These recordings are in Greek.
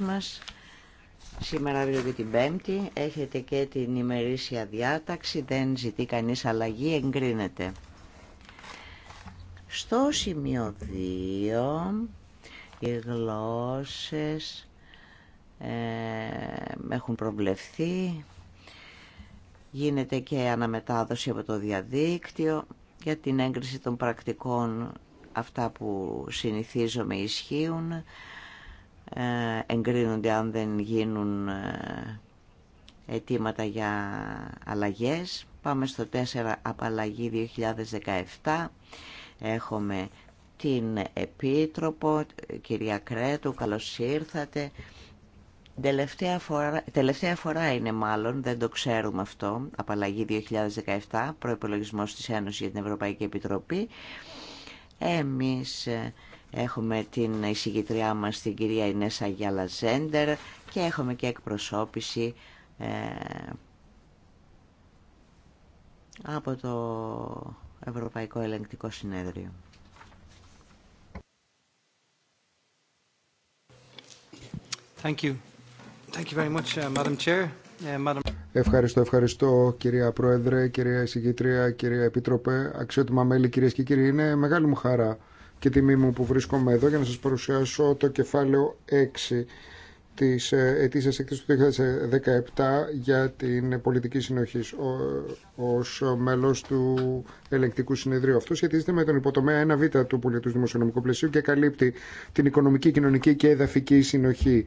μας. Σήμερα αύριο την Πέμπτη έχετε και την ημερήσια διάταξη, δεν ζητεί κανείς αλλαγή, εγκρίνεται. Στο σημείο 2, οι γλώσσες ε, έχουν προβλεφθεί, γίνεται και αναμετάδοση από το διαδίκτυο για την έγκριση των πρακτικών αυτά που συνηθίζομαι ισχύουν. Ε, εγκρίνονται αν δεν γίνουν ε, αιτήματα για αλλαγές. Πάμε στο 4 απαλλαγή 2017. Έχουμε την Επίτροπο, κυρία Κρέτου, καλώς ήρθατε. Τελευταία φορά, τελευταία φορά είναι μάλλον, δεν το ξέρουμε αυτό, απαλλαγή 2017, προϋπολογισμός της Ένωσης για την Ευρωπαϊκή Επιτροπή. Εμείς ε, Έχουμε την εισηγητριά μας την κυρία Ινέσα Γιάλα Ζέντερ και έχουμε και εκπροσώπηση ε, από το Ευρωπαϊκό Ελεγκτικό Συνέδριο. Thank you. Thank you very much, uh, Madam Chair. Uh, ευχαριστώ, ευχαριστώ κυρία Πρόεδρε, κυρία Εισηγήτρια, κυρία Επίτροπε, αξιότιμα μέλη κυρίες και κύριοι. Είναι μεγάλη μου χαρά και τιμή μου που βρίσκομαι εδώ για να σας παρουσιάσω το κεφάλαιο 6 της ε, ετήσιας έκθεσης του 2017 για την πολιτική συνοχή ως μέλος του ελεγκτικού συνεδρίου. Αυτό σχετίζεται με τον υποτομέα 1β του πολιτού δημοσιονομικού πλαισίου και καλύπτει την οικονομική, κοινωνική και εδαφική συνοχή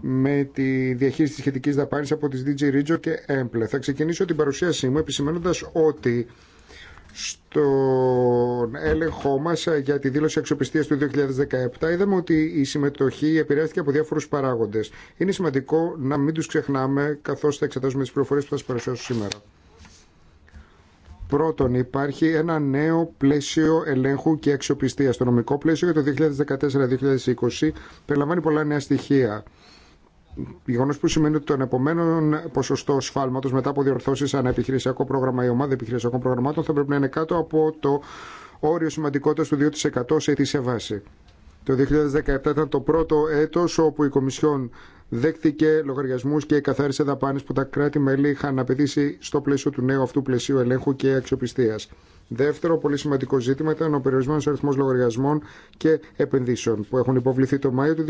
με τη διαχείριση της σχετικής δαπάνης από τις DG Regio και Emple. Θα ξεκινήσω την παρουσίασή μου επισημένοντας ότι στον έλεγχό μα ε, για τη δήλωση αξιοπιστίας του 2017 είδαμε ότι η συμμετοχή επηρεάστηκε από διάφορους παράγοντες. Είναι σημαντικό να μην του ξεχνάμε καθώς θα εξετάζουμε τι πληροφορίε που θα σα παρουσιάσω σήμερα. Πρώτον, υπάρχει ένα νέο πλαίσιο ελέγχου και αξιοπιστία. Το νομικό πλαίσιο για το 2014-2020 περιλαμβάνει πολλά νέα στοιχεία. Γεγονό που σημαίνει ότι το επομένων ποσοστό σφάλματο μετά από διορθώσει ανά επιχειρησιακό πρόγραμμα ή ομάδα επιχειρησιακών προγραμμάτων θα πρέπει να είναι κάτω από το όριο σημαντικότητα του 2% σε ετήσια βάση. Το 2017 ήταν το πρώτο έτος όπου η Κομισιόν δέχτηκε λογαριασμού και καθάρισε δαπάνε που τα κράτη-μέλη είχαν απαιτήσει στο πλαίσιο του νέου αυτού πλαισίου ελέγχου και αξιοπιστία. Δεύτερο πολύ σημαντικό ζήτημα ήταν ο περιορισμένο αριθμό λογαριασμών και επενδύσεων που έχουν υποβληθεί το Μάιο του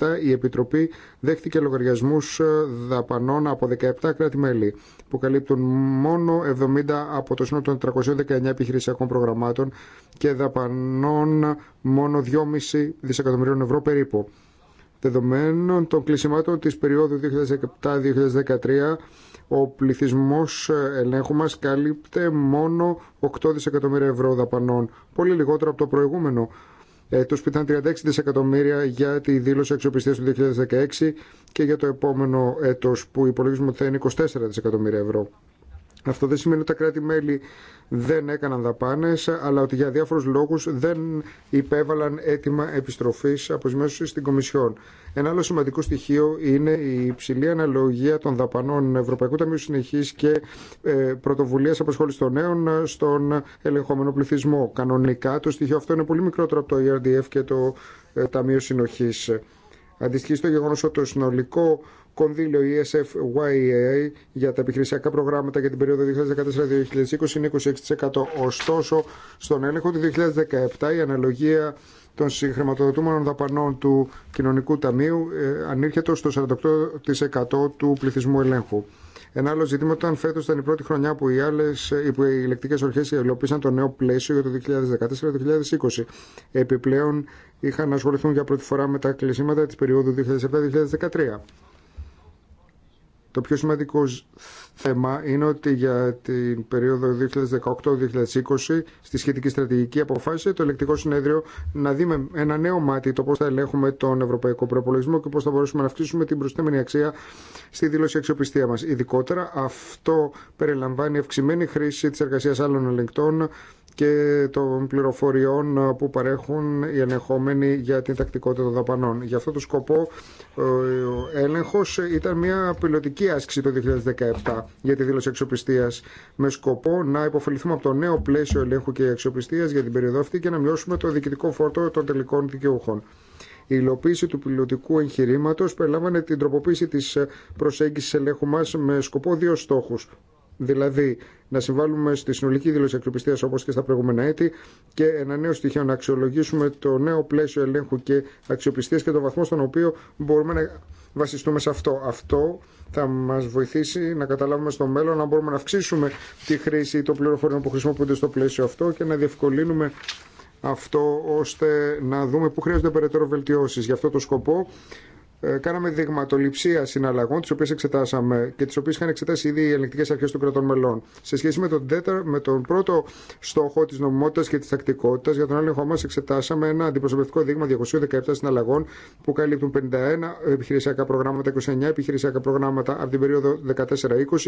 2017. Η Επιτροπή δέχτηκε λογαριασμού ε, δαπανών από 17 κράτη-μέλη που καλύπτουν μόνο 70 από το σύνολο των 319 επιχειρησιακών προγραμμάτων και δαπανών μόνο 2,5 δισεκατομμυρίων ευρώ περίπου. Δεδομένων των κλεισιμάτων της περίοδου 2017-2013, ο πληθυσμός ελέγχου μας καλύπτε μόνο 8 δισεκατομμύρια ευρώ δαπανών, πολύ λιγότερο από το προηγούμενο έτος που ήταν 36 δισεκατομμύρια για τη δήλωση αξιοπιστίας του 2016 και για το επόμενο έτος που υπολογίζουμε ότι θα είναι 24 δισεκατομμύρια ευρώ. Αυτό δεν σημαίνει ότι τα κράτη-μέλη δεν έκαναν δαπάνε, αλλά ότι για διάφορου λόγου δεν υπέβαλαν αίτημα επιστροφή αποσμέσεω στην Κομισιόν. Ένα άλλο σημαντικό στοιχείο είναι η υψηλή αναλογία των δαπανών Ευρωπαϊκού Ταμείου Συνεχή και ε, Πρωτοβουλία Απασχόληση των Νέων στον ελεγχόμενο πληθυσμό. Κανονικά το στοιχείο αυτό είναι πολύ μικρότερο από το ERDF και το ε, Ταμείο Συνοχή. Αντιστοιχεί στο γεγονό ότι το συνολικό κονδύλιο ESF YEA για τα επιχειρησιακά προγράμματα για την περίοδο 2014-2020 είναι 26%. Ωστόσο, στον έλεγχο του 2017 η αναλογία των συγχρηματοδοτούμενων δαπανών του Κοινωνικού Ταμείου ε, ανήρχεται στο 48% του πληθυσμού ελέγχου. Ένα άλλο ζήτημα ήταν φέτο ήταν η πρώτη χρονιά που οι, άλλες, ε, που οι ηλεκτρικέ ορχέ υλοποίησαν το νέο πλαίσιο για το 2014-2020. Επιπλέον είχαν ασχοληθούν για πρώτη φορά με τα κλεισίματα τη περίοδου 2007-2013. Το πιο σημαντικό θέμα είναι ότι για την περίοδο 2018-2020 στη σχετική στρατηγική αποφάσισε το ελεκτικό συνέδριο να δει με ένα νέο μάτι το πώς θα ελέγχουμε τον ευρωπαϊκό προπολογισμό και πώς θα μπορέσουμε να αυξήσουμε την προστέμενη αξία στη δήλωση αξιοπιστία μας. Ειδικότερα αυτό περιλαμβάνει αυξημένη χρήση της εργασίας άλλων ελεγκτών και των πληροφοριών ε, που παρέχουν οι ενεχόμενοι για την τακτικότητα των δαπανών. Γι' αυτό το σκοπό ε, ο έλεγχος ήταν μια πιλωτική άσκηση το 2017 για τη δήλωση αξιοπιστίας με σκοπό να υποφεληθούμε από το νέο πλαίσιο ελέγχου και αξιοπιστίας για την περίοδο αυτή και να μειώσουμε το διοικητικό φόρτο των τελικών δικαιούχων. Η υλοποίηση του πιλωτικού εγχειρήματο περιλάμβανε την τροποποίηση τη προσέγγιση ελέγχου μα με σκοπό δύο στόχου. Δηλαδή, να συμβάλλουμε στη συνολική δήλωση αξιοπιστία, όπω και στα προηγούμενα έτη και ένα νέο στοιχείο να αξιολογήσουμε το νέο πλαίσιο ελέγχου και αξιοπιστία και το βαθμό στον οποίο μπορούμε να βασιστούμε σε αυτό. Αυτό θα μα βοηθήσει να καταλάβουμε στο μέλλον να μπορούμε να αυξήσουμε τη χρήση των πληροφοριών που χρησιμοποιούνται στο πλαίσιο αυτό και να διευκολύνουμε αυτό ώστε να δούμε πού χρειάζονται περαιτέρω βελτιώσει. Γι' αυτό το σκοπό ε, κάναμε δειγματοληψία συναλλαγών, τι οποίε εξετάσαμε και τι οποίε είχαν εξετάσει ήδη οι ελεγκτικέ αρχέ των κρατών μελών. Σε σχέση με τον, με τον πρώτο στόχο τη νομιμότητα και τη τακτικότητα, για τον έλεγχο μα εξετάσαμε ένα αντιπροσωπευτικό δείγμα 217 συναλλαγών που καλύπτουν 51 επιχειρησιακά προγράμματα, 29 επιχειρησιακά προγράμματα από την περίοδο 14-20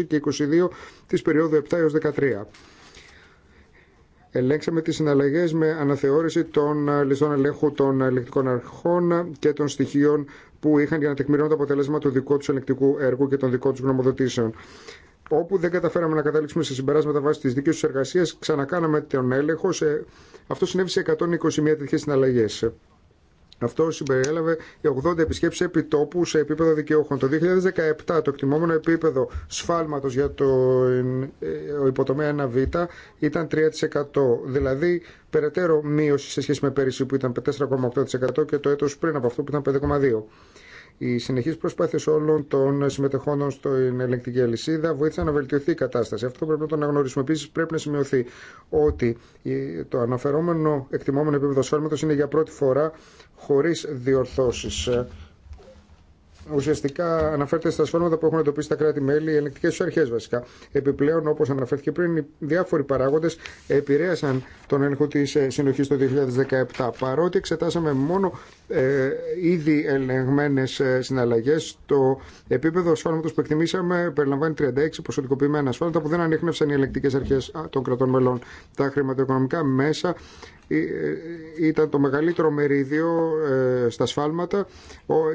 και 22 τη περίοδου 7 έω 13. Ελέγξαμε τις συναλλαγές με αναθεώρηση των ληστών ελέγχου των ελεκτικών αρχών και των στοιχείων που είχαν για να τεκμηρώνουν το αποτέλεσμα του δικού του ελεκτικού έργου και των δικών του γνωμοδοτήσεων. Όπου δεν καταφέραμε να καταλήξουμε σε συμπεράσματα βάσει τη δική του εργασία, ξανακάναμε τον έλεγχο. Σε... Αυτό συνέβη σε 121 τέτοιε συναλλαγέ. Αυτό συμπεριέλαβε 80 επισκέψει επιτόπου σε επίπεδο δικαιούχων. Το 2017 το εκτιμόμενο επίπεδο σφάλματο για το ε, υποτομέα 1β ήταν 3%. Δηλαδή περαιτέρω μείωση σε σχέση με πέρυσι που ήταν 4,8% και το έτο πριν από αυτό που ήταν 5,2%. Οι συνεχεί προσπάθειε όλων των συμμετεχόντων στην ελεγκτική αλυσίδα βοήθησαν να βελτιωθεί η κατάσταση. Αυτό πρέπει να το αναγνωρίσουμε. Επίση, πρέπει να σημειωθεί ότι το αναφερόμενο εκτιμόμενο επίπεδο σφάλματο είναι για πρώτη φορά χωρίς διορθώσεις. Ε, ουσιαστικά αναφέρεται στα σφάλματα που έχουν εντοπίσει τα κράτη-μέλη, οι ελεκτικέ του αρχέ βασικά. Επιπλέον, όπω αναφέρθηκε πριν, οι διάφοροι παράγοντε επηρέασαν τον έλεγχο τη ε, συνοχή το 2017. Παρότι εξετάσαμε μόνο ε, ήδη ελεγμένε συναλλαγέ, το επίπεδο ασφάλματο που εκτιμήσαμε περιλαμβάνει 36 ποσοτικοποιημένα ασφάλματα που δεν ανείχνευσαν οι ελεκτικέ αρχέ των κρατών μελών. Τα χρηματοοικονομικά μέσα ε, ε, ήταν το μεγαλύτερο μερίδιο ε, στα σφάλματα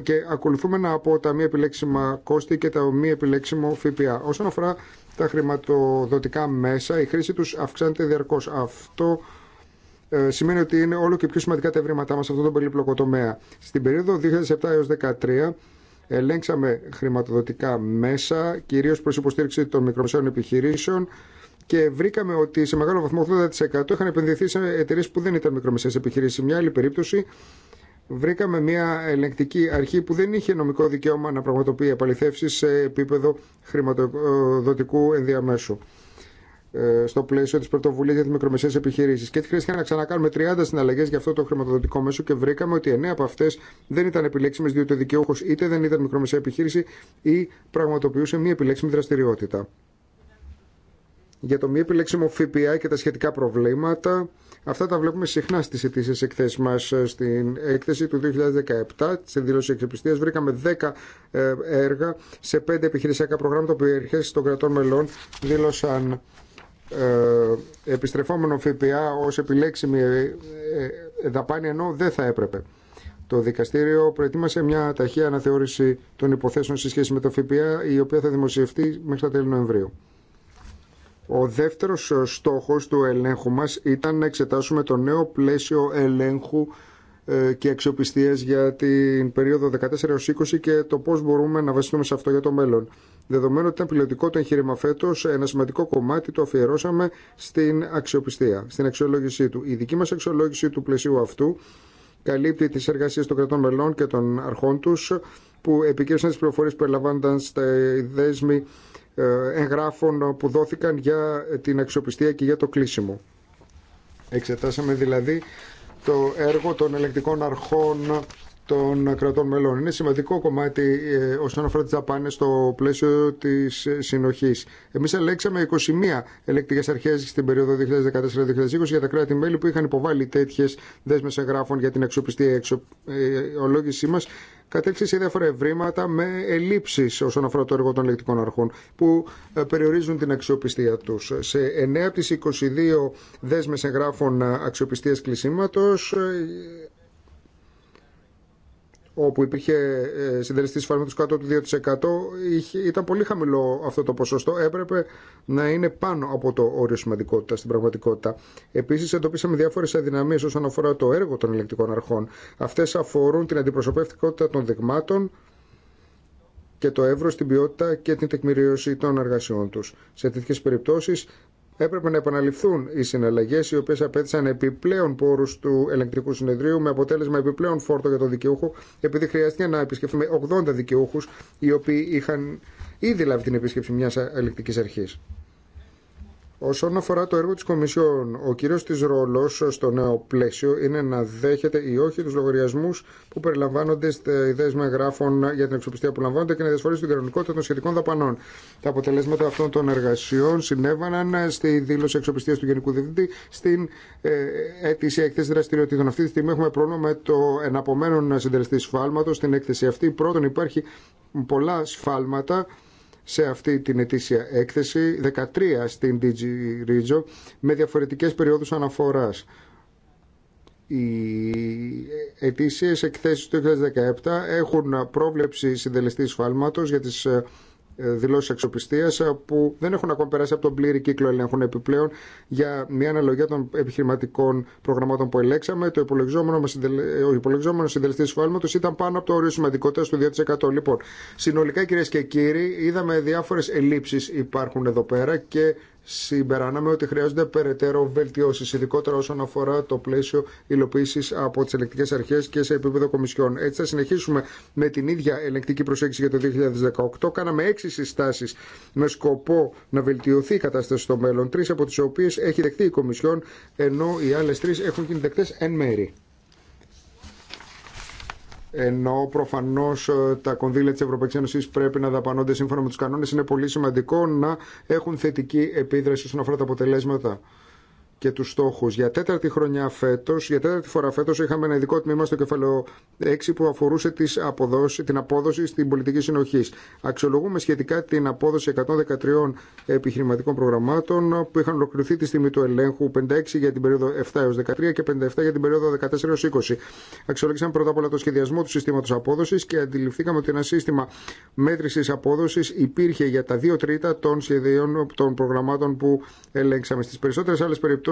και ακολουθούμενα από τα μη επιλέξιμα κόστη και τα μη επιλέξιμο ΦΠΑ. Όσον αφορά τα χρηματοδοτικά μέσα, η χρήση τους αυξάνεται διαρκώς. Αυτό σημαίνει ότι είναι όλο και πιο σημαντικά τα ευρήματά μας σε αυτόν τον περίπλοκο τομέα. Στην περίοδο 2007 έως 2013, Ελέγξαμε χρηματοδοτικά μέσα, κυρίως προς υποστήριξη των μικρομεσαίων επιχειρήσεων, και βρήκαμε ότι σε μεγάλο βαθμό 80% είχαν επενδυθεί σε εταιρείε που δεν ήταν μικρομεσαίες επιχειρήσει. Σε μια άλλη περίπτωση βρήκαμε μια ελεγκτική αρχή που δεν είχε νομικό δικαίωμα να πραγματοποιεί επαληθεύσει σε επίπεδο χρηματοδοτικού ενδιαμέσου ε, στο πλαίσιο τη πρωτοβουλία για τι μικρομεσαίε επιχειρήσει. Και έτσι χρειάστηκε να ξανακάνουμε 30 συναλλαγέ για αυτό το χρηματοδοτικό μέσο και βρήκαμε ότι 9 από αυτέ δεν ήταν επιλέξιμε διότι ο δικαιούχο είτε δεν ήταν μικρομεσαία επιχείρηση ή πραγματοποιούσε μια επιλέξιμη δραστηριότητα. Για το μη επιλέξιμο ΦΠΑ και τα σχετικά προβλήματα, αυτά τα βλέπουμε συχνά στι αιτήσει εκθέσει μα. Ε, στην έκθεση του 2017, Στην δήλωση εξεπιστία, βρήκαμε 10 ε, έργα σε 5 επιχειρησιακά προγράμματα που οι αρχέ των κρατών μελών δήλωσαν ε, επιστρεφόμενο ΦΠΑ ω επιλέξιμη δαπάνη ενώ δεν θα έπρεπε. Το δικαστήριο προετοίμασε μια ταχεία αναθεώρηση των υποθέσεων σε σχέση με το ΦΠΑ η οποία θα δημοσιευτεί μέχρι τα τέλη Νοεμβρίου. Ο δεύτερος ε, στόχος του ελέγχου μας ήταν να εξετάσουμε το νέο πλαίσιο ελέγχου ε, και αξιοπιστίας για την περίοδο 14-20 και το πώς μπορούμε να βασιστούμε σε αυτό για το μέλλον. Δεδομένου ότι ήταν πιλωτικό το εγχείρημα φέτο, ένα σημαντικό κομμάτι το αφιερώσαμε στην αξιοπιστία, στην αξιολόγησή του. Η δική μα αξιολόγηση του πλαισίου αυτού καλύπτει τι εργασίε των κρατών μελών και των αρχών του που επικύρωσαν τι πληροφορίε που ελαμβάνονταν στα δέσμη ε, εγγράφων που δόθηκαν για την αξιοπιστία και για το κλείσιμο. Εξετάσαμε δηλαδή το έργο των ελεκτικών αρχών των κρατών μελών. Είναι σημαντικό κομμάτι ε, όσον αφορά τι δαπάνε στο πλαίσιο τη ε, συνοχή. Εμεί ελέγξαμε 21 ελεκτικέ αρχέ στην περίοδο 2014-2020 για τα κράτη-μέλη που είχαν υποβάλει τέτοιε δέσμε εγγράφων για την αξιοπιστή ε, ολόγησή μα. Κατέληξε σε διάφορα ευρήματα με ελλείψει όσον αφορά το έργο των ελεκτικών αρχών που περιορίζουν την αξιοπιστία του. Σε 9 από τι 22 δέσμε εγγράφων αξιοπιστία κλεισίματο όπου υπήρχε ε, συντελεστή σφάλματος κάτω του 2% ήταν πολύ χαμηλό αυτό το ποσοστό. Έπρεπε να είναι πάνω από το όριο σημαντικότητα στην πραγματικότητα. Επίσης εντοπίσαμε διάφορες αδυναμίες όσον αφορά το έργο των ηλεκτρικών αρχών. Αυτές αφορούν την αντιπροσωπευτικότητα των δεγμάτων και το εύρος, στην ποιότητα και την τεκμηρίωση των εργασιών τους. Σε τέτοιες περιπτώσεις έπρεπε να επαναληφθούν οι συναλλαγέ οι οποίε απέτησαν επιπλέον πόρου του ελεγκτικού συνεδρίου με αποτέλεσμα επιπλέον φόρτο για τον δικαιούχο, επειδή χρειάστηκε να επισκεφθούμε 80 δικαιούχου οι οποίοι είχαν ήδη λάβει την επίσκεψη μια ελεγκτική αρχή. Όσον αφορά το έργο τη Κομισιόν, ο κύριο τη ρόλο στο νέο πλαίσιο είναι να δέχεται ή όχι του λογαριασμού που περιλαμβάνονται στις με γράφων για την εξοπιστία που λαμβάνονται και να διασφαλίσει την κανονικότητα των σχετικών δαπανών. Τα αποτελέσματα αυτών των εργασιών συνέβαναν στη δήλωση εξοπιστίας του Γενικού Διευθυντή στην ε, αίτηση έκθεση δραστηριοτήτων. Αυτή τη στιγμή έχουμε πρόβλημα με το εναπομένον συντελεστή σφάλματο Στην έκθεση αυτή πρώτον υπάρχει πολλά σφάλματα σε αυτή την ετήσια έκθεση, 13 στην DG Regio, με διαφορετικές περιόδους αναφοράς. Οι ετήσιες εκθέσεις του 2017 έχουν πρόβλεψη συντελεστή σφάλματος για τις ε, ε, δηλώσει αξιοπιστία ε, που δεν έχουν ακόμα περάσει από τον πλήρη κύκλο ελέγχων επιπλέον για μια αναλογία των επιχειρηματικών προγραμμάτων που ελέξαμε. Το υπολογιζόμενο, ε, ο υπολογιζόμενο συντελεστή σφάλματο ήταν πάνω από το όριο σημαντικότητα του 2%. Λοιπόν, συνολικά κυρίε και κύριοι, είδαμε διάφορε ελλείψει υπάρχουν εδώ πέρα και συμπεράναμε ότι χρειάζονται περαιτέρω βελτιώσει, ειδικότερα όσον αφορά το πλαίσιο υλοποίηση από τι ελεκτικέ αρχέ και σε επίπεδο κομισιών. Έτσι, θα συνεχίσουμε με την ίδια ελεκτική προσέγγιση για το 2018. Κάναμε έξι συστάσει με σκοπό να βελτιωθεί η κατάσταση στο μέλλον, τρει από τι οποίε έχει δεχτεί η Κομισιόν, ενώ οι άλλε τρει έχουν γίνει δεκτέ εν μέρη ενώ προφανώ ε, τα κονδύλια τη Ευρωπαϊκή Ένωση πρέπει να δαπανώνται σύμφωνα με του κανόνε, είναι πολύ σημαντικό να έχουν θετική επίδραση όσον αφορά τα αποτελέσματα και τους στόχους. Για τέταρτη, χρονιά φέτος, για τέταρτη φορά φέτο είχαμε ένα ειδικό τμήμα στο κεφαλαίο 6 που αφορούσε τις αποδόσεις, την απόδοση στην πολιτική συνοχή. Αξιολογούμε σχετικά την απόδοση 113 επιχειρηματικών προγραμμάτων που είχαν ολοκληρωθεί τη στιγμή του ελέγχου 56 για την περίοδο 7 έως 13 και 57 για την περίοδο 14 έως 20. Αξιολογήσαμε πρώτα απ' όλα το σχεδιασμό του συστήματο απόδοση και αντιληφθήκαμε ότι ένα σύστημα μέτρηση απόδοση υπήρχε για τα 2 τρίτα των σχεδίων των προγραμμάτων που ελέγξαμε. στι περισσότερε άλλε περιπτώσει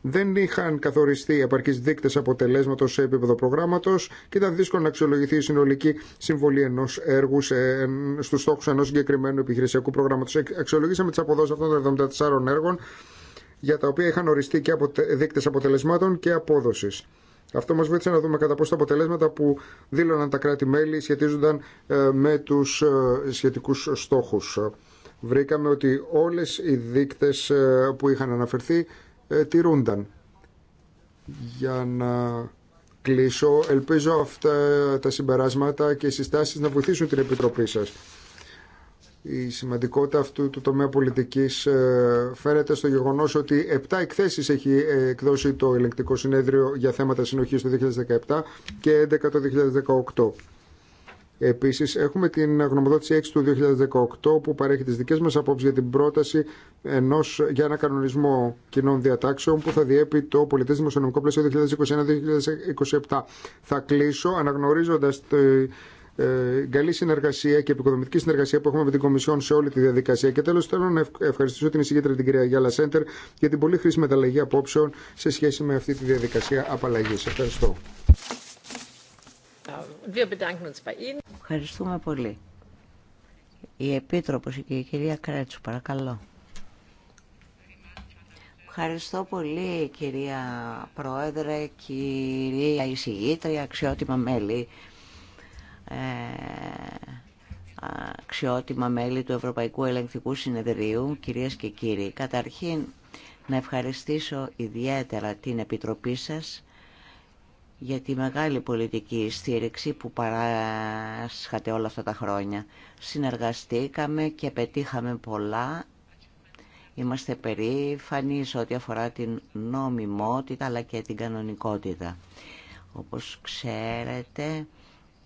δεν είχαν καθοριστεί επαρκεί δείκτε αποτελέσματο σε επίπεδο προγράμματο και ήταν δύσκολο να αξιολογηθεί η συνολική συμβολή ενό έργου στου στόχου ενό συγκεκριμένου επιχειρησιακού προγράμματο. Αξιολογήσαμε τι αποδόσει αυτών των 74 έργων για τα οποία είχαν οριστεί και δείκτε αποτελεσμάτων και απόδοση. Αυτό μα βοήθησε να δούμε κατά πόσο τα αποτελέσματα που δήλωναν τα κράτη-μέλη σχετίζονταν ε, με του ε, σχετικού στόχου. Βρήκαμε ότι όλες οι δείκτες ε, που είχαν αναφερθεί ε, τηρούνταν. Για να κλείσω, ελπίζω αυτά τα συμπεράσματα και οι συστάσεις να βοηθήσουν την Επιτροπή σας. Η σημαντικότητα αυτού του τομέα πολιτικής ε, φαίνεται στο γεγονός ότι 7 εκθέσεις έχει ε, εκδώσει το ελεγκτικό συνέδριο για θέματα συνοχής το 2017 και 11 το 2018. Επίση, έχουμε την γνωμοδότηση 6 του 2018 που παρέχει τι δικέ μα απόψει για την πρόταση ενός, για ένα κανονισμό κοινών διατάξεων που θα διέπει το πολιτέ δημοσιονομικό πλαίσιο 2021-2027. Θα κλείσω αναγνωρίζοντα ε, καλή συνεργασία και επικοδομητική συνεργασία που έχουμε με την Κομισιόν σε όλη τη διαδικασία. Και τέλο, θέλω να ευχαριστήσω την εισηγήτρια την κυρία Γιάλα Σέντερ για την πολύ χρήσιμη μεταλλαγή απόψεων σε σχέση με αυτή τη διαδικασία απαλλαγή. Ευχαριστώ. Ευχαριστούμε πολύ. Η Επίτροπος, η κυρία Κρέτσου, παρακαλώ. Ευχαριστώ πολύ κυρία Πρόεδρε, κυρία Ισηγήτρια, αξιότιμα μέλη, ε, αξιότιμα μέλη του Ευρωπαϊκού Ελεγκτικού Συνεδρίου, κυρίες και κύριοι. Καταρχήν, να ευχαριστήσω ιδιαίτερα την Επιτροπή σας για τη μεγάλη πολιτική στήριξη που παράσχατε όλα αυτά τα χρόνια. Συνεργαστήκαμε και πετύχαμε πολλά. Είμαστε περήφανοι σε ό,τι αφορά την νομιμότητα αλλά και την κανονικότητα. Όπως ξέρετε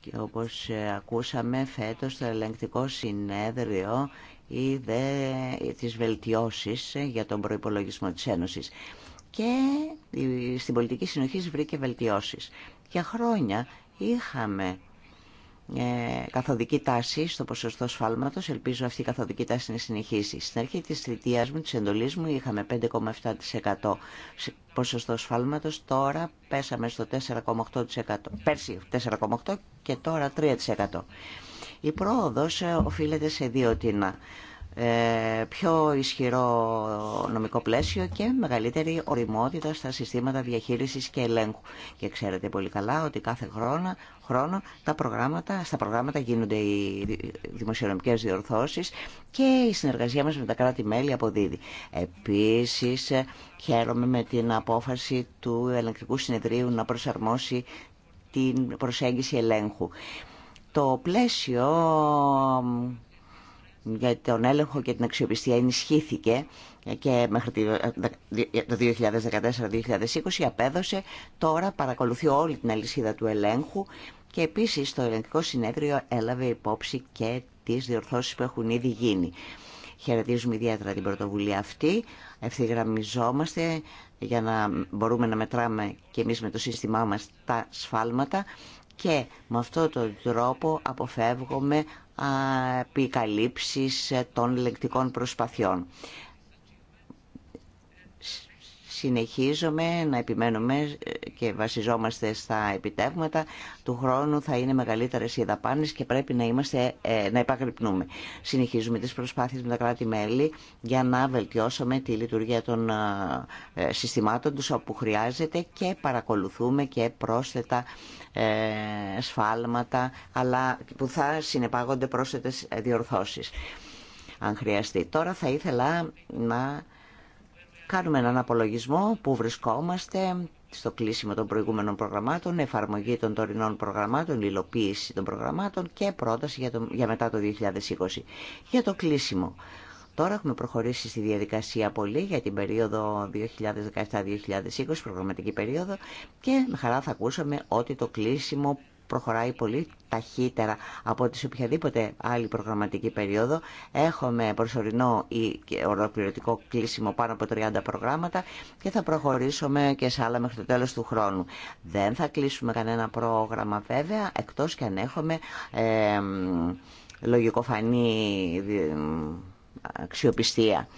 και όπως ακούσαμε φέτος το ελεγκτικό συνέδριο είδε τις βελτιώσεις για τον προϋπολογισμό της Ένωσης και στην πολιτική συνοχή βρήκε βελτιώσεις. Για χρόνια είχαμε ε, καθοδική τάση στο ποσοστό σφάλματος. Ελπίζω αυτή η καθοδική τάση να συνεχίσει. Στην αρχή της θητείας μου, της εντολής μου, είχαμε 5,7% ποσοστό σφάλματος. Τώρα πέσαμε στο 4,8%. Πέρσι 4,8% και τώρα 3%. Η πρόοδος ε, οφείλεται σε δύο τινά. Ε, πιο ισχυρό νομικό πλαίσιο και μεγαλύτερη οριμότητα στα συστήματα διαχείρισης και ελέγχου. Και ξέρετε πολύ καλά ότι κάθε χρόνο, χρόνο τα προγράμματα, στα προγράμματα γίνονται οι δημοσιονομικές διορθώσεις και η συνεργασία μας με τα κράτη-μέλη αποδίδει. Επίσης, ε, χαίρομαι με την απόφαση του Ελεγκτικού Συνεδρίου να προσαρμόσει την προσέγγιση ελέγχου. Το πλαίσιο για τον έλεγχο και την αξιοπιστία ενισχύθηκε και μέχρι το 2014-2020 απέδωσε. Τώρα παρακολουθεί όλη την αλυσίδα του ελέγχου και επίσης το ελεγκτικό συνέδριο έλαβε υπόψη και τις διορθώσεις που έχουν ήδη γίνει. Χαιρετίζουμε ιδιαίτερα την πρωτοβουλία αυτή, ευθυγραμμιζόμαστε για να μπορούμε να μετράμε και εμείς με το σύστημά μας τα σφάλματα και με αυτόν τον τρόπο αποφεύγουμε επικαλύψεις των λεκτικών προσπαθειών συνεχίζουμε να επιμένουμε ε, και βασιζόμαστε στα επιτεύγματα. Του χρόνου θα είναι μεγαλύτερες οι δαπάνε και πρέπει να, είμαστε, ε, να επαγρυπνούμε. Συνεχίζουμε τις προσπάθειες με τα κράτη-μέλη για να βελτιώσουμε τη λειτουργία των ε, συστημάτων τους όπου χρειάζεται και παρακολουθούμε και πρόσθετα σφάλματα αλλά που θα συνεπάγονται πρόσθετες διορθώσεις αν χρειαστεί. Τώρα θα ήθελα να Κάνουμε έναν απολογισμό που βρισκόμαστε στο κλείσιμο των προηγούμενων προγραμμάτων, εφαρμογή των τωρινών προγραμμάτων, υλοποίηση των προγραμμάτων και πρόταση για, το, για μετά το 2020. Για το κλείσιμο. Τώρα έχουμε προχωρήσει στη διαδικασία πολύ για την περίοδο 2017-2020, προγραμματική περίοδο, και με χαρά θα ακούσαμε ότι το κλείσιμο προχωράει πολύ ταχύτερα από τις οποιαδήποτε άλλη προγραμματική περίοδο. Έχουμε προσωρινό ή ολοκληρωτικό κλείσιμο πάνω από 30 προγράμματα και θα προχωρήσουμε και σε άλλα μέχρι το τέλος του χρόνου. Δεν θα κλείσουμε κανένα πρόγραμμα βέβαια, εκτός και αν έχουμε λογικοφανή αξιοπιστία.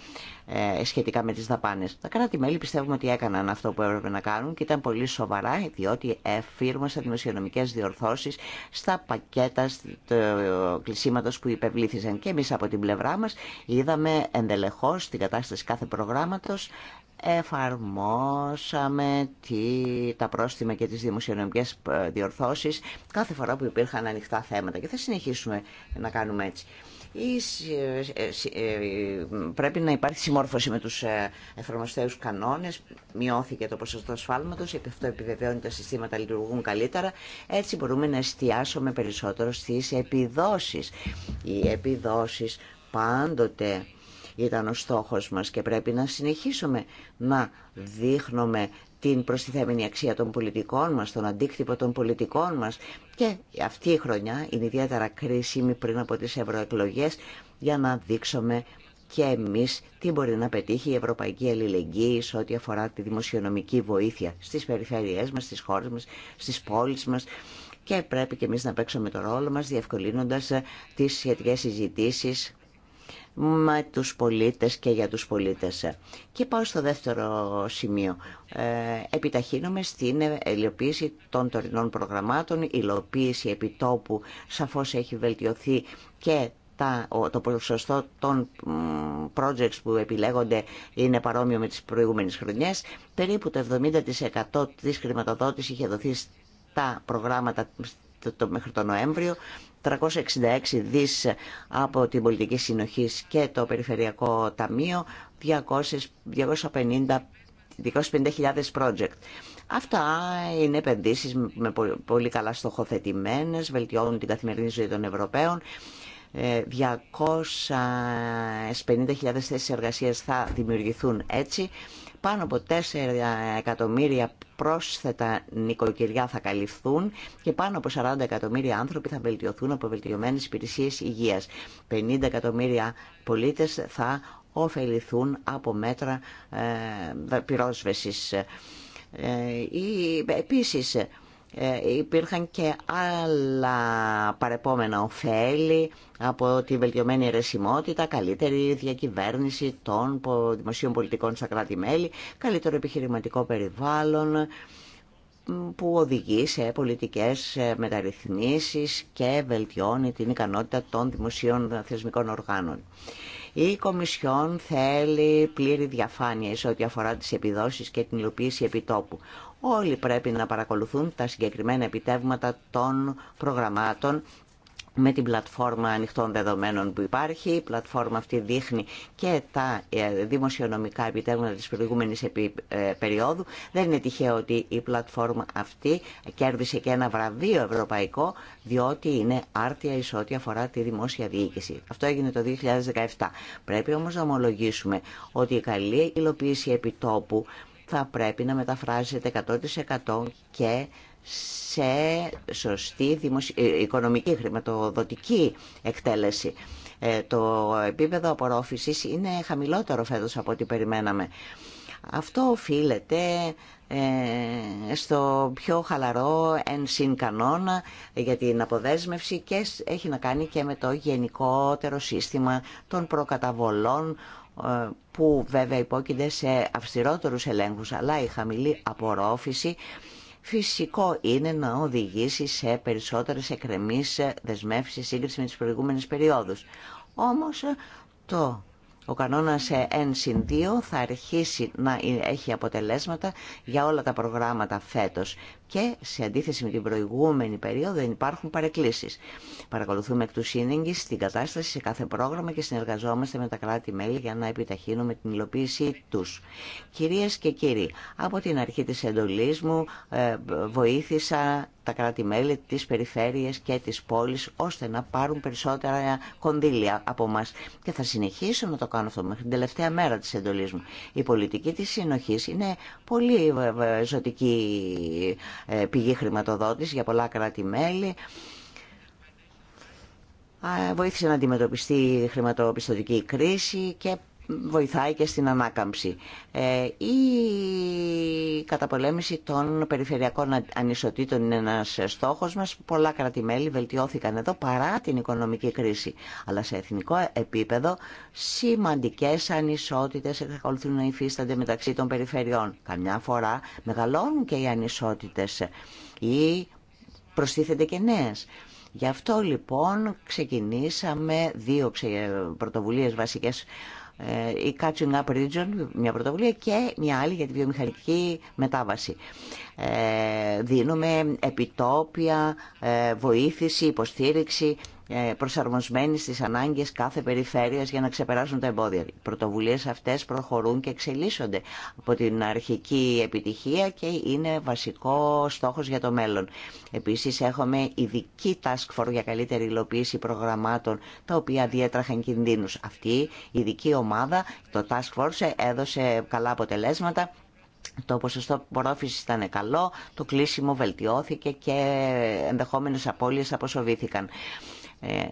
Ε, σχετικά με τις δαπάνες. Τα κράτη-μέλη πιστεύουμε ότι έκαναν αυτό που έπρεπε να κάνουν και ήταν πολύ σοβαρά διότι εφήρμασαν δημοσιονομικές διορθώσεις στα πακέτα του κλεισίματος που υπευλήθησαν και εμείς από την πλευρά μας είδαμε εντελεχώς την κατάσταση κάθε προγράμματος εφαρμόσαμε τι, τα πρόστιμα και τις δημοσιονομικές ε, διορθώσεις κάθε φορά που υπήρχαν ανοιχτά θέματα και θα συνεχίσουμε να κάνουμε έτσι. Ε, ε, πρέπει να υπάρχει συμμόρφωση με τους ε, εφαρμοστέους κανόνες, μειώθηκε το ποσοστό σφάλματος, επειδή αυτό επιβεβαιώνει τα συστήματα λειτουργούν καλύτερα, έτσι μπορούμε να εστιάσουμε περισσότερο στις επιδόσεις. Οι επιδόσεις πάντοτε ήταν ο στόχος μας και πρέπει να συνεχίσουμε να δείχνουμε την προστιθέμενη αξία των πολιτικών μας, τον αντίκτυπο των πολιτικών μας και αυτή η χρονιά είναι ιδιαίτερα κρίσιμη πριν από τις ευρωεκλογέ για να δείξουμε και εμείς τι μπορεί να πετύχει η Ευρωπαϊκή Αλληλεγγύη σε ό,τι αφορά τη δημοσιονομική βοήθεια στις περιφερειές μας, στις χώρες μας, στις πόλεις μας και πρέπει και εμείς να παίξουμε το ρόλο μας διευκολύνοντας τις σχετικές συζητήσεις με τους πολίτες και για τους πολίτες. Και πάω στο δεύτερο σημείο. Ε, επιταχύνομαι στην υλοποίηση των τωρινών προγραμμάτων. Η υλοποίηση επιτόπου σαφώς έχει βελτιωθεί και τα το ποσοστό των projects που επιλέγονται είναι παρόμοιο με τις προηγούμενες χρονιές. Περίπου το 70% της χρηματοδότησης είχε δοθεί στα προγράμματα μέχρι τον Νοέμβριο. 366 δις από την πολιτική συνοχή και το Περιφερειακό Ταμείο, 250.000 project. Αυτά είναι επενδύσεις με πολύ καλά στοχοθετημένε, βελτιώνουν την καθημερινή ζωή των Ευρωπαίων. 250.000 θέσει εργασία θα δημιουργηθούν έτσι πάνω από 4 εκατομμύρια πρόσθετα νοικοκυριά θα καλυφθούν και πάνω από 40 εκατομμύρια άνθρωποι θα βελτιωθούν από βελτιωμένες υπηρεσίες υγείας. 50 εκατομμύρια πολίτες θα ωφεληθούν από μέτρα ε, πυρόσβεσης. Ε, επίσης, ε, υπήρχαν και άλλα παρεπόμενα ωφέλη από τη βελτιωμένη ρεσιμότητα, καλύτερη διακυβέρνηση των δημοσίων πολιτικών στα κράτη-μέλη, καλύτερο επιχειρηματικό περιβάλλον που οδηγεί σε πολιτικές ε, μεταρρυθμίσεις και βελτιώνει την ικανότητα των δημοσίων θεσμικών οργάνων. Η Κομισιόν θέλει πλήρη διαφάνεια σε ό,τι αφορά τις επιδόσεις και την υλοποίηση επιτόπου. Όλοι πρέπει να παρακολουθούν τα συγκεκριμένα επιτεύγματα των προγραμμάτων με την πλατφόρμα ανοιχτών δεδομένων που υπάρχει. Η πλατφόρμα αυτή δείχνει και τα ε, δημοσιονομικά επιτεύγματα της προηγούμενης ε, περίοδου. Δεν είναι τυχαίο ότι η πλατφόρμα αυτή κέρδισε και ένα βραβείο ευρωπαϊκό, διότι είναι άρτια εις ό,τι αφορά τη δημόσια διοίκηση. Αυτό έγινε το 2017. Πρέπει όμως να ομολογήσουμε ότι η καλή υλοποίηση επιτόπου θα πρέπει να μεταφράζεται 100% και σε σωστή δημοσιονομική ε, οικονομική χρηματοδοτική εκτέλεση. Ε, το επίπεδο απορρόφησης είναι χαμηλότερο φέτος από ό,τι περιμέναμε. Αυτό οφείλεται ε, στο πιο χαλαρό εν συν κανόνα για την αποδέσμευση και έχει να κάνει και με το γενικότερο σύστημα των προκαταβολών ε, που βέβαια υπόκειται σε αυστηρότερους ελέγχους αλλά η χαμηλή απορρόφηση φυσικό είναι να οδηγήσει σε περισσότερες εκκρεμείς δεσμεύσεις σύγκριση με τις προηγούμενες περιόδους. Όμως το ο κανόνας N συν θα αρχίσει να έχει αποτελέσματα για όλα τα προγράμματα φέτος και σε αντίθεση με την προηγούμενη περίοδο δεν υπάρχουν παρεκκλήσει. Παρακολουθούμε εκ του σύνεγγυ την κατάσταση σε κάθε πρόγραμμα και συνεργαζόμαστε με τα κράτη-μέλη για να επιταχύνουμε την υλοποίησή του. Κυρίε και κύριοι, από την αρχή τη εντολή μου ε, βοήθησα τα κράτη-μέλη, τι περιφέρειε και τι πόλει ώστε να πάρουν περισσότερα κονδύλια από εμά. Και θα συνεχίσω να το κάνω αυτό μέχρι την τελευταία μέρα τη εντολή μου. Η πολιτική τη συνοχή είναι πολύ ε, ε, ζωτική ε, πηγή χρηματοδότηση για πολλά κράτη-μέλη. Βοήθησε να αντιμετωπιστεί η χρηματοπιστωτική κρίση και βοηθάει και στην ανάκαμψη. Ε, η καταπολέμηση των περιφερειακών ανισοτήτων είναι ένας στόχος μας. Πολλά κρατημέλη βελτιώθηκαν εδώ παρά την οικονομική κρίση. Αλλά σε εθνικό επίπεδο σημαντικές ανισότητες εξακολουθούν να υφίστανται μεταξύ των περιφερειών. Καμιά φορά μεγαλώνουν και οι ανισότητες ή προστίθενται και νέες. Γι' αυτό λοιπόν ξεκινήσαμε δύο πρωτοβουλίες βασικές ε, η Catching Up Region, μια πρωτοβουλία και μια άλλη για τη βιομηχανική μετάβαση. Ε, δίνουμε επιτόπια, ε, βοήθηση, υποστήριξη ε, προσαρμοσμένη στις ανάγκες κάθε περιφέρειας για να ξεπεράσουν τα εμπόδια. Οι πρωτοβουλίες αυτές προχωρούν και εξελίσσονται από την αρχική επιτυχία και είναι βασικό στόχος για το μέλλον. Επίσης έχουμε ειδική task force για καλύτερη υλοποίηση προγραμμάτων τα οποία διέτραχαν κινδύνους. Αυτή η ειδική ομάδα, το task force, έδωσε καλά αποτελέσματα το ποσοστό πρόφηση ήταν καλό, το κλείσιμο βελτιώθηκε και ενδεχόμενες απώλειες αποσοβήθηκαν. Ε,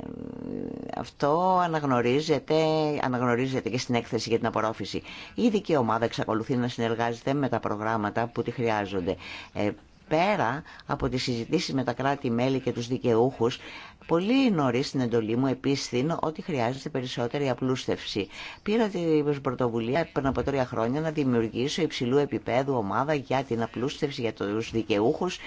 αυτό αναγνωρίζεται, αναγνωρίζεται και στην έκθεση για την απορρόφηση. Η ειδική ομάδα εξακολουθεί να συνεργάζεται με τα προγράμματα που τη χρειάζονται. Ε, πέρα από τις συζητήσεις με τα κράτη-μέλη και τους δικαιούχους, πολύ νωρίς στην εντολή μου επίστην ότι χρειάζεται περισσότερη απλούστευση. Πήρα την πρωτοβουλία πριν από τρία χρόνια να δημιουργήσω υψηλού επίπεδου ομάδα για την απλούστευση για τους δικαιούχους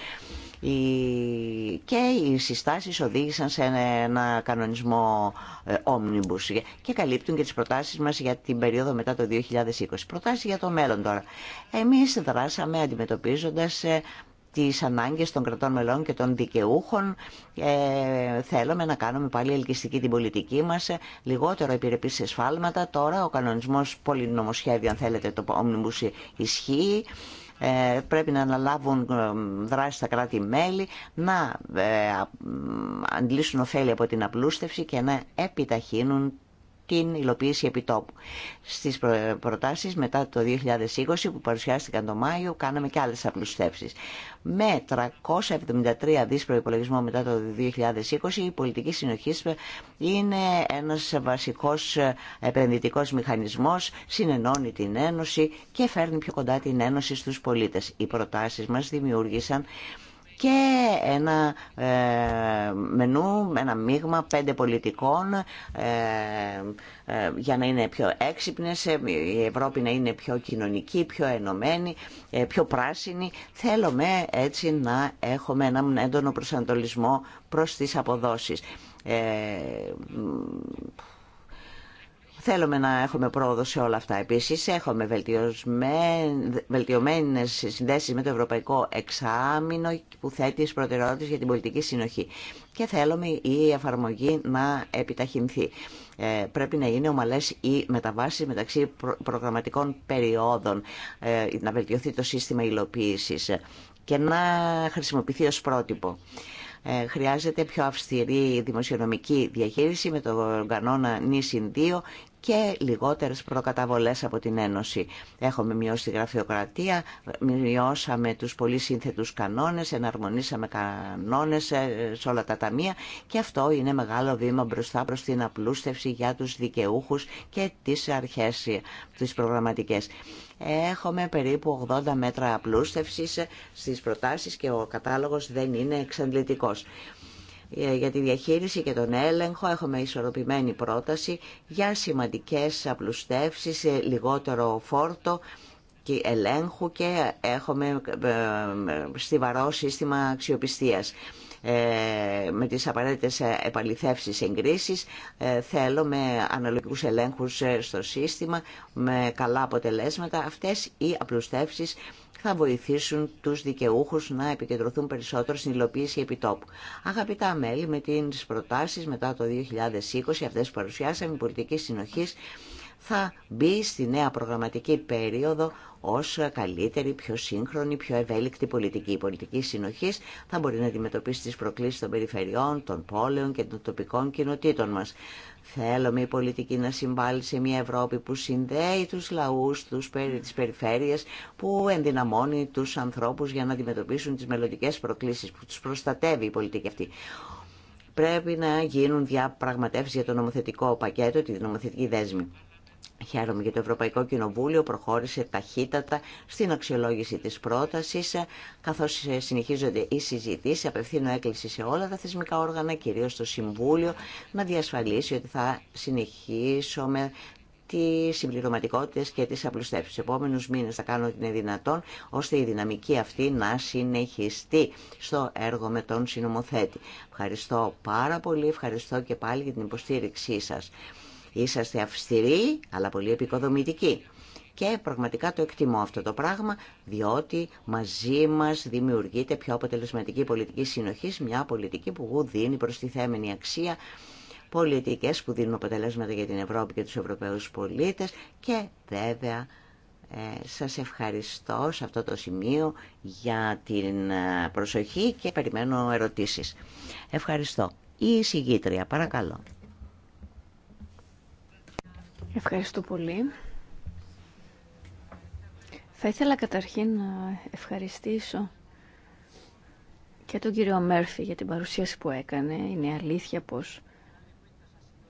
και οι συστάσεις οδήγησαν σε ένα κανονισμό ε, omnibus και καλύπτουν και τις προτάσεις μας για την περίοδο μετά το 2020. Προτάσεις για το μέλλον τώρα. Εμείς δράσαμε αντιμετωπίζοντας ε, τις ανάγκες των κρατών μελών και των δικαιούχων. Ε, θέλουμε να κάνουμε πάλι ελκυστική την πολιτική μας, ε, λιγότερο επιρρεπή σε σφάλματα. Τώρα ο κανονισμός πολυνομοσχέδιο, αν θέλετε, το Omnibus ισχύει. Ε, πρέπει να αναλάβουν ε, δράση στα κράτη-μέλη, να ε, αντλήσουν ωφέλη από την απλούστευση και να επιταχύνουν την υλοποίηση επιτόπου. Στις προτάσεις μετά το 2020 που παρουσιάστηκαν το Μάιο κάναμε και άλλες απλουστεύσει. Με 373 δι προπολογισμό μετά το 2020 η πολιτική συνοχή είναι ένας βασικός ε, επενδυτικό μηχανισμός, συνενώνει την Ένωση και φέρνει πιο κοντά την Ένωση στου πολίτες. Οι προτάσεις μας δημιούργησαν και ένα ε, μενού, ένα μείγμα πέντε πολιτικών ε, ε, για να είναι πιο έξυπνες, η Ευρώπη να είναι πιο κοινωνική, πιο ενωμένη, πιο πράσινη. Θέλουμε έτσι να έχουμε έναν έντονο προσανατολισμό προς τις αποδόσεις. Θέλουμε να έχουμε πρόοδο σε όλα αυτά. Επίση. έχουμε βελτιωμένε συνδέσει με το Ευρωπαϊκό Εξάμεινο που θέτει τις προτεραιότητες για την πολιτική συνοχή. Και θέλουμε η εφαρμογή να επιταχυνθεί. Ε, πρέπει να είναι ομαλέ οι μεταβάσει μεταξύ προγραμματικών περιόδων, ε, να βελτιωθεί το σύστημα υλοποίηση και να χρησιμοποιηθεί ω πρότυπο. Ε, χρειάζεται πιο αυστηρή δημοσιονομική διαχείριση με τον κανόνα νησιν 2 και λιγότερες προκαταβολές από την Ένωση. Έχουμε μειώσει τη γραφειοκρατία, μειώσαμε τους πολύ σύνθετους κανόνες, εναρμονίσαμε κανόνες ε, σε όλα τα ταμεία και αυτό είναι μεγάλο βήμα μπροστά προς την απλούστευση για τους δικαιούχους και τις αρχές ε, τις προγραμματικές. Έχουμε περίπου 80 μέτρα απλούστευσης ε, στις προτάσεις και ο κατάλογος δεν είναι εξαντλητικός. Ε, για τη διαχείριση και τον έλεγχο έχουμε ισορροπημένη πρόταση για σημαντικές απλουστεύσεις, ε, λιγότερο φόρτο και ελέγχου και έχουμε ε, στιβαρό σύστημα αξιοπιστίας. με τις απαραίτητες επαληθεύσεις εγκρίσεις. θέλουμε θέλω με αναλογικούς ελέγχους στο σύστημα, με καλά αποτελέσματα. Αυτές οι απλουστεύσεις θα βοηθήσουν τους δικαιούχους να επικεντρωθούν περισσότερο στην υλοποίηση επιτόπου. Αγαπητά μέλη, με τις προτάσεις μετά το 2020, αυτές που παρουσιάσαμε, η πολιτική συνοχής θα μπει στη νέα προγραμματική περίοδο ως καλύτερη, πιο σύγχρονη, πιο ευέλικτη πολιτική. Η πολιτική συνοχή θα μπορεί να αντιμετωπίσει τις προκλήσεις των περιφερειών, των πόλεων και των τοπικών κοινοτήτων μας. Θέλουμε η πολιτική να συμβάλλει σε μια Ευρώπη που συνδέει τους λαούς, τους, τις περιφέρειες, που ενδυναμώνει τους ανθρώπους για να αντιμετωπίσουν τις μελλοντικέ προκλήσεις, που τους προστατεύει η πολιτική αυτή πρέπει να γίνουν διαπραγματεύσεις για το νομοθετικό πακέτο, τη νομοθετική δέσμη. Χαίρομαι για το Ευρωπαϊκό Κοινοβούλιο προχώρησε ταχύτατα στην αξιολόγηση της πρότασης, καθώς συνεχίζονται οι συζητήσεις, απευθύνω έκκληση σε όλα τα θεσμικά όργανα, κυρίως στο Συμβούλιο, να διασφαλίσει ότι θα συνεχίσουμε τι συμπληρωματικότητε και τι απλουστεύσει. Στου επόμενου μήνε θα κάνω ό,τι είναι δυνατόν ώστε η δυναμική αυτή να συνεχιστεί στο έργο με τον συνομοθέτη. Ευχαριστώ πάρα πολύ, ευχαριστώ και πάλι για την υποστήριξή σα. Είσαστε αυστηροί, αλλά πολύ επικοδομητικοί. Και πραγματικά το εκτιμώ αυτό το πράγμα, διότι μαζί μας δημιουργείται πιο αποτελεσματική πολιτική συνοχή, μια πολιτική που δίνει τη θέμενη αξία, πολιτικές που δίνουν αποτελέσματα για την Ευρώπη και τους Ευρωπαίους πολίτες και βέβαια ε, σας ευχαριστώ σε αυτό το σημείο για την ε, προσοχή και περιμένω ερωτήσεις. Ευχαριστώ. Η εισηγήτρια, παρακαλώ. Ευχαριστώ πολύ. Θα ήθελα καταρχήν να ευχαριστήσω και τον κύριο Μέρφυ για την παρουσίαση που έκανε. Είναι αλήθεια πως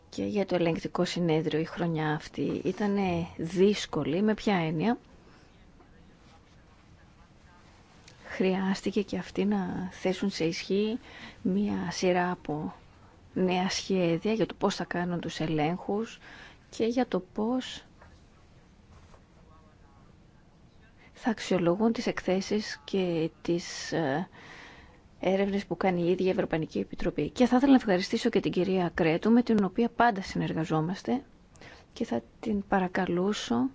και για το ελεγκτικό συνέδριο η χρονιά αυτή ήταν δύσκολη. Με ποια έννοια. Χρειάστηκε και αυτοί να θέσουν σε ισχύ μία σειρά από νέα σχέδια για το πώς θα κάνουν τους ελέγχους, και για το πώς θα αξιολογούν τις εκθέσεις και τις ε, έρευνες που κάνει η ίδια η Ευρωπαϊκή Επιτροπή. Και θα ήθελα να ευχαριστήσω και την κυρία Κρέτου, με την οποία πάντα συνεργαζόμαστε και θα την παρακαλούσω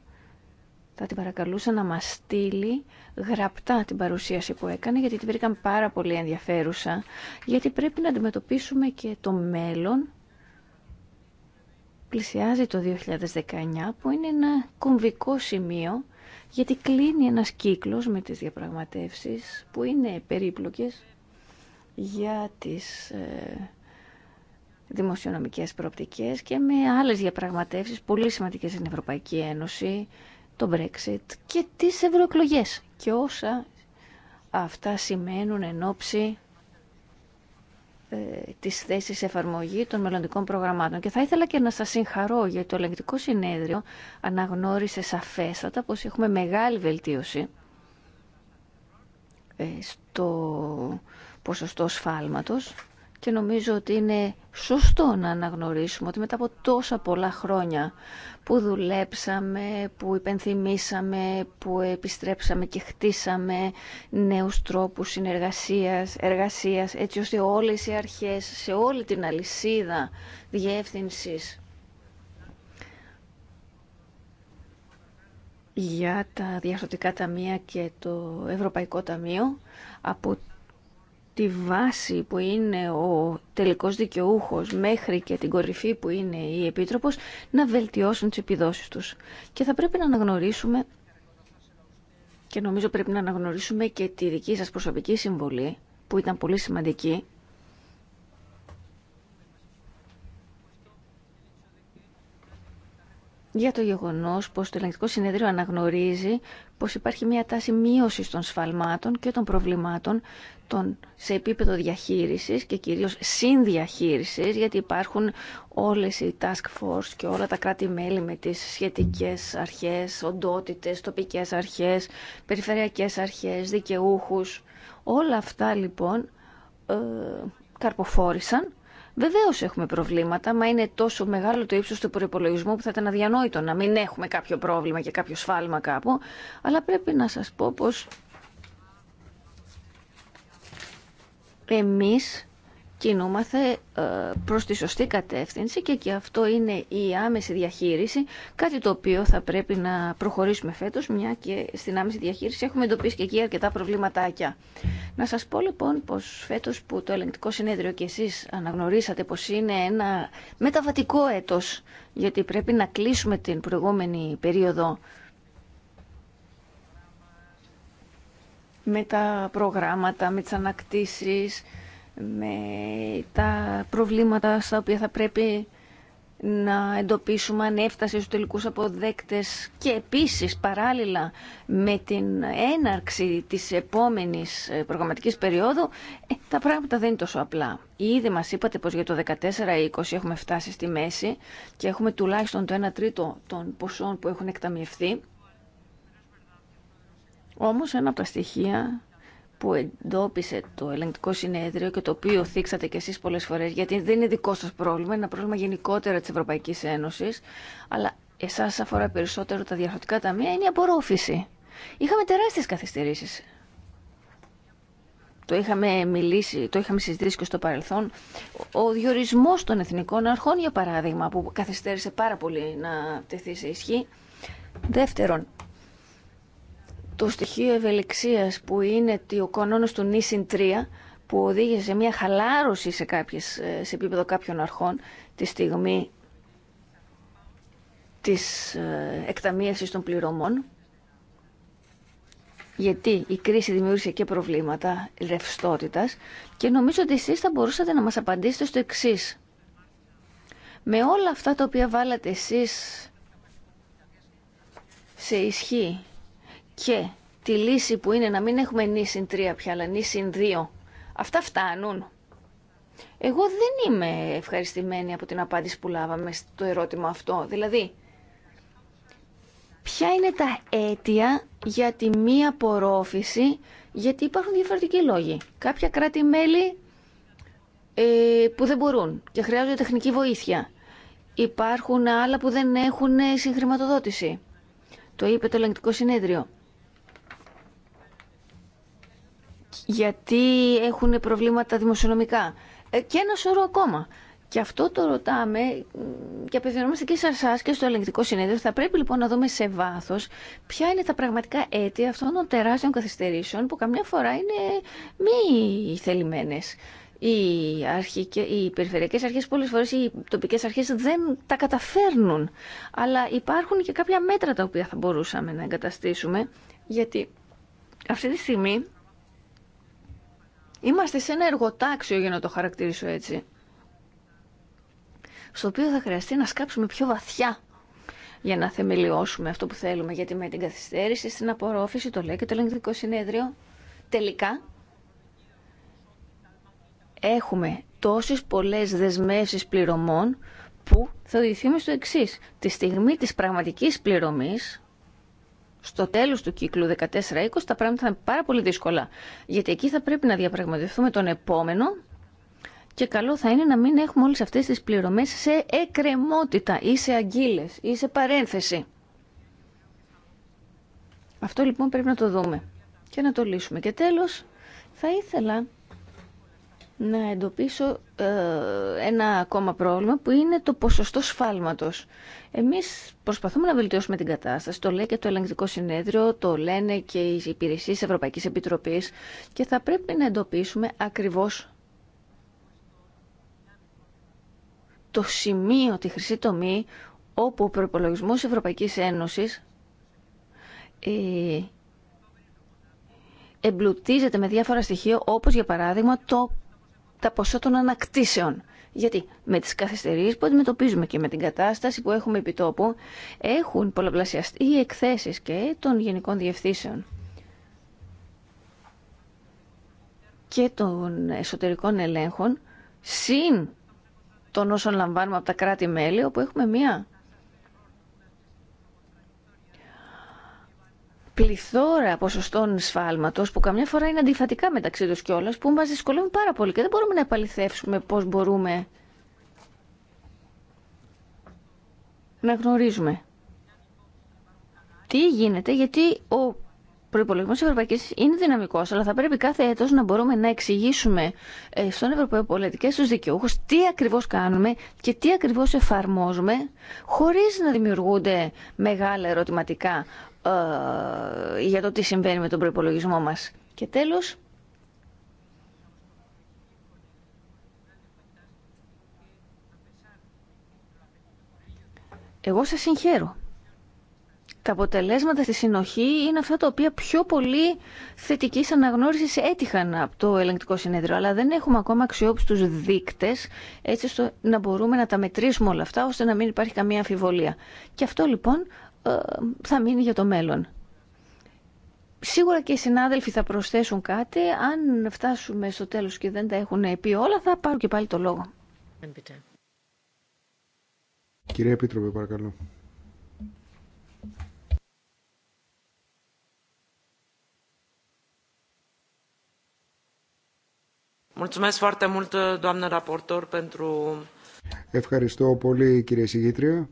θα την παρακαλούσα να μας στείλει γραπτά την παρουσίαση που έκανε, γιατί την βρήκαμε πάρα πολύ ενδιαφέρουσα, γιατί πρέπει να αντιμετωπίσουμε και το μέλλον πλησιάζει το 2019 που είναι ένα κομβικό σημείο γιατί κλείνει ένας κύκλος με τις διαπραγματεύσεις που είναι περίπλοκες για τις ε, δημοσιονομικές προοπτικές και με άλλες διαπραγματεύσεις πολύ σημαντικές στην Ευρωπαϊκή Ένωση, το Brexit και τις ευρωεκλογέ. και όσα αυτά σημαίνουν εν ώψη ε, τις θέσεις εφαρμογή των μελλοντικών προγραμμάτων. Και θα ήθελα και να σας συγχαρώ γιατί το ελεγκτικό συνέδριο αναγνώρισε σαφέστατα πως έχουμε μεγάλη βελτίωση ε, στο ποσοστό σφάλματος και νομίζω ότι είναι σωστό να αναγνωρίσουμε ότι μετά από τόσα πολλά χρόνια που δουλέψαμε, που υπενθυμίσαμε, που επιστρέψαμε και χτίσαμε νέους τρόπους συνεργασίας, εργασίας, έτσι ώστε όλες οι αρχές, σε όλη την αλυσίδα διεύθυνσης για τα διαστοτικά ταμεία και το Ευρωπαϊκό Ταμείο από τη βάση που είναι ο τελικός δικαιούχος μέχρι και την κορυφή που είναι η Επίτροπος να βελτιώσουν τις επιδόσεις τους. Και θα πρέπει να αναγνωρίσουμε και νομίζω πρέπει να αναγνωρίσουμε και τη δική σας προσωπική συμβολή που ήταν πολύ σημαντική για το γεγονός πως το Ελληνικό Συνέδριο αναγνωρίζει πως υπάρχει μια τάση μείωσης των σφαλμάτων και των προβλημάτων σε επίπεδο διαχείρισης και κυρίως συνδιαχείρισης, γιατί υπάρχουν όλες οι task force και όλα τα κράτη-μέλη με τις σχετικές αρχές, οντότητες, τοπικές αρχές, περιφερειακές αρχές, δικαιούχους. Όλα αυτά λοιπόν ε, καρποφόρησαν. Βεβαίω έχουμε προβλήματα, μα είναι τόσο μεγάλο το ύψο του προπολογισμού που θα ήταν αδιανόητο να μην έχουμε κάποιο πρόβλημα και κάποιο σφάλμα κάπου. Αλλά πρέπει να σα πω πω εμείς κινούμαστε ε, προς τη σωστή κατεύθυνση και και αυτό είναι η άμεση διαχείριση, κάτι το οποίο θα πρέπει να προχωρήσουμε φέτος, μια και στην άμεση διαχείριση έχουμε εντοπίσει και εκεί αρκετά προβληματάκια. Να σας πω λοιπόν πως φέτος που το ελεγκτικό συνέδριο και εσείς αναγνωρίσατε πως είναι ένα μεταβατικό έτος, γιατί πρέπει να κλείσουμε την προηγούμενη περίοδο με τα προγράμματα, με τις ανακτήσεις, με τα προβλήματα στα οποία θα πρέπει να εντοπίσουμε αν έφτασε στους τελικούς αποδέκτες και επίσης παράλληλα με την έναρξη της επόμενης ε, προγραμματικής περίοδου ε, τα πράγματα δεν είναι τόσο απλά. Ήδη μας είπατε πως για το 14-20 έχουμε φτάσει στη μέση και έχουμε τουλάχιστον το 1 τρίτο των ποσών που έχουν εκταμιευθεί όμως ένα από τα στοιχεία που εντόπισε το ελεγκτικό συνέδριο και το οποίο θίξατε κι εσείς πολλές φορές, γιατί δεν είναι δικό σας πρόβλημα, είναι ένα πρόβλημα γενικότερα της Ευρωπαϊκής Ένωσης, αλλά εσάς αφορά περισσότερο τα διαφορετικά ταμεία, είναι η απορρόφηση. Είχαμε τεράστιες καθυστερήσεις. Το είχαμε μιλήσει, το είχαμε συζητήσει και στο παρελθόν. Ο διορισμός των εθνικών αρχών, για παράδειγμα, που καθυστέρησε πάρα πολύ να τεθεί σε ισχύ. Δεύτερον, το στοιχείο ευελιξία που είναι ο κανόνα του συν 3 που οδήγησε μια χαλάρωση σε, κάποιες, ε, σε επίπεδο κάποιων αρχών τη στιγμή της ε, εκταμίευσης των πληρωμών γιατί η κρίση δημιούργησε και προβλήματα ρευστότητα και νομίζω ότι εσείς θα μπορούσατε να μας απαντήσετε στο εξή. Με όλα αυτά τα οποία βάλατε εσείς σε ισχύ και τη λύση που είναι να μην έχουμε νησιν τρία πια, αλλά νησιν 2, αυτά φτάνουν. Εγώ δεν είμαι ευχαριστημένη από την απάντηση που λάβαμε στο ερώτημα αυτό. Δηλαδή, ποια είναι τα αίτια για τη μία απορρόφηση, γιατί υπάρχουν διαφορετικοί λόγοι. Κάποια κράτη-μέλη ε, που δεν μπορούν και χρειάζονται τεχνική βοήθεια. Υπάρχουν άλλα που δεν έχουν ε, συγχρηματοδότηση. Το είπε το ελεγκτικό συνέδριο. γιατί έχουν προβλήματα δημοσιονομικά ε, και ένα σώρο ακόμα. Και αυτό το ρωτάμε και απευθυνόμαστε και σε εσά και στο ελεγκτικό συνέδριο. Θα πρέπει λοιπόν να δούμε σε βάθο ποια είναι τα πραγματικά αίτια αυτών των τεράστιων καθυστερήσεων που καμιά φορά είναι μη θελημένε. Οι, οι περιφερειακές αρχές πολλές φορές οι τοπικέ αρχέ δεν τα καταφέρνουν αλλά υπάρχουν και κάποια μέτρα τα οποία θα μπορούσαμε να εγκαταστήσουμε γιατί αυτή τη στιγμή Είμαστε σε ένα εργοτάξιο για να το χαρακτηρίσω έτσι στο οποίο θα χρειαστεί να σκάψουμε πιο βαθιά για να θεμελιώσουμε αυτό που θέλουμε. Γιατί με την καθυστέρηση στην απορρόφηση, το λέει και το ελεγκτικό συνέδριο, τελικά έχουμε τόσες πολλές δεσμεύσεις πληρωμών που θα οδηγηθούμε στο εξή. Τη στιγμή της πραγματικής πληρωμής στο τέλος του κύκλου 14-20 τα πράγματα θα είναι πάρα πολύ δύσκολα. Γιατί εκεί θα πρέπει να διαπραγματευτούμε τον επόμενο και καλό θα είναι να μην έχουμε όλες αυτές τις πληρωμέ σε εκκρεμότητα ή σε αγκύλες ή σε παρένθεση. Αυτό λοιπόν πρέπει να το δούμε και να το λύσουμε. Και τέλος θα ήθελα να εντοπίσω ε, ένα ακόμα πρόβλημα που είναι το ποσοστό σφάλματος. Εμείς προσπαθούμε να βελτιώσουμε την κατάσταση, το λέει και το Ελεγκτικό Συνέδριο, το λένε και οι υπηρεσίες Ευρωπαϊκής Επιτροπής και θα πρέπει να εντοπίσουμε ακριβώς το σημείο, τη χρυσή τομή, όπου ο προπολογισμό της Ευρωπαϊκής Ένωσης ε, εμπλουτίζεται με διάφορα στοιχεία, όπως για παράδειγμα το τα ποσά των ανακτήσεων. Γιατί με τις καθυστερίες που αντιμετωπίζουμε και με την κατάσταση που έχουμε επιτόπου έχουν πολλαπλασιαστεί οι εκθέσεις και των γενικών διευθύνσεων και των εσωτερικών ελέγχων συν των όσων λαμβάνουμε από τα κράτη-μέλη όπου έχουμε μία πληθώρα ποσοστών σφάλματο που καμιά φορά είναι αντιφατικά μεταξύ του κιόλα που μας δυσκολεύουν πάρα πολύ και δεν μπορούμε να επαληθεύσουμε πώς μπορούμε να γνωρίζουμε τι γίνεται γιατί ο προπολογισμό τη Ευρωπαϊκή είναι δυναμικό, αλλά θα πρέπει κάθε έτο να μπορούμε να εξηγήσουμε ε, στον ευρωπαϊκό πολίτη και στου δικαιούχου τι ακριβώ κάνουμε και τι ακριβώ εφαρμόζουμε, χωρί να δημιουργούνται μεγάλα ερωτηματικά ε, για το τι συμβαίνει με τον προϋπολογισμό μας. Και τέλος, εγώ σας συγχαίρω. Τα αποτελέσματα στη συνοχή είναι αυτά τα οποία πιο πολύ θετική αναγνώριση έτυχαν από το ελεγκτικό συνέδριο. Αλλά δεν έχουμε ακόμα αξιόπιστου δείκτε, έτσι ώστε να μπορούμε να τα μετρήσουμε όλα αυτά, ώστε να μην υπάρχει καμία αμφιβολία. Και αυτό λοιπόν ε, θα μείνει για το μέλλον. Σίγουρα και οι συνάδελφοι θα προσθέσουν κάτι. Αν φτάσουμε στο τέλος και δεν τα έχουν πει όλα, θα πάρω και πάλι το λόγο. Κύριε Επίτροπε, παρακαλώ. Ευχαριστώ πολύ, κύριε Συγήτρια.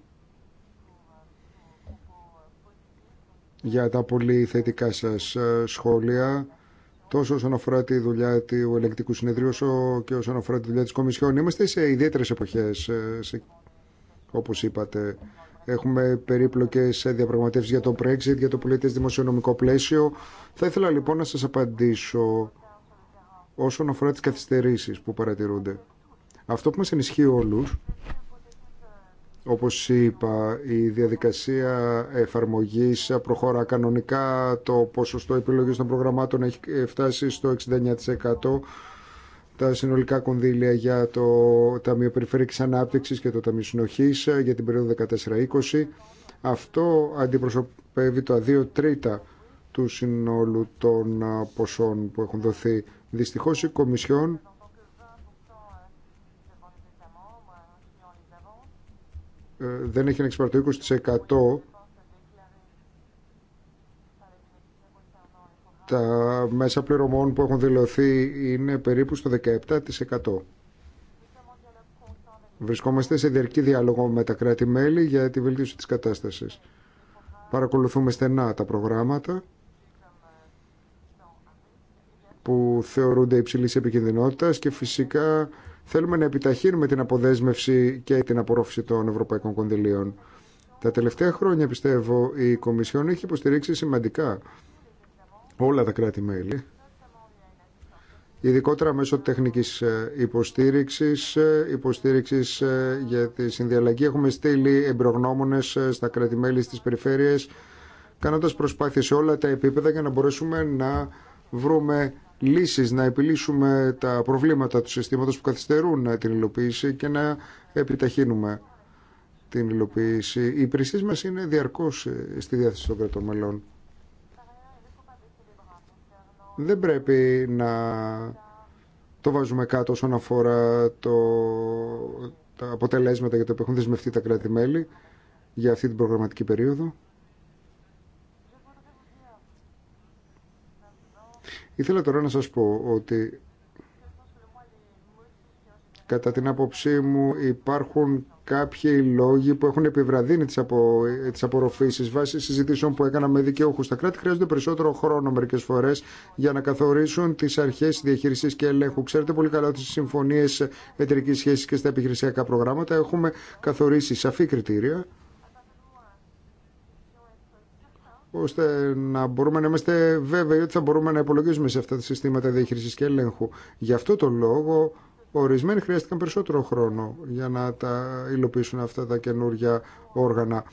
για τα πολύ θετικά σας ε, σχόλια τόσο όσον αφορά τη δουλειά του Ελεκτικού συνεδρίου όσο και όσον αφορά τη δουλειά της Κομισιόν. Είμαστε σε ιδιαίτερες εποχές, ε, σε, όπως είπατε. Έχουμε περίπλοκες διαπραγματεύσεις για το Brexit, για το πολιτικό δημοσιονομικό πλαίσιο. Θα ήθελα λοιπόν να σας απαντήσω όσον αφορά τις καθυστερήσεις που παρατηρούνται. Αυτό που μας ενισχύει όλους όπως είπα, η διαδικασία εφαρμογής προχωρά κανονικά. Το ποσοστό επιλογής των προγραμμάτων έχει φτάσει στο 69%. Τα συνολικά κονδύλια για το Ταμείο Περιφερειακής Ανάπτυξης και το Ταμείο Συνοχής για την περίοδο 14-20. Αυτό αντιπροσωπεύει το 2 τρίτα του συνόλου των ποσών που έχουν δοθεί. Δυστυχώς η Κομισιόν Ε, δεν έχει να το 20% τα μέσα πληρωμών που έχουν δηλωθεί είναι περίπου στο 17%. Βρισκόμαστε σε διαρκή διάλογο με τα κράτη-μέλη για τη βελτίωση της κατάστασης. Παρακολουθούμε στενά τα προγράμματα που θεωρούνται υψηλής επικινδυνότητας και φυσικά Θέλουμε να επιταχύνουμε την αποδέσμευση και την απορρόφηση των ευρωπαϊκών κονδυλίων. Τα τελευταία χρόνια, πιστεύω, η Κομισιόν έχει υποστηρίξει σημαντικά όλα τα κράτη-μέλη, ειδικότερα μέσω τεχνικής ε, υποστήριξης, ε, υποστήριξης ε, για τη συνδιαλλαγή. Έχουμε στείλει εμπρογνώμονες στα κράτη-μέλη στις περιφέρειες, κάνοντας προσπάθειες σε όλα τα επίπεδα για να μπορέσουμε να βρούμε λύσεις, να επιλύσουμε τα προβλήματα του συστήματος που καθυστερούν ε, την υλοποίηση και να επιταχύνουμε την υλοποίηση. Οι υπηρεσίε μα είναι διαρκώς ε, στη διάθεση των κρατών μελών. Δεν πρέπει να το βάζουμε κάτω όσον αφορά το, τα αποτελέσματα για το οποία έχουν δεσμευτεί τα κράτη-μέλη για αυτή την προγραμματική περίοδο. Ήθελα τώρα να σας πω ότι κατά την άποψή μου υπάρχουν κάποιοι λόγοι που έχουν επιβραδύνει τις, απο, τις απορροφήσεις βάσει συζητήσεων που έκανα με δικαιούχους. Τα κράτη χρειάζονται περισσότερο χρόνο μερικές φορές για να καθορίσουν τις αρχές διαχείρισης και ελέγχου. Ξέρετε πολύ καλά ότι στις συμφωνίες εταιρικής σχέσης και στα επιχειρησιακά προγράμματα έχουμε καθορίσει σαφή κριτήρια ώστε να μπορούμε να είμαστε βέβαιοι ότι θα μπορούμε να υπολογίζουμε σε αυτά τα συστήματα διαχείρισης και ελέγχου. Γι' αυτό το λόγο ορισμένοι χρειάστηκαν περισσότερο χρόνο για να τα υλοποιήσουν αυτά τα καινούργια όργανα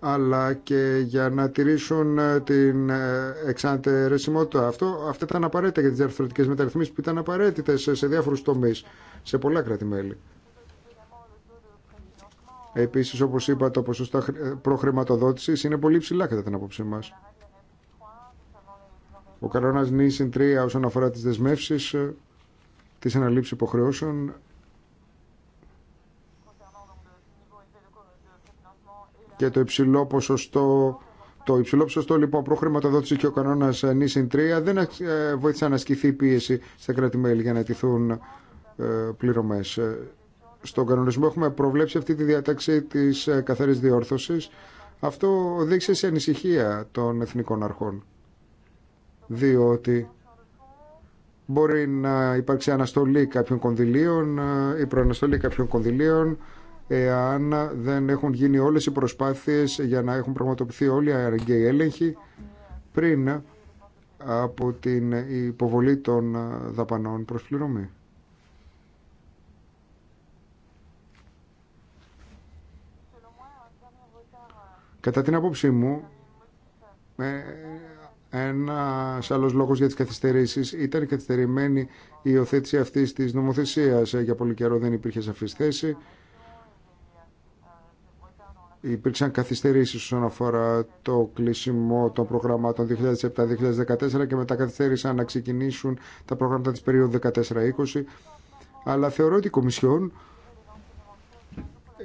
αλλά και για να τηρήσουν ε, την ε, εξαντερεσιμότητα. Αυτό, αυτά ήταν απαραίτητα για τις διαρθρωτικές μεταρρυθμίσεις που ήταν απαραίτητες σε διάφορους τομείς, σε πολλά κράτη-μέλη. Επίση, όπως είπα, τα ποσοστά ε, προχρηματοδότησης είναι πολύ ψηλά κατά την απόψη μα. Ο κανόνα νήσιν 3 όσον αφορά τι δεσμεύσει, ε, τις αναλήψεις υποχρεώσεων, και το υψηλό ποσοστό το υψηλό ποσοστό λοιπόν προχρηματοδότηση και ο κανόνα ε, νήσιν 3 δεν βοήθησαν να ασκηθεί πίεση στα κράτη-μέλη για να τηθούν πληρωμέ στον κανονισμό έχουμε προβλέψει αυτή τη διάταξη της ε, καθαρής διόρθωσης. Αυτό δείξε σε ανησυχία των εθνικών αρχών, διότι μπορεί να υπάρξει αναστολή κάποιων κονδυλίων ή ε, προαναστολή κάποιων κονδυλίων εάν δεν έχουν γίνει όλες οι προσπάθειες για να έχουν πραγματοποιηθεί όλοι οι αεραγκαίοι έλεγχοι πριν από την υποβολή των ε, δαπανών προς πληρωμή. Κατά την άποψή μου, ε, ένα άλλο λόγο για τι καθυστερήσει ήταν η καθυστερημένη υιοθέτηση αυτή τη νομοθεσία. Ε, για πολύ καιρό δεν υπήρχε σαφή θέση. Υπήρξαν καθυστερήσει όσον αφορά το κλείσιμο των προγραμμάτων 2007-2014 και μετά καθυστέρησαν να ξεκινήσουν τα προγράμματα τη περίοδου 14-20. Αλλά θεωρώ ότι η Κομισιόν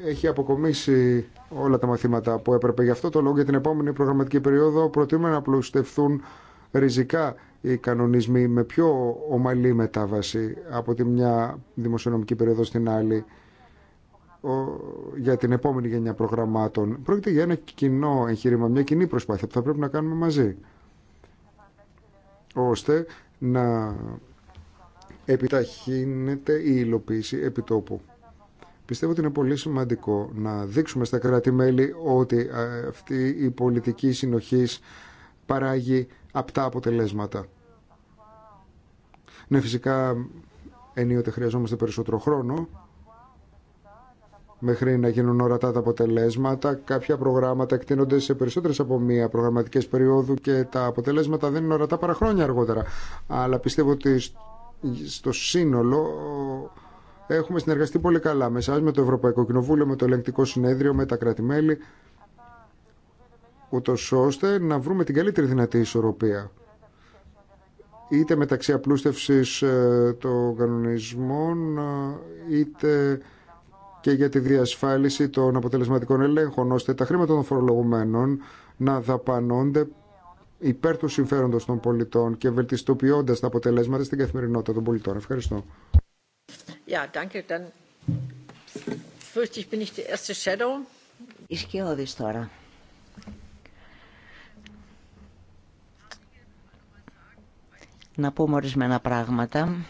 έχει αποκομίσει όλα τα μαθήματα που έπρεπε. Γι' αυτό το λόγο για την επόμενη προγραμματική περίοδο προτείνουμε να πλουστευτούν ριζικά οι κανονισμοί με πιο ομαλή μετάβαση από τη μια δημοσιονομική περίοδο στην άλλη για την επόμενη γενιά προγραμμάτων. Πρόκειται για ένα κοινό εγχείρημα, μια κοινή προσπάθεια που θα πρέπει να κάνουμε μαζί ώστε να επιταχύνεται η υλοποίηση επιτόπου. Πιστεύω ότι είναι πολύ σημαντικό να δείξουμε στα κράτη-μέλη ότι ε, αυτή η πολιτική συνοχής παράγει απτά αποτελέσματα. Ναι, φυσικά ενίοτε χρειαζόμαστε περισσότερο χρόνο μέχρι να γίνουν ορατά τα αποτελέσματα. Κάποια προγράμματα εκτείνονται σε περισσότερες από μία προγραμματικές περίοδου και τα αποτελέσματα δεν είναι ορατά παρά χρόνια αργότερα. Αλλά πιστεύω ότι στο σύνολο Έχουμε συνεργαστεί πολύ καλά με εσά, με το Ευρωπαϊκό Κοινοβούλιο, με το Ελεγκτικό Συνέδριο, με τα κράτη-μέλη, ούτω ώστε να βρούμε την καλύτερη δυνατή ισορροπία. Είτε μεταξύ απλούστευση ε, των κανονισμών, ε, είτε και για τη διασφάλιση των αποτελεσματικών ελέγχων, ώστε τα χρήματα των φορολογουμένων να δαπανώνται υπέρ του συμφέροντος των πολιτών και βελτιστοποιώντας τα αποτελέσματα στην καθημερινότητα των πολιτών. Ευχαριστώ. Ναι, τώρα. Να πούμε ορισμένα πράγματα.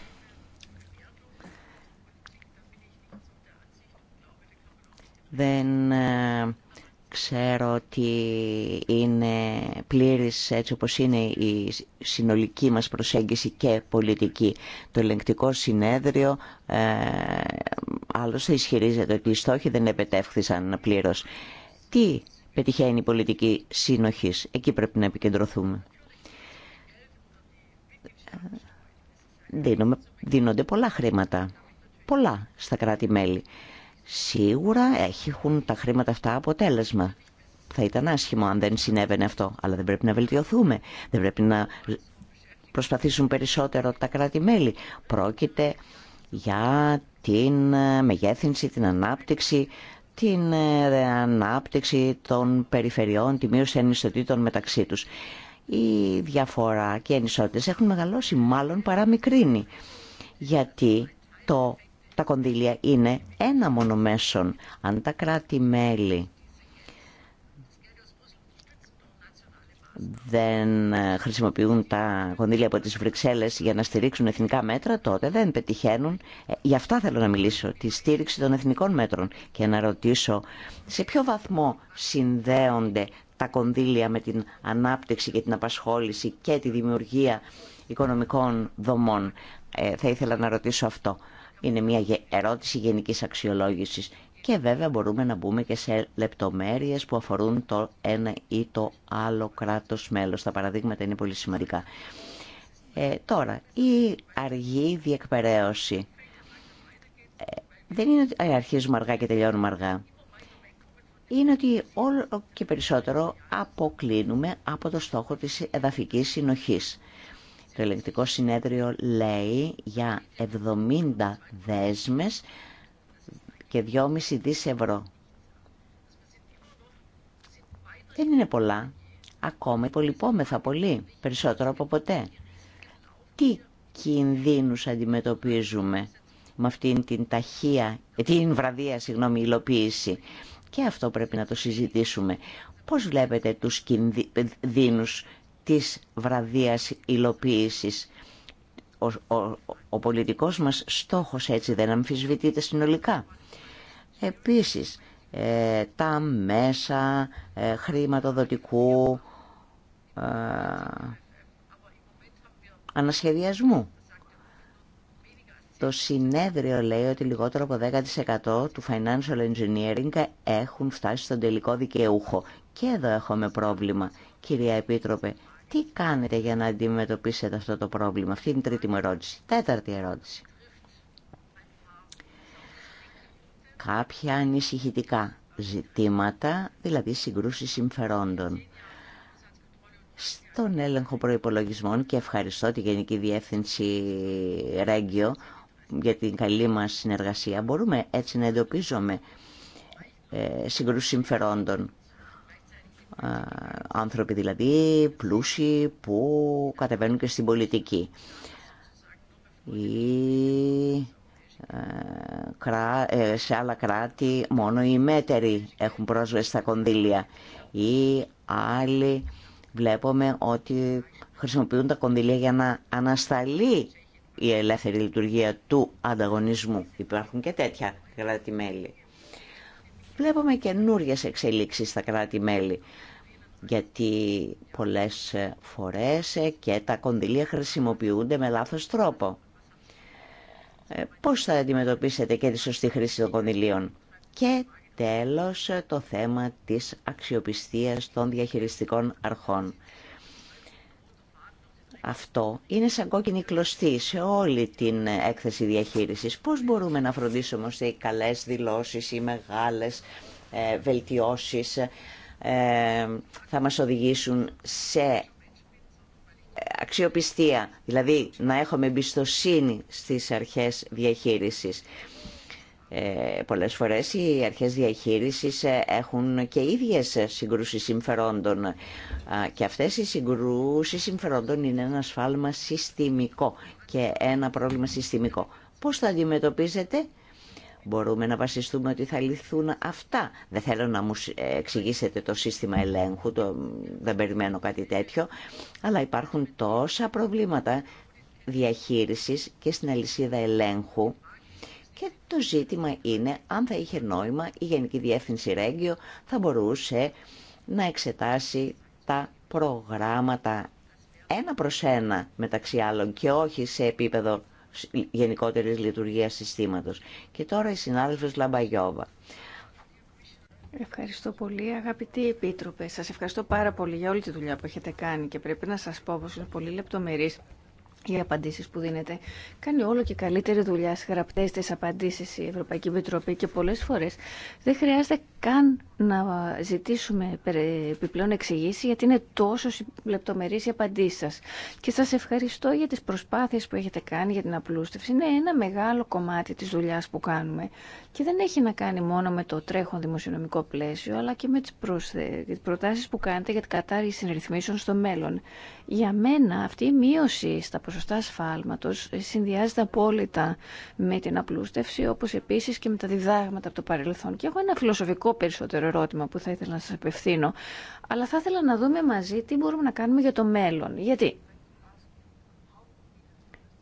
Ε, ξέρω ότι είναι πλήρης έτσι όπως είναι η συνολική μας προσέγγιση και πολιτική. Το ελεγκτικό συνέδριο ε, άλλωστε ισχυρίζεται ότι οι στόχοι δεν επετεύχθησαν πλήρως. Τι πετυχαίνει η πολιτική σύνοχης, εκεί πρέπει να επικεντρωθούμε. δίνονται πολλά χρήματα, πολλά στα κράτη-μέλη. Σίγουρα έχουν τα χρήματα αυτά αποτέλεσμα. Θα ήταν άσχημο αν δεν συνέβαινε αυτό, αλλά δεν πρέπει να βελτιωθούμε. Δεν πρέπει να προσπαθήσουν περισσότερο τα κράτη-μέλη. Πρόκειται για την ε, μεγέθυνση, την ανάπτυξη, την ε, ανάπτυξη των περιφερειών, τη μείωση ανισοτήτων μεταξύ τους. Η διαφορά και οι ανισότητες έχουν μεγαλώσει, μάλλον παρά μικρύνει, γιατί το τα κονδύλια είναι ένα μόνο μέσον. Αν τα κράτη-μέλη δεν ε, χρησιμοποιούν τα κονδύλια από τις Βρυξέλλες για να στηρίξουν εθνικά μέτρα, τότε δεν πετυχαίνουν. Ε, γι' αυτά θέλω να μιλήσω, τη στήριξη των εθνικών μέτρων και να ρωτήσω σε ποιο βαθμό συνδέονται τα κονδύλια με την ανάπτυξη και την απασχόληση και τη δημιουργία οικονομικών δομών. Ε, θα ήθελα να ρωτήσω αυτό. Είναι μια ερώτηση γενικής αξιολόγησης και βέβαια μπορούμε να μπούμε και σε λεπτομέρειες που αφορούν το ένα ή το άλλο κράτος μέλος. Τα παραδείγματα είναι πολύ σημαντικά. Ε, τώρα, η αργή πολυ σημαντικα τωρα η αργη διεκπαιρεωση Ε, δεν είναι ότι ε, αρχίζουμε αργά και τελειώνουμε αργά. Είναι ότι όλο και περισσότερο αποκλίνουμε από το στόχο της εδαφικής συνοχής. Το ελεγκτικό συνέδριο λέει για 70 δέσμες και 2,5 δις ευρώ. Δεν είναι πολλά. Ακόμα υπολοιπόμεθα πολύ, περισσότερο από ποτέ. Τι κινδύνους αντιμετωπίζουμε με αυτήν την ταχεία, την βραδία, συγγνώμη, υλοποίηση. Και αυτό πρέπει να το συζητήσουμε. Πώς βλέπετε τους κινδύνους της βραδίας υλοποίησης. Ο, ο, ο πολιτικός μας στόχος έτσι δεν αμφισβητείται συνολικά. Επίσης, ε, τα μέσα ε, χρηματοδοτικού ε, ανασχεδιασμού. Το συνέδριο λέει ότι λιγότερο από 10% του financial engineering έχουν φτάσει στον τελικό δικαιούχο. Και εδώ έχουμε πρόβλημα, κυρία Επίτροπε. Τι κάνετε για να αντιμετωπίσετε αυτό το πρόβλημα. Αυτή είναι η τρίτη μου ερώτηση. Τέταρτη ερώτηση. Κάποια ανησυχητικά ζητήματα, δηλαδή συγκρούσεις συμφερόντων. Στον έλεγχο προϋπολογισμών και ευχαριστώ τη Γενική Διεύθυνση Ρέγγιο για την καλή μας συνεργασία. Μπορούμε έτσι να εντοπίζουμε ε, συγκρούσεις συμφερόντων άνθρωποι δηλαδή πλούσιοι που κατεβαίνουν και στην πολιτική ή ε, ε, σε άλλα κράτη μόνο οι μέτεροι έχουν πρόσβαση στα κονδύλια ή άλλοι βλέπουμε ότι χρησιμοποιούν τα κονδύλια για να ανασταλεί η ελεύθερη λειτουργία του ανταγωνισμού. Υπάρχουν και τέτοια κράτη-μέλη βλέπουμε καινούριε εξελίξεις στα κράτη-μέλη γιατί πολλές φορές και τα κονδυλία χρησιμοποιούνται με λάθος τρόπο. Ε, πώς θα αντιμετωπίσετε και τη σωστή χρήση των κονδυλίων. Και τέλος το θέμα της αξιοπιστίας των διαχειριστικών αρχών. Αυτό είναι σαν κόκκινη κλωστή σε όλη την έκθεση διαχείρισης. Πώς μπορούμε να φροντίσουμε ώστε οι καλές δηλώσεις, οι μεγάλες ε, βελτιώσεις ε, θα μας οδηγήσουν σε αξιοπιστία, δηλαδή να έχουμε εμπιστοσύνη στις αρχές διαχείρισης. Ε, πολλές φορές οι αρχές διαχείρισης ε, έχουν και ίδιες συγκρούσεις συμφερόντων και αυτές οι συγκρούσεις συμφερόντων είναι ένα σφάλμα συστημικό και ένα πρόβλημα συστημικό. Πώς θα αντιμετωπίζετε? Μπορούμε να βασιστούμε ότι θα λυθούν αυτά. Δεν θέλω να μου ε, εξηγήσετε το σύστημα ελέγχου, το, δεν περιμένω κάτι τέτοιο, αλλά υπάρχουν τόσα προβλήματα διαχείρισης και στην αλυσίδα ελέγχου και το ζήτημα είναι αν θα είχε νόημα η Γενική Διεύθυνση Ρέγγιο θα μπορούσε να εξετάσει τα προγράμματα ένα προς ένα μεταξύ άλλων και όχι σε επίπεδο γενικότερης λειτουργίας συστήματος. Και τώρα η συνάδελφος Λαμπαγιώβα. Ευχαριστώ πολύ αγαπητοί επίτροπε. Σας ευχαριστώ πάρα πολύ για όλη τη δουλειά που έχετε κάνει και πρέπει να σας πω πως είναι πολύ λεπτομερής οι απαντήσει που δίνεται. Κάνει όλο και καλύτερη δουλειά στι γραπτέ τη απαντήσεις η Ευρωπαϊκή Επιτροπή και πολλέ φορέ. δεν χρειάζεται καν να ζητήσουμε επιπλέον εξηγήσει γιατί είναι τόσο λεπτομερεί οι απαντήσει σα. Και σα ευχαριστώ για τι προσπάθειες που έχετε κάνει για την απλούστευση. Είναι ένα μεγάλο κομμάτι τη δουλειά που κάνουμε και δεν έχει να κάνει μόνο με το τρέχον δημοσιονομικό πλαίσιο αλλά και με τι προσθε... προτάσεις που κάνετε για την κατάργηση ρυθμίσεων στο μέλλον. Για μένα αυτή η μείωση στα ποσοστά ασφάλματος συνδυάζεται απόλυτα με την απλούστευση, όπως επίσης και με τα διδάγματα από το παρελθόν. Και έχω ένα φιλοσοφικό περισσότερο ερώτημα που θα ήθελα να σας απευθύνω, αλλά θα ήθελα να δούμε μαζί τι μπορούμε να κάνουμε για το μέλλον. Γιατί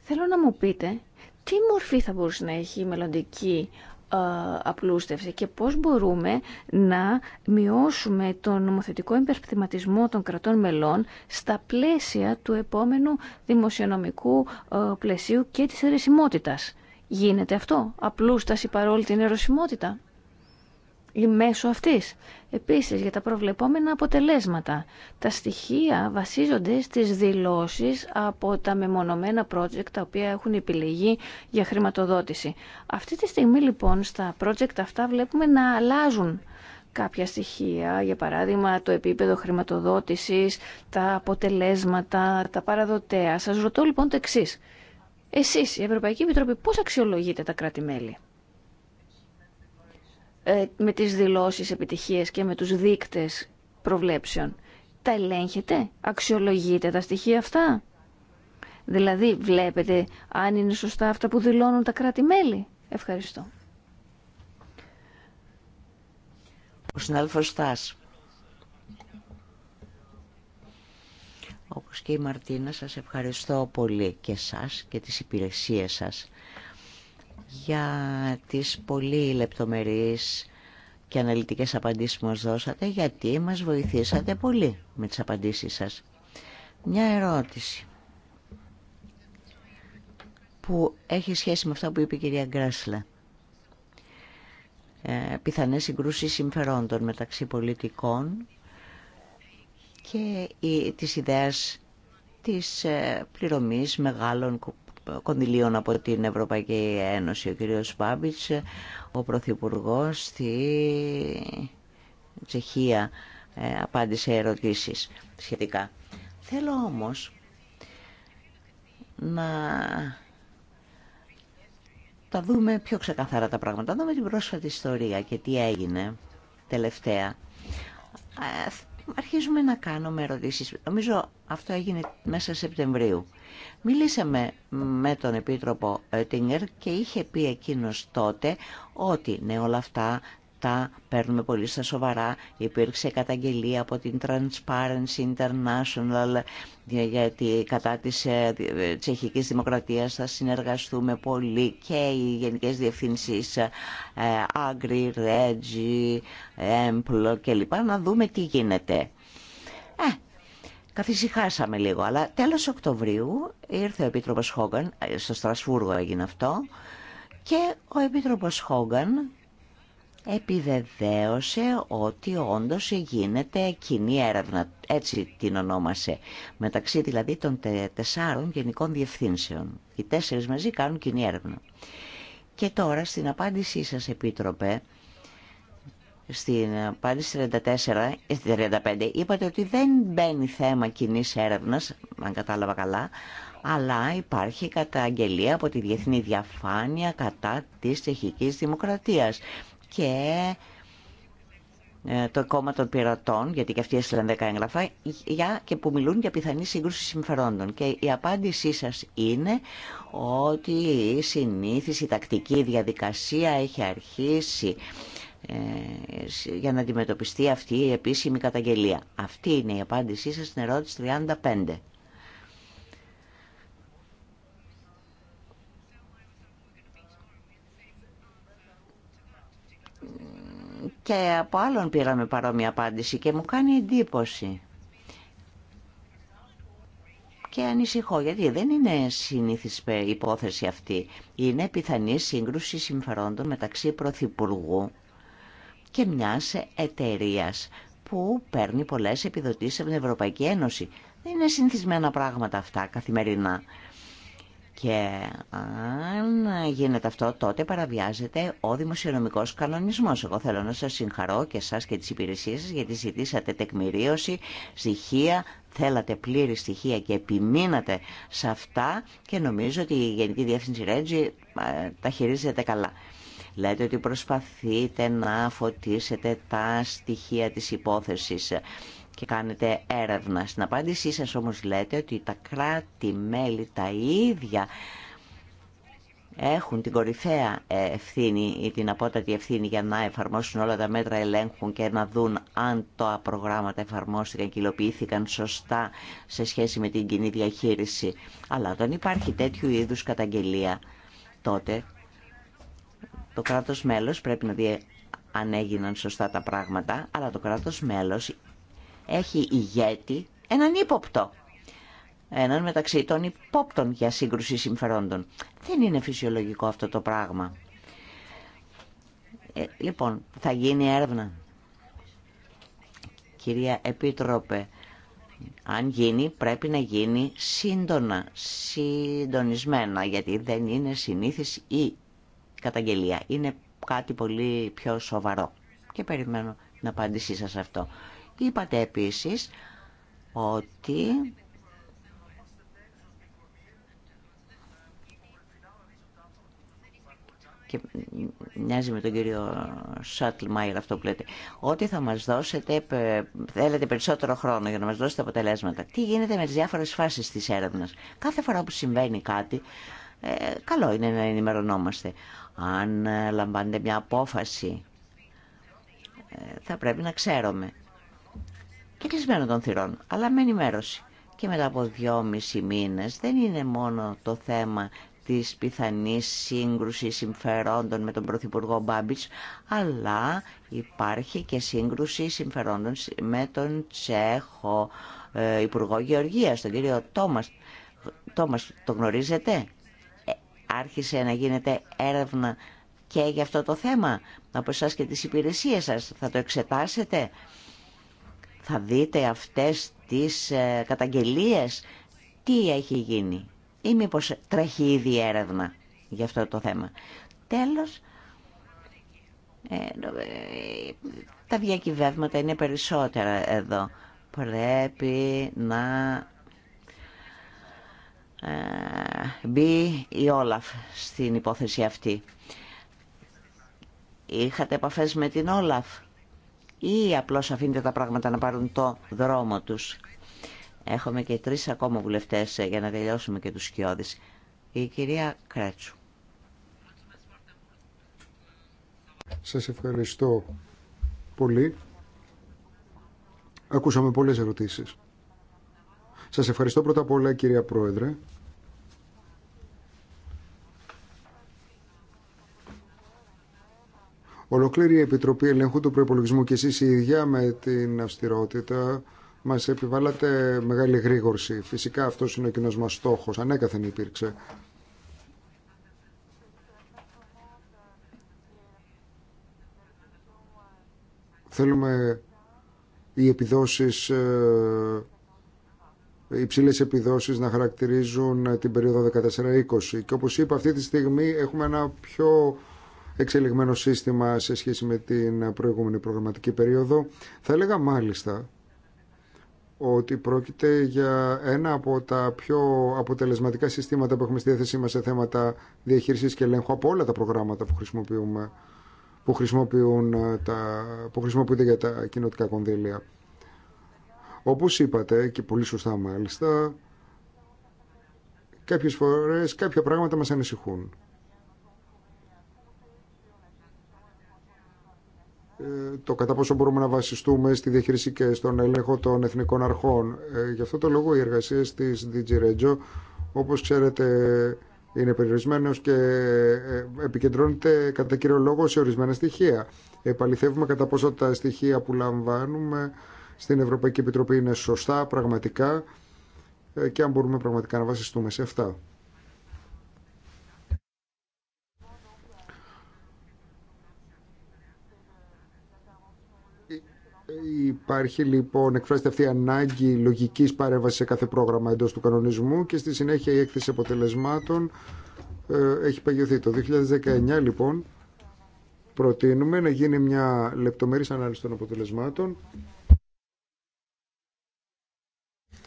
θέλω να μου πείτε τι μορφή θα μπορούσε να έχει η μελλοντική ε, απλούστευση και πώς μπορούμε να μειώσουμε τον νομοθετικό υπερπτηματισμό των κρατών μελών στα πλαίσια του επόμενου δημοσιονομικού ε, πλαισίου και της αιρεσιμότητας. Γίνεται αυτό, απλούσταση παρόλη την αιρεσιμότητα ή μέσω αυτής. Επίσης για τα προβλεπόμενα αποτελέσματα. Τα στοιχεία βασίζονται στις δηλώσεις από τα μεμονωμένα project τα οποία έχουν επιλεγεί για χρηματοδότηση. Αυτή τη στιγμή λοιπόν στα project αυτά βλέπουμε να αλλάζουν κάποια στοιχεία, για παράδειγμα το επίπεδο χρηματοδότησης, τα αποτελέσματα, τα παραδοτέα. Σας ρωτώ λοιπόν το εξή. Εσείς, η Ευρωπαϊκή Επιτροπή, πώς αξιολογείτε τα κράτη-μέλη. Ε, με τις δηλώσεις επιτυχίες και με τους δείκτες προβλέψεων. Τα ελέγχετε, αξιολογείτε τα στοιχεία αυτά. Δηλαδή βλέπετε αν είναι σωστά αυτά που δηλώνουν τα κράτη-μέλη. Ευχαριστώ. Ο συνάδελφος Στάς. Όπως και η Μαρτίνα, σας ευχαριστώ πολύ και σας και τις υπηρεσίες σας για τις πολύ λεπτομερείς και αναλυτικές απαντήσεις που μας δώσατε, γιατί μας βοηθήσατε πολύ με τις απαντήσεις σας. Μια ερώτηση που έχει σχέση με αυτά που είπε η κυρία Γκράσλα. Ε, πιθανές συγκρούσεις συμφερόντων μεταξύ πολιτικών και η, της ιδέας της ε, πληρωμής μεγάλων κονδυλίων από την Ευρωπαϊκή Ένωση. Ο κύριος Μπάμπιτς, ο Πρωθυπουργό στη Τσεχία, ε, απάντησε ερωτήσεις σχετικά. Θέλω όμως να τα δούμε πιο ξεκαθαρά τα πράγματα. Να Δούμε την πρόσφατη ιστορία και τι έγινε τελευταία. Ε, αρχίζουμε να κάνουμε ερωτήσεις. Νομίζω αυτό έγινε μέσα Σεπτεμβρίου. Μιλήσαμε με τον Επίτροπο Τίνγκερ και είχε πει εκείνος τότε ότι ναι όλα αυτά τα παίρνουμε πολύ στα σοβαρά. Υπήρξε καταγγελία από την Transparency International γιατί κατά της ε, τσεχικής δημοκρατίας θα συνεργαστούμε πολύ και οι γενικές διευθύνσεις ε, Agri, Reggie, Emplo κλπ. Να δούμε τι γίνεται. Ε, Καθησυχάσαμε λίγο, αλλά τέλος Οκτωβρίου ήρθε ο Επίτροπος Χόγκαν, ε, στο Στρασβούργο έγινε αυτό, και ο Επίτροπος Χόγκαν επιβεβαίωσε ότι όντως γίνεται κοινή έρευνα, έτσι την ονόμασε, μεταξύ δηλαδή των τεσσάρων γενικών διευθύνσεων. Οι τέσσερις μαζί κάνουν κοινή έρευνα. Και τώρα στην απάντησή σας, Επίτροπε, στην ε, πάλι 34 ή 35 είπατε ότι δεν μπαίνει θέμα κοινή έρευνα, αν κατάλαβα καλά, αλλά υπάρχει καταγγελία από τη διεθνή διαφάνεια κατά της τσεχικής δημοκρατίας. Και ε, το κόμμα των πειρατών, γιατί και αυτοί έστειλαν 10 έγγραφα, για, και που μιλούν για πιθανή σύγκρουση συμφερόντων. Και η απάντησή σας είναι ότι η συνήθιση, η τακτική διαδικασία έχει αρχίσει ε, για να αντιμετωπιστεί αυτή η επίσημη καταγγελία. Αυτή είναι η απάντησή σας στην ερώτηση 35. Και από άλλον πήραμε παρόμοια απάντηση και μου κάνει εντύπωση. Και ανησυχώ, γιατί δεν είναι συνήθις υπόθεση αυτή. Είναι πιθανή σύγκρουση συμφερόντων μεταξύ Πρωθυπουργού και μιας εταιρεία που παίρνει πολλές επιδοτήσεις από την Ευρωπαϊκή Ένωση. Δεν είναι συνθισμένα πράγματα αυτά καθημερινά. Και αν γίνεται αυτό, τότε παραβιάζεται ο δημοσιονομικός κανονισμός. Εγώ θέλω να σας συγχαρώ και εσά και τις υπηρεσίες σας γιατί ζητήσατε τεκμηρίωση, στοιχεία, θέλατε πλήρη στοιχεία και επιμείνατε σε αυτά και νομίζω ότι η Γενική Διεύθυνση Ρέτζη ε, τα χειρίζεται καλά. Λέτε ότι προσπαθείτε να φωτίσετε τα στοιχεία της υπόθεσης και κάνετε έρευνα. Στην απάντησή σας όμως λέτε ότι τα κράτη-μέλη τα ίδια έχουν την κορυφαία ευθύνη ή την απότατη ευθύνη για να εφαρμόσουν όλα τα μέτρα ελέγχουν και να δουν αν τα προγράμματα εφαρμόστηκαν και υλοποιήθηκαν σωστά σε σχέση με την κοινή διαχείριση. Αλλά όταν υπάρχει τέτοιου είδους καταγγελία, τότε το κράτος μέλος πρέπει να δει αν έγιναν σωστά τα πράγματα, αλλά το κράτος μέλος έχει ηγέτη έναν ύποπτο. Έναν μεταξύ των υπόπτων για σύγκρουση συμφερόντων. Δεν είναι φυσιολογικό αυτό το πράγμα. Ε, λοιπόν, θα γίνει έρευνα. Κυρία Επίτροπε, αν γίνει πρέπει να γίνει σύντονα, συντονισμένα, γιατί δεν είναι συνήθις η καταγγελία. Είναι κάτι πολύ πιο σοβαρό και περιμένω την απάντησή σας αυτό. Είπατε επίσης ότι και μοιάζει με τον κύριο Σάτλμαϊρ αυτό που λέτε, ότι θα μας δώσετε, θέλετε περισσότερο χρόνο για να μας δώσετε αποτελέσματα. Τι γίνεται με τις διάφορες φάσεις της έρευνας. Κάθε φορά που συμβαίνει κάτι, ε, καλό είναι να ενημερωνόμαστε αν ε, λαμβάνετε μια απόφαση, ε, θα πρέπει να ξέρουμε. Και κλεισμένο των θυρών, αλλά με ενημέρωση. Και μετά από δυόμισι μήνες δεν είναι μόνο το θέμα της πιθανής σύγκρουσης συμφερόντων με τον Πρωθυπουργό Μπάμπιτς, αλλά υπάρχει και σύγκρουση συμφερόντων με τον Τσέχο ε, Υπουργό Γεωργίας, τον κύριο Τόμας. Τόμας, το γνωρίζετε, άρχισε να γίνεται έρευνα και για αυτό το θέμα από εσά και τις υπηρεσίες σας. Θα το εξετάσετε, θα δείτε αυτές τις ε, καταγγελίες, τι έχει γίνει ή μήπω τρέχει ήδη έρευνα για αυτό το θέμα. Τέλος, ε, ε, τα διακυβεύματα είναι περισσότερα εδώ. Πρέπει να ε, μπει η Όλαφ στην υπόθεση αυτή. Είχατε επαφές με την Όλαφ ή απλώς αφήνετε τα πράγματα να πάρουν το δρόμο τους. Έχουμε και τρεις ακόμα βουλευτές ε, για να τελειώσουμε και τους σκιώδεις. Η κυρία Κρέτσου. Σας ευχαριστώ πολύ. Ακούσαμε πολλές ερωτήσεις. Σας ευχαριστώ πρώτα απ' όλα κυρία Πρόεδρε. Ολοκλήρη η Επιτροπή Ελέγχου του Προπολογισμού και εσείς η ίδια με την αυστηρότητα μας επιβάλλατε μεγάλη γρήγορση. Φυσικά αυτό είναι ο κοινός μας στόχος, ανέκαθεν υπήρξε. Θέλουμε οι επιδόσεις ε, υψηλές επιδόσεις να χαρακτηρίζουν ε, την περίοδο 14-20. Και όπως είπα αυτή τη στιγμή έχουμε ένα πιο εξελιγμένο σύστημα σε σχέση με την προηγούμενη προγραμματική περίοδο. Θα έλεγα μάλιστα ότι πρόκειται για ένα από τα πιο αποτελεσματικά συστήματα που έχουμε στη διάθεσή μας σε θέματα διαχείρισης και ελέγχου από όλα τα προγράμματα που χρησιμοποιούμε που, χρησιμοποιούν ε, τα, που χρησιμοποιούνται για τα κοινωτικά κονδύλια. Όπως είπατε και πολύ σωστά μάλιστα, κάποιες φορές κάποια πράγματα μας ανησυχούν. Ε, το κατά πόσο μπορούμε να βασιστούμε στη διαχείριση και στον έλεγχο των εθνικών αρχών. Ε, γι' αυτό το λόγο οι εργασίες της DG Regio, όπως ξέρετε, είναι περιορισμένος και ε, επικεντρώνεται κατά κύριο λόγο σε ορισμένα στοιχεία. Επαληθεύουμε κατά πόσο τα στοιχεία που λαμβάνουμε στην Ευρωπαϊκή Επιτροπή είναι σωστά πραγματικά ε, και αν μπορούμε πραγματικά να βασιστούμε σε αυτά. Ε, υπάρχει λοιπόν, εκφράζεται αυτή η ανάγκη λογική παρέμβαση σε κάθε πρόγραμμα εντό του κανονισμού και στη συνέχεια η έκθεση αποτελεσμάτων ε, έχει παγιωθεί. Το 2019 λοιπόν προτείνουμε να γίνει μια λεπτομερής ανάλυση των αποτελεσμάτων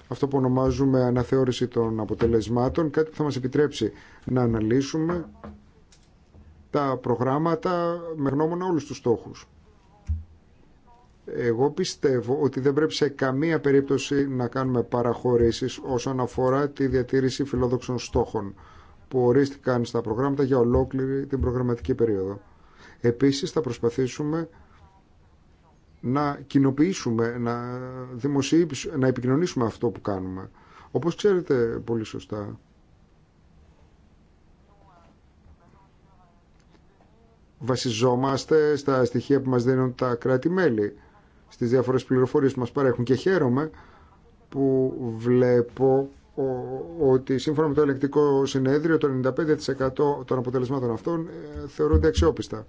αυτό που ονομάζουμε αναθεώρηση των αποτελεσμάτων, κάτι που θα μας επιτρέψει να αναλύσουμε τα προγράμματα με γνώμονα όλους τους στόχους. Εγώ πιστεύω ότι δεν πρέπει σε καμία περίπτωση να κάνουμε παραχωρήσεις όσον αφορά τη διατήρηση φιλόδοξων στόχων που ορίστηκαν στα προγράμματα για ολόκληρη την προγραμματική περίοδο. Επίσης θα προσπαθήσουμε να κοινοποιήσουμε, να, να επικοινωνήσουμε αυτό που κάνουμε. Όπως ξέρετε πολύ σωστά, βασιζόμαστε στα στοιχεία που μας δίνουν τα κράτη-μέλη, στις διάφορες πληροφορίες που μας παρέχουν και χαίρομαι που βλέπω ότι σύμφωνα με το ελεκτικό συνέδριο το 95% των αποτελεσμάτων αυτών ε, θεωρούνται αξιόπιστα.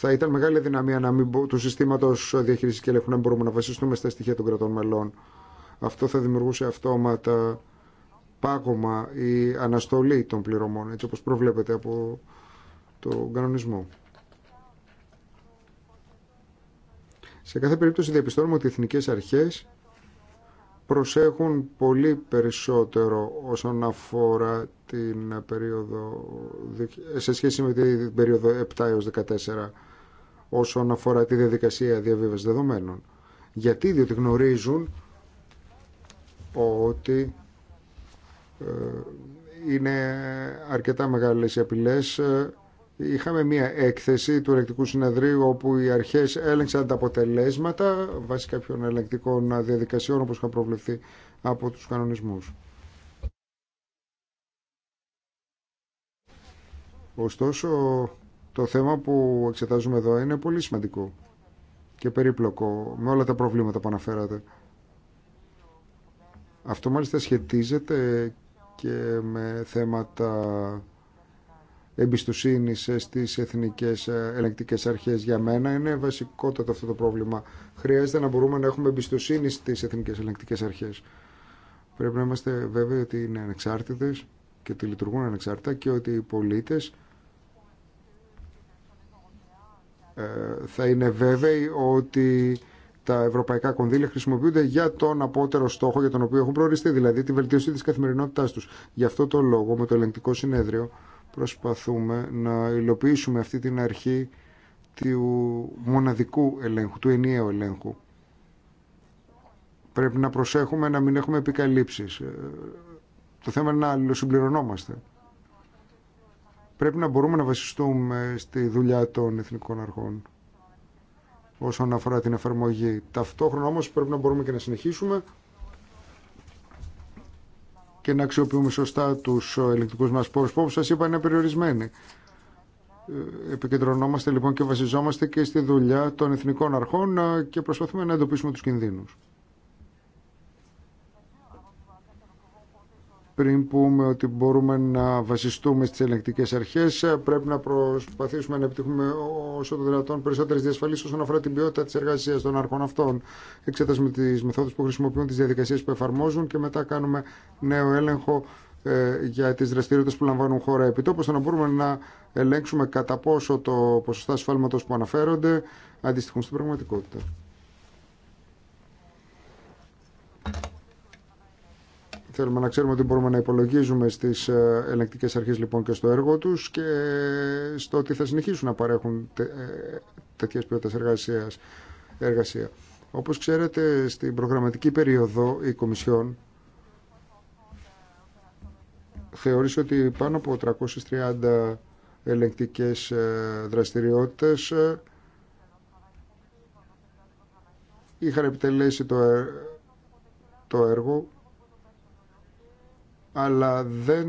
θα ήταν μεγάλη δυναμία να μην, του συστήματο διαχείριση και ελέγχου να μπορούμε να βασιστούμε στα στοιχεία των κρατών μελών. Αυτό θα δημιουργούσε αυτόματα πάγωμα ή αναστολή των πληρωμών, έτσι όπως προβλέπεται από τον κανονισμό. Σε κάθε περίπτωση διαπιστώνουμε ότι οι εθνικές αρχές προσέχουν πολύ περισσότερο όσον αφορά την περίοδο σε σχέση με την περίοδο 7 έως 14 όσον αφορά τη διαδικασία διαβίβαση δεδομένων. Γιατί, διότι γνωρίζουν ότι ε, είναι αρκετά μεγάλες οι απειλές. Ε, είχαμε μία έκθεση του ελεκτικού συνεδρίου όπου οι αρχές έλεγξαν τα αποτελέσματα βάσει κάποιων ελεκτικών διαδικασιών όπως είχαν προβλεφθεί από τους κανονισμούς. Ωστόσο, το θέμα που εξετάζουμε εδώ είναι πολύ σημαντικό και περίπλοκο με όλα τα προβλήματα που αναφέρατε. Αυτό μάλιστα σχετίζεται και με θέματα εμπιστοσύνη στι εθνικές ελεγκτικέ αρχές για μένα είναι βασικότατο αυτό το πρόβλημα. Χρειάζεται να μπορούμε να έχουμε εμπιστοσύνη στις εθνικές ελεγκτικέ αρχές. Πρέπει να είμαστε βέβαιοι ότι είναι ανεξάρτητε και ότι λειτουργούν ανεξάρτητα και ότι οι πολίτε. Ε, θα είναι βέβαιοι ότι τα ευρωπαϊκά κονδύλια χρησιμοποιούνται για τον απότερο στόχο για τον οποίο έχουν προοριστεί, δηλαδή τη βελτίωση της καθημερινότητάς τους. Γι' αυτό το λόγο με το ελεγκτικό συνέδριο προσπαθούμε να υλοποιήσουμε αυτή την αρχή του μοναδικού ελέγχου, του ενιαίου ελέγχου. Πρέπει να προσέχουμε να μην έχουμε επικαλύψεις. Ε, το θέμα είναι να αλληλοσυμπληρωνόμαστε πρέπει να μπορούμε να βασιστούμε στη δουλειά των εθνικών αρχών όσον αφορά την εφαρμογή. Ταυτόχρονα όμως πρέπει να μπορούμε και να συνεχίσουμε και να αξιοποιούμε σωστά τους ελεκτικούς μας πόρους που όπως σας είπα είναι περιορισμένοι. Ε, επικεντρωνόμαστε λοιπόν και βασιζόμαστε και στη δουλειά των εθνικών αρχών ε, και προσπαθούμε να εντοπίσουμε τους κινδύνους. πριν πούμε ότι μπορούμε να βασιστούμε στις ελεγκτικές αρχές πρέπει να προσπαθήσουμε να επιτύχουμε όσο το δυνατόν περισσότερες διασφαλίσεις όσον αφορά την ποιότητα της εργασίας των αρχών αυτών. Εξέτασουμε τις μεθόδους που χρησιμοποιούν, τις διαδικασίες που εφαρμόζουν και μετά κάνουμε νέο έλεγχο ε, για τι δραστηριότητε που λαμβάνουν χώρα τόπου ώστε να μπορούμε να ελέγξουμε κατά πόσο το ποσοστά ασφάλματο που αναφέρονται αντιστοιχούν στην πραγματικότητα. Θέλουμε να ξέρουμε ότι μπορούμε να υπολογίζουμε στις ε, ελεγκτικές αρχές λοιπόν και στο έργο τους και στο ότι θα συνεχίσουν να παρέχουν τέτοιε ε, τέτοιες ποιότητες εργασίας, εργασία. Όπως ξέρετε στην προγραμματική περίοδο η Κομισιόν θεωρήσε ότι πάνω από 330 ελεγκτικές ε, δραστηριότητες είχαν επιτελέσει το, το έργο αλλά δεν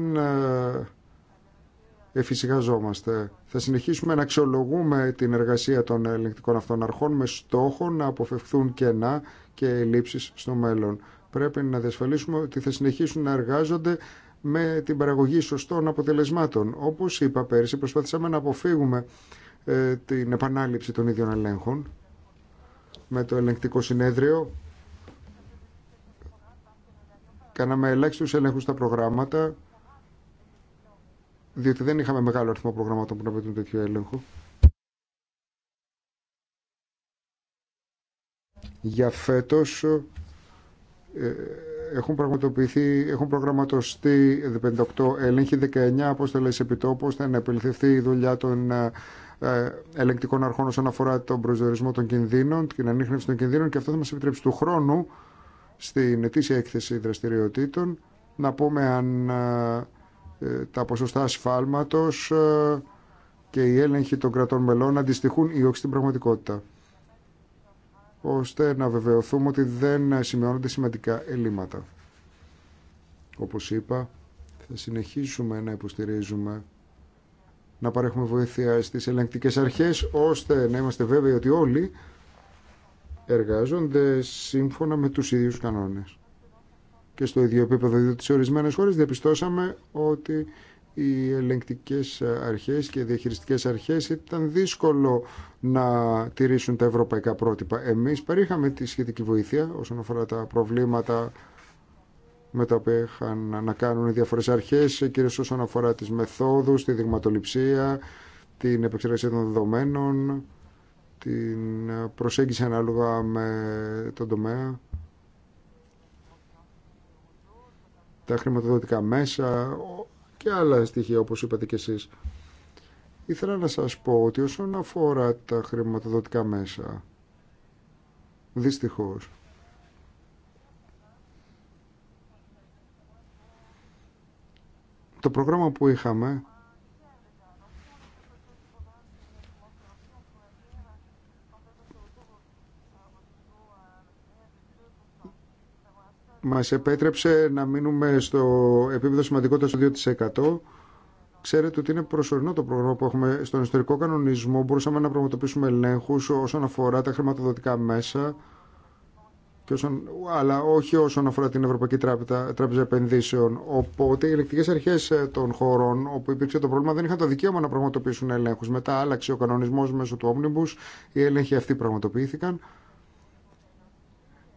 εφησυχαζόμαστε. Ε, θα συνεχίσουμε να αξιολογούμε την εργασία των ελεγκτικών αυτών αρχών με στόχο να αποφευθούν κενά και ελλείψεις στο μέλλον. Πρέπει να διασφαλίσουμε ότι θα συνεχίσουν να εργάζονται με την παραγωγή σωστών αποτελεσμάτων. Όπως είπα πέρυσι, προσπαθήσαμε να αποφύγουμε ε, την επανάληψη των ίδιων ελέγχων με το ελεγκτικό συνέδριο Κάναμε ελάχιστου ελέγχου στα προγράμματα, διότι δεν είχαμε μεγάλο αριθμό προγραμμάτων που να πετούν τέτοιο έλεγχο. Για φέτος ε, έχουν πραγματοποιηθεί, έχουν προγραμματωστεί 58 έλεγχοι, 19 αποστολές επιτόπου, ώστε να επιληθευτεί η δουλειά των ε, ε, ελεγκτικών αρχών όσον αφορά τον προσδιορισμό των κινδύνων, την ανείχνευση των κινδύνων και αυτό θα μας επιτρέψει του χρόνου στην ετήσια έκθεση δραστηριοτήτων να πούμε αν ε, ε, τα ποσοστά ασφάλματος ε, και οι έλεγχοι των κρατών μελών αντιστοιχούν ή όχι στην πραγματικότητα ώστε να βεβαιωθούμε ότι δεν σημειώνονται σημαντικά ελλείμματα. Όπως είπα, θα συνεχίσουμε να υποστηρίζουμε να παρέχουμε βοήθεια στις ελεγκτικές αρχές ώστε να είμαστε βέβαιοι ότι όλοι εργάζονται σύμφωνα με τους ίδιους κανόνες. Και στο ίδιο επίπεδο, διότι σε ορισμένες χώρες διαπιστώσαμε ότι οι ελεγκτικές αρχές και οι διαχειριστικές αρχές ήταν δύσκολο να τηρήσουν τα ευρωπαϊκά πρότυπα. Εμείς παρήχαμε τη σχετική βοήθεια όσον αφορά τα προβλήματα με τα οποία είχαν να κάνουν οι διάφορες αρχές, κυρίως όσον αφορά τις μεθόδους, τη δειγματοληψία, την επεξεργασία των δεδομένων, την προσέγγιση ανάλογα με τον τομέα, τα χρηματοδοτικά μέσα και άλλα στοιχεία όπως είπατε και εσείς. Ήθελα να σας πω ότι όσον αφορά τα χρηματοδοτικά μέσα, δυστυχώς, το πρόγραμμα που είχαμε μας επέτρεψε να μείνουμε στο επίπεδο σημαντικότητας του 2%. Ξέρετε ότι είναι προσωρινό το πρόγραμμα που έχουμε στον ιστορικό κανονισμό. Μπορούσαμε να πραγματοποιήσουμε ελέγχου όσον αφορά τα χρηματοδοτικά μέσα, και όσον, αλλά όχι όσον αφορά την Ευρωπαϊκή Τράπεζα, Τράπεζα Επενδύσεων. Οπότε οι ελεκτικέ αρχέ ε, των χωρών όπου υπήρξε το πρόβλημα δεν είχαν το δικαίωμα να πραγματοποιήσουν ελέγχου. Μετά άλλαξε ο κανονισμό μέσω του Omnibus. Οι έλεγχοι αυτοί πραγματοποιήθηκαν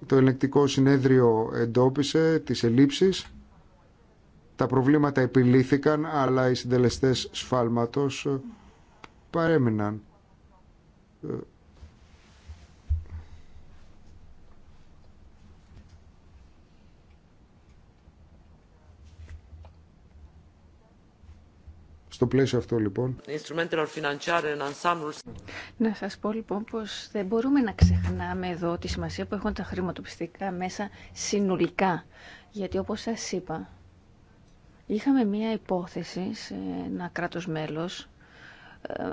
το ελεκτικό συνέδριο εντόπισε τις ελλείψεις, τα προβλήματα επιλύθηκαν, αλλά οι συντελεστές σφάλματος παρέμειναν ε, Στο πλαίσιο αυτό λοιπόν. Να σα πω λοιπόν πω δεν μπορούμε να ξεχνάμε εδώ τη σημασία που έχουν τα χρηματοπιστικά μέσα συνολικά. Γιατί όπω σα είπα, είχαμε μία υπόθεση σε ένα κράτο μέλο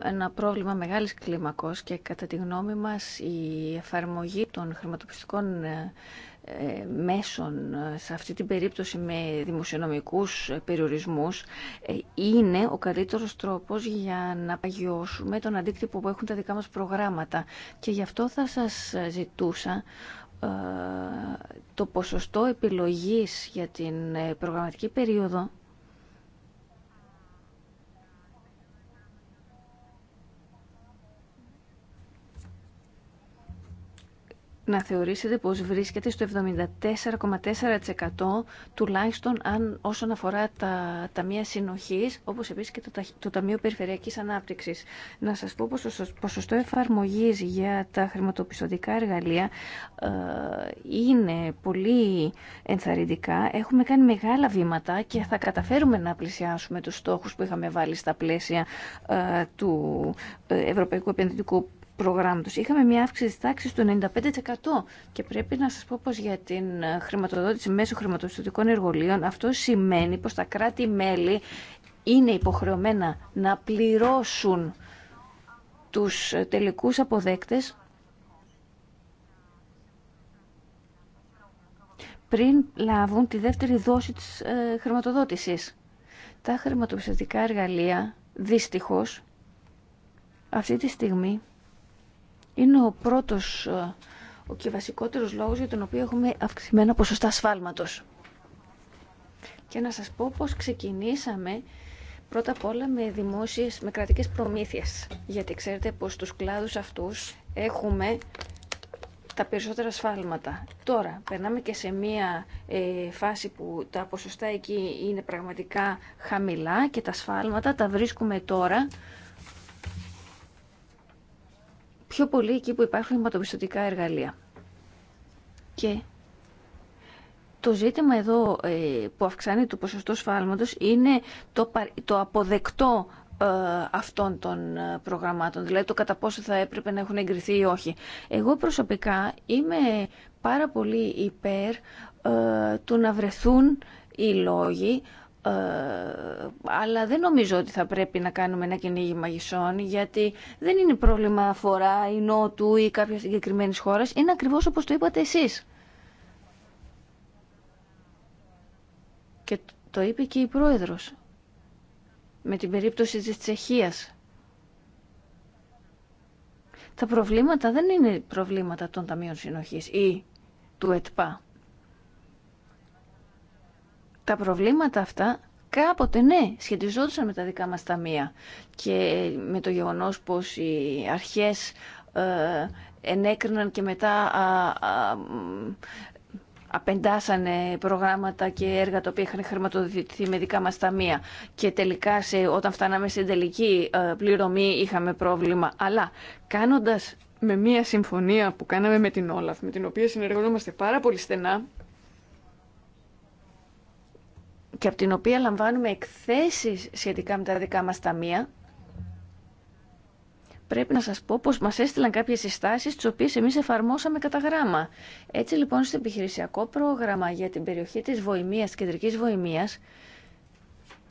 ένα πρόβλημα μεγάλης κλίμακος και κατά τη γνώμη μας η εφαρμογή των χρηματοπιστικών ε, ε, μέσων ε, σε αυτή την περίπτωση με δημοσιονομικούς περιορισμούς είναι ο καλύτερος τρόπος για να παγιώσουμε τον αντίκτυπο που έχουν τα δικά μας προγράμματα και γι' αυτό θα σας ζητούσα το ποσοστό επιλογής για την προγραμματική περίοδο να θεωρήσετε πως βρίσκεται στο 74,4% τουλάχιστον αν όσον αφορά τα ταμεία συνοχής, όπως επίσης και το, το Ταμείο Περιφερειακής Ανάπτυξης. Να σας πω πως το ποσοστό εφαρμογής για τα χρηματοπιστωτικά εργαλεία ε, είναι πολύ ενθαρρυντικά. Έχουμε κάνει μεγάλα βήματα και θα καταφέρουμε να πλησιάσουμε τους στόχους που είχαμε βάλει στα πλαίσια ε, του ε, Ευρωπαϊκού Επενδυτικού προγράμματος. Είχαμε μια αύξηση της τάξης του 95% και πρέπει να σας πω πως για την ε, χρηματοδότηση μέσω χρηματοδοτικών εργολείων αυτό σημαίνει πως τα κράτη-μέλη είναι υποχρεωμένα να πληρώσουν τους ε, τελικούς αποδέκτες πριν λάβουν τη δεύτερη δόση της ε, χρηματοδότησης. Τα χρηματοπιστωτικά εργαλεία, δυστυχώς, αυτή τη στιγμή είναι ο πρώτος ε, ο και βασικότερος λόγος για τον οποίο έχουμε αυξημένα ποσοστά σφάλματος. Και να σας πω πώς ξεκινήσαμε πρώτα απ' όλα με δημόσιες, με κρατικές προμήθειες. Γιατί ξέρετε πως στους κλάδους αυτούς έχουμε τα περισσότερα σφάλματα. Τώρα, περνάμε και σε μία ε, φάση που τα ποσοστά εκεί είναι πραγματικά χαμηλά και τα σφάλματα τα βρίσκουμε τώρα πιο πολύ εκεί που υπάρχουν χρηματοπιστωτικά εργαλεία. Και το ζήτημα εδώ ε, που αυξάνει το ποσοστό σφάλματος είναι το αποδεκτό ε, αυτών των ε, προγραμμάτων, δηλαδή το κατά πόσο θα έπρεπε να έχουν εγκριθεί ή όχι. Εγώ προσωπικά είμαι πάρα πολύ υπέρ του να βρεθούν οι λόγοι ε, αλλά δεν νομίζω ότι θα πρέπει να κάνουμε ένα κυνήγι μαγισσών γιατί δεν είναι πρόβλημα αφορά η Νότου ή κάποια συγκεκριμένη χώρα. Είναι ακριβώς όπως το είπατε εσείς. Και το είπε και η Πρόεδρος με την περίπτωση της Τσεχίας. Τα προβλήματα δεν είναι προβλήματα των Ταμείων Συνοχής ή του ΕΤΠΑ τα προβλήματα αυτά κάποτε ναι σχετιζόντουσαν με τα δικά μας ταμεία και με το γεγονός πως οι αρχές ε, ενέκριναν και μετά α, απεντάσανε προγράμματα και έργα τα οποία είχαν χρηματοδοτηθεί με δικά μας ταμεία και τελικά σε, όταν φτάναμε στην τελική ε, πληρωμή είχαμε πρόβλημα. Αλλά κάνοντας με μία συμφωνία που κάναμε με την Όλαφ, με την οποία συνεργαζόμαστε πάρα πολύ στενά, και από την οποία λαμβάνουμε εκθέσεις σχετικά με τα δικά μας ταμεία, πρέπει να σας πω πως μας έστειλαν κάποιες συστάσεις τις οποίες εμείς εφαρμόσαμε κατά γράμμα. Έτσι λοιπόν στο επιχειρησιακό πρόγραμμα για την περιοχή της Βοημίας, κεντρικής Βοημίας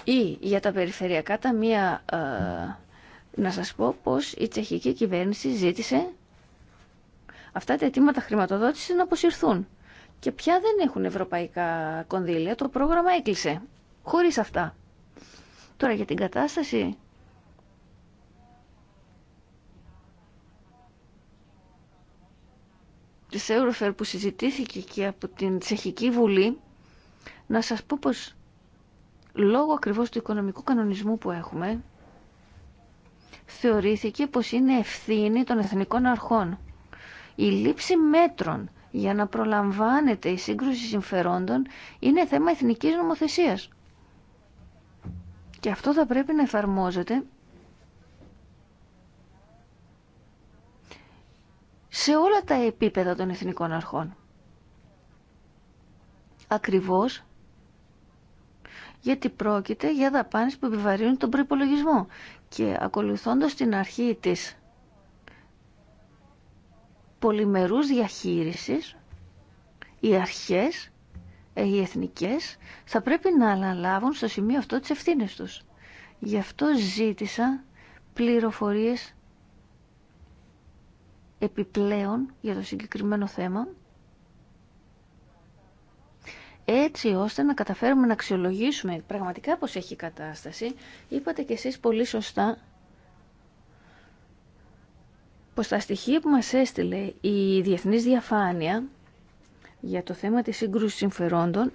ή για τα περιφερειακά ταμεία ε, να σας πω πως η τσεχική κυβέρνηση ζήτησε αυτά τα αιτήματα χρηματοδότησης να αποσυρθούν και πια δεν έχουν ευρωπαϊκά κονδύλια. Το πρόγραμμα έκλεισε. Χωρίς αυτά. Τώρα για την κατάσταση. Της Eurofair που συζητήθηκε και από την Τσεχική Βουλή, να σας πω πως λόγω ακριβώς του οικονομικού κανονισμού που έχουμε, θεωρήθηκε πως είναι ευθύνη των εθνικών αρχών. Η λήψη μέτρων για να προλαμβάνεται η σύγκρουση συμφερόντων είναι θέμα εθνικής νομοθεσίας. Και αυτό θα πρέπει να εφαρμόζεται σε όλα τα επίπεδα των εθνικών αρχών. Ακριβώς γιατί πρόκειται για δαπάνες που επιβαρύνουν τον προϋπολογισμό και ακολουθώντας την αρχή της πολυμερούς διαχείρισης οι αρχές, ε, οι εθνικές, θα πρέπει να αναλάβουν στο σημείο αυτό τις ευθύνες τους. Γι' αυτό ζήτησα πληροφορίες επιπλέον για το συγκεκριμένο θέμα, έτσι ώστε να καταφέρουμε να αξιολογήσουμε πραγματικά πώς έχει η κατάσταση. Είπατε κι εσείς πολύ σωστά πως τα στοιχεία που μας έστειλε η Διεθνής Διαφάνεια για το θέμα της σύγκρουσης συμφερόντων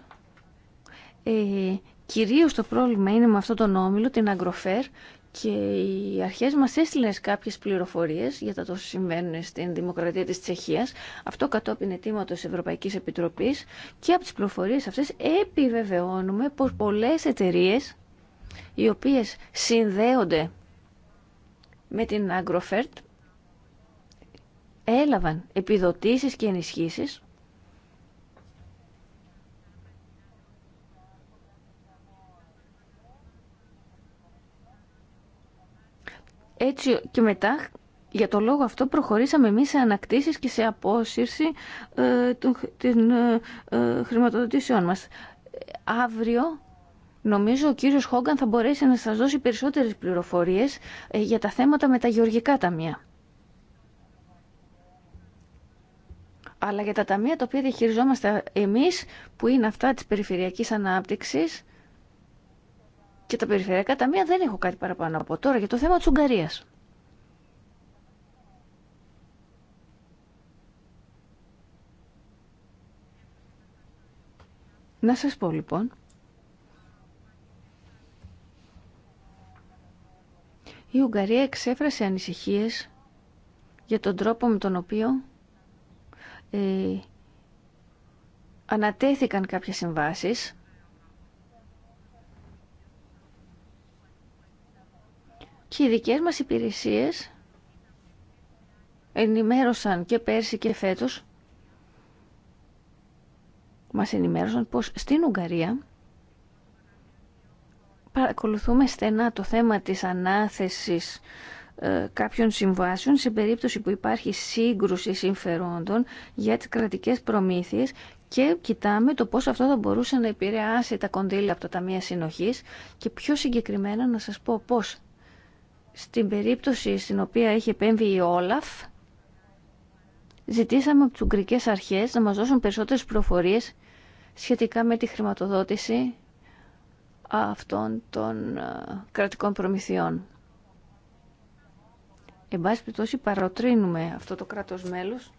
ε, κυρίως το πρόβλημα είναι με αυτό τον όμιλο, την Αγκροφέρ και οι αρχές μας έστειλε κάποιες πληροφορίες για τα τόσο συμβαίνουν στην Δημοκρατία της Τσεχίας αυτό κατόπιν αιτήματος Ευρωπαϊκής Επιτροπής και από τις πληροφορίες αυτές επιβεβαιώνουμε πως πολλές εταιρείε οι οποίες συνδέονται με την Αγκροφέρτ έλαβαν επιδοτήσεις και ενισχύσεις έτσι και μετά για το λόγο αυτό προχωρήσαμε εμείς σε ανακτήσεις και σε απόσυρση ε, των ε, ε, χρηματοδοτήσεών μας. Αύριο νομίζω ο κύριος Χόγκαν θα μπορέσει να σας δώσει περισσότερες πληροφορίες ε, για τα θέματα με τα γεωργικά ταμεία. αλλά για τα ταμεία τα οποία διαχειριζόμαστε εμείς, που είναι αυτά της περιφερειακής ανάπτυξης, και τα περιφερειακά ταμεία δεν έχω κάτι παραπάνω από τώρα για το θέμα της Ουγγαρίας. Να σας πω λοιπόν. Η Ουγγαρία εξέφρασε ανησυχίες για τον τρόπο με τον οποίο ε, ανατέθηκαν κάποιες συμβάσεις και οι δικές μας υπηρεσίες ενημέρωσαν και πέρσι και φέτος μας ενημέρωσαν πως στην Ουγγαρία παρακολουθούμε στενά το θέμα της ανάθεσης ε, κάποιων συμβάσεων σε περίπτωση που υπάρχει σύγκρουση συμφερόντων για τις κρατικές προμήθειες και κοιτάμε το πώς αυτό θα μπορούσε να επηρεάσει τα κονδύλια από τα Ταμεία Συνοχής και πιο συγκεκριμένα να σας πω πώς στην περίπτωση στην οποία έχει επέμβει η Όλαφ ζητήσαμε από τις Ουγγρικές Αρχές να μας δώσουν περισσότερες προφορίες σχετικά με τη χρηματοδότηση αυτών των ε, κρατικών προμηθειών. Εν πάση περιπτώσει παροτρύνουμε αυτό το κράτος μέλος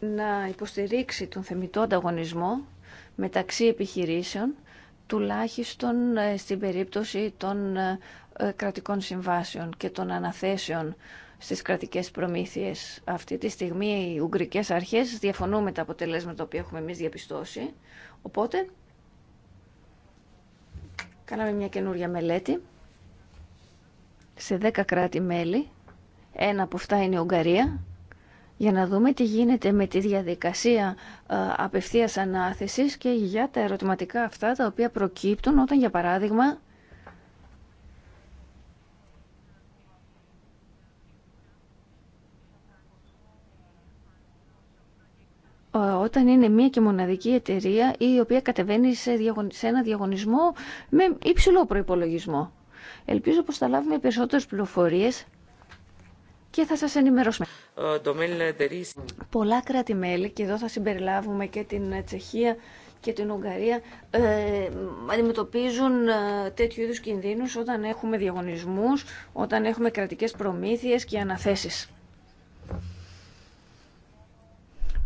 να υποστηρίξει τον θεμητό ανταγωνισμό μεταξύ επιχειρήσεων τουλάχιστον ε, στην περίπτωση των ε, ε, κρατικών συμβάσεων και των αναθέσεων στις κρατικές προμήθειες. Αυτή τη στιγμή οι ουγγρικές αρχές διαφωνούν με τα αποτελέσματα που έχουμε εμείς διαπιστώσει. Οπότε, κάναμε μια καινούρια μελέτη σε 10 κράτη-μέλη ένα από αυτά είναι η Ουγγαρία για να δούμε τι γίνεται με τη διαδικασία ε, απευθείας ανάθεσης και για τα ερωτηματικά αυτά τα οποία προκύπτουν όταν, για παράδειγμα, ε, όταν είναι μία και μοναδική εταιρεία η οποία κατεβαίνει σε ένα διαγωνισμό με υψηλό προϋπολογισμό. Ελπίζω πως θα λάβουμε περισσότερες πληροφορίες και θα σας ενημερώσουμε. Ε, Πολλά κράτη-μέλη, και εδώ θα συμπεριλάβουμε και την ε, Τσεχία και την Ουγγαρία, ε, αντιμετωπίζουν ε, τέτοιου είδους κινδύνους όταν έχουμε διαγωνισμούς, όταν έχουμε κρατικές προμήθειες και αναθέσεις.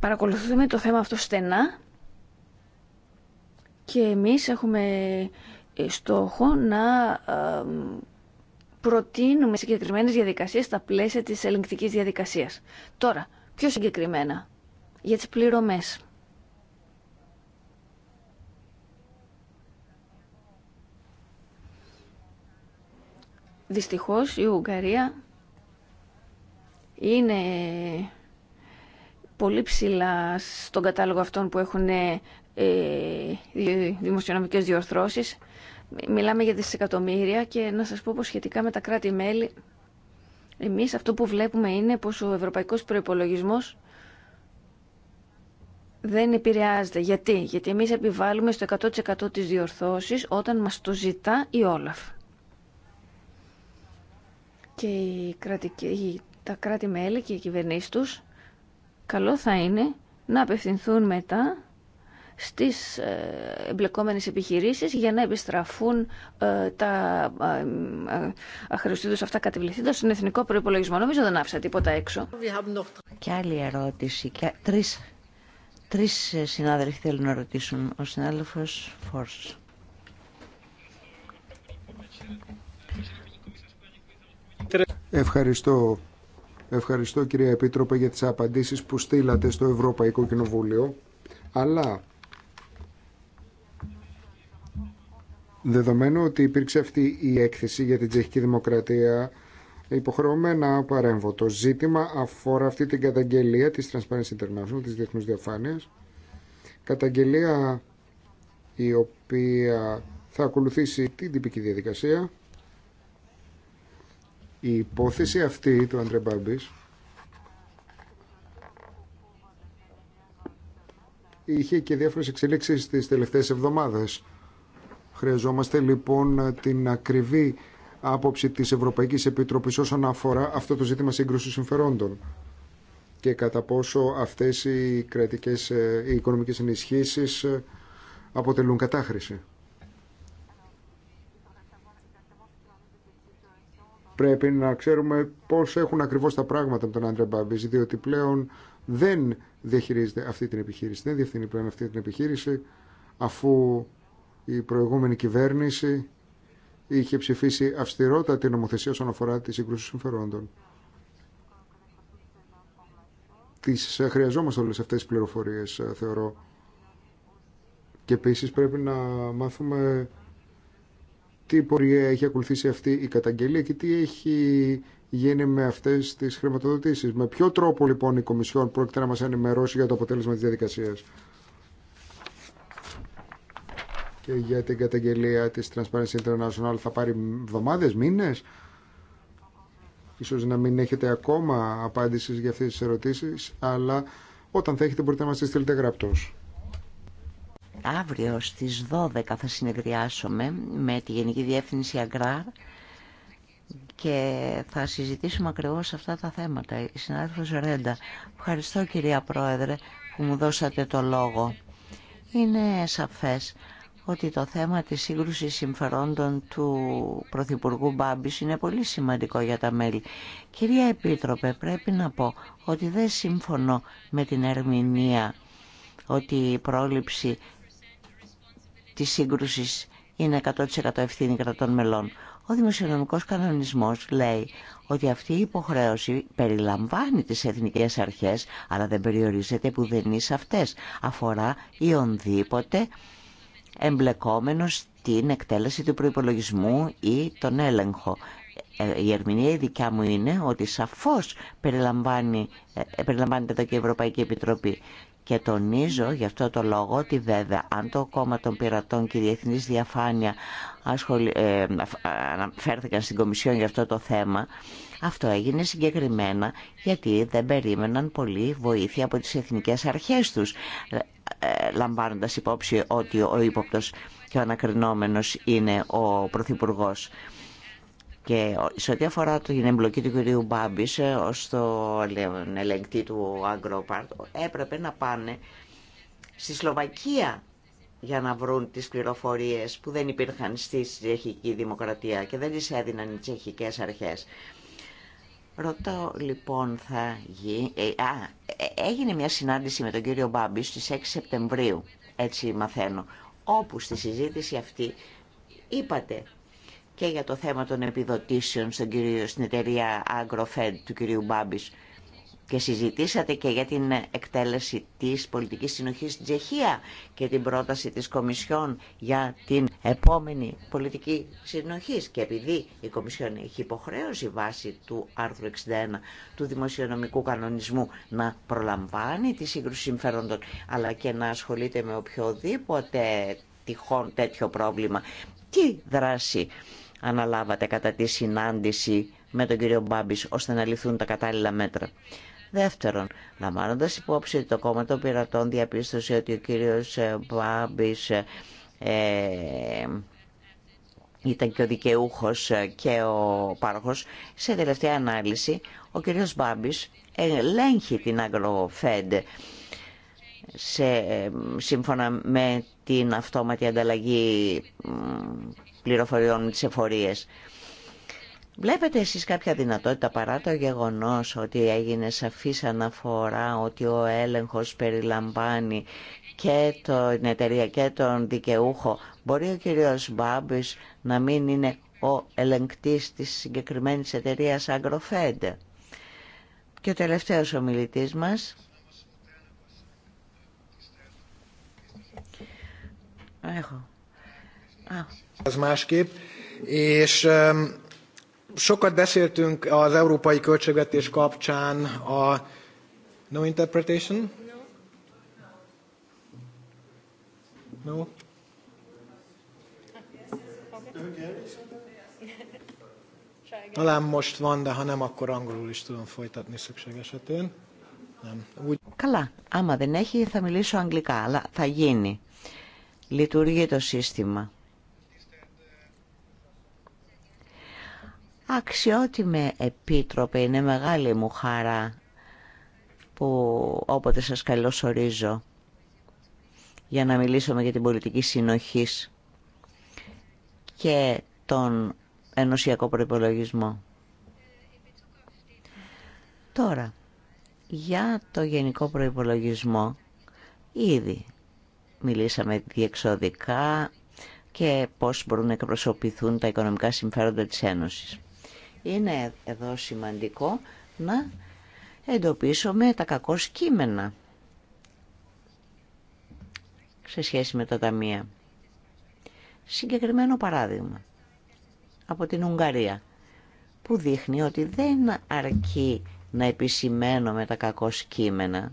Παρακολουθούμε το θέμα αυτό στενά και εμείς έχουμε στόχο να προτείνουμε συγκεκριμένες διαδικασίες στα πλαίσια της ελεγκτικής διαδικασίας. Τώρα, πιο συγκεκριμένα, για τις πληρωμές. Δυστυχώς η Ουγγαρία είναι πολύ ψηλά στον κατάλογο αυτών που έχουν ε, δημοσιονομικές διορθώσεις μιλάμε για δισεκατομμύρια και να σας πω πως σχετικά με τα κράτη-μέλη εμείς αυτό που βλέπουμε είναι πως ο ευρωπαϊκός προϋπολογισμός δεν επηρεάζεται. Γιατί, Γιατί εμείς επιβάλλουμε στο 100% τις διορθώσεις όταν μας το ζητά η Όλαφ. Και τα κράτη-μέλη και οι κυβερνήσεις τους καλό θα είναι να απευθυνθούν μετά στις ε, εμπλεκόμενες επιχειρήσεις για να επιστραφούν ε, τα ε, αχρηστήτως αυτά κατεβληθήντας στον εθνικό προϋπολογισμό. Νομίζω δεν άφησα τίποτα έξω. Και άλλη ερώτηση. Και... Τρεις, τρεις συνάδελφοι θέλουν να ρωτήσουν. Ο συνάδελφος Φόρς. Ευχαριστώ. Ευχαριστώ κυρία Επίτροπε για τις απαντήσεις που στείλατε στο Ευρωπαϊκό Κοινοβούλιο. Αλλά Δεδομένου ότι υπήρξε αυτή η έκθεση για την τσεχική δημοκρατία, υποχρεωμένα να παρέμβω. Το ζήτημα αφορά αυτή την καταγγελία της Transparency International, της Διεθνούς Διαφάνειας. Καταγγελία η οποία θα ακολουθήσει την τυπική διαδικασία. Η υπόθεση αυτή του Αντρέ Μπάμπης είχε και διάφορες εξελίξεις τις τελευταίες εβδομάδες. Χρειαζόμαστε λοιπόν την ακριβή άποψη της Ευρωπαϊκής Επιτροπής όσον αφορά αυτό το ζήτημα σύγκρουση συμφερόντων και κατά πόσο αυτές οι, κρατικές, ε, οι οικονομικές ενισχύσεις ε, αποτελούν κατάχρηση. Πρέπει να ξέρουμε πώς έχουν ακριβώς τα πράγματα με τον Άντρε Μπάμπης, διότι πλέον δεν διαχειρίζεται αυτή την επιχείρηση, δεν διευθύνει πλέον αυτή την επιχείρηση, αφού η προηγούμενη κυβέρνηση είχε ψηφίσει αυστηρότατη νομοθεσία όσον αφορά τις σύγκρουση συμφερόντων. Τις ε, χρειαζόμαστε όλες αυτές τις πληροφορίες, ε, θεωρώ. Και επίση πρέπει να μάθουμε τι πορεία έχει ακολουθήσει αυτή η καταγγελία και τι έχει γίνει με αυτές τις χρηματοδοτήσεις. Με ποιο τρόπο λοιπόν η Κομισιόν πρόκειται να μας ενημερώσει για το αποτέλεσμα της διαδικασίας και για την καταγγελία της Transparency International θα πάρει εβδομάδες, μήνες. Ίσως να μην έχετε ακόμα απάντησης για αυτές τις ερωτήσεις, αλλά όταν θα έχετε μπορείτε να μας τις στείλετε γραπτός. Αύριο στις 12 θα συνεδριάσουμε με τη Γενική Διεύθυνση Αγκράρ και θα συζητήσουμε ακριβώς αυτά τα θέματα. Η συνάδελφος Ρέντα. Ευχαριστώ κυρία Πρόεδρε που μου δώσατε το λόγο. Είναι σαφές ότι το θέμα της σύγκρουσης συμφερόντων του Πρωθυπουργού Μπάμπης είναι πολύ σημαντικό για τα μέλη. Κυρία Επίτροπε, πρέπει να πω ότι δεν σύμφωνο με την ερμηνεία ότι η πρόληψη της σύγκρουσης είναι 100% ευθύνη κρατών μελών. Ο δημοσιονομικός κανονισμός λέει ότι αυτή η υποχρέωση περιλαμβάνει τις εθνικές αρχές, αλλά δεν περιορίζεται που δεν είναι σε αυτές. Αφορά ονδήποτε εμπλεκόμενος στην εκτέλεση του προϋπολογισμού ή τον έλεγχο. Ε, η ερμηνεία η δικιά μου είναι ότι σαφώς περιλαμβάνει, ε, περιλαμβάνεται εδώ και η Ευρωπαϊκή Επιτροπή. Και τονίζω γι' αυτό το λόγο ότι βέβαια αν το κόμμα των πειρατών και η διεθνής διαφάνεια ασχολη, ε, αναφέρθηκαν στην Κομισιόν για αυτό το θέμα, αυτό έγινε συγκεκριμένα γιατί δεν περίμεναν πολύ βοήθεια από τις εθνικές αρχές τους, ε, ε, λαμβάνοντας υπόψη ότι ο ύποπτος και ο ανακρινόμενος είναι ο Πρωθυπουργό. Και σε ό,τι αφορά την εμπλοκή του κυρίου Μπάμπη ε, ω το ελεγκτή του Αγκρόπαρτ, έπρεπε να πάνε στη Σλοβακία για να βρουν τις πληροφορίες που δεν υπήρχαν στη τσεχική δημοκρατία και δεν τι έδιναν οι τσεχικές αρχές. Ρωτώ λοιπόν θα γίνει... Ε, α, ε, έγινε μια συνάντηση με τον κύριο Μπάμπη στις 6 Σεπτεμβρίου, έτσι μαθαίνω, όπου στη συζήτηση αυτή είπατε και για το θέμα των επιδοτήσεων κύριο, στην εταιρεία AgroFed του κυρίου Μπάμπης και συζητήσατε και για την εκτέλεση της πολιτικής συνοχής στην Τσεχία και την πρόταση της Κομισιόν για την επόμενη πολιτική συνοχής. Και επειδή η Κομισιόν έχει υποχρέωση βάσει του άρθρου 61 του δημοσιονομικού κανονισμού να προλαμβάνει τη σύγκρουση συμφέροντων, αλλά και να ασχολείται με οποιοδήποτε τυχόν τέτοιο πρόβλημα. Τι δράση αναλάβατε κατά τη συνάντηση με τον κύριο Μπάμπης ώστε να λυθούν τα κατάλληλα μέτρα. Δεύτερον, λαμβάνοντα υπόψη ότι το κόμμα των πειρατών διαπίστωσε ότι ο κύριος ε, Μπάμπης ε, ε, ήταν και ο δικαιούχο και ο πάροχος, σε τελευταία ανάλυση ο κύριος Μπάμπη ελέγχει την Αγροφέντ σε, σύμφωνα με την αυτόματη ανταλλαγή πληροφοριών με εφορίας. Βλέπετε εσείς κάποια δυνατότητα παρά το γεγονός ότι έγινε σαφής αναφορά ότι ο έλεγχος περιλαμβάνει και την εταιρεία και τον δικαιούχο. Μπορεί ο κύριος Μπάμπης να μην είναι ο ελεγκτής της συγκεκριμένης εταιρείας Agrofed. Και ο τελευταίος ομιλητής μας. Έχω. Α. Sokat beszéltünk az európai költségvetés kapcsán a no interpretation? No? Talán most van, de ha nem, akkor angolul is tudom folytatni szükség esetén. Nem. Úgy... Καλά. Άμα δεν έχει, θα μιλήσω αγγλικά, αλλά θα γίνει. Λειτουργεί το σύστημα. Αξιότιμε επίτροπε, είναι μεγάλη μου χαρά που όποτε σας ορίζω για να μιλήσουμε για την πολιτική συνοχής και τον ενωσιακό προϋπολογισμό. Τώρα, για το γενικό προϋπολογισμό ήδη μιλήσαμε διεξοδικά και πώς μπορούν να εκπροσωπηθούν τα οικονομικά συμφέροντα της Ένωσης. Είναι εδώ σημαντικό να εντοπίσουμε τα κακό κείμενα σε σχέση με τα ταμεία. Συγκεκριμένο παράδειγμα από την Ουγγαρία που δείχνει ότι δεν αρκεί να επισημαίνουμε τα κακό κείμενα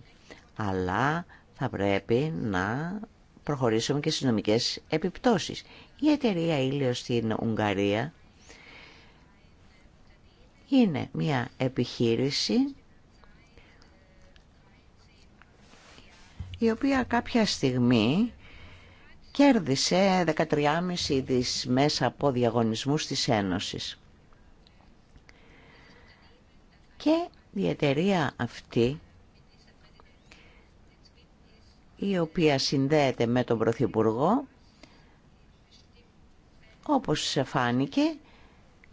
αλλά θα πρέπει να προχωρήσουμε και στις νομικές επιπτώσεις. Η εταιρεία Ήλιο στην Ουγγαρία είναι μια επιχείρηση η οποία κάποια στιγμή κέρδισε 13,5 δις μέσα από διαγωνισμούς της Ένωσης. Και η εταιρεία αυτή, η οποία συνδέεται με τον Πρωθυπουργό, όπως φάνηκε,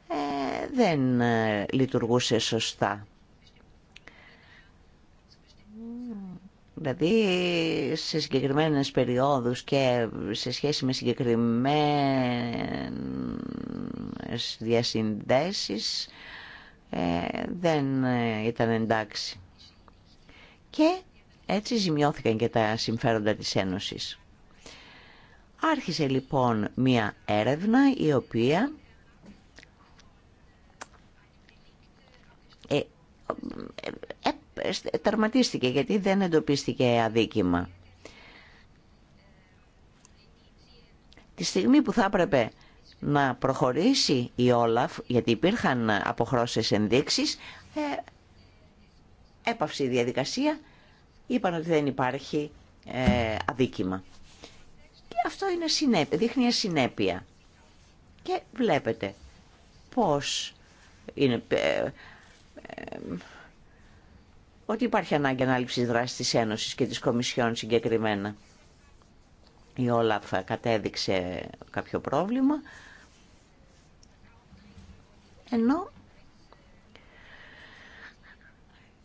ε, δεν ε, λειτουργούσε σωστά. Δηλαδή σε συγκεκριμένες περιόδους και σε σχέση με συγκεκριμένες διασυνδέσεις ε, δεν ήταν εντάξει. Και έτσι ζημιώθηκαν και τα συμφέροντα της Ένωσης. Άρχισε λοιπόν μία έρευνα η οποία Ε, ε, ε, τερματίστηκε γιατί δεν εντοπίστηκε αδίκημα. Τη στιγμή που θα έπρεπε να προχωρήσει η Όλαφ, γιατί υπήρχαν αποχρώσεις ενδείξεις, ε, έπαυσε η διαδικασία, είπαν ότι δεν υπάρχει ε, αδίκημα. Και αυτό είναι συνέπεια, δείχνει ασυνέπεια. Και βλέπετε πώς είναι, ε, ότι υπάρχει ανάγκη ανάληψη δράση της Ένωσης και της Κομισιόν συγκεκριμένα. Η Όλαφ κατέδειξε κάποιο πρόβλημα, ενώ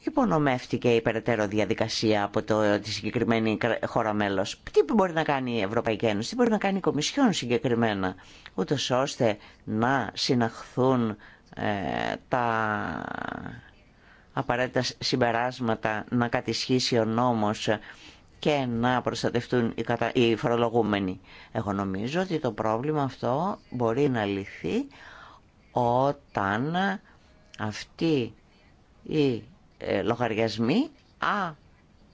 υπονομεύτηκε η περαιτέρω διαδικασία από το, τη συγκεκριμένη χώρα μέλος. Τι μπορεί να κάνει η Ευρωπαϊκή Ένωση, τι μπορεί να κάνει η Κομισιόν συγκεκριμένα, ούτως ώστε να συναχθούν ε, τα απαραίτητα συμπεράσματα να κατησχύσει ο νόμος και να προστατευτούν οι, κατα... οι φορολογούμενοι. Εγώ νομίζω ότι το πρόβλημα αυτό μπορεί να λυθεί όταν αυτοί οι ε, λογαριασμοί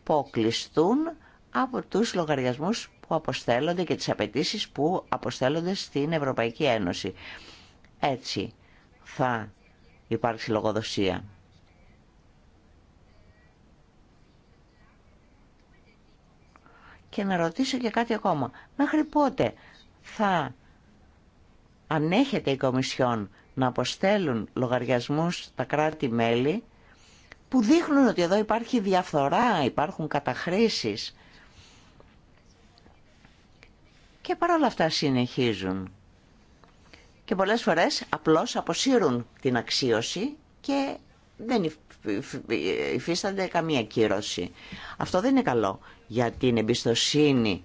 αποκλειστούν από τους λογαριασμούς που αποστέλλονται και τις απαιτήσει που αποστέλλονται στην Ευρωπαϊκή Ένωση. Έτσι, θα υπάρξει λογοδοσία. Και να ρωτήσω και κάτι ακόμα. Μέχρι πότε θα ανέχεται η Κομισιόν να αποστέλουν λογαριασμούς τα κράτη-μέλη που δείχνουν ότι εδώ υπάρχει διαφθορά, υπάρχουν καταχρήσεις. Και παρόλα αυτά συνεχίζουν και πολλές φορές απλώς αποσύρουν την αξίωση και δεν υφίστανται καμία κύρωση. Αυτό δεν είναι καλό για την εμπιστοσύνη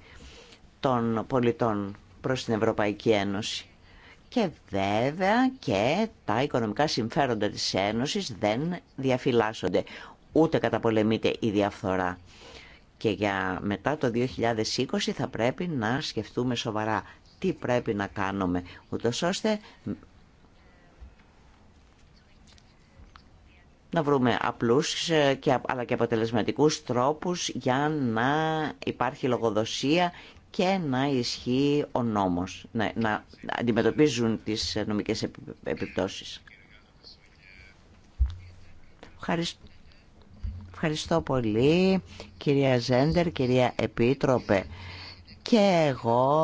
των πολιτών προς την Ευρωπαϊκή Ένωση. Και βέβαια και τα οικονομικά συμφέροντα της Ένωσης δεν διαφυλάσσονται, ούτε καταπολεμείται η διαφθορά. Και για μετά το 2020 θα πρέπει να σκεφτούμε σοβαρά τι πρέπει να κάνουμε, ούτως ώστε να βρούμε απλούς και, αλλά και αποτελεσματικούς τρόπους για να υπάρχει λογοδοσία και να ισχύει ο νόμος, να, αντιμετωπίζουν τις νομικές επιπτώσεις. Ευχαριστώ. Ευχαριστώ πολύ κυρία Ζέντερ, κυρία Επίτροπε. Και εγώ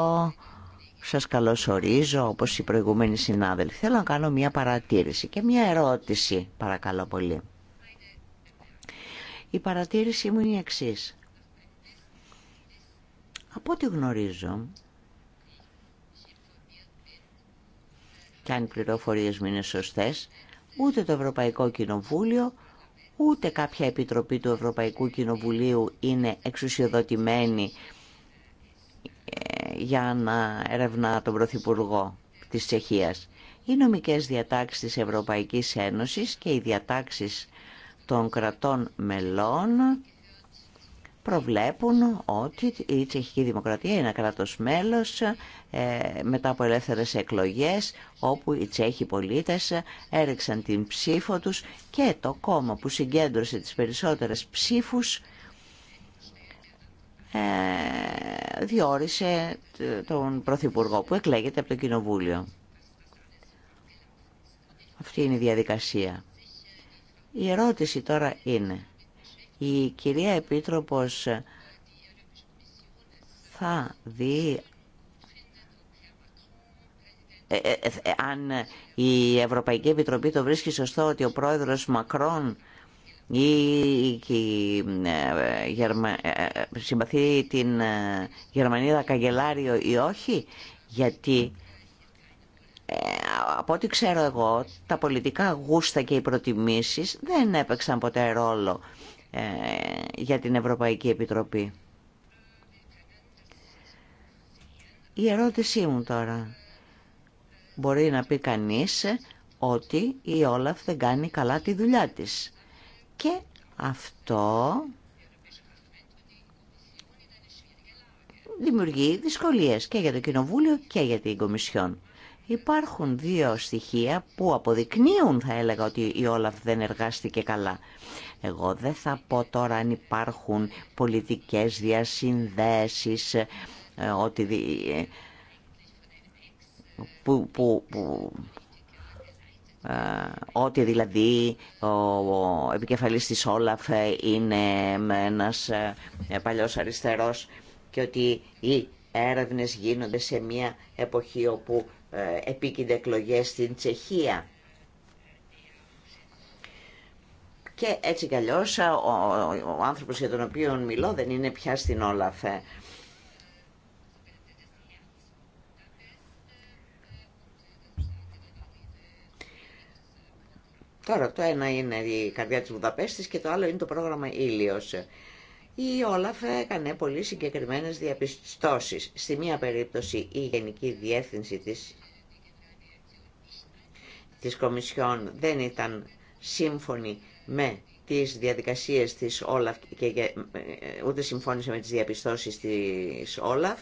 σας καλωσορίζω όπως οι προηγούμενοι συνάδελφοι. Θέλω να κάνω μια παρατήρηση και μια ερώτηση παρακαλώ πολύ. Η παρατήρησή μου είναι η εξής. Από ό,τι γνωρίζω, και αν οι πληροφορίες μου είναι σωστές, ούτε το Ευρωπαϊκό Κοινοβούλιο, ούτε κάποια επιτροπή του Ευρωπαϊκού Κοινοβουλίου είναι εξουσιοδοτημένη ε, για να ερευνά τον Πρωθυπουργό της Τσεχίας. Οι νομικές διατάξεις της Ευρωπαϊκής Ένωσης και οι διατάξεις των κρατών μελών προβλέπουν ότι η Τσεχική Δημοκρατία είναι ένα κράτος μέλος ε, μετά από ελεύθερες εκλογές όπου οι Τσέχοι πολίτες έριξαν την ψήφο τους και το κόμμα που συγκέντρωσε τις περισσότερες ψήφους ε, διόρισε τον Πρωθυπουργό που εκλέγεται από το Κοινοβούλιο. Αυτή είναι η διαδικασία. Η ερώτηση τώρα είναι, η κυρία Επίτροπος θα δει ε, ε, αν η Ευρωπαϊκή Επιτροπή το βρίσκει σωστό ότι ο πρόεδρος Μακρόν η ε, ε, ε, συμπαθεί την Γερμανίδα Καγκελάριο ή όχι, γιατί από ό,τι ξέρω εγώ τα πολιτικά γούστα και οι προτιμήσεις δεν έπαιξαν ποτέ ρόλο ε, για την Ευρωπαϊκή Επιτροπή. Η ερώτησή μου τώρα. Μπορεί να πει κανείς ότι η Όλαφ δεν κάνει καλά τη δουλειά της. Και αυτό δημιουργεί δυσκολίες και για το Κοινοβούλιο και για την Κομισιόν. Υπάρχουν δύο στοιχεία που αποδεικνύουν, θα έλεγα, ότι η Όλαφ δεν εργάστηκε καλά. Εγώ δεν θα πω τώρα αν υπάρχουν πολιτικές διασυνδέσεις, ε, ότι, ε, που, που ε, ότι δηλαδή ο επικεφαλής της Όλαφ είναι ένας ε, παλιός αριστερός και ότι οι έρευνες γίνονται σε μια εποχή όπου ε, επίκυνται εκλογέ στην Τσεχία. Και έτσι κι αλλιώς ο, ο άνθρωπος για τον οποίο μιλώ δεν είναι πια στην Όλαφ. Τώρα το ένα είναι η καρδιά της Βουδαπέστης και το άλλο είναι το πρόγραμμα Ήλιος. Η Όλαφ έκανε πολύ συγκεκριμένες διαπιστώσεις. Στη μία περίπτωση η Γενική Διεύθυνση της, της Κομισιόν δεν ήταν σύμφωνη με τις διαδικασίες της Όλαφ και ούτε συμφώνησε με τις διαπιστώσεις της Όλαφ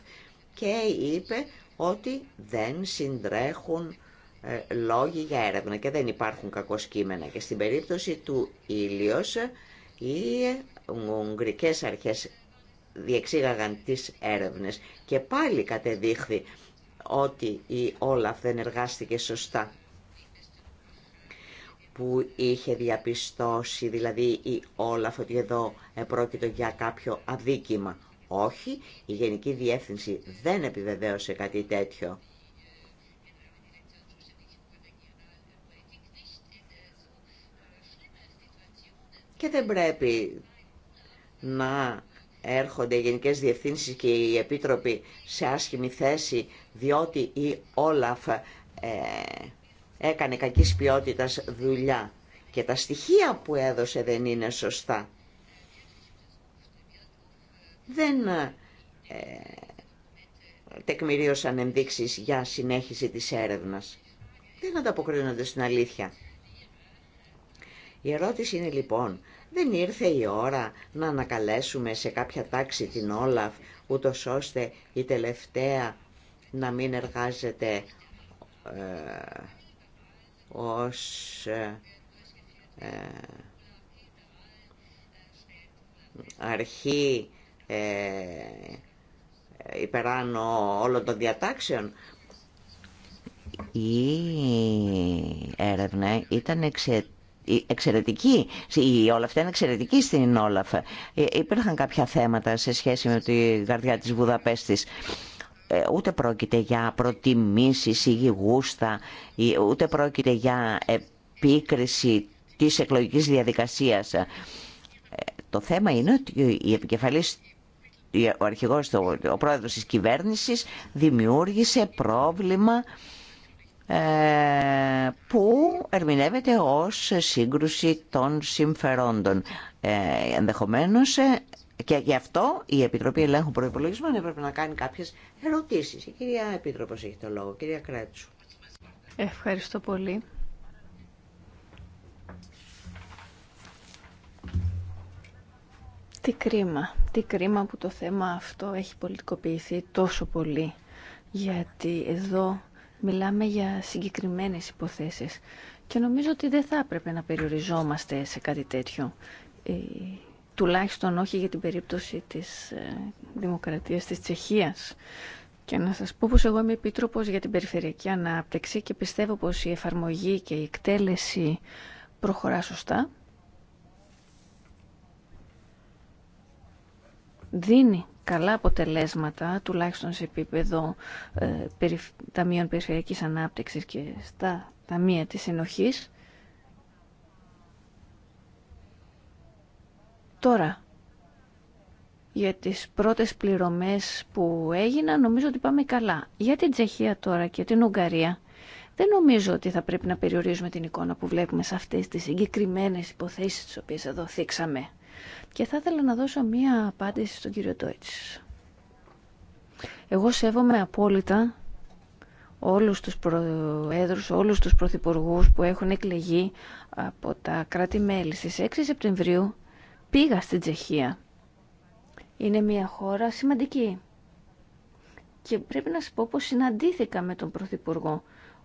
και είπε ότι δεν συντρέχουν ε, λόγοι για έρευνα και δεν υπάρχουν κακοσκίμενα Και στην περίπτωση του Ήλιος, οι ουγγρικές αρχές διεξήγαγαν τις έρευνες και πάλι κατεδείχθη ότι η Όλαφ δεν εργάστηκε σωστά που είχε διαπιστώσει, δηλαδή η Όλαφ ότι εδώ πρόκειται για κάποιο αδίκημα. Όχι, η Γενική Διεύθυνση δεν επιβεβαίωσε κάτι τέτοιο. και δεν πρέπει να έρχονται οι γενικές διευθύνσεις και οι επίτροποι σε άσχημη θέση διότι η Όλαφ ε, έκανε κακής ποιότητας δουλειά και τα στοιχεία που έδωσε δεν είναι σωστά. Δεν ε, τεκμηρίωσαν ενδείξεις για συνέχιση της έρευνας. Δεν ανταποκρίνονται στην αλήθεια. Η ερώτηση είναι λοιπόν, δεν ήρθε η ώρα να ανακαλέσουμε σε κάποια τάξη την Όλαφ, ούτω ώστε η τελευταία να μην εργάζεται ε, ως ε, ε, αρχή ε, υπεράνω όλων των διατάξεων. Η έρευνα ήταν εξαιτία εξαιρετική, η αυτά ήταν εξαιρετική στην Όλαφ. Ε, υπήρχαν κάποια θέματα σε σχέση με τη καρδιά της Βουδαπέστης. Ε, ούτε πρόκειται για προτιμήσεις ή γιγούστα, ούτε πρόκειται για επίκριση της εκλογικής διαδικασίας. Ε, το θέμα είναι ότι η επικεφαλής ο αρχηγός, ο πρόεδρος της κυβέρνησης δημιούργησε πρόβλημα ε, που ερμηνεύεται ως σύγκρουση των συμφερόντων. Ε, ενδεχομένως ε, και γι' αυτό η Επιτροπή Ελέγχου Προϋπολογισμών έπρεπε να κάνει κάποιες ερωτήσεις. Η κυρία Επίτροπος έχει το λόγο. Κυρία Κρέτσου. Ευχαριστώ πολύ. Τι κρίμα, τι κρίμα που το θέμα αυτό έχει πολιτικοποιηθεί τόσο πολύ. Γιατί εδώ Μιλάμε για συγκεκριμένες υποθέσεις και νομίζω ότι δεν θα έπρεπε να περιοριζόμαστε σε κάτι τέτοιο. Ε, τουλάχιστον όχι για την περίπτωση της ε, δημοκρατίας της Τσεχίας. Και να σας πω πως εγώ είμαι επίτροπος για την περιφερειακή ανάπτυξη και πιστεύω πως η εφαρμογή και η εκτέλεση προχωρά σωστά. Δίνει καλά αποτελέσματα, τουλάχιστον σε επίπεδο ε, Ταμείων Περιφερειακής Ανάπτυξης και στα Ταμεία της Συνοχής. Τώρα, για τις πρώτες πληρωμές που έγιναν, νομίζω ότι πάμε καλά. Για την Τσεχία τώρα και την Ουγγαρία, δεν νομίζω ότι θα πρέπει να περιορίζουμε την εικόνα που βλέπουμε σε αυτές τις συγκεκριμένες υποθέσεις τις οποίες εδώ θίξαμε. Και θα ήθελα να δώσω μία απάντηση στον κύριο Ντόιτς. Εγώ σέβομαι απόλυτα όλους τους προέδρους, όλους τους πρωθυπουργούς που έχουν εκλεγεί από τα κράτη-μέλη. Στις 6 Σεπτεμβρίου πήγα στην Τσεχία. Είναι μια χώρα σημαντική. Και πρέπει να σου πω πως συναντήθηκα με τον πρωθυπουργό,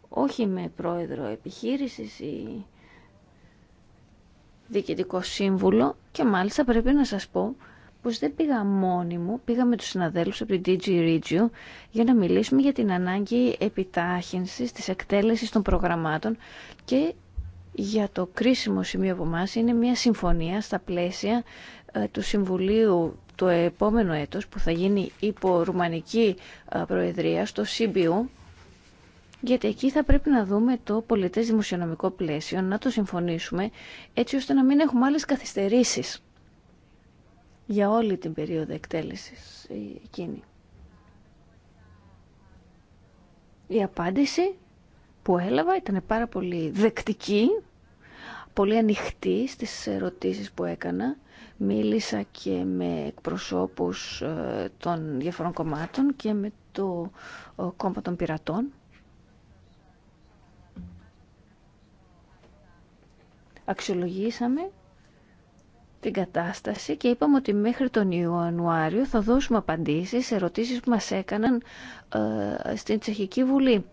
όχι με πρόεδρο επιχείρησης Διοικητικό Σύμβουλο και μάλιστα πρέπει να σας πω πως δεν πήγα μόνη μου, πήγα με τους συναδέλφους από την DG Regio για να μιλήσουμε για την ανάγκη επιτάχυνσης της εκτέλεσης των προγραμμάτων και για το κρίσιμο σημείο από εμά είναι μια συμφωνία στα πλαίσια ε, του Συμβουλίου το επόμενο έτος που θα γίνει υπό Ρουμανική ε, Προεδρία στο CBU γιατί εκεί θα πρέπει να δούμε το πολιτές δημοσιονομικό πλαίσιο, να το συμφωνήσουμε, έτσι ώστε να μην έχουμε άλλες καθυστερήσεις για όλη την περίοδο εκτέλεσης ε, εκείνη. Η απάντηση που έλαβα ήταν πάρα πολύ δεκτική, πολύ ανοιχτή στις ερωτήσεις που έκανα. Μίλησα και με εκπροσώπους ε, των διαφορών κομμάτων και με το κόμμα των πειρατών. αξιολογήσαμε την κατάσταση και είπαμε ότι μέχρι τον Ιανουάριο θα δώσουμε απαντήσεις σε ερωτήσεις που μας έκαναν ε, στην Τσεχική Βουλή.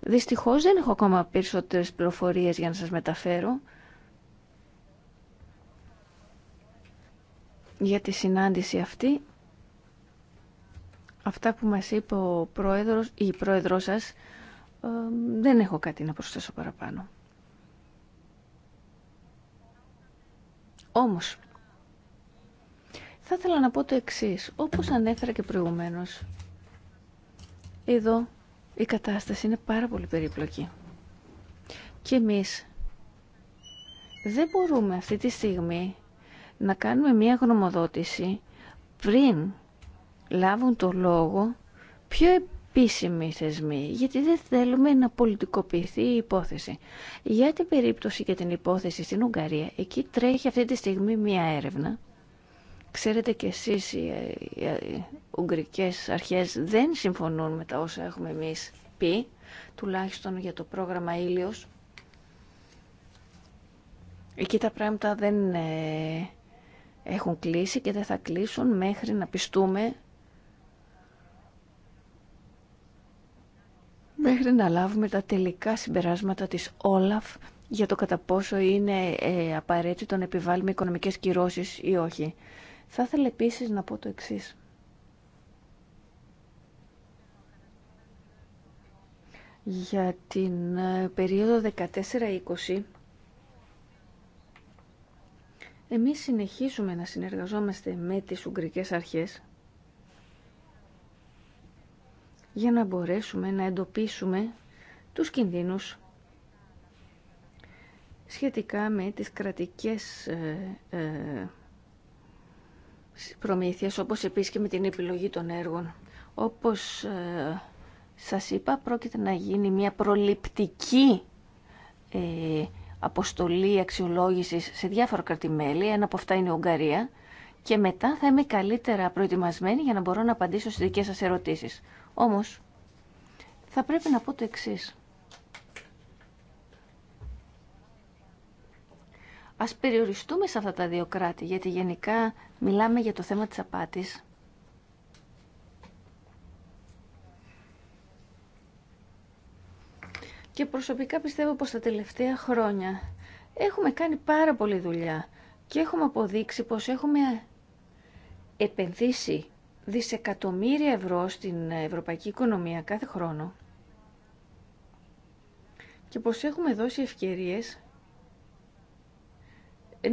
Δυστυχώς δεν έχω ακόμα περισσότερες πληροφορίες για να σας μεταφέρω για τη συνάντηση αυτή. Αυτά που μας είπε ο πρόεδρος ή η πρόεδρος σας ε, δεν έχω κάτι να προσθέσω παραπάνω. Όμως, θα ήθελα να πω το εξής. Όπως ανέφερα και προηγουμένως, εδώ η κατάσταση είναι πάρα πολύ περίπλοκη. Και εμείς δεν μπορούμε αυτή τη στιγμή να κάνουμε μία γνωμοδότηση πριν λάβουν το λόγο πιο επίσημοι θεσμοί, γιατί δεν θέλουμε να πολιτικοποιηθεί η υπόθεση. Για την περίπτωση και την υπόθεση στην Ουγγαρία, εκεί τρέχει αυτή τη στιγμή μία έρευνα. Ξέρετε και εσείς οι Ουγγρικές αρχές δεν συμφωνούν με τα όσα έχουμε εμείς πει, τουλάχιστον για το πρόγραμμα Ήλιος. Εκεί τα πράγματα δεν ε, έχουν κλείσει και δεν θα κλείσουν μέχρι να πιστούμε μέχρι να λάβουμε τα τελικά συμπεράσματα της Όλαφ για το κατά πόσο είναι ε, απαραίτητο να επιβάλλουμε οικονομικές κυρώσεις ή όχι. Θα ήθελα επίση να πω το εξή. Για την ε, περίοδο 14-20 εμείς συνεχίζουμε να συνεργαζόμαστε με τις Ουγγρικές Αρχές για να μπορέσουμε να εντοπίσουμε τους κινδύνους σχετικά με τις κρατικές ε, ε, προμήθειες, όπως επίσης και με την επιλογή των έργων. Όπως ε, σας είπα, πρόκειται να γίνει μια προληπτική αποστολή αξιολόγησης σε διάφορα κρατημέλη, ένα από αυτά είναι η Ουγγαρία, και μετά θα είμαι καλύτερα προετοιμασμένη για να μπορώ να απαντήσω στις δικές σας ερωτήσεις. Όμως, θα πρέπει να πω το εξής. Ας περιοριστούμε σε αυτά τα δύο κράτη, γιατί γενικά μιλάμε για το θέμα της απάτης. Και προσωπικά πιστεύω πως τα τελευταία χρόνια έχουμε κάνει πάρα πολλή δουλειά και έχουμε αποδείξει πως έχουμε επενδύσει δισεκατομμύρια ευρώ στην ευρωπαϊκή οικονομία κάθε χρόνο και πως έχουμε δώσει ευκαιρίες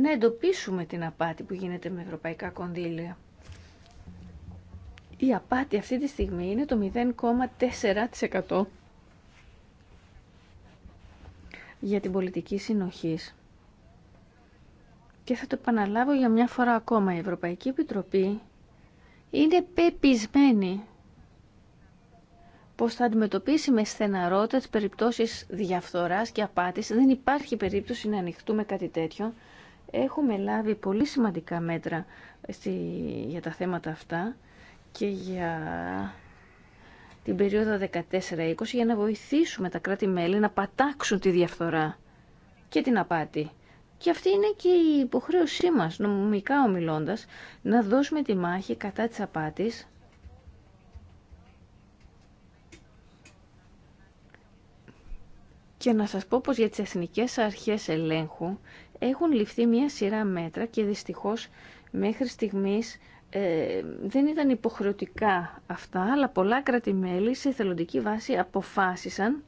να εντοπίσουμε την απάτη που γίνεται με ευρωπαϊκά κονδύλια. Η απάτη αυτή τη στιγμή είναι το 0,4% για την πολιτική συνοχής. Και θα το επαναλάβω για μια φορά ακόμα. Η Ευρωπαϊκή Επιτροπή είναι πεπισμένη πως θα αντιμετωπίσει με στεναρότητα τις περιπτώσεις διαφθοράς και απάτης. Δεν υπάρχει περίπτωση να ανοιχτούμε κάτι τέτοιο. Έχουμε λάβει πολύ σημαντικά μέτρα για τα θέματα αυτά και για την περίοδο 14-20 για να βοηθήσουμε τα κράτη-μέλη να πατάξουν τη διαφθορά και την απάτη. Και αυτή είναι και η υποχρέωσή μας, νομικά ομιλώντας, να δώσουμε τη μάχη κατά της απάτης Και να σας πω πως για τις εθνικές αρχές ελέγχου έχουν ληφθεί μία σειρά μέτρα και δυστυχώς μέχρι στιγμής ε, δεν ήταν υποχρεωτικά αυτά, αλλά πολλά κράτη-μέλη σε θελοντική βάση αποφάσισαν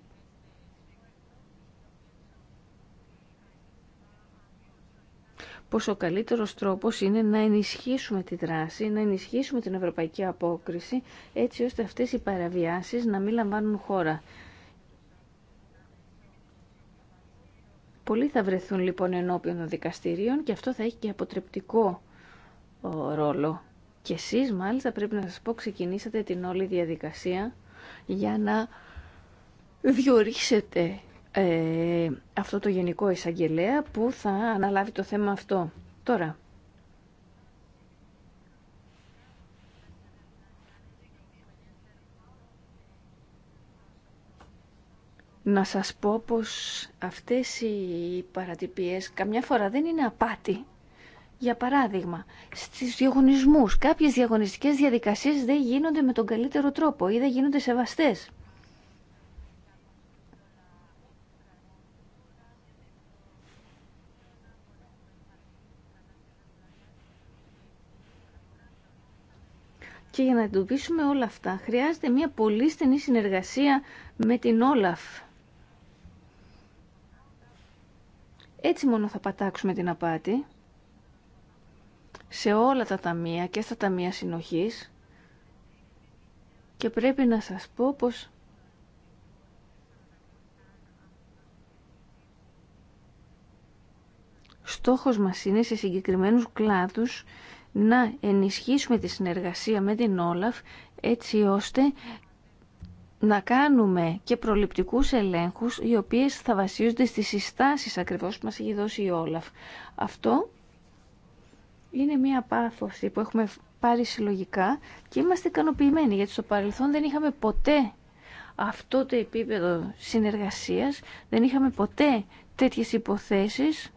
πως ο καλύτερος τρόπος είναι να ενισχύσουμε τη δράση, να ενισχύσουμε την ευρωπαϊκή απόκριση, έτσι ώστε αυτές οι παραβιάσεις να μην λαμβάνουν χώρα. Πολλοί θα βρεθούν λοιπόν ενώπιον των δικαστηρίων και αυτό θα έχει και αποτρεπτικό ρόλο. Και εσείς μάλιστα πρέπει να σας πω ξεκινήσατε την όλη διαδικασία για να διορίσετε ε, αυτό το γενικό εισαγγελέα που θα αναλάβει το θέμα αυτό. Τώρα, να σας πω πως αυτές οι παρατυπίες καμιά φορά δεν είναι απάτη. Για παράδειγμα, στις διαγωνισμούς κάποιες διαγωνιστικές διαδικασίες δεν γίνονται με τον καλύτερο τρόπο ή δεν γίνονται σεβαστές. Και για να εντοπίσουμε όλα αυτά χρειάζεται μια πολύ στενή συνεργασία με την Όλαφ. Έτσι μόνο θα πατάξουμε την απάτη σε όλα τα ταμεία και στα ταμεία συνοχής και πρέπει να σας πω πως στόχος μας είναι σε συγκεκριμένους κλάδους να ενισχύσουμε τη συνεργασία με την Όλαφ έτσι ώστε να κάνουμε και προληπτικούς ελέγχους οι οποίες θα βασίζονται στις συστάσεις ακριβώς που μας έχει δώσει η Όλαφ. Αυτό είναι μια πάθωση που έχουμε πάρει συλλογικά και είμαστε ικανοποιημένοι γιατί στο παρελθόν δεν είχαμε ποτέ αυτό το επίπεδο συνεργασίας, δεν είχαμε ποτέ τέτοιες υποθέσεις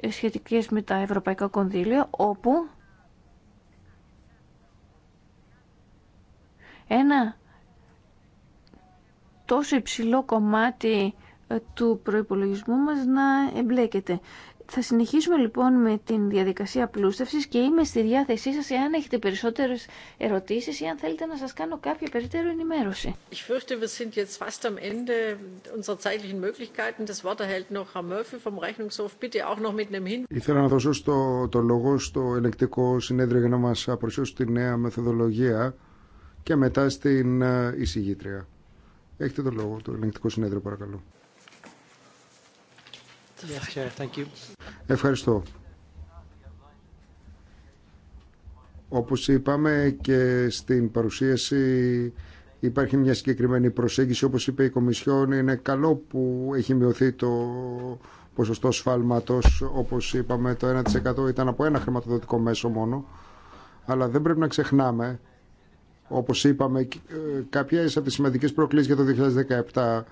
ε, σχετικές με τα ευρωπαϊκά κονδύλια όπου ένα τόσο υψηλό κομμάτι ε, του προϋπολογισμού μας να εμπλέκεται. Θα συνεχίσουμε λοιπόν με την διαδικασία πλούστευσης και είμαι στη διάθεσή σας εάν έχετε περισσότερες ερωτήσεις ή αν θέλετε να σας κάνω κάποια περαιτέρω ενημέρωση. Ich fürchte, wir sind jetzt fast am Ende unserer zeitlichen Möglichkeiten. Das Wort erhält noch Herr Murphy vom Rechnungshof. Bitte auch noch mit einem Hin. Ήθελα να δώσω στο, το λόγο στο ελεκτικό συνέδριο για να μας παρουσιάσει τη νέα μεθοδολογία και μετά στην ε, εισηγήτρια. Έχετε το λόγο, το ελεγκτικό συνέδριο παρακαλώ. Ευχαριστώ. Όπως είπαμε και στην παρουσίαση υπάρχει μια συγκεκριμένη προσέγγιση. Όπως είπε η Κομισιόν, είναι καλό που έχει μειωθεί το ποσοστό σφάλματος. Όπως είπαμε, το 1% ήταν από ένα χρηματοδοτικό μέσο μόνο. Αλλά δεν πρέπει να ξεχνάμε όπως είπαμε, ε, κάποιες από τις σημαντικές προκλήσεις για το 2017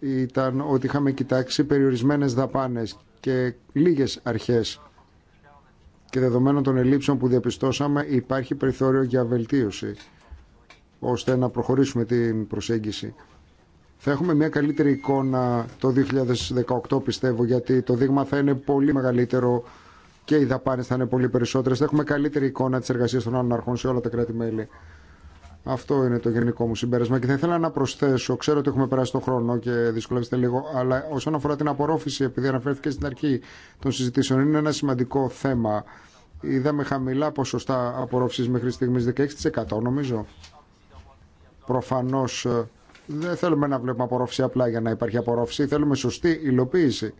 ήταν ότι είχαμε κοιτάξει περιορισμένες δαπάνες και λίγες αρχές και δεδομένων των ελλείψεων που διαπιστώσαμε υπάρχει περιθώριο για βελτίωση ώστε να προχωρήσουμε την προσέγγιση. Θα έχουμε μια καλύτερη εικόνα το 2018 πιστεύω γιατί το δείγμα θα είναι πολύ μεγαλύτερο και οι δαπάνε θα είναι πολύ περισσότερε. Θα έχουμε καλύτερη εικόνα τη εργασία των αναρχών σε όλα τα κράτη-μέλη. Αυτό είναι το γενικό μου συμπέρασμα. Και θα ήθελα να προσθέσω, ξέρω ότι έχουμε περάσει τον χρόνο και δυσκολεύεστε λίγο, αλλά όσον αφορά την απορρόφηση, επειδή αναφέρθηκε στην αρχή των συζητήσεων, είναι ένα σημαντικό θέμα. Είδαμε χαμηλά ποσοστά απορρόφηση μέχρι στιγμή 16% νομίζω. Προφανώ, ε, δεν θέλουμε να βλέπουμε απορρόφηση απλά για να υπάρχει απορρόφηση. Θέλουμε σωστή υλοποίηση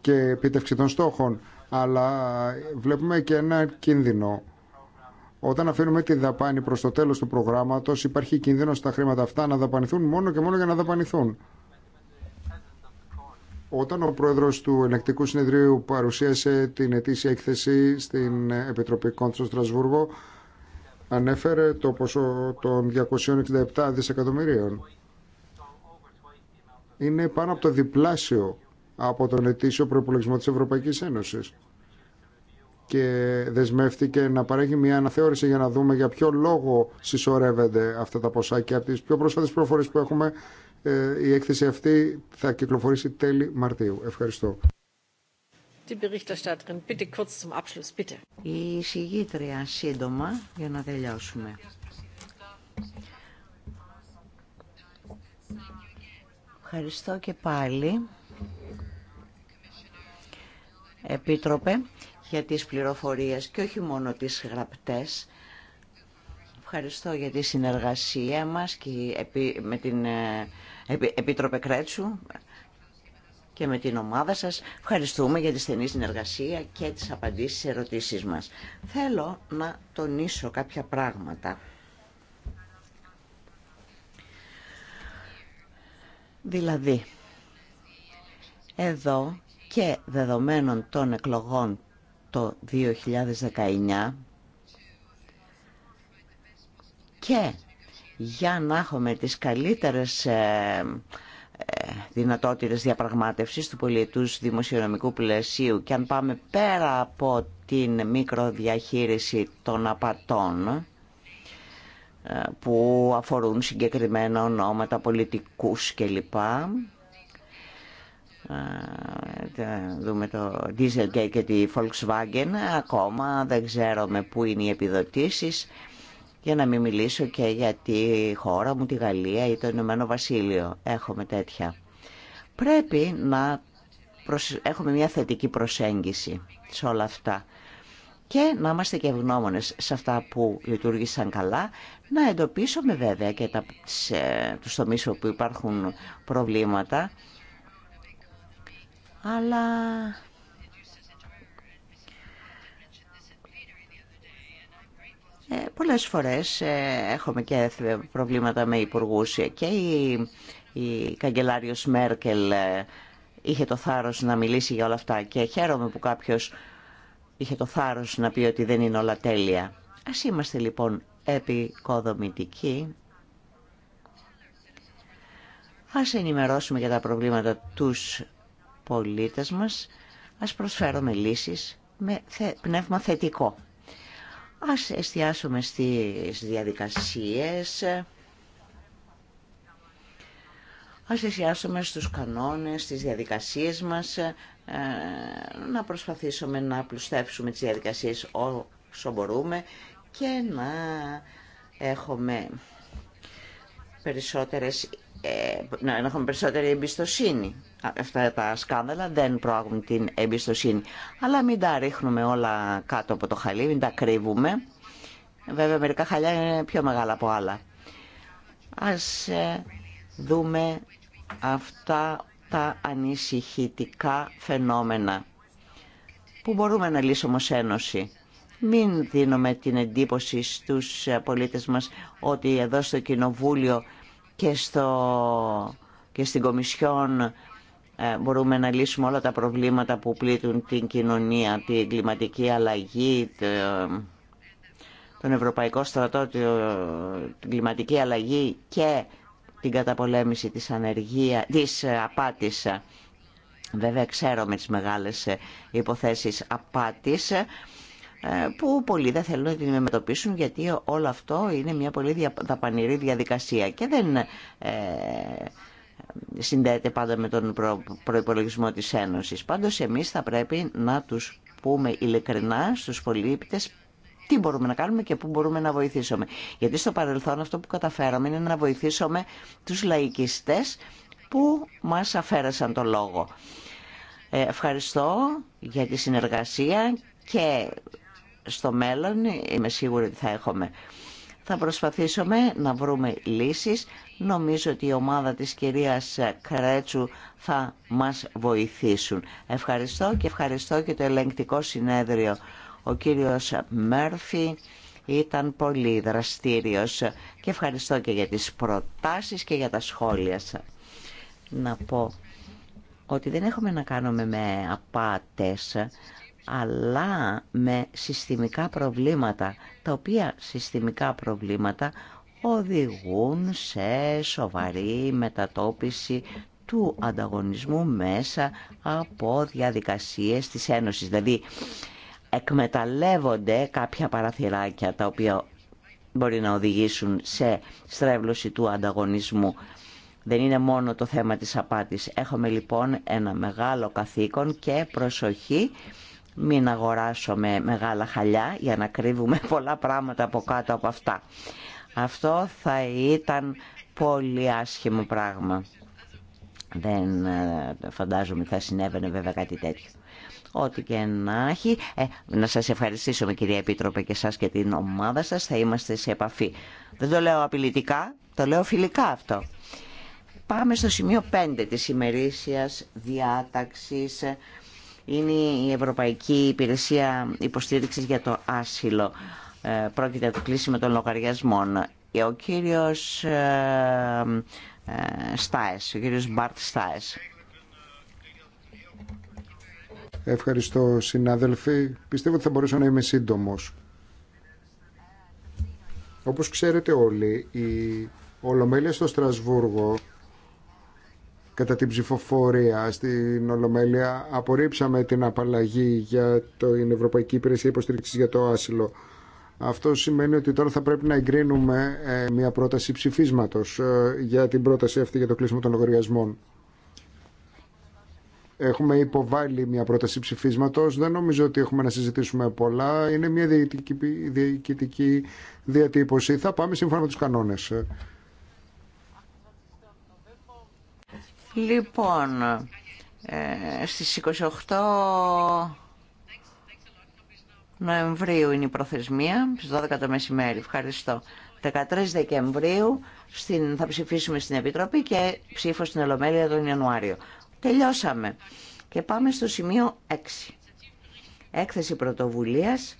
και επίτευξη των στόχων αλλά βλέπουμε και ένα κίνδυνο. Όταν αφήνουμε τη δαπάνη προς το τέλος του προγράμματος υπάρχει κίνδυνο στα χρήματα αυτά να δαπανηθούν μόνο και μόνο για να δαπανηθούν. Όταν ο πρόεδρος του Ελεκτικού Συνεδρίου παρουσίασε την ετήσια έκθεση στην Επιτροπή Κόντ στο Στρασβούργο, ανέφερε το ποσό των 267 δισεκατομμυρίων. Είναι πάνω από το διπλάσιο από τον ετήσιο προπολογισμό της Ευρωπαϊκής Ένωσης και δεσμεύτηκε να παρέχει μια αναθεώρηση για να δούμε για ποιο λόγο συσσωρεύονται αυτά τα ποσά και από τις πιο πρόσφατες προφορές που έχουμε ε, η έκθεση αυτή θα κυκλοφορήσει τέλη Μαρτίου. Ευχαριστώ. Η συγγήτρια σύντομα για να τελειώσουμε. Ευχαριστώ και πάλι. Επίτροπε, για τις πληροφορίες και όχι μόνο τις γραπτές. Ευχαριστώ για τη συνεργασία μας και με την ε, Επίτροπε Κρέτσου και με την ομάδα σας. Ευχαριστούμε για τη στενή συνεργασία και τις απαντήσεις σε ερωτήσεις μας. Θέλω να τονίσω κάποια πράγματα. Δηλαδή, εδώ και δεδομένων των εκλογών το 2019 και για να έχουμε τις καλύτερες ε, ε, δυνατότητες διαπραγμάτευσης του πολιετούς δημοσιονομικού πλαισίου και αν πάμε πέρα από την μικροδιαχείριση των απατών ε, που αφορούν συγκεκριμένα ονόματα, πολιτικούς κλπ δούμε το Dieselgate και τη Volkswagen ακόμα δεν ξέρουμε πού είναι οι επιδοτήσεις για να μην μιλήσω και για τη χώρα μου, τη Γαλλία ή το Ηνωμένο Βασίλειο. Έχουμε τέτοια. Πρέπει να έχουμε μια θετική προσέγγιση σε όλα αυτά και να είμαστε και ευγνώμονες σε αυτά που λειτουργήσαν καλά, να εντοπίσουμε βέβαια και τα, σε, τους τομείς όπου υπάρχουν προβλήματα αλλά ε, πολλές φορές ε, έχουμε και προβλήματα με υπουργούς και η, η καγκελάριος Μέρκελ ε, είχε το θάρρος να μιλήσει για όλα αυτά και χαίρομαι που κάποιος είχε το θάρρος να πει ότι δεν είναι όλα τέλεια. Ας είμαστε λοιπόν επικοδομητικοί. Ας ενημερώσουμε για τα προβλήματα τους πολίτες μας, ας προσφέρουμε λύσεις με πνεύμα θετικό. Ας εστιάσουμε στις διαδικασίες, ας εστιάσουμε στους κανόνες, στις διαδικασίες μας, ε, να προσπαθήσουμε να πλουστεύσουμε τις διαδικασίες όσο μπορούμε και να έχουμε περισσότερες, ε, να έχουμε περισσότερη εμπιστοσύνη Αυτά τα σκάνδαλα δεν προάγουν την εμπιστοσύνη. Αλλά μην τα ρίχνουμε όλα κάτω από το χαλί, μην τα κρύβουμε. Βέβαια μερικά χαλιά είναι πιο μεγάλα από άλλα. Ας ε, δούμε αυτά τα ανησυχητικά φαινόμενα που μπορούμε να λύσουμε ως Ένωση. Μην δίνουμε την εντύπωση στους ε, πολίτες μας ότι εδώ στο Κοινοβούλιο και, στο, και στην Κομισιόν ε, μπορούμε να λύσουμε όλα τα προβλήματα που πλήττουν την κοινωνία, την κλιματική αλλαγή, τον Ευρωπαϊκό Στρατό, την κλιματική αλλαγή και την καταπολέμηση της ανεργία, της ε, απάτης. Βέβαια ξέρω με τις μεγάλες ε, υποθέσεις απάτης που πολλοί δεν θέλουν να την αντιμετωπίσουν γιατί όλο αυτό είναι μια πολύ δαπανηρή διαδικασία και δεν συνδέεται πάντα με τον προϋπολογισμό της Ένωσης. Πάντως εμείς θα πρέπει να τους πούμε ειλικρινά στους πολίτες τι μπορούμε να κάνουμε και πού μπορούμε να βοηθήσουμε. Γιατί στο παρελθόν αυτό που καταφέραμε είναι να βοηθήσουμε τους λαϊκιστές που μας αφαίρεσαν το λόγο. Ε, ευχαριστώ για τη συνεργασία και στο μέλλον είμαι σίγουρη ότι θα έχουμε θα προσπαθήσουμε να βρούμε λύσεις. Νομίζω ότι η ομάδα της κυρίας Κρέτσου θα μας βοηθήσουν. Ευχαριστώ και ευχαριστώ και το ελεγκτικό συνέδριο. Ο κύριος Μέρφυ ήταν πολύ δραστήριος και ευχαριστώ και για τις προτάσεις και για τα σχόλια σας. Να πω ότι δεν έχουμε να κάνουμε με απάτες αλλά με συστημικά προβλήματα, τα οποία συστημικά προβλήματα οδηγούν σε σοβαρή μετατόπιση του ανταγωνισμού μέσα από διαδικασίες της Ένωσης. Δηλαδή εκμεταλλεύονται κάποια παραθυράκια τα οποία μπορεί να οδηγήσουν σε στρέβλωση του ανταγωνισμού. Δεν είναι μόνο το θέμα της απάτης. Έχουμε λοιπόν ένα μεγάλο καθήκον και προσοχή μην με μεγάλα χαλιά για να κρύβουμε πολλά πράγματα από κάτω από αυτά. Αυτό θα ήταν πολύ άσχημο πράγμα. Δεν ε, φαντάζομαι θα συνέβαινε βέβαια κάτι τέτοιο. Ό,τι και να έχει. Ε, να σας ευχαριστήσουμε κυρία Επίτροπε και σας και την ομάδα σας. Θα είμαστε σε επαφή. Δεν το λέω απειλητικά, το λέω φιλικά αυτό. Πάμε στο σημείο 5 της ημερήσιας διάταξης είναι η Ευρωπαϊκή Υπηρεσία Υποστήριξης για το Άσυλο. Ε, πρόκειται για το κλείσιμο των λογαριασμών. Ε, ο κύριος ε, Στάες, ο κύριος Μπαρτ Στάες. Ευχαριστώ συνάδελφοι. Πιστεύω ότι θα μπορούσα να είμαι σύντομος. Όπως ξέρετε όλοι, η Ολομέλεια στο Στρασβούργο κατά την ψηφοφορία στην Ολομέλεια απορρίψαμε την απαλλαγή για την Ευρωπαϊκή Υπηρεσία Υποστήριξης για το Άσυλο. Αυτό σημαίνει ότι τώρα θα πρέπει να εγκρίνουμε ε, μια πρόταση ψηφίσματος ε, για την πρόταση αυτή για το κλείσιμο των λογαριασμών. Έχουμε υποβάλει μια πρόταση ψηφίσματος. Δεν νομίζω ότι έχουμε να συζητήσουμε πολλά. Είναι μια διοικητική διατύπωση. Θα πάμε σύμφωνα με τους κανόνες. Λοιπόν, ε, στις 28 Νοεμβρίου είναι η προθεσμία, στις 12 το μεσημέρι. Ευχαριστώ. 13 Δεκεμβρίου στην, θα ψηφίσουμε στην Επιτροπή και ψήφο στην Ολομέλεια τον Ιανουάριο. Τελειώσαμε. Και πάμε στο σημείο 6. Έκθεση πρωτοβουλίας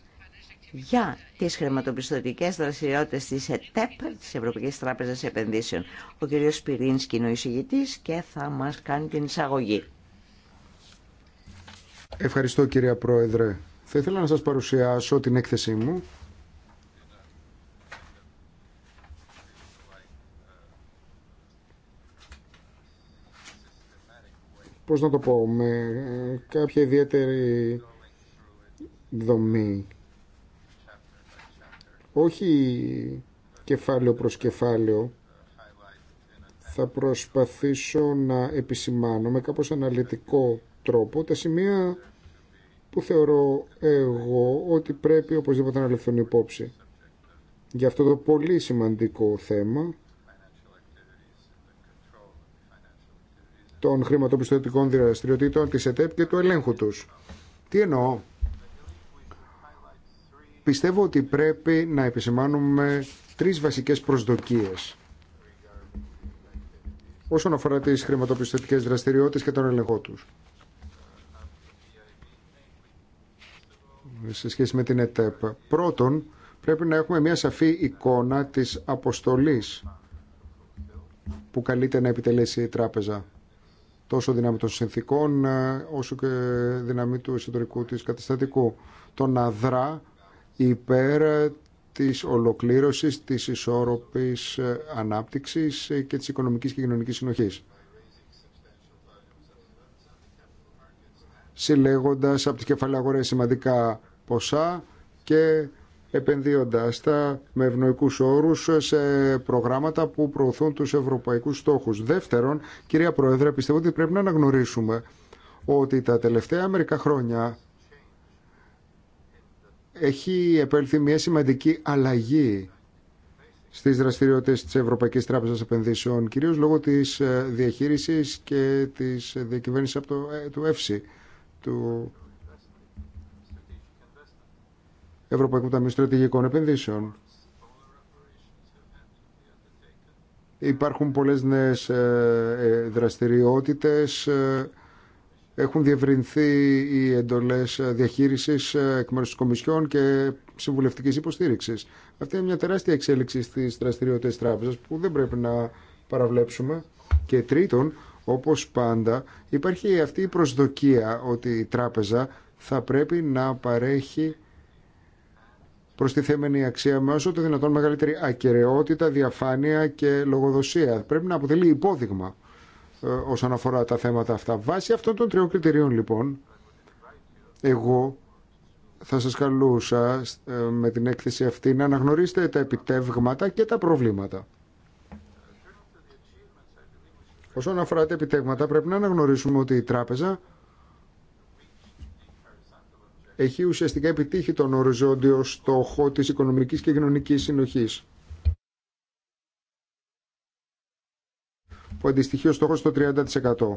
για τις χρηματοπιστωτικές δραστηριότητες τη ΕΤΕΠ, τη Ευρωπαϊκή Τράπεζα Επενδύσεων. Ο κ. Σπυρίνσκι είναι ο εισηγητή και θα μας κάνει την εισαγωγή. Ευχαριστώ κυρία Πρόεδρε. Θα ήθελα να σας παρουσιάσω την έκθεσή μου. Πώς να το πω, με κάποια ιδιαίτερη δομή όχι κεφάλαιο προς κεφάλαιο. Θα προσπαθήσω να επισημάνω με κάπως αναλυτικό τρόπο τα σημεία που θεωρώ εγώ ότι πρέπει οπωσδήποτε να λεφθούν υπόψη για αυτό το πολύ σημαντικό θέμα των χρηματοπιστωτικών δραστηριοτήτων της ΕΤΕΠ και του ελέγχου τους. Τι εννοώ πιστεύω ότι πρέπει να επισημάνουμε τρεις βασικές προσδοκίες όσον αφορά τις χρηματοπιστωτικές δραστηριότητες και τον ελεγχό τους. σε σχέση με την ΕΤΕΠ. Πρώτον, πρέπει να έχουμε μια σαφή εικόνα της αποστολής που καλείται να επιτελέσει η τράπεζα τόσο δύναμη των συνθήκων ε, όσο και δύναμη του εσωτερικού της καταστατικού. Το να δρά υπέρ της ολοκλήρωσης της ισόρροπης ε, ανάπτυξης ε, και της οικονομικής και κοινωνικής συνοχής. Συλλέγοντας από τις κεφαλαγορές σημαντικά ποσά και επενδύοντας τα με ευνοϊκούς όρους ε, σε προγράμματα που προωθούν τους ευρωπαϊκούς στόχους. Δεύτερον, κυρία Πρόεδρε, πιστεύω ότι πρέπει να αναγνωρίσουμε ότι τα τελευταία μερικά χρόνια έχει επέλθει μια σημαντική αλλαγή στις δραστηριότητες της Ευρωπαϊκής Τράπεζας Επενδύσεων, κυρίως λόγω της ε, διαχείρισης και της διακυβέρνησης από το, ε, του ΕΦΣΥ, του Ευρωπαϊκού Ταμείου Στρατηγικών Επενδύσεων. Υπάρχουν πολλές νέες ε, δραστηριότητες έχουν διευρυνθεί οι εντολές διαχείρισης εκ μέρους της Κομισιόν και συμβουλευτικής υποστήριξης. Αυτή είναι μια τεράστια εξέλιξη στις δραστηριότητες τράπεζας που δεν πρέπει να παραβλέψουμε. Και τρίτον, όπως πάντα, υπάρχει αυτή η προσδοκία ότι η τράπεζα θα πρέπει να παρέχει προστιθέμενη αξία με όσο το δυνατόν μεγαλύτερη ακαιρεότητα, διαφάνεια και λογοδοσία. Πρέπει να αποτελεί υπόδειγμα ε, όσον αφορά τα θέματα αυτά. Βάσει αυτών των τριών κριτηρίων λοιπόν, εγώ θα σας καλούσα ε, με την έκθεση αυτή να αναγνωρίσετε τα επιτεύγματα και τα προβλήματα. Όσον αφορά τα επιτεύγματα πρέπει να αναγνωρίσουμε ότι η τράπεζα έχει ουσιαστικά επιτύχει τον οριζόντιο στόχο της οικονομικής και κοινωνικής συνοχής. που αντιστοιχεί ο στόχος στο 30%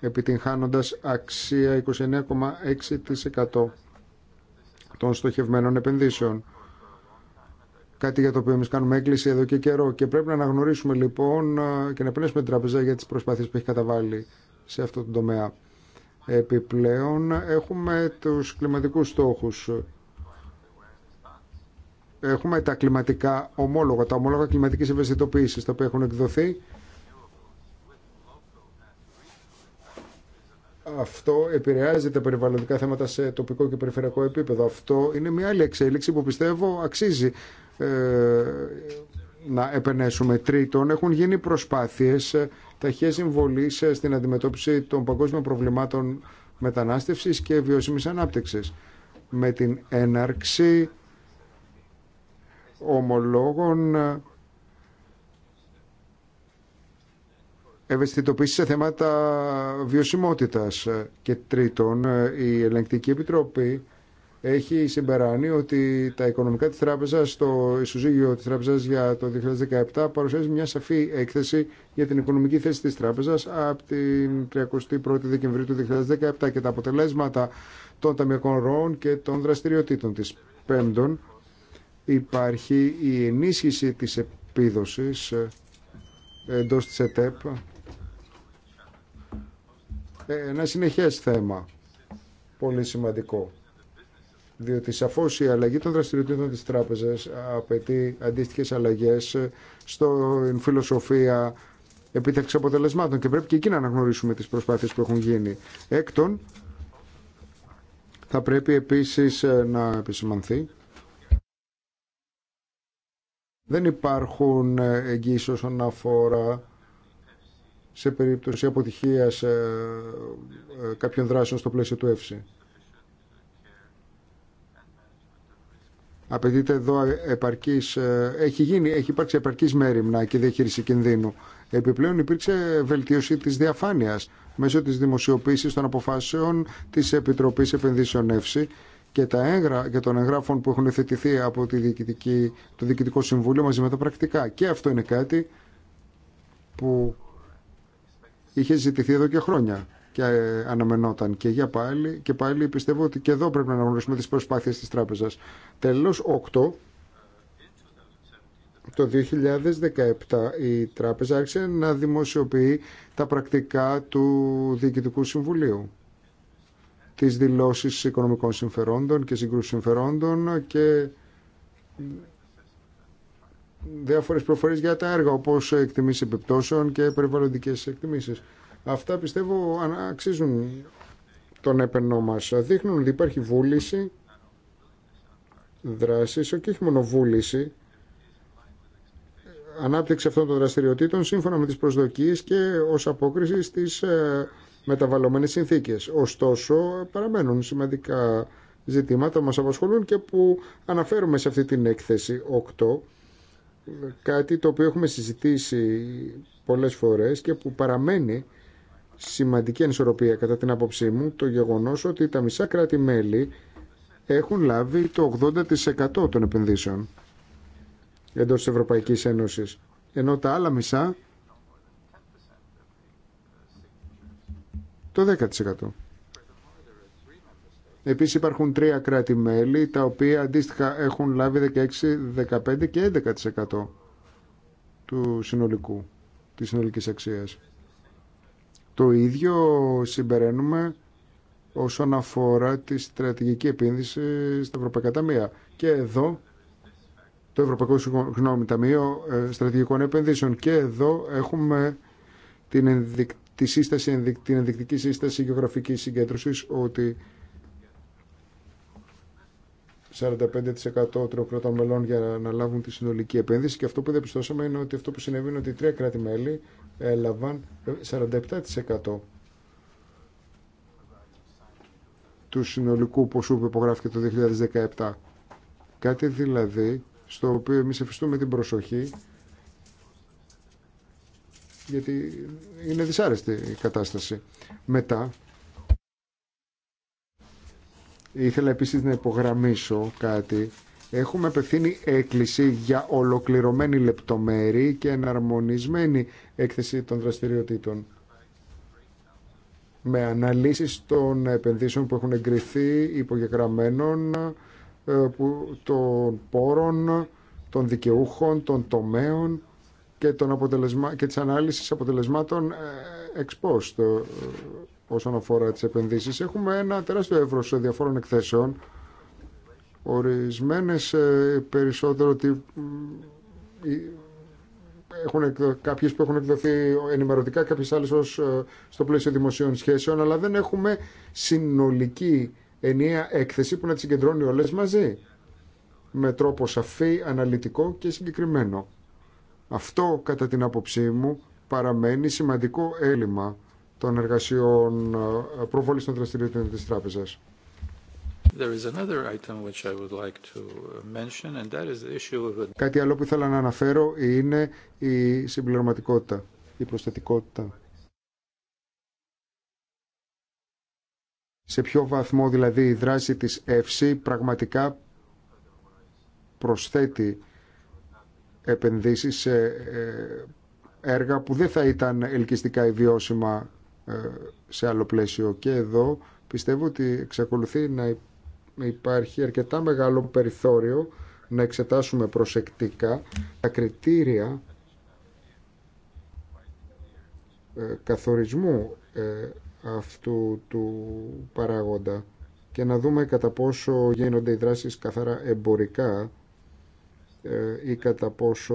επιτυγχάνοντας αξία 29,6% των στοχευμένων επενδύσεων. Κάτι για το οποίο εμεί κάνουμε έκκληση εδώ και καιρό. Και πρέπει να αναγνωρίσουμε λοιπόν και να πνέσουμε την τραπεζά για τις προσπάθειες που έχει καταβάλει σε αυτό το τομέα. Επιπλέον έχουμε τους κλιματικούς στόχους. Έχουμε τα κλιματικά ομόλογα, τα ομόλογα κλιματικής ευαισθητοποίησης, τα οποία έχουν εκδοθεί αυτό επηρεάζει τα περιβαλλοντικά θέματα σε τοπικό και περιφερειακό επίπεδο. Αυτό είναι μια άλλη εξέλιξη που πιστεύω αξίζει ε, να επενέσουμε. Τρίτον, έχουν γίνει προσπάθειες ε, ταχεία συμβολή ε, στην αντιμετώπιση των παγκόσμιων προβλημάτων μετανάστευσης και βιώσιμης ανάπτυξης με την έναρξη ομολόγων ε, ευαισθητοποίηση σε θέματα βιωσιμότητας. Και τρίτον, η Ελεγκτική Επιτροπή έχει συμπεράνει ότι τα οικονομικά της τράπεζας το ισοζύγιο της τράπεζας για το 2017 παρουσιάζει μια σαφή έκθεση για την οικονομική θέση της τράπεζας από την 31η Δεκεμβρίου του 2017 και τα αποτελέσματα των ταμιακών ροών και των δραστηριοτήτων της. Πέμπτον, υπάρχει η ενίσχυση της επίδοσης ε, εντός της ΕΤΕΠ ε, ένα συνεχές θέμα, πολύ σημαντικό. Διότι σαφώς η αλλαγή των δραστηριοτήτων της τράπεζας απαιτεί αντίστοιχες αλλαγές στο φιλοσοφία επίτευξη αποτελεσμάτων και πρέπει και εκεί να αναγνωρίσουμε τις προσπάθειες που έχουν γίνει. Έκτον, θα πρέπει επίσης ε, να επισημανθεί δεν υπάρχουν ε, εγγύσεις όσον αφορά σε περίπτωση αποτυχίας ε, ε, κάποιων δράσεων στο πλαίσιο του ΕΦΣΥ. Απαιτείται εδώ επαρκής, ε, έχει, γίνει, έχει υπάρξει επαρκής μέρημνα και διαχείριση κινδύνου. Επιπλέον υπήρξε βελτίωση της διαφάνειας μέσω της δημοσιοποίησης των αποφάσεων της Επιτροπής Επενδύσεων ΕΦΣΥ και, τα έγγρα, και των εγγράφων που έχουν εθετηθεί από το Διοικητικό Συμβούλιο μαζί με τα πρακτικά. Και αυτό είναι κάτι που είχε ζητηθεί εδώ και χρόνια και ε, αναμενόταν και για πάλι και πάλι πιστεύω ότι και εδώ πρέπει να αναγνωρίσουμε τις προσπάθειες της τράπεζας. Τέλος 8 το 2017 η τράπεζα άρχισε να δημοσιοποιεί τα πρακτικά του Διοικητικού Συμβουλίου τις δηλώσεις οικονομικών συμφερόντων και συγκρούσεων συμφερόντων και Διάφορε προφορές για τα έργα όπως εκτιμήσεις επιπτώσεων και περιβαλλοντικές εκτιμήσεις. Αυτά πιστεύω αξίζουν τον έπαινό μα. Δείχνουν ότι υπάρχει βούληση δράση, όχι μόνο βούληση, ανάπτυξη αυτών των δραστηριοτήτων σύμφωνα με τις προσδοκίες και ως απόκριση στις ε, μεταβαλλόμενες συνθήκες. Ωστόσο, παραμένουν σημαντικά ζητήματα που μας απασχολούν και που αναφέρουμε σε αυτή την έκθεση 8 κάτι το οποίο έχουμε συζητήσει πολλές φορές και που παραμένει σημαντική ανισορροπία κατά την άποψή μου το γεγονός ότι τα μισά κράτη-μέλη έχουν λάβει το 80% των επενδύσεων εντός της Ευρωπαϊκής Ένωσης ενώ τα άλλα μισά το 10%. Επίση υπαρχουν υπάρχουν τρία κράτη-μέλη τα οποία αντίστοιχα έχουν λάβει 16, 15 και 11% του συνολικού, της συνολικής αξίας. Το ίδιο συμπεραίνουμε όσον αφορά τη στρατηγική επένδυση στα Ευρωπαϊκά Ταμεία. Και εδώ το Ευρωπαϊκό Συγγνώμη, Ταμείο ε, Στρατηγικών Επενδύσεων και εδώ έχουμε την ενδεικτική σύσταση, την ενδεικτική σύσταση γεωγραφικής συγκέντρωσης ότι 45% τριών μελών για να λάβουν τη συνολική επένδυση και αυτό που δεν πιστώσαμε είναι ότι αυτό που συνέβη είναι ότι τρία κράτη-μέλη ε, έλαβαν 47% ε, του συνολικού ποσού που υπογράφηκε το 2017. Κάτι δηλαδή στο οποίο εμείς εφιστούμε την προσοχή γιατί είναι δυσάρεστη η κατάσταση. Μετά Ήθελα επίσης να υπογραμμίσω κάτι. Έχουμε απευθύνει έκκληση για ολοκληρωμένη λεπτομέρη και εναρμονισμένη έκθεση των δραστηριοτήτων με αναλύσεις των επενδύσεων που έχουν εγκριθεί υπογεγραμμένων ε, των πόρων, των δικαιούχων, των τομέων και, των αποτελεσμα... και της ανάλυσης αποτελεσμάτων εξ όσον αφορά τις επενδύσεις. Έχουμε ένα τεράστιο εύρος διαφόρων εκθέσεων, ορισμένες ε, περισσότερο ότι έχουν κάποιες που έχουν εκδοθεί ενημερωτικά, κάποιες άλλες ως ε, στο πλαίσιο δημοσίων σχέσεων, αλλά δεν έχουμε συνολική ενιαία έκθεση που να τις συγκεντρώνει όλες μαζί με τρόπο σαφή, αναλυτικό και συγκεκριμένο. Αυτό, κατά την άποψή μου, παραμένει σημαντικό έλλειμμα των εργασιών ε, προβολή των δραστηριοτήτων τη Τράπεζα. Uh, Κάτι άλλο που ήθελα να αναφέρω είναι η συμπληρωματικότητα, η προσθετικότητα. Σε ποιο βαθμό δηλαδή η δράση της ΕΦΣΥ πραγματικά προσθέτει επενδύσεις σε ε, έργα που δεν θα ήταν ελκυστικά ή ε, σε άλλο πλαίσιο. Και εδώ πιστεύω ότι εξακολουθεί να υπάρχει αρκετά μεγάλο περιθώριο να εξετάσουμε προσεκτικά τα κριτήρια ε, καθορισμού ε, αυτού του παράγοντα και να δούμε κατά πόσο γίνονται οι δράσεις καθαρά εμπορικά ή κατά πόσο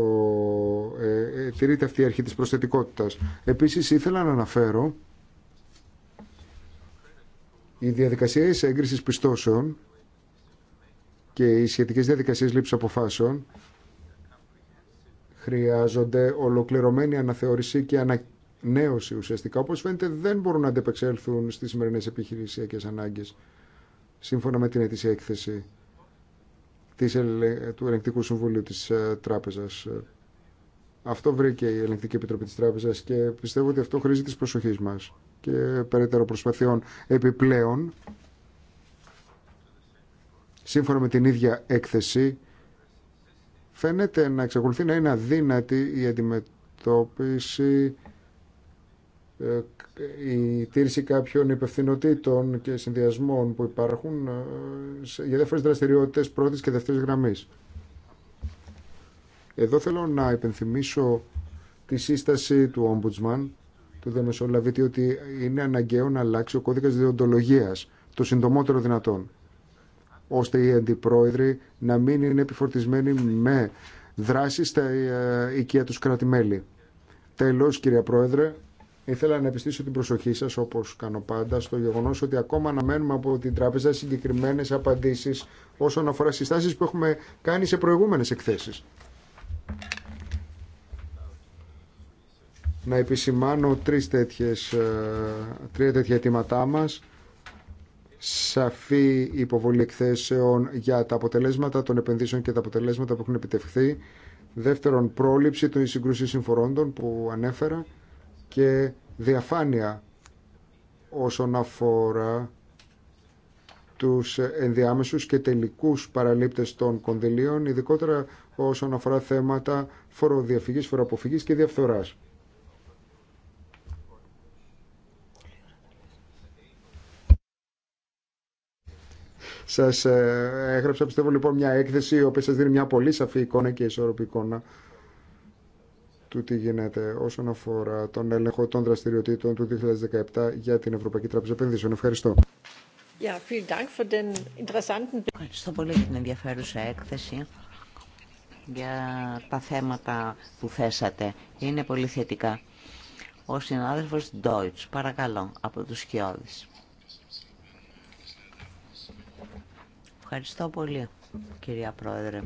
τηρείται αυτή η αρχή της προσθετικότητας. Επίσης ήθελα να αναφέρω οι διαδικασίες έγκρισης πιστώσεων και οι σχετικές διαδικασίες λήψης αποφάσεων χρειάζονται ολοκληρωμένη αναθεώρηση και ανανέωση ουσιαστικά. Όπως φαίνεται δεν μπορούν να αντεπεξέλθουν στις σημερινές επιχειρησιακές ανάγκες σύμφωνα με την ετήσια έκθεση της, του Ελεγκτικού Συμβουλίου της ε, Τράπεζας. Αυτό βρήκε η Ελεγκτική Επιτροπή της Τράπεζας και πιστεύω ότι αυτό χρήζει της προσοχής μας και περαιτέρω προσπαθειών επιπλέον σύμφωνα με την ίδια έκθεση φαίνεται να εξακολουθεί να είναι αδύνατη η αντιμετώπιση ε, η τήρηση κάποιων υπευθυνοτήτων και συνδυασμών που υπάρχουν ε, για διάφορες δραστηριότητες πρώτης και δεύτερης γραμμής. Εδώ θέλω να υπενθυμίσω τη σύσταση του Ombudsman του Δεμεσολαβήτη ότι είναι αναγκαίο να αλλάξει ο κώδικας διοντολογίας το συντομότερο δυνατόν ώστε οι αντιπρόεδροι να μην είναι επιφορτισμένοι με δράσεις στα ε, οικεία τους κρατημέλη. Τέλος, κυρία Πρόεδρε, ήθελα να επιστήσω την προσοχή σας, όπως κάνω πάντα, στο γεγονός ότι ακόμα αναμένουμε από την Τράπεζα συγκεκριμένες απαντήσεις όσον αφορά συστάσεις που έχουμε κάνει σε προηγούμενες εκθέσεις να επισημάνω τρεις τέτοιες, ε, τρία τέτοια αιτήματά μας σαφή υποβολή εκθέσεων για τα αποτελέσματα των επενδύσεων και τα αποτελέσματα που έχουν επιτευχθεί δεύτερον πρόληψη των συγκρούσεων συμφορώντων που ανέφερα και διαφάνεια όσον αφορά τους ενδιάμεσους και τελικούς παραλήπτες των κονδυλίων, ειδικότερα όσον αφορά θέματα φοροδιαφυγής, φοροαποφυγής και διαφθοράς. Σας ε, έγραψα πιστεύω λοιπόν μια έκθεση η οποία σα δίνει μια πολύ σαφή εικόνα και ισορροπή εικόνα του τι γίνεται όσον αφορά τον έλεγχο των δραστηριοτήτων του 2017 για την Ευρωπαϊκή Τράπεζα Επενδύσεων. Ευχαριστώ. Ευχαριστώ πολύ για την ενδιαφέρουσα έκθεση για τα θέματα που θέσατε. Είναι πολύ θετικά. Ο συνάδελφος Deutsch, παρακαλώ, από τους Σκιώδης. Ευχαριστώ πολύ, κυρία Πρόεδρε.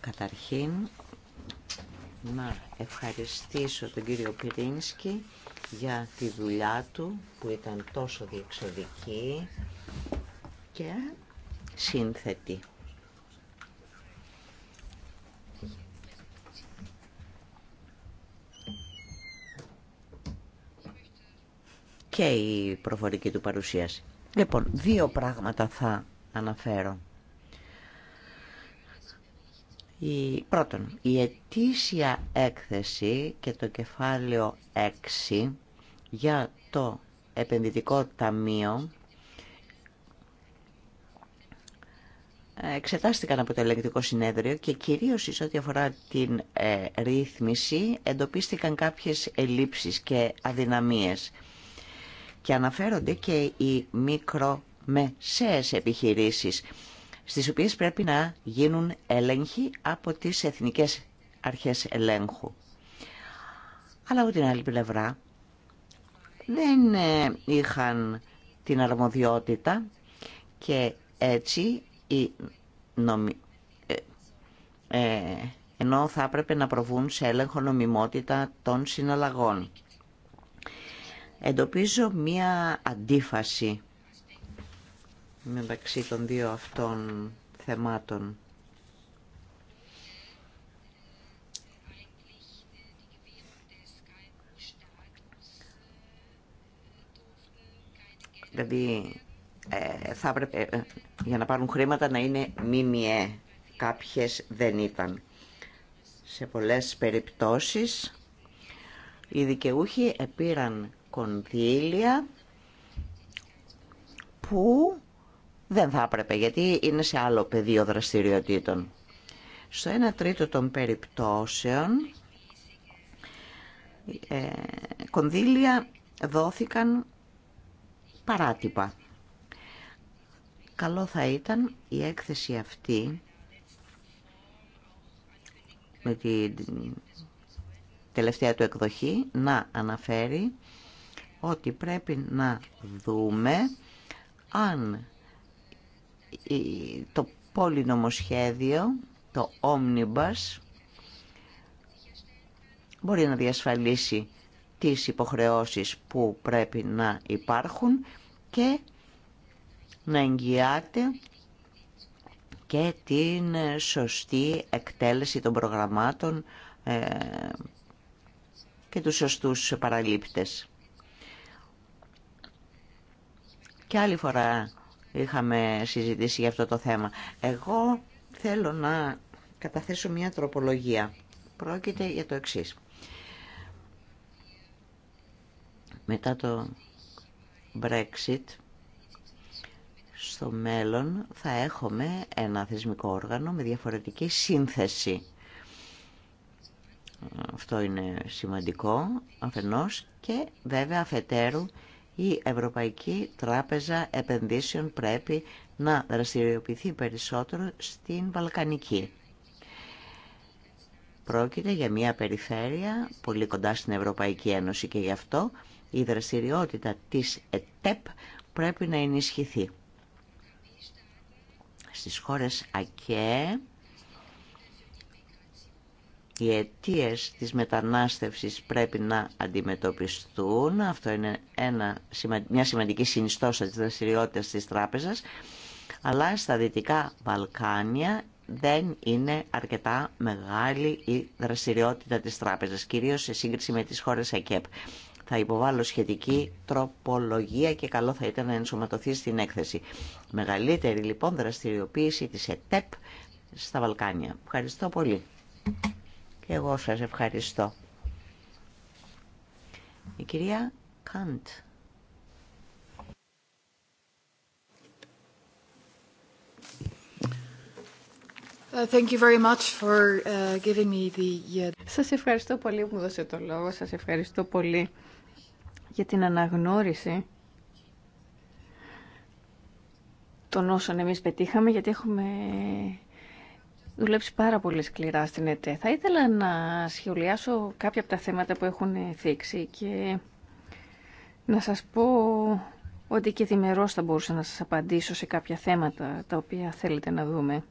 Καταρχήν, να ευχαριστήσω τον κύριο Πυρίνσκι για τη δουλειά του που ήταν τόσο διεξοδική και σύνθετη. Και η προφορική του παρουσίαση. Λοιπόν, δύο πράγματα θα αναφέρω. Η, πρώτον, η ετήσια έκθεση και το κεφάλαιο 6 για το επενδυτικό ταμείο εξετάστηκαν από το ελεγκτικό συνέδριο και κυρίως εις ό,τι αφορά την ε, ρύθμιση εντοπίστηκαν κάποιες ελλείψεις και αδυναμίες και αναφέρονται και οι μικρομεσαίες επιχειρήσεις στις οποίες πρέπει να γίνουν έλεγχοι από τις εθνικές αρχές ελέγχου. Αλλά από την άλλη πλευρά δεν ε, είχαν την αρμοδιότητα και έτσι οι νομι... Ε, ε, ενώ θα έπρεπε να προβούν σε έλεγχο νομιμότητα των συναλλαγών εντοπίζω μία αντίφαση μεταξύ των δύο αυτών θεμάτων. Δηλαδή ε, θα έπρεπε ε, για να πάρουν χρήματα να είναι μήμιε. Κάποιες δεν ήταν. Σε πολλές περιπτώσεις οι δικαιούχοι επήραν κονδύλια που δεν θα έπρεπε γιατί είναι σε άλλο πεδίο δραστηριοτήτων. Στο 1 τρίτο των περιπτώσεων ε, κονδύλια δόθηκαν παράτυπα. Καλό θα ήταν η έκθεση αυτή με την τελευταία του εκδοχή να αναφέρει ότι πρέπει να δούμε αν το πολυνομοσχέδιο, το Omnibus, μπορεί να διασφαλίσει τις υποχρεώσεις που πρέπει να υπάρχουν και να εγγυάται και την σωστή εκτέλεση των προγραμμάτων ε, και τους σωστούς παραλήπτες. Και άλλη φορά είχαμε συζητήσει για αυτό το θέμα. Εγώ θέλω να καταθέσω μια τροπολογία. Πρόκειται για το εξής. Μετά το Brexit, στο μέλλον θα έχουμε ένα θεσμικό όργανο με διαφορετική σύνθεση. Αυτό είναι σημαντικό αφενός και βέβαια αφετέρου η Ευρωπαϊκή Τράπεζα Επενδύσεων πρέπει να δραστηριοποιηθεί περισσότερο στην Βαλκανική. Πρόκειται για μια περιφέρεια πολύ κοντά στην Ευρωπαϊκή Ένωση και γι' αυτό η δραστηριότητα της ΕΤΕΠ πρέπει να ενισχυθεί. Στις χώρες ΑΚΕ οι αιτίε της μετανάστευσης πρέπει να αντιμετωπιστούν. Αυτό είναι ένα, μια σημαντική συνιστόσα της δραστηριότητα της τράπεζας. Αλλά στα Δυτικά Βαλκάνια δεν είναι αρκετά μεγάλη η δραστηριότητα της τράπεζας, κυρίως σε σύγκριση με τις χώρες ΑΚΕΠ. Θα υποβάλω σχετική τροπολογία και καλό θα ήταν να ενσωματωθεί στην έκθεση. Μεγαλύτερη λοιπόν δραστηριοποίηση της ΕΤΕΠ στα Βαλκάνια. Ευχαριστώ πολύ. Και εγώ σας ευχαριστώ. Η κυρία Καντ. Thank Σας ευχαριστώ πολύ που μου δώσετε το λόγο. Σας ευχαριστώ πολύ για την αναγνώριση των όσων εμείς πετύχαμε, γιατί έχουμε δουλέψει πάρα πολύ σκληρά στην ΕΤΕ. Θα ήθελα να σχολιάσω κάποια από τα θέματα που έχουν θίξει και να σας πω ότι και διμερώς θα μπορούσα να σας απαντήσω σε κάποια θέματα τα οποία θέλετε να δούμε.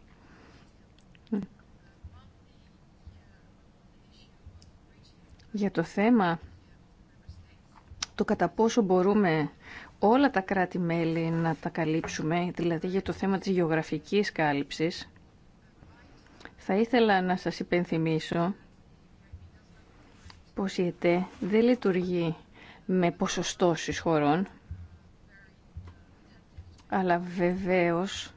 Για το θέμα το κατά πόσο μπορούμε όλα τα κράτη-μέλη να τα καλύψουμε, δηλαδή για το θέμα της γεωγραφικής κάλυψης, θα ήθελα να σας υπενθυμίσω πως η ΕΤΕ δεν λειτουργεί με ποσοστό χωρών, αλλά βεβαίως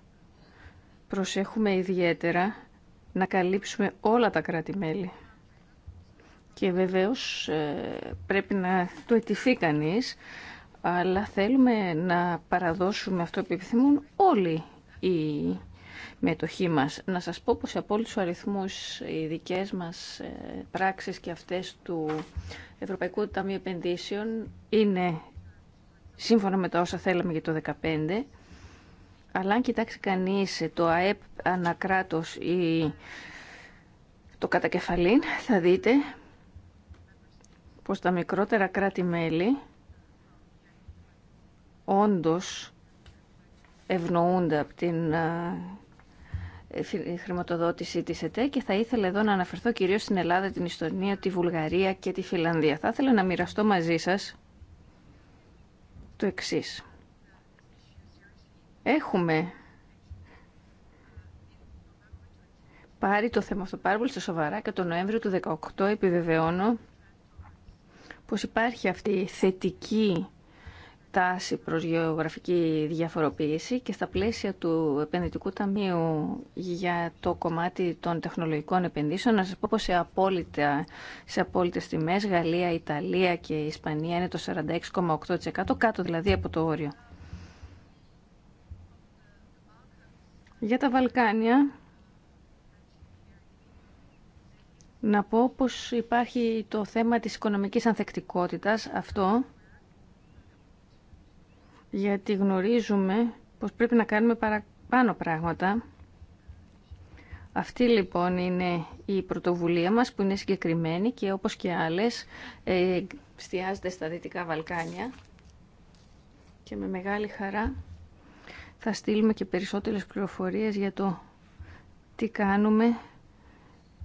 προσέχουμε ιδιαίτερα να καλύψουμε όλα τα κράτη-μέλη. Και βεβαίως ε, πρέπει να το ετηθεί κανείς, αλλά θέλουμε να παραδώσουμε αυτό που επιθυμούν όλοι οι μετοχή μας. Να σας πω πως από όλους τους αριθμούς οι δικές μας ε, πράξεις και αυτές του Ευρωπαϊκού Ταμείου Επενδύσεων είναι σύμφωνα με τα όσα θέλαμε για το 2015, αλλά αν κοιτάξει κανείς ε, το ΑΕΠ ανακράτος ή το κατακεφαλήν, θα δείτε πως τα μικρότερα κράτη-μέλη όντως ευνοούνται από την ε, ε, ε, χρηματοδότηση της ΕΤΕ και θα ήθελα εδώ να αναφερθώ κυρίως στην Ελλάδα, την Ιστονία, τη Βουλγαρία και τη Φιλανδία. Θα ήθελα να μοιραστώ μαζί σας το εξής. Έχουμε πάρει το θέμα αυτό πάρα πολύ σοβαρά και τον Νοέμβριο του 2018 επιβεβαιώνω πως υπάρχει αυτή η θετική τάση προς γεωγραφική διαφοροποίηση και στα πλαίσια του επενδυτικού ταμείου για το κομμάτι των τεχνολογικών επενδύσεων να σας πω πως σε, απόλυτα, σε απόλυτες τιμές Γαλλία, Ιταλία και Ισπανία είναι το 46,8% κάτω δηλαδή από το όριο. Για τα Βαλκάνια να πω πως υπάρχει το θέμα της οικονομικής ανθεκτικότητας αυτό γιατί γνωρίζουμε πως πρέπει να κάνουμε παραπάνω πράγματα. Αυτή λοιπόν είναι η πρωτοβουλία μας που είναι συγκεκριμένη και όπως και άλλες ε, στιάζεται στα Δυτικά Βαλκάνια και με μεγάλη χαρά θα στείλουμε και περισσότερες πληροφορίες για το τι κάνουμε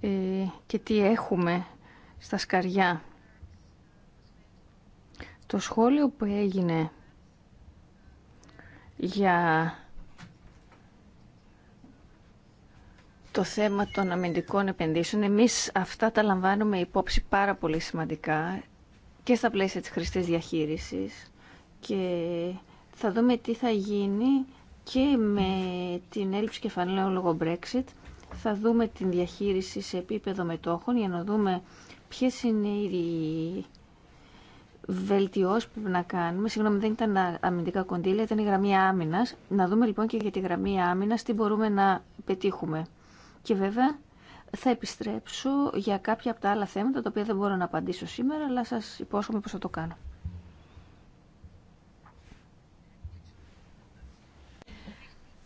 ε, και τι έχουμε στα σκαριά. Το σχόλιο που έγινε για το θέμα των αμυντικών επενδύσεων. Εμείς αυτά τα λαμβάνουμε υπόψη πάρα πολύ σημαντικά και στα πλαίσια της χρηστής διαχείρισης και θα δούμε τι θα γίνει και με την έλλειψη κεφαλαίου λόγω Brexit. Θα δούμε την διαχείριση σε επίπεδο μετόχων για να δούμε ποιες είναι οι βελτιώσει που πρέπει να κάνουμε, συγγνώμη δεν ήταν αμυντικά κονδύλια, ήταν η γραμμή άμυνα. Να δούμε λοιπόν και για τη γραμμή άμυνα τι μπορούμε να πετύχουμε. Και βέβαια θα επιστρέψω για κάποια από τα άλλα θέματα τα οποία δεν μπορώ να απαντήσω σήμερα, αλλά σας υπόσχομαι πως θα το κάνω.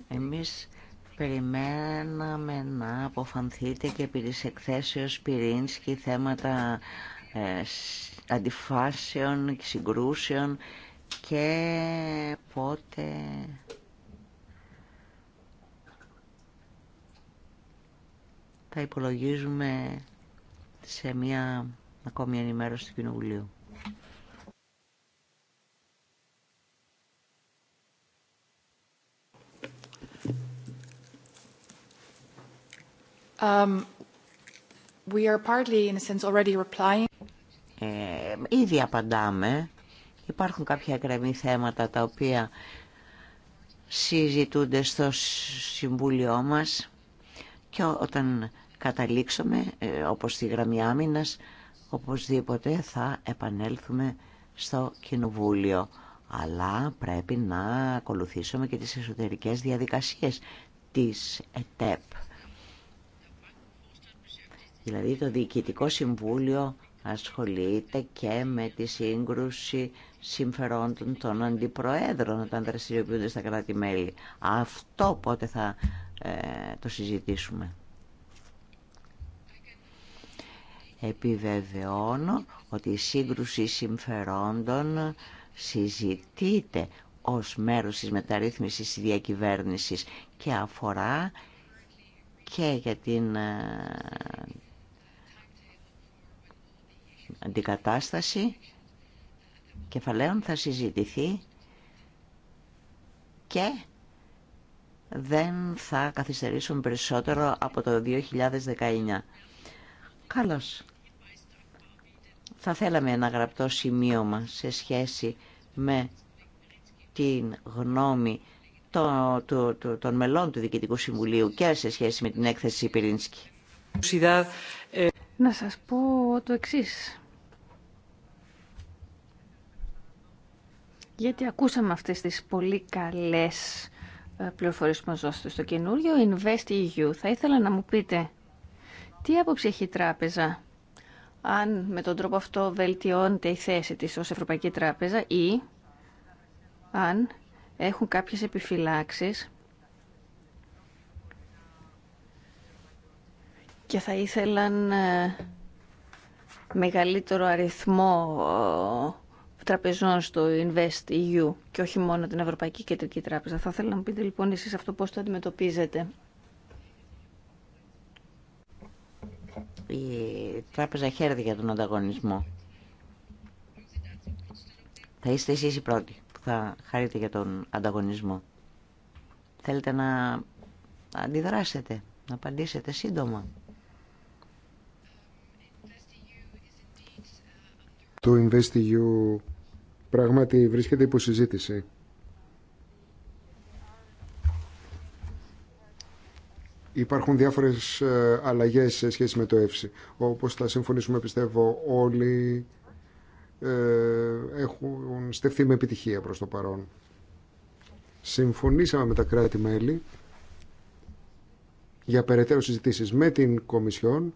Εμείς περιμέναμε να αποφανθείτε και επί της εκθέσεως πυρήνσκη θέματα ε, αντιφάσεων και συγκρούσεων και πότε... Θα υπολογίζουμε σε μια ακόμη ενημέρωση του Κοινοβουλίου. Um, we are partly, in a sense, already replying. Ε, ήδη απαντάμε. Υπάρχουν κάποια εκκρεμή θέματα τα οποία συζητούνται στο Συμβούλιο μας και όταν καταλήξουμε, ε, όπως στη γραμμή άμυνας, οπωσδήποτε θα επανέλθουμε στο Κοινοβούλιο. Αλλά πρέπει να ακολουθήσουμε και τις εσωτερικές διαδικασίες της ΕΤΕΠ. Δηλαδή το Διοικητικό Συμβούλιο ασχολείται και με τη σύγκρουση συμφερόντων των αντιπροέδρων όταν δραστηριοποιούνται στα κράτη-μέλη. Αυτό πότε θα ε, το συζητήσουμε. Επιβεβαιώνω ότι η σύγκρουση συμφερόντων συζητείται ως μέρος της μεταρρύθμισης της διακυβέρνησης και αφορά και για την ε, αντικατάσταση κεφαλαίων θα συζητηθεί και δεν θα καθυστερήσουν περισσότερο από το 2019. Καλώς. Θα θέλαμε ένα γραπτό σημείωμα σε σχέση με την γνώμη το, το, των μελών του Διοικητικού Συμβουλίου και σε σχέση με την έκθεση Πυρίνσκη. Να σας πω το εξής. Γιατί ακούσαμε αυτές τις πολύ καλές ε, πληροφορίες που μας δώσετε στο καινούριο InvestEU. Θα ήθελα να μου πείτε τι άποψη έχει η τράπεζα αν με τον τρόπο αυτό βελτιώνεται η θέση της ως Ευρωπαϊκή Τράπεζα ή αν έχουν κάποιες επιφυλάξεις και θα ήθελαν ε, μεγαλύτερο αριθμό ε, τραπεζών στο Invest EU και όχι μόνο την Ευρωπαϊκή Κεντρική Τράπεζα. Θα ήθελα να μου πείτε λοιπόν εσείς αυτό πώς το αντιμετωπίζετε. Η τράπεζα χαίρεται για τον ανταγωνισμό. Θα είστε εσείς οι πρώτοι που θα χαρείτε για τον ανταγωνισμό. Θέλετε να αντιδράσετε, να απαντήσετε σύντομα. το InvestEU πράγματι βρίσκεται υπό συζήτηση. Υπάρχουν διάφορες ε, αλλαγές σε σχέση με το ΕΦΣΥ. Όπως θα συμφωνήσουμε πιστεύω όλοι ε, έχουν στεφθεί με επιτυχία προς το παρόν. Συμφωνήσαμε με τα κράτη-μέλη για περαιτέρω συζητήσεις με την Κομισιόν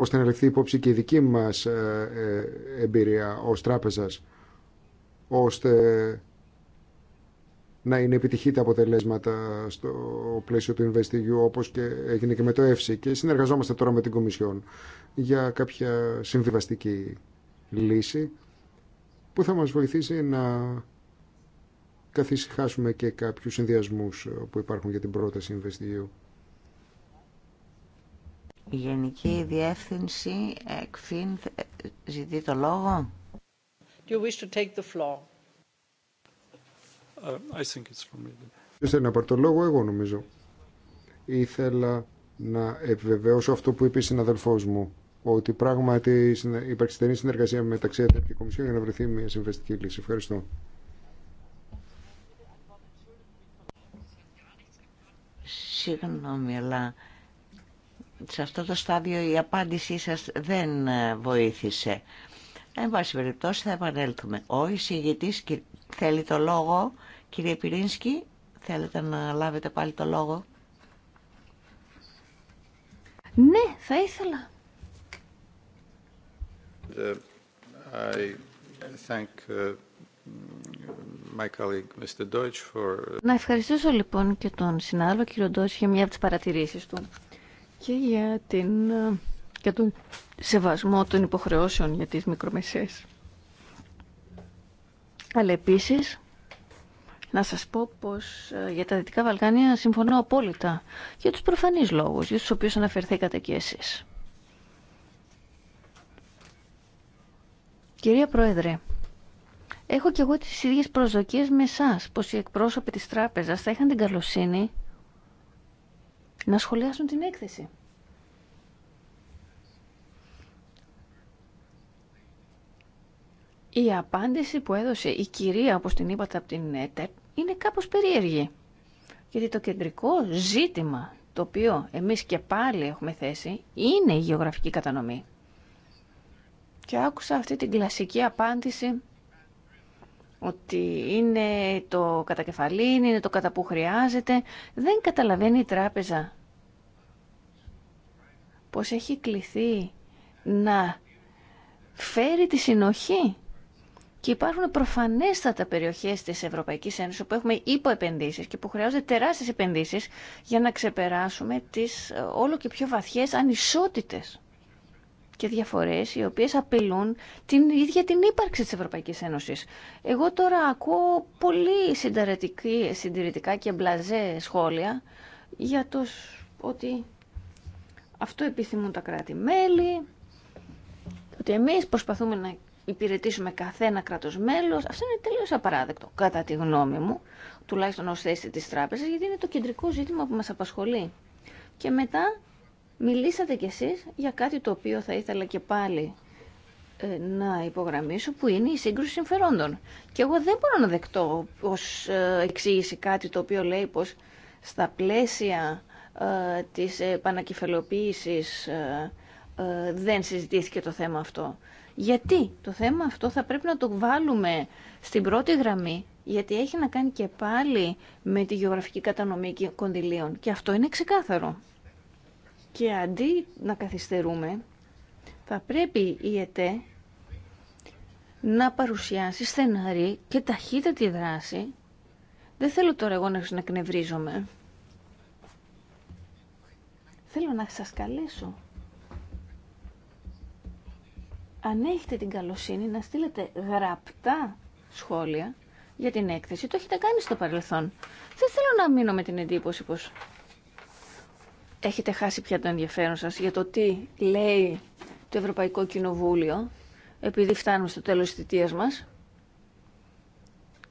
ώστε να ληφθεί υπόψη και η δική μας ε, ε, εμπειρία ως τράπεζας, ώστε να είναι επιτυχή τα αποτελέσματα στο πλαίσιο του InvestEU όπως και έγινε και με το ΕΦΣΙ και συνεργαζόμαστε τώρα με την Κομισιόν για κάποια συμβιβαστική λύση που θα μας βοηθήσει να καθησυχάσουμε και κάποιους συνδυασμούς που υπάρχουν για την πρόταση InvestEU. Η Γενική Διεύθυνση ΕΚΦΙΝ ζητεί το λόγο. Do wish to take the floor? Uh, I think it's me. να πάρει το λόγο, εγώ νομίζω. Ήθελα να επιβεβαιώσω αυτό που είπε η συναδελφός μου, ότι πράγματι υπάρχει στενή συνεργασία μεταξύ ΕΤΕΠ και Κομισιόν για να βρεθεί μια συμβαστική λύση. Ευχαριστώ. Συγγνώμη, αλλά σε αυτό το στάδιο η απάντησή σας δεν ε, βοήθησε. Εν πάση περιπτώσει θα επανέλθουμε. Ο εισηγητής θέλει το λόγο. Κύριε Πυρίνσκι, θέλετε να λάβετε πάλι το λόγο. Ναι, θα ήθελα. Ε, I thank, ε, my colleague, Mr. for... Να ευχαριστήσω λοιπόν και τον συνάδελφο κύριο Ντότς για μια από τις παρατηρήσεις του και για, την, για τον σεβασμό των υποχρεώσεων για τις μικρομεσαίες. Αλλά επίσης να σας πω πως ε, για τα Δυτικά Βαλκάνια συμφωνώ απόλυτα για τους προφανείς λόγους, για τους οποίους αναφερθήκατε και εσείς. Κυρία Πρόεδρε, έχω και εγώ τις ίδιες προσδοκίες με εσά πως οι εκπρόσωποι της τράπεζας θα είχαν την καλοσύνη να σχολιάσουν την έκθεση. Η απάντηση που έδωσε η κυρία, όπως την είπατε από την ΕΤΕΠ, είναι κάπως περίεργη. Γιατί το κεντρικό ζήτημα το οποίο εμείς και πάλι έχουμε θέσει είναι η γεωγραφική κατανομή. Και άκουσα αυτή την κλασική απάντηση ότι είναι το κατακεφαλήν, είναι το κατά που χρειάζεται. Δεν καταλαβαίνει η τράπεζα πως έχει κληθεί να φέρει τη συνοχή. Και υπάρχουν προφανέστατα περιοχέ τη Ευρωπαϊκή Ένωση που έχουμε υποεπενδύσεις και που χρειάζονται τεράστιε επενδύσει για να ξεπεράσουμε τι ε, όλο και πιο βαθιέ ανισότητες και διαφορές οι οποίες απειλούν την ίδια την ύπαρξη της Ευρωπαϊκής Ένωσης. Εγώ τώρα ακούω πολύ συντηρητικά και μπλαζέ σχόλια για το ότι αυτό επιθυμούν τα κράτη-μέλη, ότι εμείς προσπαθούμε να υπηρετήσουμε καθένα κράτος μέλος. Αυτό είναι τελείως απαράδεκτο, κατά τη γνώμη μου, τουλάχιστον ως θέση της τράπεζας, γιατί είναι το κεντρικό ζήτημα που μας απασχολεί. Και μετά Μιλήσατε κι εσείς για κάτι το οποίο θα ήθελα και πάλι ε, να υπογραμμίσω που είναι η σύγκρουση συμφερόντων. Και εγώ δεν μπορώ να δεκτώ ως ε, εξήγηση κάτι το οποίο λέει πως στα πλαίσια ε, της ε, δεν συζητήθηκε το θέμα αυτό. Γιατί το θέμα αυτό θα πρέπει να το βάλουμε στην πρώτη γραμμή, γιατί έχει να κάνει και πάλι με τη γεωγραφική κατανομή κονδυλίων. Και αυτό είναι ξεκάθαρο. Και αντί να καθυστερούμε, θα πρέπει η ΕΤΕ να παρουσιάσει στεναρή και ταχύτατη δράση. Δεν θέλω τώρα εγώ να ξανακνευρίζομαι. Θέλω να σας καλέσω. Αν έχετε την καλοσύνη να στείλετε γραπτά σχόλια για την έκθεση, το έχετε κάνει στο παρελθόν. Δεν θέλω να μείνω με την εντύπωση πως έχετε χάσει πια το ενδιαφέρον σας για το τι λέει το Ευρωπαϊκό Κοινοβούλιο επειδή φτάνουμε στο τέλος της θητείας μας.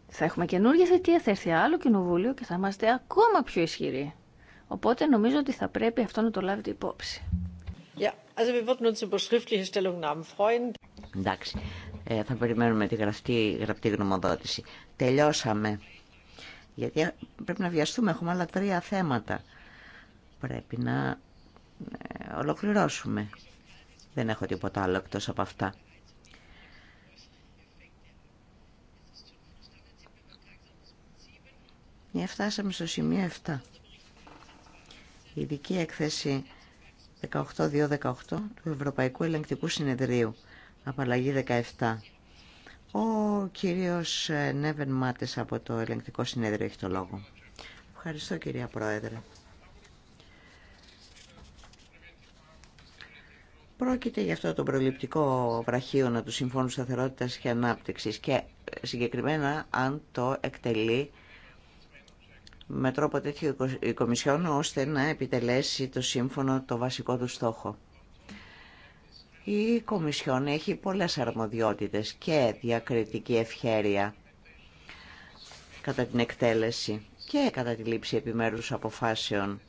Θα έχουμε καινούργια θητεία, θα έρθει άλλο κοινοβούλιο και θα είμαστε ακόμα πιο ισχυροί. Οπότε νομίζω ότι θα πρέπει αυτό να το λάβετε υπόψη. Εντάξει, θα περιμένουμε τη γραφτή γραπτή γνωμοδότηση. Τελειώσαμε. Γιατί πρέπει να βιαστούμε, έχουμε άλλα τρία θέματα. Πρέπει να ε, ολοκληρώσουμε. Δεν έχω τίποτα άλλο εκτός από αυτά. Μια ε, φτάσαμε στο σημείο 7. ειδική έκθεση εκθέση -18 του Ευρωπαϊκού Ελεγκτικού Συνεδρίου. Απαλλαγή 17. Ο κύριος ε, Νέβεν Μάτες από το Ελεγκτικό Συνέδριο έχει το λόγο. Ευχαριστώ κυρία Πρόεδρε. Πρόκειται για αυτό το προληπτικό να του Συμφώνου Σταθερότητας και Ανάπτυξης και ε, συγκεκριμένα αν το εκτελεί με τρόπο τέτοιο η Κομισιόν ώστε να επιτελέσει το σύμφωνο το βασικό του στόχο. Η Κομισιόν έχει πολλές αρμοδιότητες και διακριτική ευχέρεια κατά την εκτέλεση και κατά τη λήψη επιμέρους αποφάσεων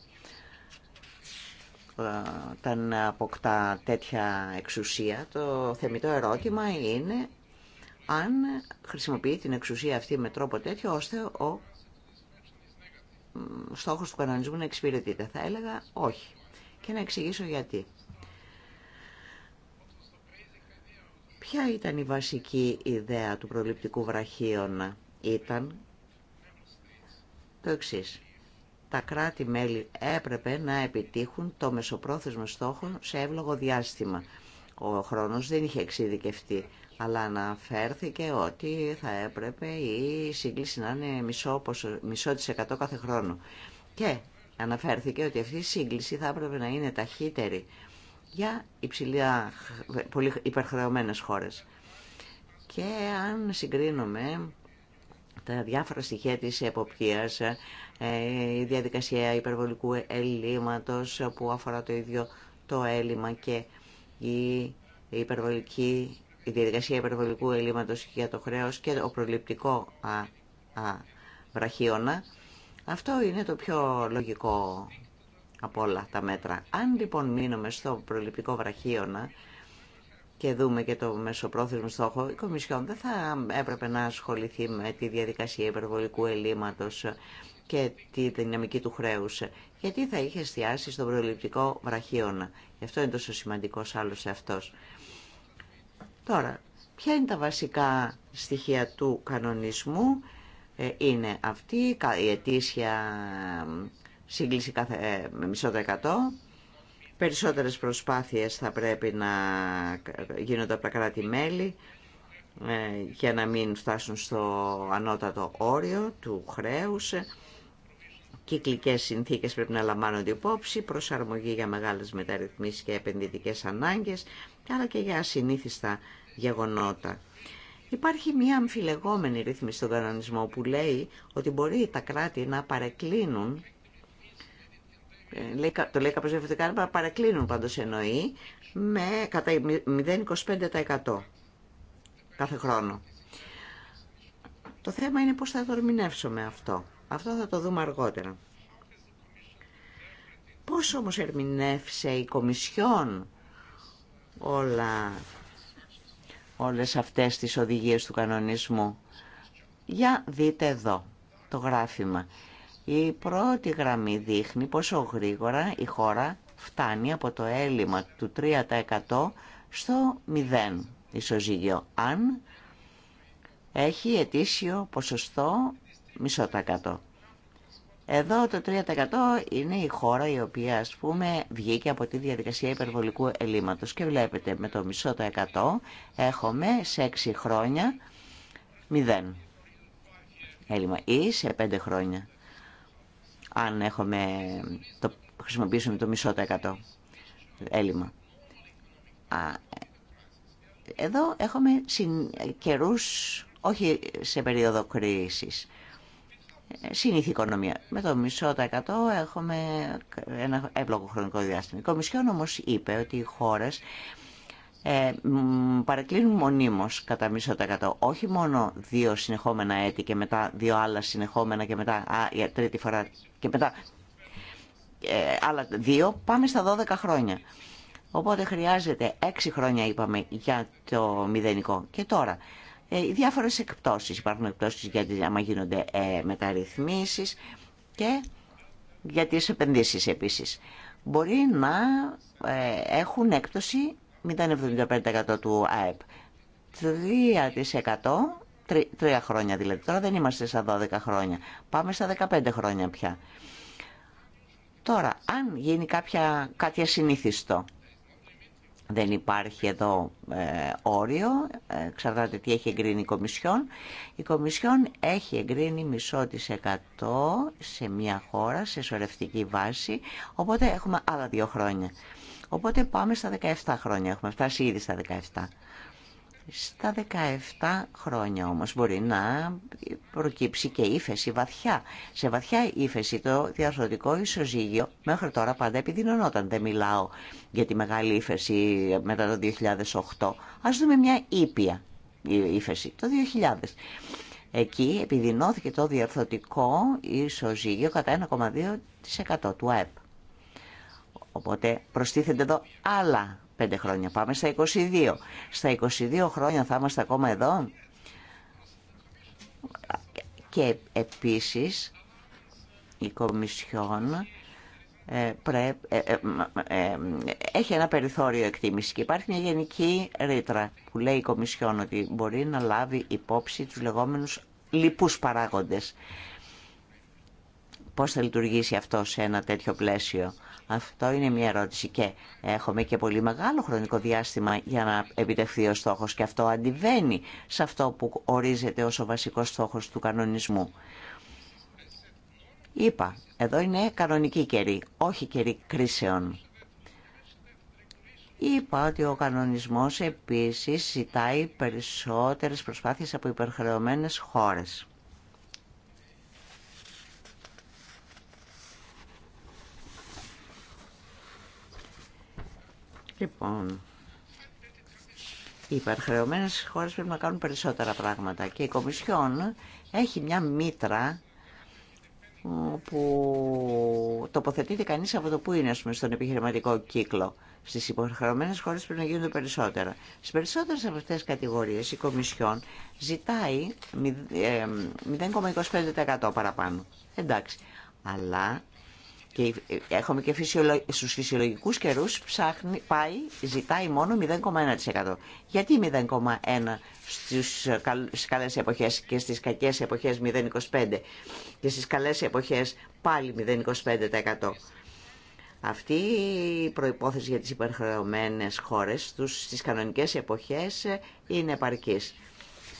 όταν αποκτά τέτοια εξουσία. Το θεμητό ερώτημα είναι αν χρησιμοποιεί την εξουσία αυτή με τρόπο τέτοιο ώστε ο στόχος του κανονισμού να εξυπηρετείται. Θα έλεγα όχι. Και να εξηγήσω γιατί. Ποια ήταν η βασική ιδέα του προληπτικού βραχίων ήταν το εξής τα κράτη-μέλη έπρεπε να επιτύχουν το μεσοπρόθεσμο στόχο σε εύλογο διάστημα. Ο χρόνος δεν είχε εξειδικευτεί, αλλά αναφέρθηκε ότι θα έπρεπε η σύγκληση να είναι μισό, μισό της εκατό κάθε χρόνο. Και αναφέρθηκε ότι αυτή η σύγκληση θα έπρεπε να είναι ταχύτερη για υψηλά, πολύ υπερχρεωμένες χώρες. Και αν συγκρίνουμε τα διάφορα στοιχεία της εποπτείας ε, η διαδικασία υπερβολικού ελλείμματος που αφορά το ίδιο το έλλειμμα και η, υπερβολική, διαδικασία υπερβολικού ελλείμματος για το χρέος και το προληπτικό α, βραχίωνα. Αυτό είναι το πιο λογικό από όλα τα μέτρα. Αν λοιπόν μείνουμε στο προληπτικό βραχίωνα και δούμε και το μεσοπρόθεσμο στόχο, η Κομισιόν δεν θα έπρεπε να ασχοληθεί με τη διαδικασία υπερβολικού ελλείμματος και τη δυναμική του χρέους, γιατί θα είχε εστιάσει στον προληπτικό βραχίωνα. Γι' αυτό είναι τόσο άλλο άλλος αυτό. Τώρα, ποια είναι τα βασικά στοιχεία του κανονισμού. Ε, είναι αυτή η ετήσια σύγκληση ε, με μισό δεκατό. Περισσότερες προσπάθειες θα πρέπει να γίνονται από τα κράτη-μέλη ε, για να μην φτάσουν στο ανώτατο όριο του χρέους. Κυκλικές συνθήκες πρέπει να λαμβάνονται υπόψη, προσαρμογή για μεγάλες μεταρρυθμίσεις και επενδυτικέ ανάγκες, αλλά και για ασυνήθιστα γεγονότα. Υπάρχει μια αμφιλεγόμενη ρύθμιση στον κανονισμό που λέει ότι μπορεί τα κράτη να παρεκκλίνουν ε, το λέει κάπως διαφορετικά, παρακλίνουν πάντως εννοεί, με 0,25% κάθε χρόνο. Το θέμα είναι πώς θα το αυτό. Αυτό θα το δούμε αργότερα. Πώς όμως ερμηνεύσε η Κομισιόν όλα, όλες αυτές τις οδηγίες του κανονισμού. Για δείτε εδώ το γράφημα. Η πρώτη γραμμή δείχνει πόσο γρήγορα η χώρα φτάνει από το έλλειμμα του 3% στο 0 ισοζύγιο, αν έχει ετήσιο ποσοστό μισό τα Εδώ το 3% είναι η χώρα η οποία ας πούμε βγήκε από τη διαδικασία υπερβολικού ελλείμματος και βλέπετε με το μισό το 100 έχουμε σε 6 χρόνια 0 έλλειμμα ή σε 5 χρόνια αν έχουμε το, χρησιμοποιήσουμε το μισό το 100 έλλειμμα. Εδώ έχουμε συν, καιρούς όχι σε περίοδο κρίσης Συνήθι οικονομία. Με το μισό τα εκατό έχουμε ένα εύλογο χρονικό διάστημα. Η Κομισιόν όμω είπε ότι οι χώρε ε, παρεκκλίνουν μονίμως κατά μισό τα εκατό. Όχι μόνο δύο συνεχόμενα έτη και μετά δύο άλλα συνεχόμενα και μετά α, τρίτη φορά και μετά ε, άλλα δύο. Πάμε στα 12 χρόνια. Οπότε χρειάζεται έξι χρόνια είπαμε για το μηδενικό. Και τώρα ε, οι διάφορες εκπτώσεις. Υπάρχουν εκπτώσεις γιατί άμα γίνονται ε, μεταρρυθμίσεις και για τις επενδύσεις επίσης. Μπορεί να ε, έχουν έκπτωση 0,75% του ΑΕΠ. 3%, 3, χρόνια δηλαδή. Τώρα δεν είμαστε στα 12 χρόνια. Πάμε στα 15 χρόνια πια. Τώρα, αν γίνει κάποια, κάτι ασυνήθιστο, δεν υπάρχει εδώ ε, όριο, ξέρετε τι έχει εγκρίνει η Κομισιόν. Η Κομισιόν έχει εγκρίνει μισό της εκατό σε μια χώρα, σε σωρευτική βάση, οπότε έχουμε άλλα δύο χρόνια. Οπότε πάμε στα 17 χρόνια, έχουμε φτάσει ήδη στα 17. Στα 17 χρόνια όμως μπορεί να προκύψει και ύφεση βαθιά. Σε βαθιά ύφεση το διαρθρωτικό ισοζύγιο μέχρι τώρα πάντα επιδεινωνόταν. Δεν μιλάω για τη μεγάλη ύφεση μετά το 2008. Ας δούμε μια ήπια ύφεση το 2000. Εκεί επιδεινώθηκε το διαρθωτικό ισοζύγιο κατά 1,2% του ΑΕΠ. Οπότε προστίθενται εδώ άλλα πέντε χρόνια. Πάμε στα 22. Στα 22 χρόνια θα είμαστε ακόμα εδώ. Και επίσης η Κομισιόν ε, ε, ε, έχει ένα περιθώριο εκτίμησης και υπάρχει μια γενική ρήτρα που λέει η Κομισιόν ότι μπορεί να λάβει υπόψη τους λεγόμενους λοιπούς παράγοντες. Πώς θα λειτουργήσει αυτό σε ένα τέτοιο πλαίσιο. Αυτό είναι μια ερώτηση και έχουμε και πολύ μεγάλο χρονικό διάστημα για να επιτευχθεί ο στόχος και αυτό αντιβαίνει σε αυτό που ορίζεται ως ο βασικός στόχος του κανονισμού. Είπα, εδώ είναι κανονική καιρή, όχι καιρή κρίσεων. Είπα ότι ο κανονισμός επίσης ζητάει περισσότερες προσπάθειες από υπερχρεωμένες χώρες. Λοιπόν, οι υπερχρεωμένε χώρε πρέπει να κάνουν περισσότερα πράγματα και η Κομισιόν έχει μια μήτρα που τοποθετείται κανεί από το που είναι πούμε, στον επιχειρηματικό κύκλο. στι υποχρεωμένε χώρε πρέπει να γίνονται περισσότερα. Στι περισσότερε από αυτές τις κατηγορίες η Κομισιόν ζητάει 0,25% ε, παραπάνω. Εντάξει. Αλλά και έχουμε και φυσιολο... στους φυσιολογικούς ψάχνει, πάει, ζητάει μόνο 0,1%. Γιατί 0,1% στις ε, καλέ εποχέ και στι κακέ εποχές 0,25% και στι καλέ πάλι 0,25%. Αυτή η προϋπόθεση για τις υπερχρεωμένες χώρες στις κανονικές εποχές ε, είναι επαρκής.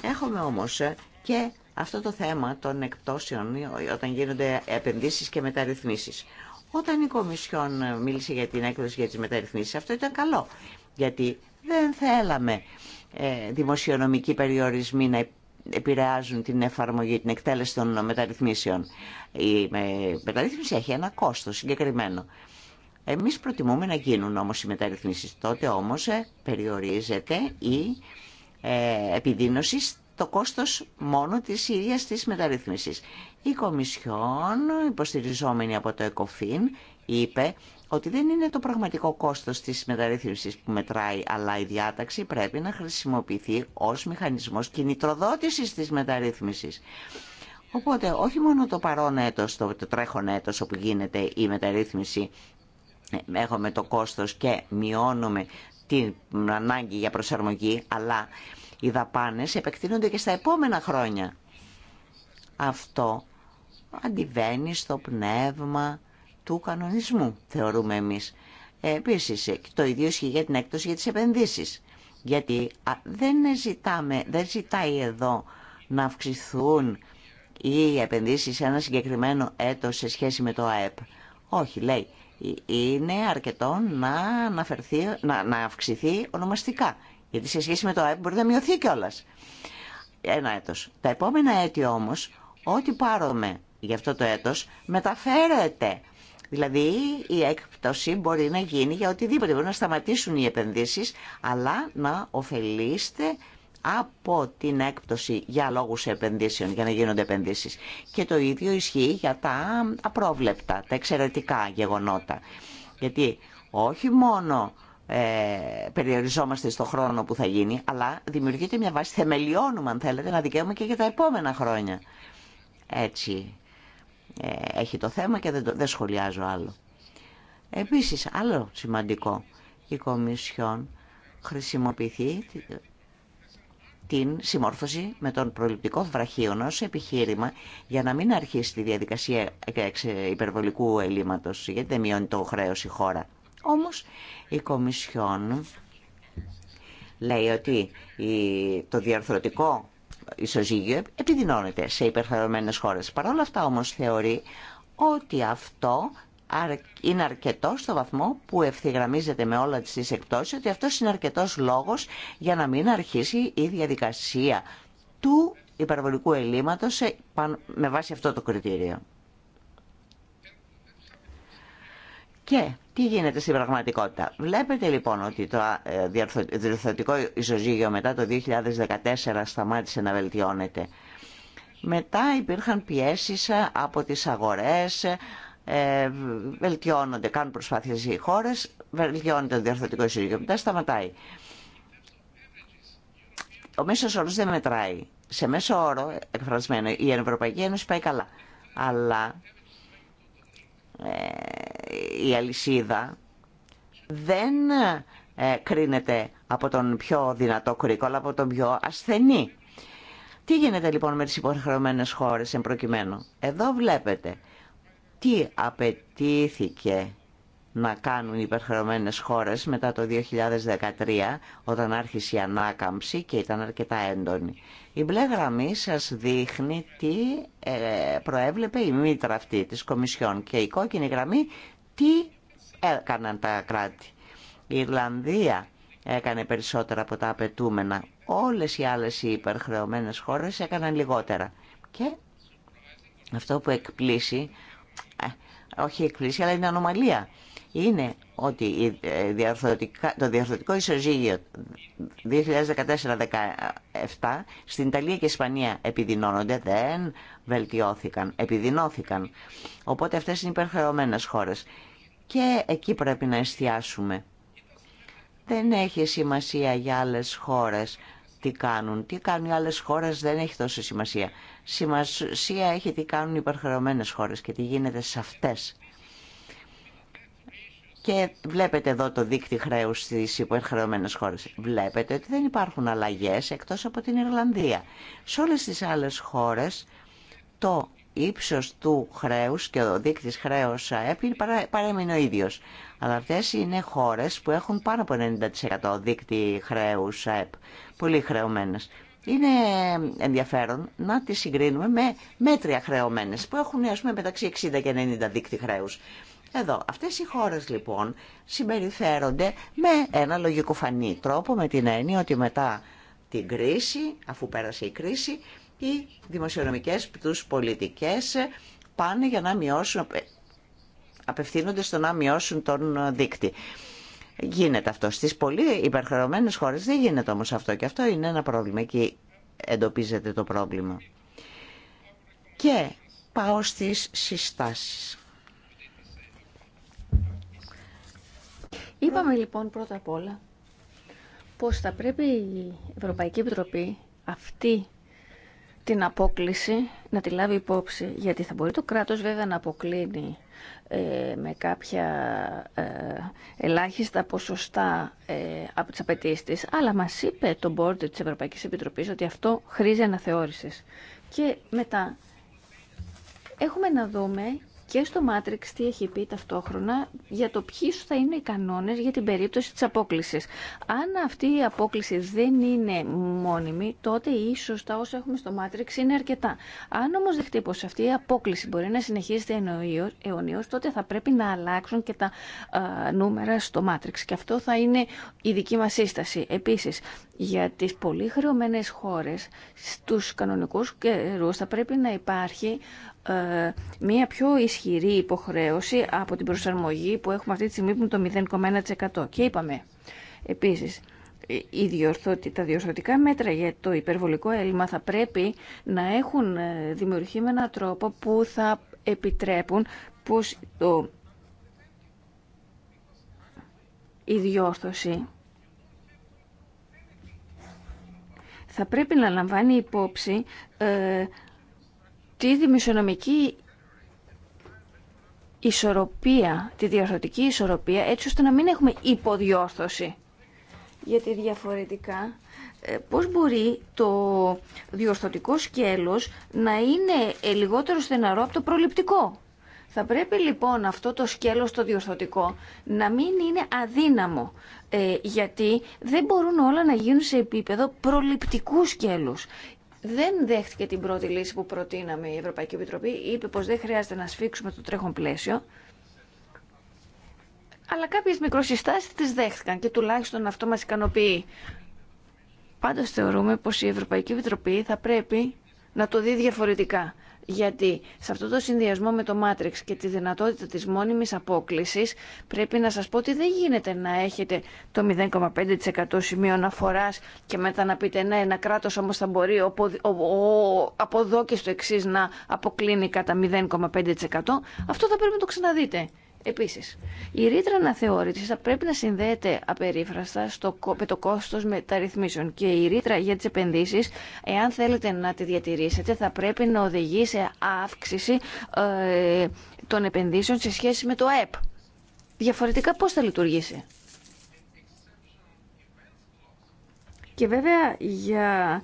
Έχουμε όμως ε, και αυτό το θέμα των εκπτώσεων όταν γίνονται επενδύσεις και μεταρρυθμίσεις. Όταν η Κομισιόν μίλησε για την έκδοση για τις μεταρρυθμίσεις, αυτό ήταν καλό, γιατί δεν θέλαμε ε, δημοσιονομικοί περιορισμοί να επηρεάζουν την εφαρμογή, την εκτέλεση των μεταρρυθμίσεων. Η μεταρρύθμιση έχει ένα κόστος συγκεκριμένο. Εμείς προτιμούμε να γίνουν όμως οι μεταρρυθμίσεις. Τότε όμως ε, περιορίζεται η ε, επιδείνωση το κόστος μόνο της ίδιας της μεταρρύθμισης. Η Κομισιόν, υποστηριζόμενη από το ΕΚΟΦΗΝ, είπε ότι δεν είναι το πραγματικό κόστος της μεταρρύθμισης που μετράει, αλλά η διάταξη πρέπει να χρησιμοποιηθεί ως μηχανισμός κινητροδότησης της μεταρρύθμισης. Οπότε όχι μόνο το παρόν έτος, το, το τρέχον έτος όπου γίνεται η μεταρρύθμιση, έχουμε το κόστος και μειώνουμε την ανάγκη για προσαρμογή, αλλά οι δαπάνες επεκτείνονται και στα επόμενα χρόνια. Αυτό αντιβαίνει στο πνεύμα του κανονισμού, θεωρούμε εμείς. Επίσης, το ίδιο ισχύει για την έκπτωση για τις επενδύσεις. Γιατί δεν, ζητάμε, δεν ζητάει εδώ να αυξηθούν οι επενδύσεις σε ένα συγκεκριμένο έτος σε σχέση με το ΑΕΠ. Όχι, λέει, ε, είναι αρκετό να, να, να αυξηθεί ονομαστικά γιατί σε σχέση με το ΑΕΠ μπορεί να μειωθεί κιόλα. Ένα έτος. Τα επόμενα έτη όμως, ό,τι πάρουμε για αυτό το έτος, μεταφέρεται. Δηλαδή η έκπτωση μπορεί να γίνει για οτιδήποτε. Μπορεί να σταματήσουν οι επενδύσει, αλλά να ωφελείστε από την έκπτωση για λόγους επενδύσεων, για να γίνονται επενδύσεις. Και το ίδιο ισχύει για τα απρόβλεπτα, τα εξαιρετικά γεγονότα. Γιατί όχι μόνο ε, περιοριζόμαστε στο χρόνο που θα γίνει, αλλά δημιουργείται μια βάση, θεμελιώνουμε αν θέλετε, να δικαίωμα και για τα επόμενα χρόνια. Έτσι ε, έχει το θέμα και δεν, δεν σχολιάζω άλλο. Επίσης, άλλο σημαντικό, η Κομισιόν χρησιμοποιηθεί την συμμόρφωση με τον προληπτικό βραχίον ως επιχείρημα για να μην αρχίσει τη διαδικασία υπερβολικού ελλείμματος, γιατί δεν μειώνει το χρέος η χώρα. Όμως η Κομισιόν λέει ότι το διαρθρωτικό ισοζύγιο επιδεινώνεται σε υπερθερωμένες χώρες. Παρ' όλα αυτά όμως θεωρεί ότι αυτό είναι αρκετό στο βαθμό που ευθυγραμμίζεται με όλα τις εκτόσεις ότι αυτό είναι αρκετός λόγος για να μην αρχίσει η διαδικασία του υπερβολικού ελλείμματος με βάση αυτό το κριτήριο. Και τι γίνεται στην πραγματικότητα. Βλέπετε λοιπόν ότι το ε, διορθωτικό ισοζύγιο μετά το 2014 σταμάτησε να βελτιώνεται. Μετά υπήρχαν πιέσεις ε, από τις αγορές, ε, βελτιώνονται, κάνουν προσπάθειες οι χώρες, βελτιώνεται το διορθωτικό ισοζύγιο, μετά σταματάει. Ο μέσος όρος δεν μετράει. Σε μέσο όρο, εκφρασμένο, η Ευρωπαϊκή Ένωση πάει καλά. Αλλά ε, η αλυσίδα δεν ε, κρίνεται από τον πιο δυνατό κρίκο, αλλά από τον πιο ασθενή. Τι γίνεται λοιπόν με τις υποχρεωμένες χώρες εν προκειμένου. Εδώ βλέπετε τι απαιτήθηκε να κάνουν οι υπερχρεωμένες χώρες μετά το 2013 όταν άρχισε η ανάκαμψη και ήταν αρκετά έντονη. Η μπλε γραμμή σας δείχνει τι ε, προέβλεπε η μήτρα αυτή της Κομισιόν και η κόκκινη γραμμή τι έκαναν τα κράτη. Η Ιρλανδία έκανε περισσότερα από τα απαιτούμενα. Όλες οι άλλες οι υπερχρεωμένες χώρες έκαναν λιγότερα. Και αυτό που εκπλήσει, ε, όχι εκπλήσει αλλά είναι ανομαλία, είναι ότι ε, το διαρθρωτικό ισοζύγιο 2014-2017 στην Ιταλία και Ισπανία επιδεινώνονται, δεν βελτιώθηκαν, επιδεινώθηκαν. Οπότε αυτές είναι υπερχρεωμένες χώρες. Και εκεί πρέπει να εστιάσουμε. Δεν έχει σημασία για άλλες χώρες τι κάνουν. Τι κάνουν οι άλλες χώρες δεν έχει τόσο σημασία. Σημασία έχει τι κάνουν οι υπερχρεωμένες χώρες και τι γίνεται σε αυτές. Και βλέπετε εδώ το δίκτυ χρέου στι υποχρεωμένε χώρε. Βλέπετε ότι δεν υπάρχουν αλλαγέ εκτό από την Ιρλανδία. Σε όλε τι άλλε χώρε το ύψο του χρέου και ο δίκτυς χρέους ΑΕΠ παρέμεινε ο ίδιος. Αλλά αυτέ είναι χώρε που έχουν πάνω από 90% δείκτη χρέου, ΑΕΠ. Πολύ χρεωμένε. Είναι ενδιαφέρον να τις συγκρίνουμε με μέτρια χρεωμένες που έχουν ας πούμε, μεταξύ 60 και 90 δίκτυ χρέους. Εδώ, αυτές οι χώρες λοιπόν συμπεριφέρονται με ένα λογικοφανή τρόπο, με την έννοια ότι μετά την κρίση, αφού πέρασε η κρίση, οι δημοσιονομικές τους πολιτικές πάνε για να μειώσουν, ε, απευθύνονται στο να μειώσουν τον δίκτυο. Γίνεται αυτό. Στις πολύ υπερχρεωμένες χώρες δεν γίνεται όμως αυτό και αυτό είναι ένα πρόβλημα. Εκεί εντοπίζεται το πρόβλημα. Και πάω στις συστάσεις. Είπαμε λοιπόν πρώτα απ' όλα πως θα πρέπει η Ευρωπαϊκή Επιτροπή αυτή την απόκληση να τη λάβει υπόψη. Γιατί θα μπορεί το κράτος βέβαια να αποκλίνει ε, με κάποια ε, ελάχιστα ποσοστά ε, από τις απαιτήσει της. Αλλά μας είπε το board της Ευρωπαϊκής Επιτροπής ότι αυτό χρήζει αναθεώρησης. Και μετά έχουμε να δούμε και στο Matrix τι έχει πει ταυτόχρονα για το ποιοι θα είναι οι κανόνες για την περίπτωση της απόκλησης. Αν αυτή η απόκληση δεν είναι μόνιμη, τότε ίσως τα όσα έχουμε στο Matrix είναι αρκετά. Αν όμως δεχτεί πως αυτή η απόκληση μπορεί να συνεχίζεται αιωνίως, τότε θα πρέπει να αλλάξουν και τα νούμερα στο Matrix. Και αυτό θα είναι η δική μας σύσταση. Επίσης, για τις πολύ χρεωμένες χώρες, στους κανονικούς καιρούς θα πρέπει να υπάρχει ε, μια πιο ισχυρή υποχρέωση από την προσαρμογή που έχουμε αυτή τη στιγμή που είναι το 0,1%. Και είπαμε επίσης, ε, τα διορθωτικά μέτρα για το υπερβολικό έλλειμμα θα πρέπει να έχουν ε, δημιουργεί με έναν τρόπο που θα επιτρέπουν πως το... η διόρθωση θα πρέπει να λαμβάνει υπόψη τη δημοσιονομική ισορροπία, τη διορθωτική ισορροπία, έτσι ώστε να μην έχουμε υποδιόρθωση. Γιατί διαφορετικά, ε, πώς μπορεί το διορθωτικό σκέλος να είναι ε, λιγότερο στεναρό από το προληπτικό. Θα πρέπει λοιπόν αυτό το σκέλος το διορθωτικό να μην είναι αδύναμο, ε, γιατί δεν μπορούν όλα να γίνουν σε επίπεδο προληπτικού σκέλους δεν δέχτηκε την πρώτη λύση που προτείναμε η Ευρωπαϊκή Επιτροπή. Είπε πως δεν χρειάζεται να σφίξουμε το τρέχον πλαίσιο. Αλλά κάποιες μικροσυστάσεις τις δέχτηκαν και τουλάχιστον αυτό μας ικανοποιεί. Πάντως θεωρούμε πως η Ευρωπαϊκή Επιτροπή θα πρέπει να το δει διαφορετικά. Γιατί σε αυτό το συνδυασμό με το Matrix και τη δυνατότητα της μόνιμης απόκλησης πρέπει να σας πω ότι δεν γίνεται να έχετε το 0,5% σημείο αναφοράς και μετά να πείτε ναι, ένα κράτος όμως θα μπορεί από εδώ και στο εξή να αποκλίνει κατά 0,5%. Αυτό θα πρέπει να το ξαναδείτε. Επίσης, η ρήτρα αναθεώρηση θα πρέπει να συνδέεται απερίφραστα στο, με το κόστος μεταρρυθμίσεων και η ρήτρα για τις επενδύσεις, εάν θέλετε να τη διατηρήσετε, θα πρέπει να οδηγεί σε αύξηση ε, των επενδύσεων σε σχέση με το ΕΠ. Διαφορετικά πώς θα λειτουργήσει. Και βέβαια για,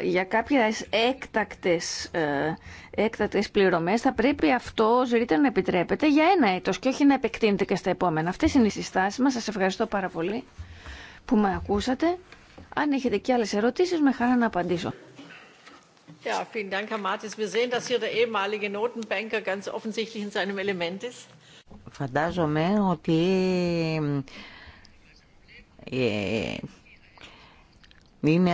ε, για κάποιες έκτακτες, ε, έκτακτες πληρωμές θα πρέπει αυτό ζωρίτε να επιτρέπεται για ένα έτος και όχι να επεκτείνεται και στα επόμενα. Αυτές είναι οι συστάσεις μας. Σας ευχαριστώ πάρα πολύ που με ακούσατε. Αν έχετε και άλλες ερωτήσεις, με χαρά να απαντήσω. Ja, vielen Dank, Herr Wir sehen, dass hier der ehemalige Notenbanker ganz offensichtlich in seinem Element ist. Φαντάζομαι ότι ε, είναι,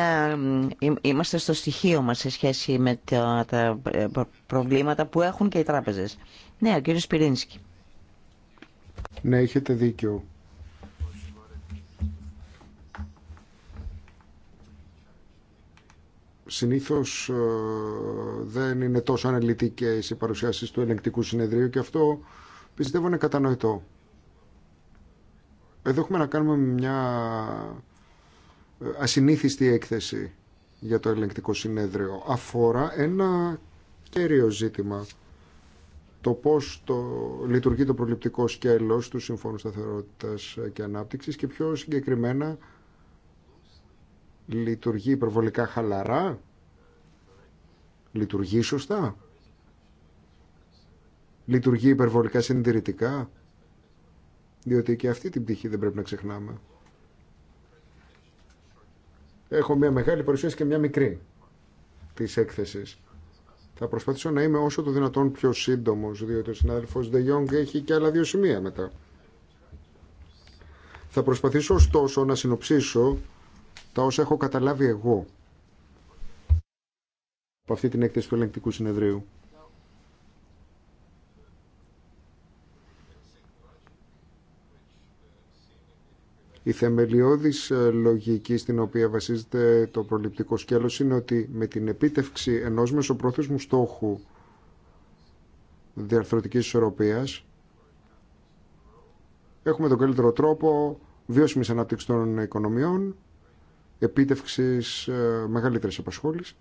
ε, ε, είμαστε στο στοιχείο μας σε σχέση με τα, ε, προβλήματα που έχουν και οι τράπεζες. Ναι, ο κύριος Ναι, έχετε δίκιο. Συνήθως δεν είναι τόσο αναλυτικές οι παρουσιάσεις του ελεγκτικού συνεδρίου και αυτό πιστεύω είναι κατανοητό. Εδώ έχουμε να κάνουμε μια ασυνήθιστη έκθεση για το ελεγκτικό συνέδριο αφορά ένα κέριο ζήτημα το πώς το, λειτουργεί το προληπτικό σκέλος του Συμφώνου Σταθερότητας και Ανάπτυξης και πιο συγκεκριμένα λειτουργεί υπερβολικά χαλαρά, λειτουργεί σωστά, λειτουργεί υπερβολικά συντηρητικά, διότι και αυτή την πτυχή δεν πρέπει να ξεχνάμε έχω μια μεγάλη παρουσίαση και μια μικρή τη έκθεση. Θα προσπαθήσω να είμαι όσο το δυνατόν πιο σύντομο, διότι ο συνάδελφο Δε Jong έχει και άλλα δύο σημεία μετά. Θα προσπαθήσω ωστόσο να συνοψίσω τα όσα έχω καταλάβει εγώ από αυτή την έκθεση του ελεγκτικού συνεδρίου. Η θεμελιώδης ε, λογική στην οποία βασίζεται το προληπτικό σκέλος είναι ότι με την επίτευξη ενός μεσοπρόθεσμου στόχου διαρθρωτικής ισορροπίας έχουμε τον καλύτερο τρόπο βιώσιμης ανάπτυξης των οικονομιών, επίτευξης ε, μεγαλύτερης απασχόλησης,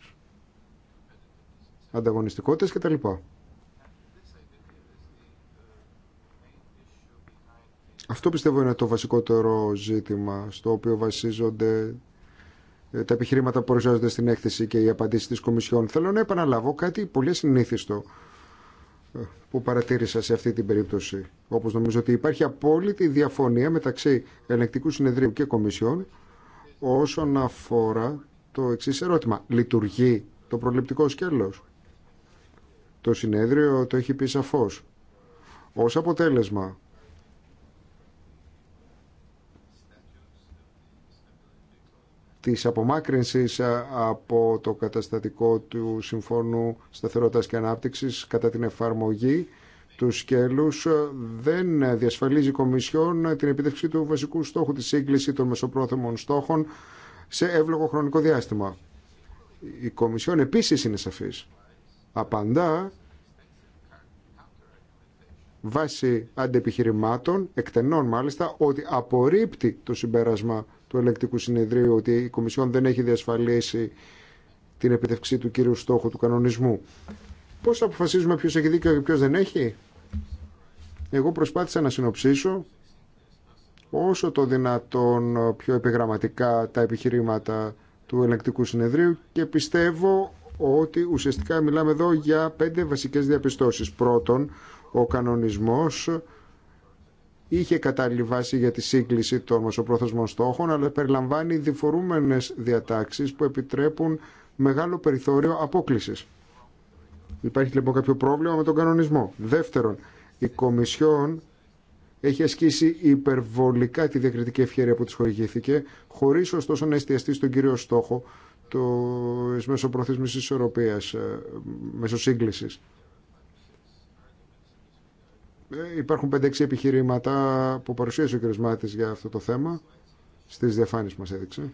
ανταγωνιστικότητας κτλ. Αυτό πιστεύω είναι το βασικότερο ζήτημα στο οποίο βασίζονται ε, τα επιχειρήματα που παρουσιάζονται στην έκθεση και οι απαντήσει τη Κομισιόν. Θέλω να επαναλάβω κάτι πολύ συνήθιστο ε, που παρατήρησα σε αυτή την περίπτωση. Όπως νομίζω ότι υπάρχει απόλυτη διαφωνία μεταξύ ελεκτικού συνεδρίου και Κομισιόν όσον αφορά το εξή ερώτημα. Λειτουργεί το προληπτικό σκέλος. Το συνέδριο το έχει πει σαφώ. Ω αποτέλεσμα της απομάκρυνσης ε, από το καταστατικό του Συμφώνου Σταθερότητας και Ανάπτυξης κατά την εφαρμογή του σκέλους ε, δεν διασφαλίζει η Κομισιόν την επίτευξη του βασικού στόχου της σύγκληση των μεσοπρόθεμων στόχων σε εύλογο χρονικό διάστημα. Η Κομισιόν επίσης είναι σαφής. Απαντά βάσει αντεπιχειρημάτων, εκτενών μάλιστα, ότι απορρίπτει το συμπέρασμα του Ελεκτικού Συνεδρίου ότι η Κομισιόν δεν έχει διασφαλίσει την επιτευξή του κύριου στόχου του κανονισμού. Πώς αποφασίζουμε ποιο έχει δίκιο και ποιο δεν έχει. Εγώ προσπάθησα να συνοψίσω όσο το δυνατόν πιο επιγραμματικά τα επιχειρήματα του Ελεκτικού συνεδρίου και πιστεύω ότι ουσιαστικά μιλάμε εδώ για πέντε βασικές διαπιστώσεις. Πρώτον, ο κανονισμός είχε κατάλληλη βάση για τη σύγκληση των μεσοπρόθεσμων στόχων, αλλά περιλαμβάνει διφορούμενες διατάξεις που επιτρέπουν μεγάλο περιθώριο απόκλησης. Υπάρχει λοιπόν κάποιο πρόβλημα με τον κανονισμό. Δεύτερον, η Κομισιόν έχει ασκήσει υπερβολικά τη διακριτική ευχαίρεια που της χορηγήθηκε, χωρίς ωστόσο να εστιαστεί στον κύριο στόχο τη μεσοπροθέσμης ισορροπίας, ε, μεσοσύγκλησης. Ε, υπάρχουν 5-6 επιχειρήματα που παρουσίασε ο κ. Μάτης για αυτό το θέμα στις διαφάνειες που μας έδειξε.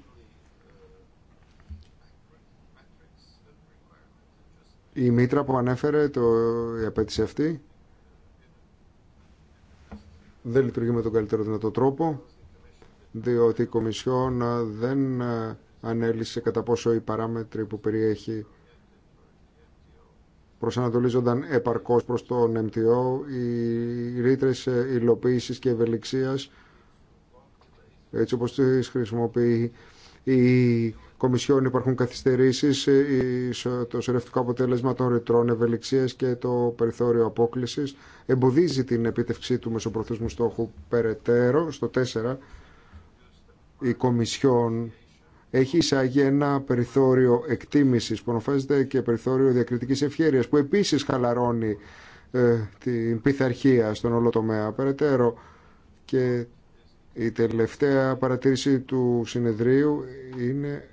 Η μήτρα που ανέφερε, το, η απέτηση αυτή, δεν λειτουργεί με τον καλύτερο δυνατό τρόπο, διότι η Κομισιόν δεν ε, ανέλησε κατά πόσο οι παράμετροι που περιέχει προσανατολίζονταν επαρκώ προ τον MTO, οι ρήτρε υλοποίηση και ευελιξία, έτσι όπω τι χρησιμοποιεί η Κομισιόν υπάρχουν καθυστερήσει ε, ε, το σωρευτικό αποτέλεσμα των ρητρών ευελιξίας και το περιθώριο απόκληση, εμποδίζει την επίτευξη του μεσοπροθεσμού στόχου περαιτέρω. Στο 4, η Κομισιόν έχει εισάγει ένα περιθώριο εκτίμησης που αναφέρεται και περιθώριο διακριτικής ευχέρειας που επίσης χαλαρώνει ε, την πειθαρχία στον όλο τομέα περαιτέρω και η τελευταία παρατήρηση του συνεδρίου είναι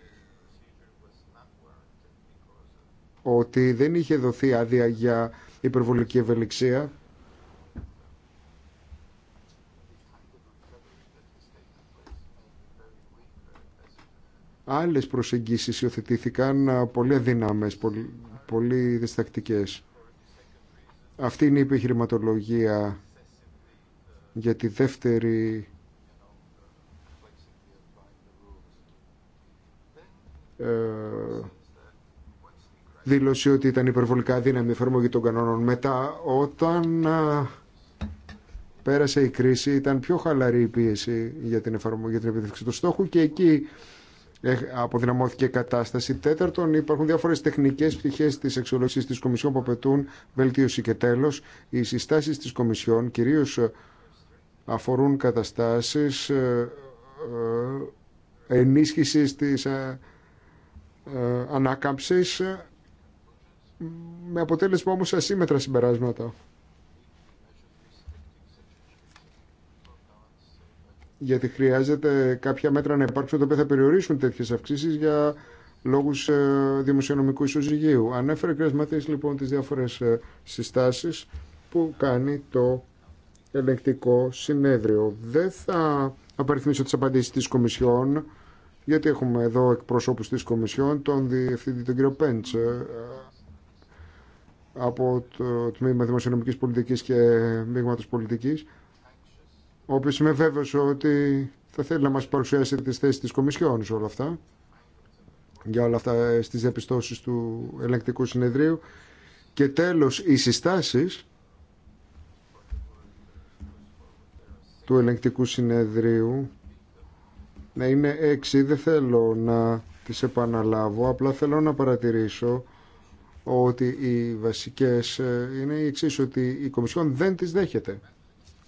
ότι δεν είχε δοθεί άδεια για υπερβολική ευελιξία Άλλες προσεγγίσεις υιοθετήθηκαν πολύ αδύναμες, πολύ, πολύ Αυτή είναι η επιχειρηματολογία για τη δεύτερη ε, δήλωση ότι ήταν υπερβολικά δύναμη εφαρμογή των κανόνων. Μετά, όταν πέρασε η κρίση, ήταν πιο χαλαρή η πίεση για την, εφαρμογή, για την επιδεύξη του στόχου και εκεί αποδυναμώθηκε η κατάσταση. Τέταρτον, υπάρχουν διάφορε τεχνικέ πτυχέ τη αξιολόγηση τη Κομισιόν που απαιτούν βελτίωση. Και τέλο, οι συστάσει τη Κομισιόν κυρίω ε, αφορούν καταστάσει ε, ε, ενίσχυσης της ανάκαμψης με αποτέλεσμα όμως ασύμετρα συμπεράσματα. γιατί χρειάζεται κάποια μέτρα να υπάρξουν τα οποία θα περιορίσουν τέτοιε αυξήσεις για λόγους ε, δημοσιονομικού ισοζυγίου. Ανέφερε κ. Μαθή λοιπόν τις διάφορες ε, συστάσεις που κάνει το ελεγκτικό συνέδριο. Δεν θα απαριθμίσω τι απαντήσει της Κομισιόν, γιατί έχουμε εδώ εκπροσώπους της Κομισιόν, τον Διευθυντή, τον κ. Πέντς, ε, από το Τμήμα Δημοσιονομική πολιτική και μείγματο Πολιτικής, ο οποίο είμαι βέβαιο ότι θα θέλει να μα παρουσιάσει τι θέσει της Κομισιόν όλα αυτά, για όλα αυτά ε, στις διαπιστώσει του ελεγκτικού συνεδρίου. Και τέλος, οι συστάσεις του ελεγκτικού συνεδρίου να είναι έξι, δεν θέλω να τις επαναλάβω, απλά θέλω να παρατηρήσω ότι οι βασικές ε, είναι οι εξής, ότι η Κομισιόν δεν τις δέχεται.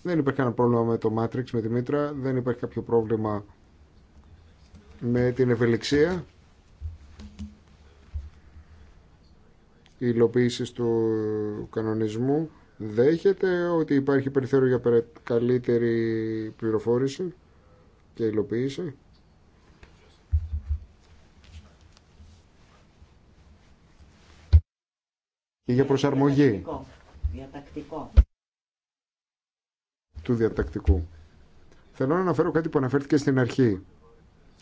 Δεν υπάρχει κανένα πρόβλημα με το Matrix, με τη μήτρα. Δεν υπάρχει κάποιο πρόβλημα με την ευελιξία. Η υλοποίηση του κανονισμού δέχεται ότι υπάρχει περιθώριο για καλύτερη πληροφόρηση και υλοποίηση. Και για προσαρμογή του διατακτικού. Θέλω να αναφέρω κάτι που αναφέρθηκε στην αρχή.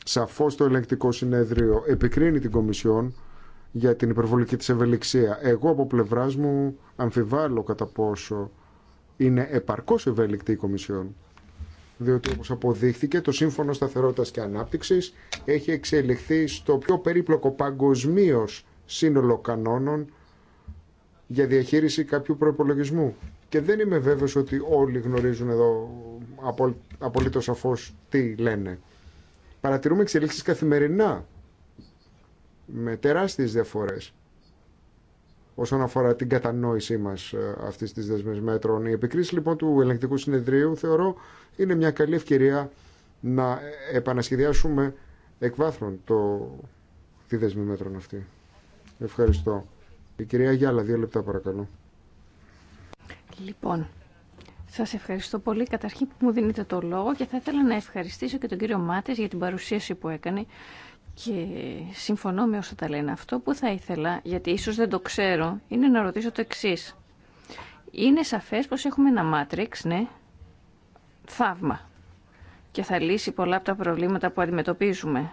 σαφώ το ελεγκτικό συνέδριο επικρίνει την Κομισιόν για την υπερβολική τη ευελιξία. Εγώ από πλευρά μου αμφιβάλλω κατά πόσο είναι επαρκώ ευέλικτη η Κομισιόν. Διότι όπω αποδείχθηκε το Σύμφωνο σταθερότητα και ανάπτυξη έχει εξελιχθεί στο πιο περίπλοκο παγκοσμίω σύνολο κανόνων για διαχείριση κάποιου προπολογισμού και δεν είμαι βέβαιος ότι όλοι γνωρίζουν εδώ απολύτως σαφώς τι λένε. Παρατηρούμε εξελίξεις καθημερινά με τεράστιες διαφορές όσον αφορά την κατανόησή μας ε, αυτής της δεσμής μέτρων. Η επικρίση λοιπόν του ελεγκτικού συνεδρίου θεωρώ είναι μια καλή ευκαιρία να επανασχεδιάσουμε εκ βάθρων το... τη δεσμή μέτρων αυτή. Ευχαριστώ. Η κυρία Γιάλα, δύο λεπτά παρακαλώ. Λοιπόν, σας ευχαριστώ πολύ καταρχήν που μου δίνετε το λόγο και θα ήθελα να ευχαριστήσω και τον κύριο Μάτες για την παρουσίαση που έκανε και συμφωνώ με όσα τα λένε. Αυτό που θα ήθελα, γιατί ίσως δεν το ξέρω, είναι να ρωτήσω το εξή. Είναι σαφές πως έχουμε ένα μάτριξ, ναι, θαύμα και θα λύσει πολλά από τα προβλήματα που αντιμετωπίζουμε.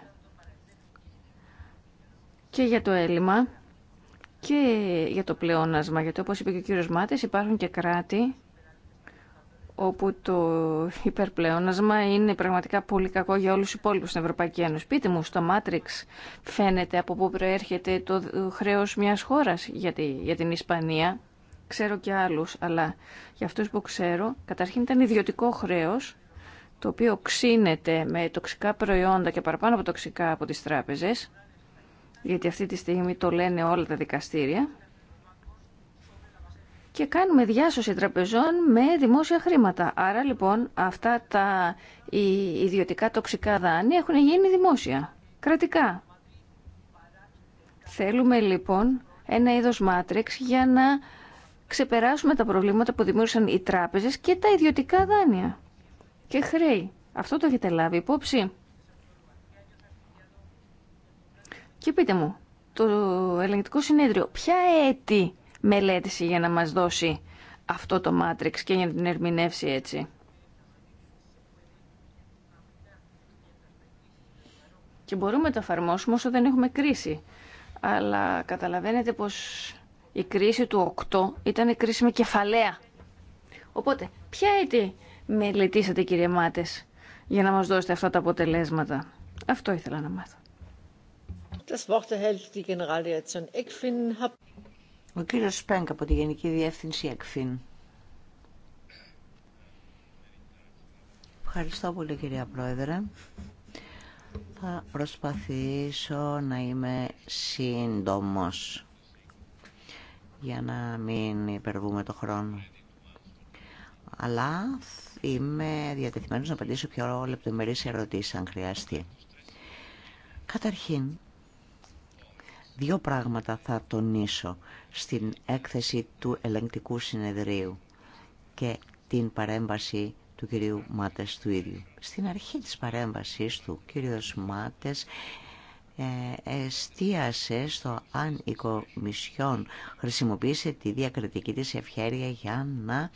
Και για το έλλειμμα, και για το πλεόνασμα, γιατί όπως είπε και ο κύριος Μάτες υπάρχουν και κράτη όπου το υπερπλεόνασμα είναι πραγματικά πολύ κακό για όλους τους υπόλοιπους στην Ευρωπαϊκή Ένωση. Πείτε μου, στο Matrix φαίνεται από πού προέρχεται το χρέος μιας χώρας γιατί, για την Ισπανία. Ξέρω και άλλους, αλλά για αυτούς που ξέρω, καταρχήν ήταν ιδιωτικό χρέος, το οποίο ξύνεται με τοξικά προϊόντα και παραπάνω από τοξικά από τις τράπεζες, γιατί αυτή τη στιγμή το λένε όλα τα δικαστήρια, και κάνουμε διάσωση τραπεζών με δημόσια χρήματα. Άρα λοιπόν αυτά τα ιδιωτικά τοξικά δάνεια έχουν γίνει δημόσια, κρατικά. Θέλουμε λοιπόν ένα είδος μάτρεξ για να ξεπεράσουμε τα προβλήματα που δημιούργησαν οι τράπεζες και τα ιδιωτικά δάνεια και χρέη. Αυτό το έχετε λάβει υπόψη. Και πείτε μου, το ελεγκτικό συνέδριο ποια έτη μελέτησε για να μας δώσει αυτό το μάτριξ και για να την ερμηνεύσει έτσι. Και μπορούμε να το εφαρμόσουμε όσο δεν έχουμε κρίση. Αλλά καταλαβαίνετε πως η κρίση του 8 ήταν η κρίση με κεφαλαία. Οπότε, ποια έτη μελετήσατε κύριε Μάτες για να μας δώσετε αυτά τα αποτελέσματα. Αυτό ήθελα να μάθω. Ο κύριος Σπέγκ από τη Γενική Διεύθυνση ΕΚΦΙΝ. Ευχαριστώ πολύ κυρία Πρόεδρε. Θα προσπαθήσω να είμαι σύντομος για να μην υπερβούμε το χρόνο. Αλλά είμαι διατεθειμένος να απαντήσω πιο λεπτομερείς ερωτήσεις αν χρειαστεί. Καταρχήν, Δύο πράγματα θα τονίσω στην έκθεση του ελεγκτικού συνεδρίου και την παρέμβαση του κυρίου Μάτες του ίδιου. Στην αρχή της παρέμβασης του κύριος Μάτες ε, εστίασε στο αν η Κομισιόν χρησιμοποίησε τη διακριτική της ευχέρεια για να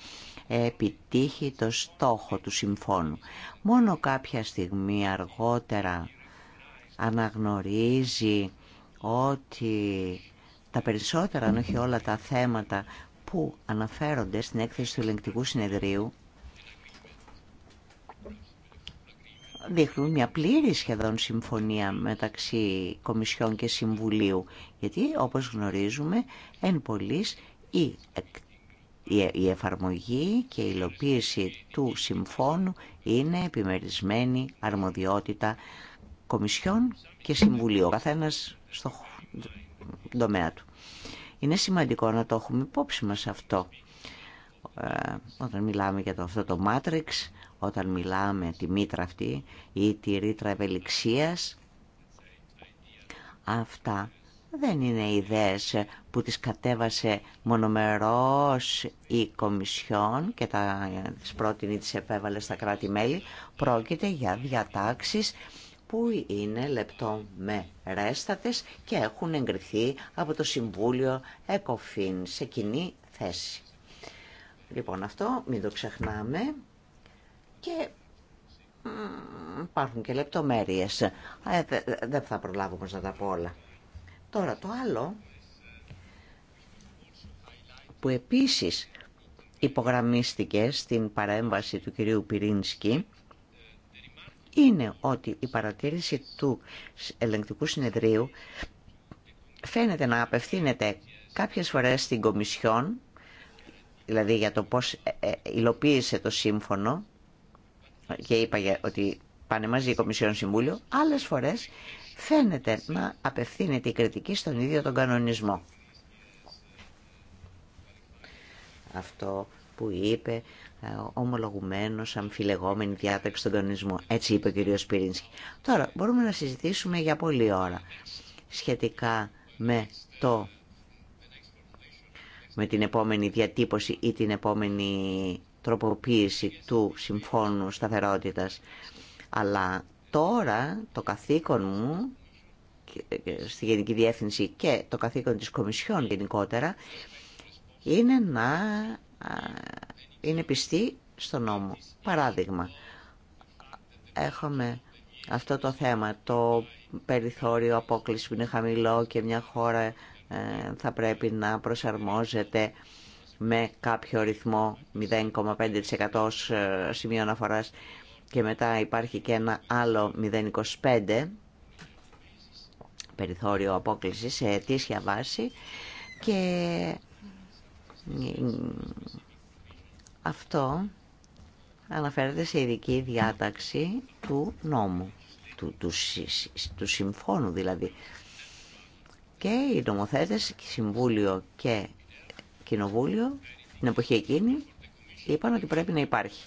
επιτύχει το στόχο του συμφώνου. Μόνο κάποια στιγμή αργότερα αναγνωρίζει ότι τα περισσότερα, αν όχι όλα τα θέματα που αναφέρονται στην έκθεση του ελεγκτικού συνεδρίου δείχνουν μια πλήρη σχεδόν συμφωνία μεταξύ Κομισιών και Συμβουλίου. Γιατί, όπως γνωρίζουμε, εν πολλής η, η εφαρμογή και η υλοποίηση του συμφώνου είναι επιμερισμένη αρμοδιότητα Κομισιών και Συμβουλίου. Ο καθένας στον τομέα του. Είναι σημαντικό να το έχουμε υπόψη μας αυτό. Ε, όταν μιλάμε για το, αυτό το Matrix, όταν μιλάμε τη μήτρα αυτή ή τη ρήτρα ευελιξίας, αυτά δεν είναι ιδέες που τις κατέβασε μονομερός η Κομισιόν και τα, τις πρότεινε τις επέβαλε στα κράτη-μέλη. Πρόκειται για διατάξεις που είναι λεπτομερέστατες και έχουν εγκριθεί από το Συμβούλιο ΕΚΟΦΗΝ σε κοινή θέση. Λοιπόν, αυτό μην το ξεχνάμε και υπάρχουν και λεπτομέρειες. Ε, δεν θα προλάβουμε να τα πω όλα. Τώρα το άλλο που επίσης υπογραμμίστηκε στην παρέμβαση του κυρίου Πυρίνσκι είναι ότι η παρατήρηση του ελεγκτικού συνεδρίου φαίνεται να απευθύνεται κάποιες φορές στην Κομισιόν, δηλαδή για το πώς ε, ε, υλοποίησε το σύμφωνο και είπα ότι πάνε μαζί η Κομισιόν Συμβούλιο, άλλες φορές φαίνεται να απευθύνεται η κριτική στον ίδιο τον κανονισμό. Αυτό που είπε ε, ομολογουμένος, αμφιλεγόμενη διάταξη στον κανονισμό. Έτσι είπε ο κ. Σπυρίνσκι. Τώρα μπορούμε να συζητήσουμε για πολλή ώρα σχετικά με το με την επόμενη διατύπωση ή την επόμενη τροποποίηση του Συμφώνου Σταθερότητας. Αλλά τώρα το καθήκον μου στη Γενική Διεύθυνση και το καθήκον της Κομισιόν γενικότερα είναι να είναι πιστοί στο νόμο. Παράδειγμα, έχουμε αυτό το θέμα, το περιθώριο απόκληση που είναι χαμηλό και μια χώρα ε, θα πρέπει να προσαρμόζεται με κάποιο ρυθμό 0,5% ε, σημείο αναφορά. και μετά υπάρχει και ένα άλλο 0,25% περιθώριο απόκληση σε αιτήσια βάση και ε, αυτό αναφέρεται σε ειδική διάταξη του νόμου, του, του, συμφώνου δηλαδή. Και οι νομοθέτες, Συμβούλιο και Κοινοβούλιο, την εποχή εκείνη, είπαν ότι πρέπει να υπάρχει.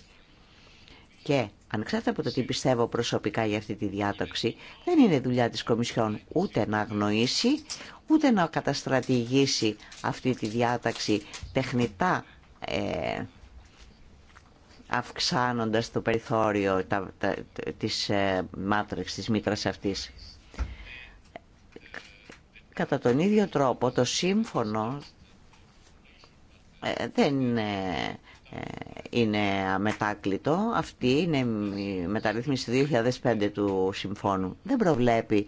Και αν ξέρετε από το τι πιστεύω προσωπικά για αυτή τη διάταξη, δεν είναι δουλειά της Κομισιόν ούτε να αγνοήσει, ούτε να καταστρατηγήσει αυτή τη διάταξη τεχνητά ε, αυξάνοντας το περιθώριο τα, τα, της ε, μάτρεξ, της μήτρας αυτής. Κατά τον ίδιο τρόπο το σύμφωνο ε, δεν ε, είναι αμετάκλητο. Αυτή είναι η μεταρρύθμιση 2005 του συμφώνου. Δεν προβλέπει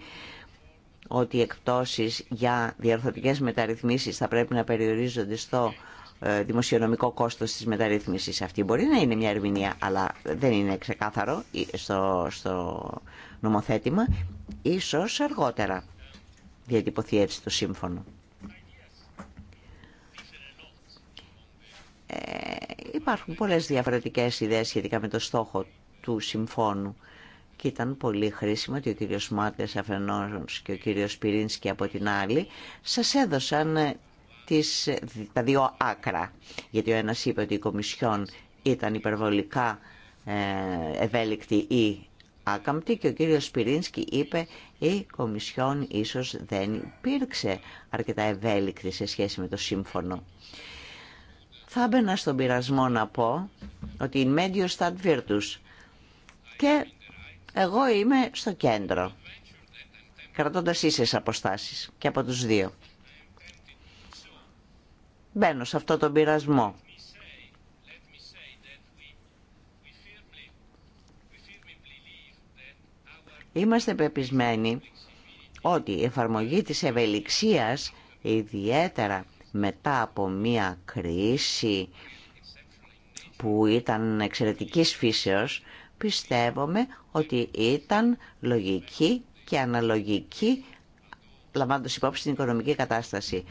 ότι οι εκπτώσεις για διαρθωτικές μεταρρυθμίσεις θα πρέπει να περιορίζονται στο ε, δημοσιονομικό κόστος της μεταρρύθμισης αυτή. Μπορεί να είναι μια ερμηνεία, αλλά δεν είναι ξεκάθαρο ε, στο, στο νομοθέτημα. Ίσως αργότερα διατυπωθεί έτσι το σύμφωνο. Ε, υπάρχουν πολλές διαφορετικές ιδέες σχετικά με το στόχο του συμφώνου και ήταν πολύ χρήσιμο ότι ο κύριος Μάτες αφενός και ο κύριος Πυρίνσκι από την άλλη σας έδωσαν τις, τα δύο άκρα. Γιατί ο ένας είπε ότι η Κομισιόν ήταν υπερβολικά ε, ευέλικτη ή άκαμπτη και ο κύριος Σπυρίνσκι είπε η Κομισιόν ίσως δεν υπήρξε αρκετά ευέλικτη σε σχέση με το σύμφωνο. Θα έμπαινα στον πειρασμό να πω ότι είναι Μέντιο Στατ και εγώ είμαι στο κέντρο κρατώντας ίσες αποστάσεις και από τους δύο μπαίνω σε αυτό τον πειρασμό. Είμαστε πεπισμένοι ότι η εφαρμογή της ευελιξίας, ιδιαίτερα μετά από μία κρίση που ήταν εξαιρετικής φύσεως, πιστεύουμε ότι ήταν λογική και αναλογική λαμβάνοντας υπόψη την οικονομική κατάσταση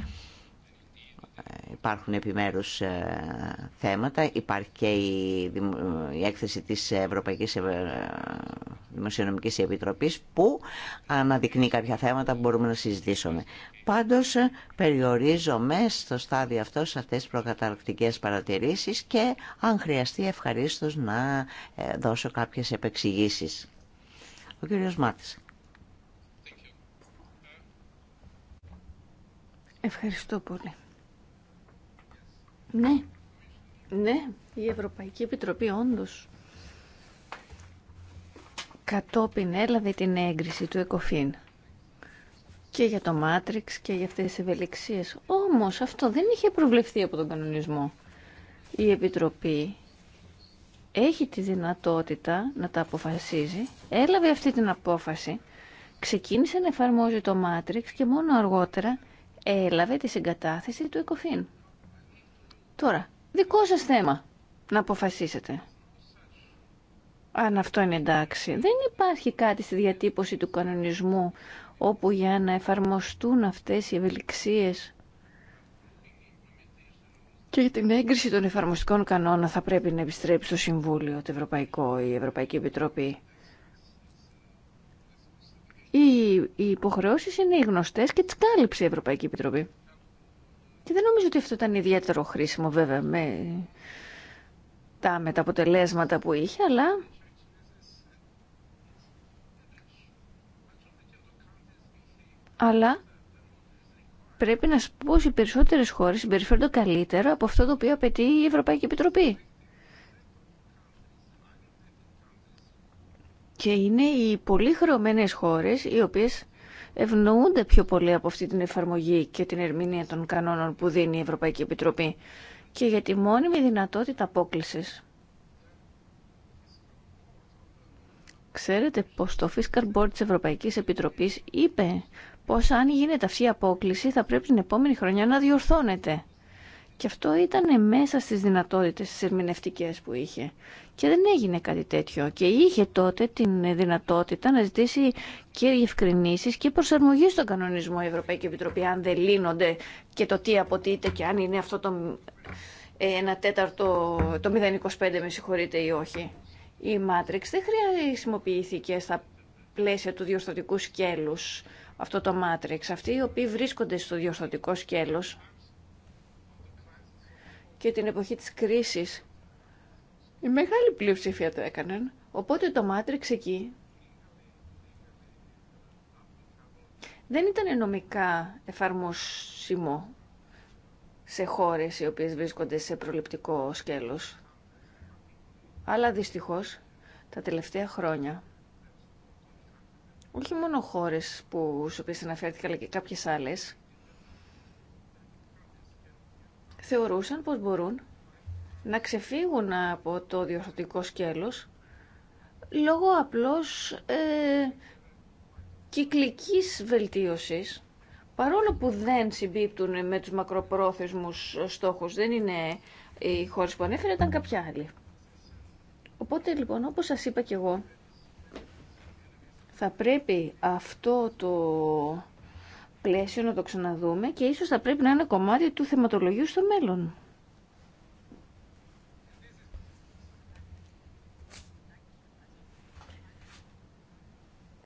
υπάρχουν επιμέρους ε, θέματα. Υπάρχει και η έκθεση της Ευρωπαϊκής ε, Δημοσιονομικής Επιτροπής που αναδεικνύει κάποια θέματα που μπορούμε να συζητήσουμε. Πάντως, ε, περιορίζομαι στο στάδιο αυτό σε αυτές τις προκαταρκτικές παρατηρήσεις και αν χρειαστεί ευχαρίστως να δώσω κάποιες επεξηγήσεις. Ο κύριος Μάτης. Ευχαριστώ πολύ. Ναι, ναι, η Ευρωπαϊκή Επιτροπή όντως κατόπιν έλαβε την έγκριση του ΕΚΟΦΗΝ και για το Μάτριξ και για αυτές τις ευελιξίες. Όμως αυτό δεν είχε προβλεφθεί από τον κανονισμό. Η Επιτροπή έχει τη δυνατότητα να τα αποφασίζει, έλαβε αυτή την απόφαση, ξεκίνησε να εφαρμόζει το Μάτριξ και μόνο αργότερα έλαβε τη συγκατάθεση του ΕΚΟΦΗΝ. Τώρα, δικό σας θέμα να αποφασίσετε. Αν αυτό είναι εντάξει. Δεν υπάρχει κάτι στη διατύπωση του κανονισμού όπου για να εφαρμοστούν αυτές οι ευελιξίες και για την έγκριση των εφαρμοστικών κανόνων θα πρέπει να επιστρέψει στο Συμβούλιο, το Ευρωπαϊκό, η Ευρωπαϊκή Επιτροπή. Οι, οι υποχρεώσεις είναι οι γνωστές και τις κάλυψε η Ευρωπαϊκή Επιτροπή. Και δεν νομίζω ότι αυτό ήταν ιδιαίτερο χρήσιμο βέβαια με τα, μεταποτελέσματα που είχε, αλλά αλλά πρέπει να σου πω ότι οι περισσότερες χώρες συμπεριφέρονται καλύτερα από αυτό το οποίο απαιτεί η Ευρωπαϊκή Επιτροπή. Και είναι οι πολύ χρεωμένες χώρες οι οποίες ευνοούνται πιο πολύ από αυτή την εφαρμογή και την ερμηνεία των κανόνων που δίνει η Ευρωπαϊκή Επιτροπή και για τη μόνιμη δυνατότητα απόκληση. Ξέρετε πως το Fiscal Board της Ευρωπαϊκής Επιτροπής είπε πως αν γίνεται αυτή η απόκληση θα πρέπει την επόμενη χρονιά να διορθώνεται. Και αυτό ήταν μέσα στις δυνατότητες τις ερμηνευτικές που είχε. Και δεν έγινε κάτι τέτοιο. Και είχε τότε την δυνατότητα να ζητήσει και διευκρινήσει και προσαρμογή στον κανονισμό η Ευρωπαϊκή Επιτροπή, αν δεν λύνονται και το τι αποτείται και αν είναι αυτό το ε, ένα τέταρτο, το 0,25 με συγχωρείτε ή όχι. Η Matrix δεν χρησιμοποιήθηκε στα πλαίσια του διορθωτικού σκέλους, αυτό το Matrix. Αυτοί οι οποίοι βρίσκονται στο διορθωτικό σκέλος, και την εποχή της κρίσης. Η μεγάλη πλειοψηφία το έκαναν, οπότε το Μάτριξ εκεί δεν ήταν νομικά εφαρμοσιμό σε χώρες οι οποίες βρίσκονται σε προληπτικό σκέλος. Αλλά δυστυχώς τα τελευταία χρόνια όχι μόνο χώρες που, στις οποίες αναφέρθηκα αλλά και κάποιες άλλες θεωρούσαν πως μπορούν να ξεφύγουν από το διορθωτικό σκέλος λόγω απλώς ε, κυκλικής βελτίωσης, παρόλο που δεν συμπίπτουν με τους μακροπρόθεσμους στόχους, δεν είναι οι χώρες που ανέφερε, ήταν κάποια άλλη. Οπότε λοιπόν, όπως σας είπα και εγώ, θα πρέπει αυτό το πλαίσιο να το ξαναδούμε και ίσως θα πρέπει να είναι κομμάτι του θεματολογίου στο μέλλον.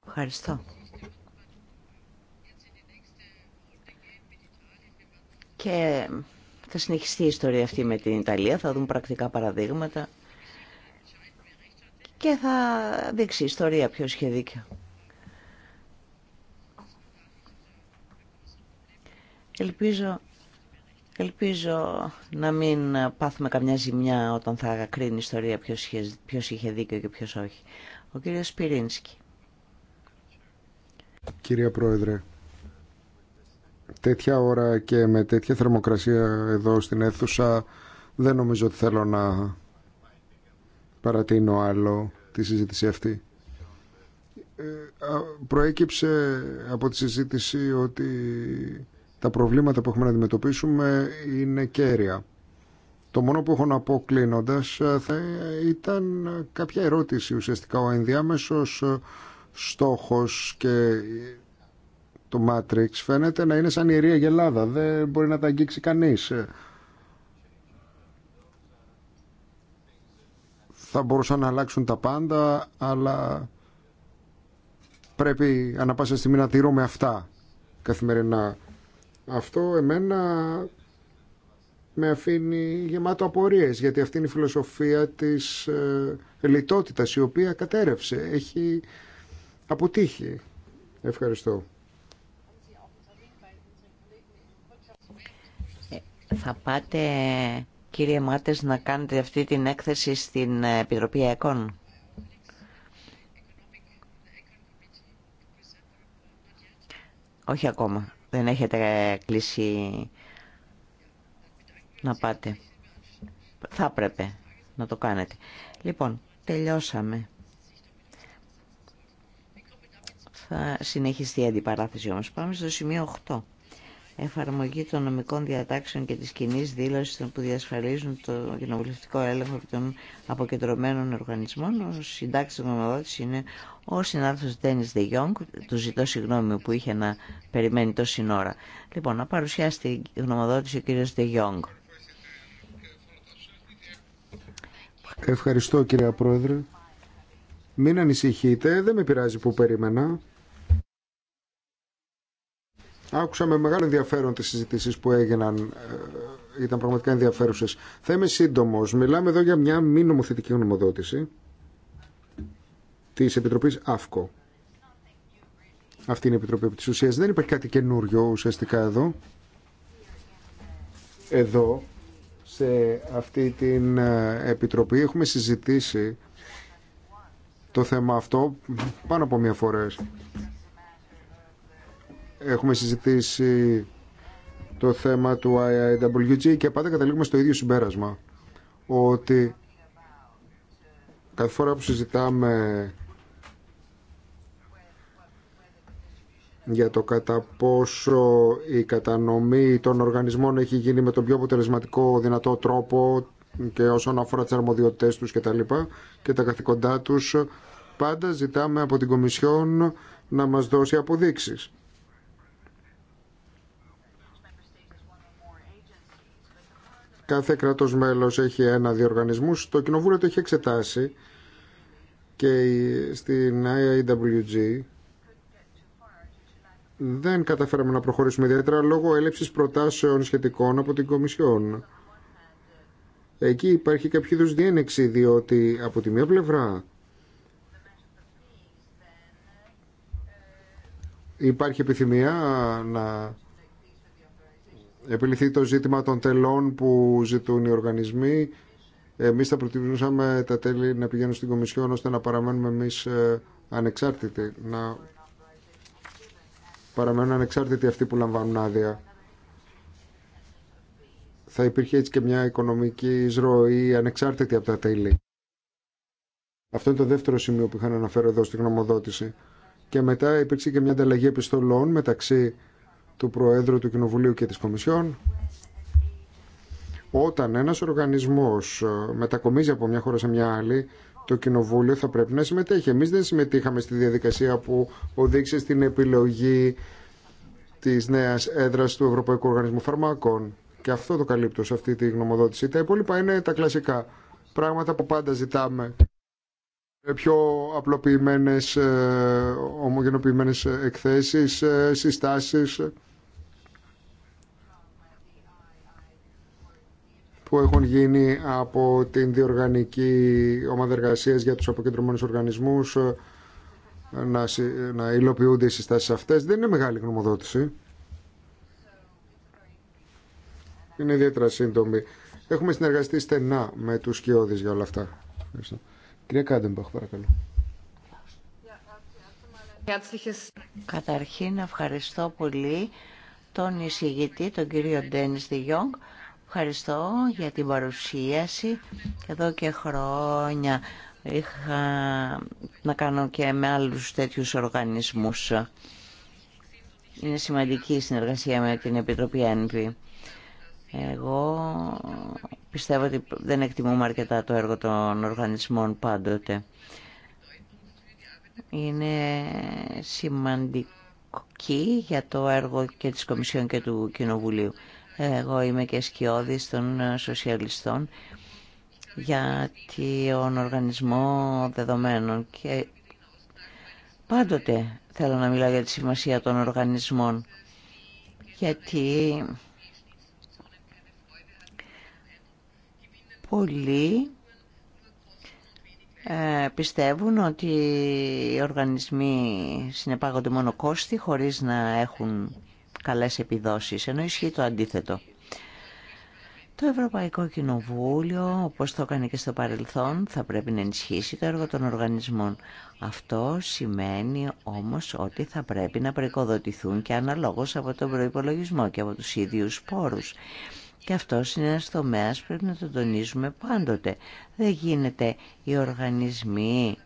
Ευχαριστώ. Και θα συνεχιστεί η ιστορία αυτή με την Ιταλία, θα δούμε πρακτικά παραδείγματα και θα δείξει η ιστορία ποιος είχε δίκιο. Ελπίζω, ελπίζω να μην πάθουμε καμιά ζημιά όταν θα κρίνει η ιστορία ποιος είχε, ποιος είχε δίκιο και ποιος όχι. Ο κύριος Σπυρίνσκι. Κυρία Πρόεδρε, τέτοια ώρα και με τέτοια θερμοκρασία εδώ στην αίθουσα δεν νομίζω ότι θέλω να παρατείνω άλλο τη συζήτηση αυτή. Ε, προέκυψε από τη συζήτηση ότι τα προβλήματα που έχουμε να αντιμετωπίσουμε είναι κέρια. Το μόνο που έχω να πω κλείνοντας ε, ήταν κάποια ερώτηση ουσιαστικά. Ο ενδιάμεσος ε, στόχος και ε, το Matrix φαίνεται να είναι σαν ιερία γελάδα. Δεν μπορεί να τα αγγίξει κανείς. Θα μπορούσαν να αλλάξουν τα πάντα, αλλά πρέπει ανα πάσα στιγμή να τηρούμε αυτά καθημερινά αυτό εμένα με αφήνει γεμάτο απορίες γιατί αυτή είναι η φιλοσοφία της ε, λιτότητας η οποία κατέρευσε, έχει αποτύχει. Ευχαριστώ. Ε, θα πάτε κύριε Μάτες να κάνετε αυτή την έκθεση στην Επιτροπή ΕΚΟΝ. Όχι ακόμα. Δεν έχετε κλείσει να πάτε. Θα έπρεπε να το κάνετε. Λοιπόν, τελειώσαμε. Θα συνεχιστεί η αντιπαράθεση όμως. Πάμε στο σημείο 8 εφαρμογή των νομικών διατάξεων και της κοινή δήλωση που διασφαλίζουν το κοινοβουλευτικό έλεγχο των αποκεντρωμένων οργανισμών. Ο συντάξης γνωμοδότης είναι ο συνάδελφος Ντένις Δε Γιόγκ. Του ζητώ συγγνώμη που είχε να περιμένει τόση ώρα. Λοιπόν, να παρουσιάσει τη γνωμοδότηση ο κύριος Δε Γιόγκ. Ευχαριστώ κυρία Πρόεδρε. Μην ανησυχείτε, δεν με πειράζει που περίμενα. Άκουσα με μεγάλο ενδιαφέρον τι συζητήσει που έγιναν, ε, ήταν πραγματικά ενδιαφέρουσε. Θα είμαι σύντομο. Μιλάμε εδώ για μια μη νομοθετική γνωμοδότηση της Επιτροπής ΑΦΚΟ. Αυτή είναι η Επιτροπή τη ουσία. Δεν υπάρχει κάτι καινούριο ουσιαστικά εδώ. Εδώ, σε αυτή την ε, Επιτροπή, έχουμε συζητήσει το θέμα αυτό πάνω από μία φορές. Έχουμε συζητήσει το θέμα του IIWG και πάντα καταλήγουμε στο ίδιο συμπέρασμα ότι κάθε φορά που συζητάμε για το κατά πόσο η κατανομή των οργανισμών έχει γίνει με τον πιο αποτελεσματικό δυνατό τρόπο και όσον αφορά τις αρμοδιότητές τους και τα και τα καθηκοντά τους πάντα ζητάμε από την Κομισιόν να μας δώσει αποδείξεις Κάθε κράτος μέλος έχει ένα διοργανισμού. Το κοινοβούλιο το έχει εξετάσει και στην IAWG δεν καταφέραμε να προχωρήσουμε ιδιαίτερα λόγω έλλειψης προτάσεων σχετικών από την Κομισιόν. Εκεί υπάρχει κάποιο είδου διένεξη, διότι από τη μία πλευρά υπάρχει επιθυμία να επιληθεί το ζήτημα των τελών που ζητούν οι οργανισμοί. Εμεί θα προτιμούσαμε τα τέλη να πηγαίνουν στην Κομισιόν ώστε να παραμένουμε εμεί ε, ανεξάρτητοι. Να παραμένουν ανεξάρτητοι αυτοί που λαμβάνουν άδεια. Θα υπήρχε έτσι και μια οικονομική εισρωή ανεξάρτητη από τα τέλη. Αυτό είναι το δεύτερο σημείο που είχα να αναφέρω εδώ στην γνωμοδότηση. Και μετά υπήρξε και μια ανταλλαγή επιστολών μεταξύ του Προέδρου του Κοινοβουλίου και της Κομισιόν όταν ένας οργανισμός ε, μετακομίζει από μια χώρα σε μια άλλη το Κοινοβούλιο θα πρέπει να συμμετέχει. Εμείς δεν συμμετείχαμε στη διαδικασία που οδήγησε στην επιλογή της νέας έδρας του Ευρωπαϊκού Οργανισμού Φαρμάκων και αυτό το καλύπτω σε αυτή τη γνωμοδότηση. Τα υπόλοιπα είναι τα κλασικά πράγματα που πάντα ζητάμε ε, πιο απλοποιημένες, ε, ομογενοποιημένες εκθέσεις, συστάσεις. που έχουν γίνει από την διοργανική ομάδα εργασίας για τους αποκεντρωμένους οργανισμούς ε, να, να υλοποιούνται οι συστάσεις αυτές. Δεν είναι μεγάλη γνωμοδότηση. Είναι ιδιαίτερα σύντομη. Έχουμε συνεργαστεί στενά με τους σκιώδεις για όλα αυτά. Κυρία Κάντεμπαχ, παρακαλώ. Καταρχήν ευχαριστώ πολύ τον εισηγητή, τον κύριο Ντένις Διγιόγκ, Ευχαριστώ για την παρουσίαση. Εδώ και χρόνια είχα να κάνω και με άλλους τέτοιους οργανισμούς. Είναι σημαντική η συνεργασία με την Επιτροπή ΕΝΒΗ. Εγώ πιστεύω ότι δεν εκτιμούμε αρκετά το έργο των οργανισμών πάντοτε. Είναι σημαντική για το έργο και της Κομισιόν και του Κοινοβουλίου. Εγώ είμαι και σκιώδης των ε, σοσιαλιστών για τον οργανισμό δεδομένων και πάντοτε θέλω να μιλάω για τη σημασία των οργανισμών γιατί πολλοί ε, πιστεύουν ότι οι οργανισμοί συνεπάγονται μόνο κόστη χωρίς να έχουν καλές επιδόσεις, ενώ ισχύει το αντίθετο. Το Ευρωπαϊκό Κοινοβούλιο, όπως το έκανε και στο παρελθόν, θα πρέπει να ενισχύσει το έργο των οργανισμών. Αυτό σημαίνει όμως ότι θα πρέπει να προοικοδοτηθούν και αναλόγως από τον προϋπολογισμό και από τους ίδιους πόρους. Και αυτό είναι ένας τομέας πρέπει να το τονίζουμε πάντοτε. Δεν γίνεται οι οργανισμοί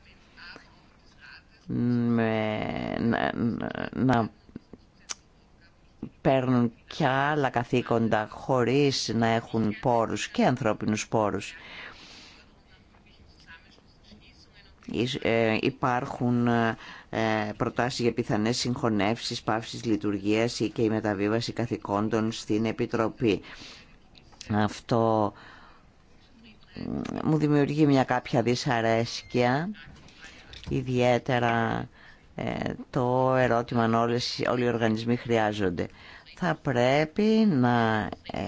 να παίρνουν και άλλα καθήκοντα χωρίς να έχουν πόρους και ανθρώπινους πόρους. Ε, υπάρχουν ε, προτάσεις για πιθανές συγχωνεύσεις, παύσεις, λειτουργίας ή και η μεταβίβαση καθηκόντων στην Επιτροπή. Αυτό μου δημιουργεί μια κάποια δυσαρέσκεια, ιδιαίτερα ε, το ερώτημα αν όλοι οι οργανισμοί χρειάζονται θα πρέπει να ε,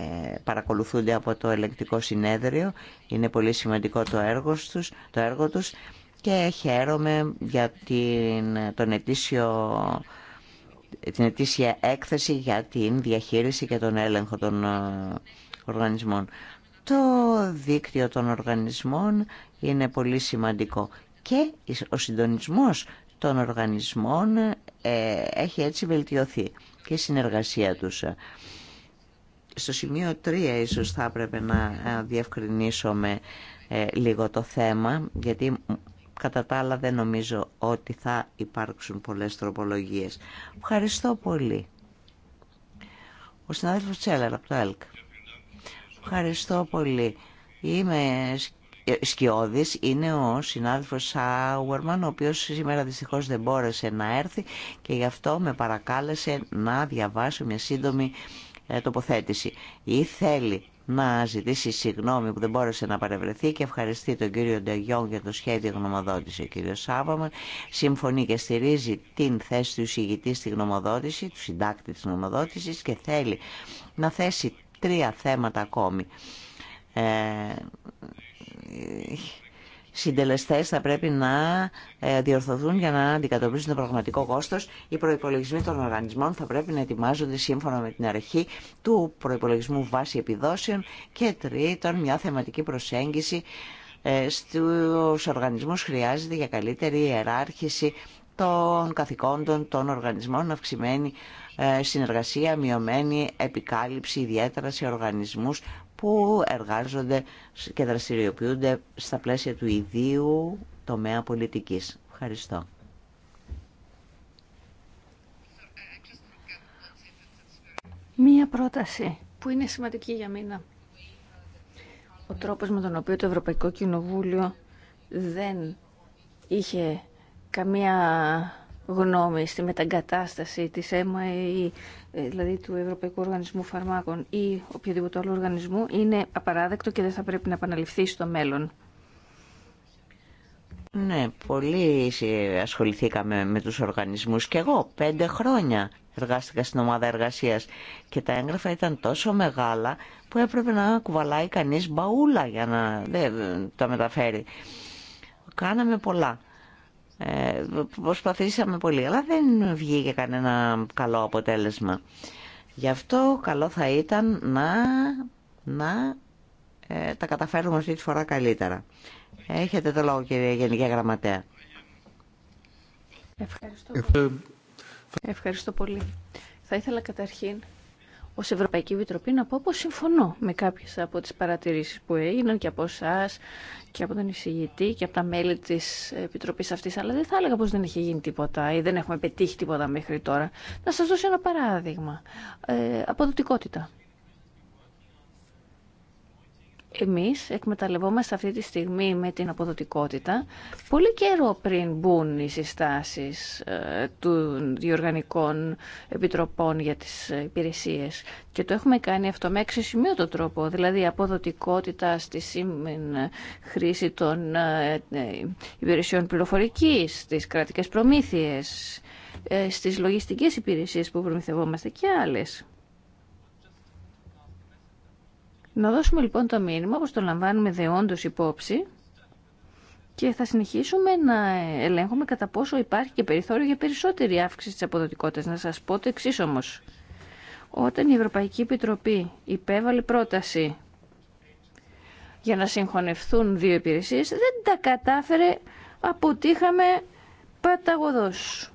παρακολουθούνται από το ελεγκτικό συνέδριο. Είναι πολύ σημαντικό το έργο τους, το έργο τους και χαίρομαι για την, τον ετήσιο, την ετήσια έκθεση για την διαχείριση και τον έλεγχο των ε, οργανισμών. Το δίκτυο των οργανισμών είναι πολύ σημαντικό και ο συντονισμός των οργανισμών ε, έχει έτσι βελτιωθεί και συνεργασία τους. Στο σημείο 3 ίσως θα έπρεπε να ε, διευκρινίσουμε ε, λίγο το θέμα, γιατί κατά τα άλλα δεν νομίζω ότι θα υπάρξουν πολλές τροπολογίες. Ευχαριστώ πολύ. Ο συνάδελφος Τσέλερ από το ΕΛΚ. Ευχαριστώ πολύ. Είμαι Σκιώδη είναι ο συνάδελφος Σάουερμαν, ο οποίος σήμερα δυστυχώ δεν μπόρεσε να έρθει και γι' αυτό με παρακάλεσε να διαβάσω μια σύντομη ε, τοποθέτηση. Ή θέλει να ζητήσει συγγνώμη που δεν μπόρεσε να παρευρεθεί και ευχαριστεί τον κύριο Ντεγιόν για το σχέδιο γνωμοδότηση. Ο κύριο Σάουερμαν. συμφωνεί και στηρίζει την θέση του εισηγητή στη γνωμοδότηση, του συντάκτη τη γνωμοδότησης και θέλει να θέσει τρία θέματα ακόμη. Ε, Συντελεστέ θα πρέπει να ε, διορθωθούν για να αντικατοπτρίζουν το πραγματικό κόστος. Οι προπολογισμοί των οργανισμών θα πρέπει να ετοιμάζονται σύμφωνα με την αρχή του προπολογισμού βάση επιδόσεων και τρίτον μια θεματική προσέγγιση ε, στους οργανισμούς χρειάζεται για καλύτερη ιεράρχηση των καθηκόντων των οργανισμών, αυξημένη ε, συνεργασία, μειωμένη επικάλυψη, ιδιαίτερα σε οργανισμούς που εργάζονται και δραστηριοποιούνται στα πλαίσια του ιδίου τομέα πολιτικής. Ευχαριστώ. Μία πρόταση που είναι σημαντική για μένα. Ο τρόπος με τον οποίο το Ευρωπαϊκό Κοινοβούλιο δεν είχε καμία γνώμη στη μεταγκατάσταση της ΕΜΑΕΗ, δηλαδή του Ευρωπαϊκού Οργανισμού Φαρμάκων ή οποιοδήποτε άλλο οργανισμού, είναι απαράδεκτο και δεν θα πρέπει να επαναληφθεί στο μέλλον. Ναι, πολύ ασχοληθήκαμε με τους οργανισμούς και εγώ πέντε χρόνια εργάστηκα στην ομάδα εργασίας και τα έγγραφα ήταν τόσο μεγάλα που έπρεπε να κουβαλάει κανείς μπαούλα για να τα μεταφέρει. Κάναμε πολλά. Ε, προσπαθήσαμε πολύ, αλλά δεν βγήκε κανένα καλό αποτέλεσμα. Γι' αυτό καλό θα ήταν να, να ε, τα καταφέρουμε αυτή τη φορά καλύτερα. Έχετε το λόγο κύριε Γενική Γραμματέα. Ευχαριστώ. Ευχαριστώ πολύ. Θα ήθελα καταρχήν Ω Ευρωπαϊκή Επιτροπή να πω πως συμφωνώ με κάποιε από τι παρατηρήσει που έγιναν και από εσά και από τον εισηγητή και από τα μέλη της Επιτροπής αυτής, αλλά δεν θα έλεγα πώ δεν έχει γίνει τίποτα ή δεν έχουμε πετύχει τίποτα μέχρι τώρα. Να σας δώσω ένα παράδειγμα. Ε, αποδοτικότητα εμείς εκμεταλλευόμαστε αυτή τη στιγμή με την αποδοτικότητα πολύ καιρό πριν μπουν οι συστάσεις ε, των διοργανικών επιτροπών για τις ε, υπηρεσίες και το έχουμε κάνει αυτό με αξιοσημείωτο τρόπο, δηλαδή αποδοτικότητα στη ε, χρήση των υπηρεσιών πληροφορικής, στις κρατικές προμήθειες, στις λογιστικές υπηρεσίες που προμηθευόμαστε και άλλες. Να δώσουμε λοιπόν το μήνυμα όπως το λαμβάνουμε δεόντως υπόψη και θα συνεχίσουμε να ελέγχουμε κατά πόσο υπάρχει και περιθώριο για περισσότερη αύξηση της αποδοτικότητας. Να σας πω το εξή όμω. Όταν η Ευρωπαϊκή Επιτροπή υπέβαλε πρόταση για να συγχωνευθούν δύο υπηρεσίες, δεν τα κατάφερε, αποτύχαμε παταγωδός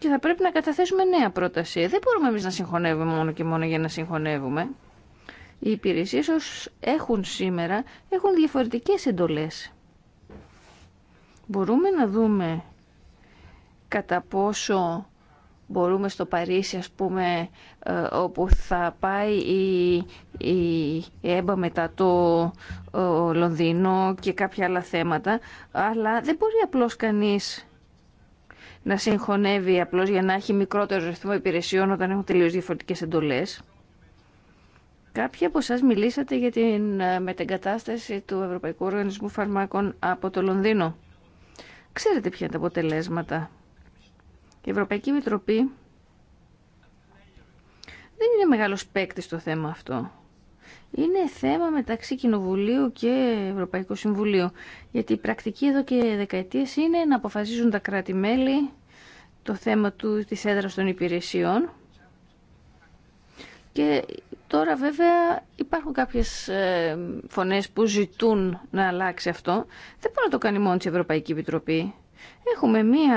και θα πρέπει να καταθέσουμε νέα πρόταση. Ε, δεν μπορούμε εμείς να συγχωνεύουμε μόνο και μόνο για να συγχωνεύουμε. Οι υπηρεσίες όσους έχουν σήμερα έχουν διαφορετικές εντολές. Μπορούμε να δούμε κατά πόσο μπορούμε στο Παρίσι, ας πούμε, ε, όπου θα πάει η, η έμπα μετά το ε, Λονδίνο και κάποια άλλα θέματα, αλλά δεν μπορεί απλώς κανείς να συγχωνεύει απλώς για να έχει μικρότερο ρυθμό υπηρεσιών όταν έχουν τελείως διαφορετικές εντολές. Κάποιοι από εσά μιλήσατε για την ε, μετεγκατάσταση του Ευρωπαϊκού Οργανισμού Φαρμάκων από το Λονδίνο. Ξέρετε ποια είναι τα αποτελέσματα. Η Ευρωπαϊκή Μητροπή δεν είναι μεγάλος παίκτη στο θέμα αυτό είναι θέμα μεταξύ Κοινοβουλίου και Ευρωπαϊκού Συμβουλίου. Γιατί η πρακτική εδώ και δεκαετίες είναι να αποφασίζουν τα κράτη-μέλη το θέμα του, της έδρας των υπηρεσιών. Και τώρα βέβαια υπάρχουν κάποιες ε, φωνές που ζητούν να αλλάξει αυτό. Δεν μπορεί να το κάνει μόνο η Ευρωπαϊκή Επιτροπή. Έχουμε μία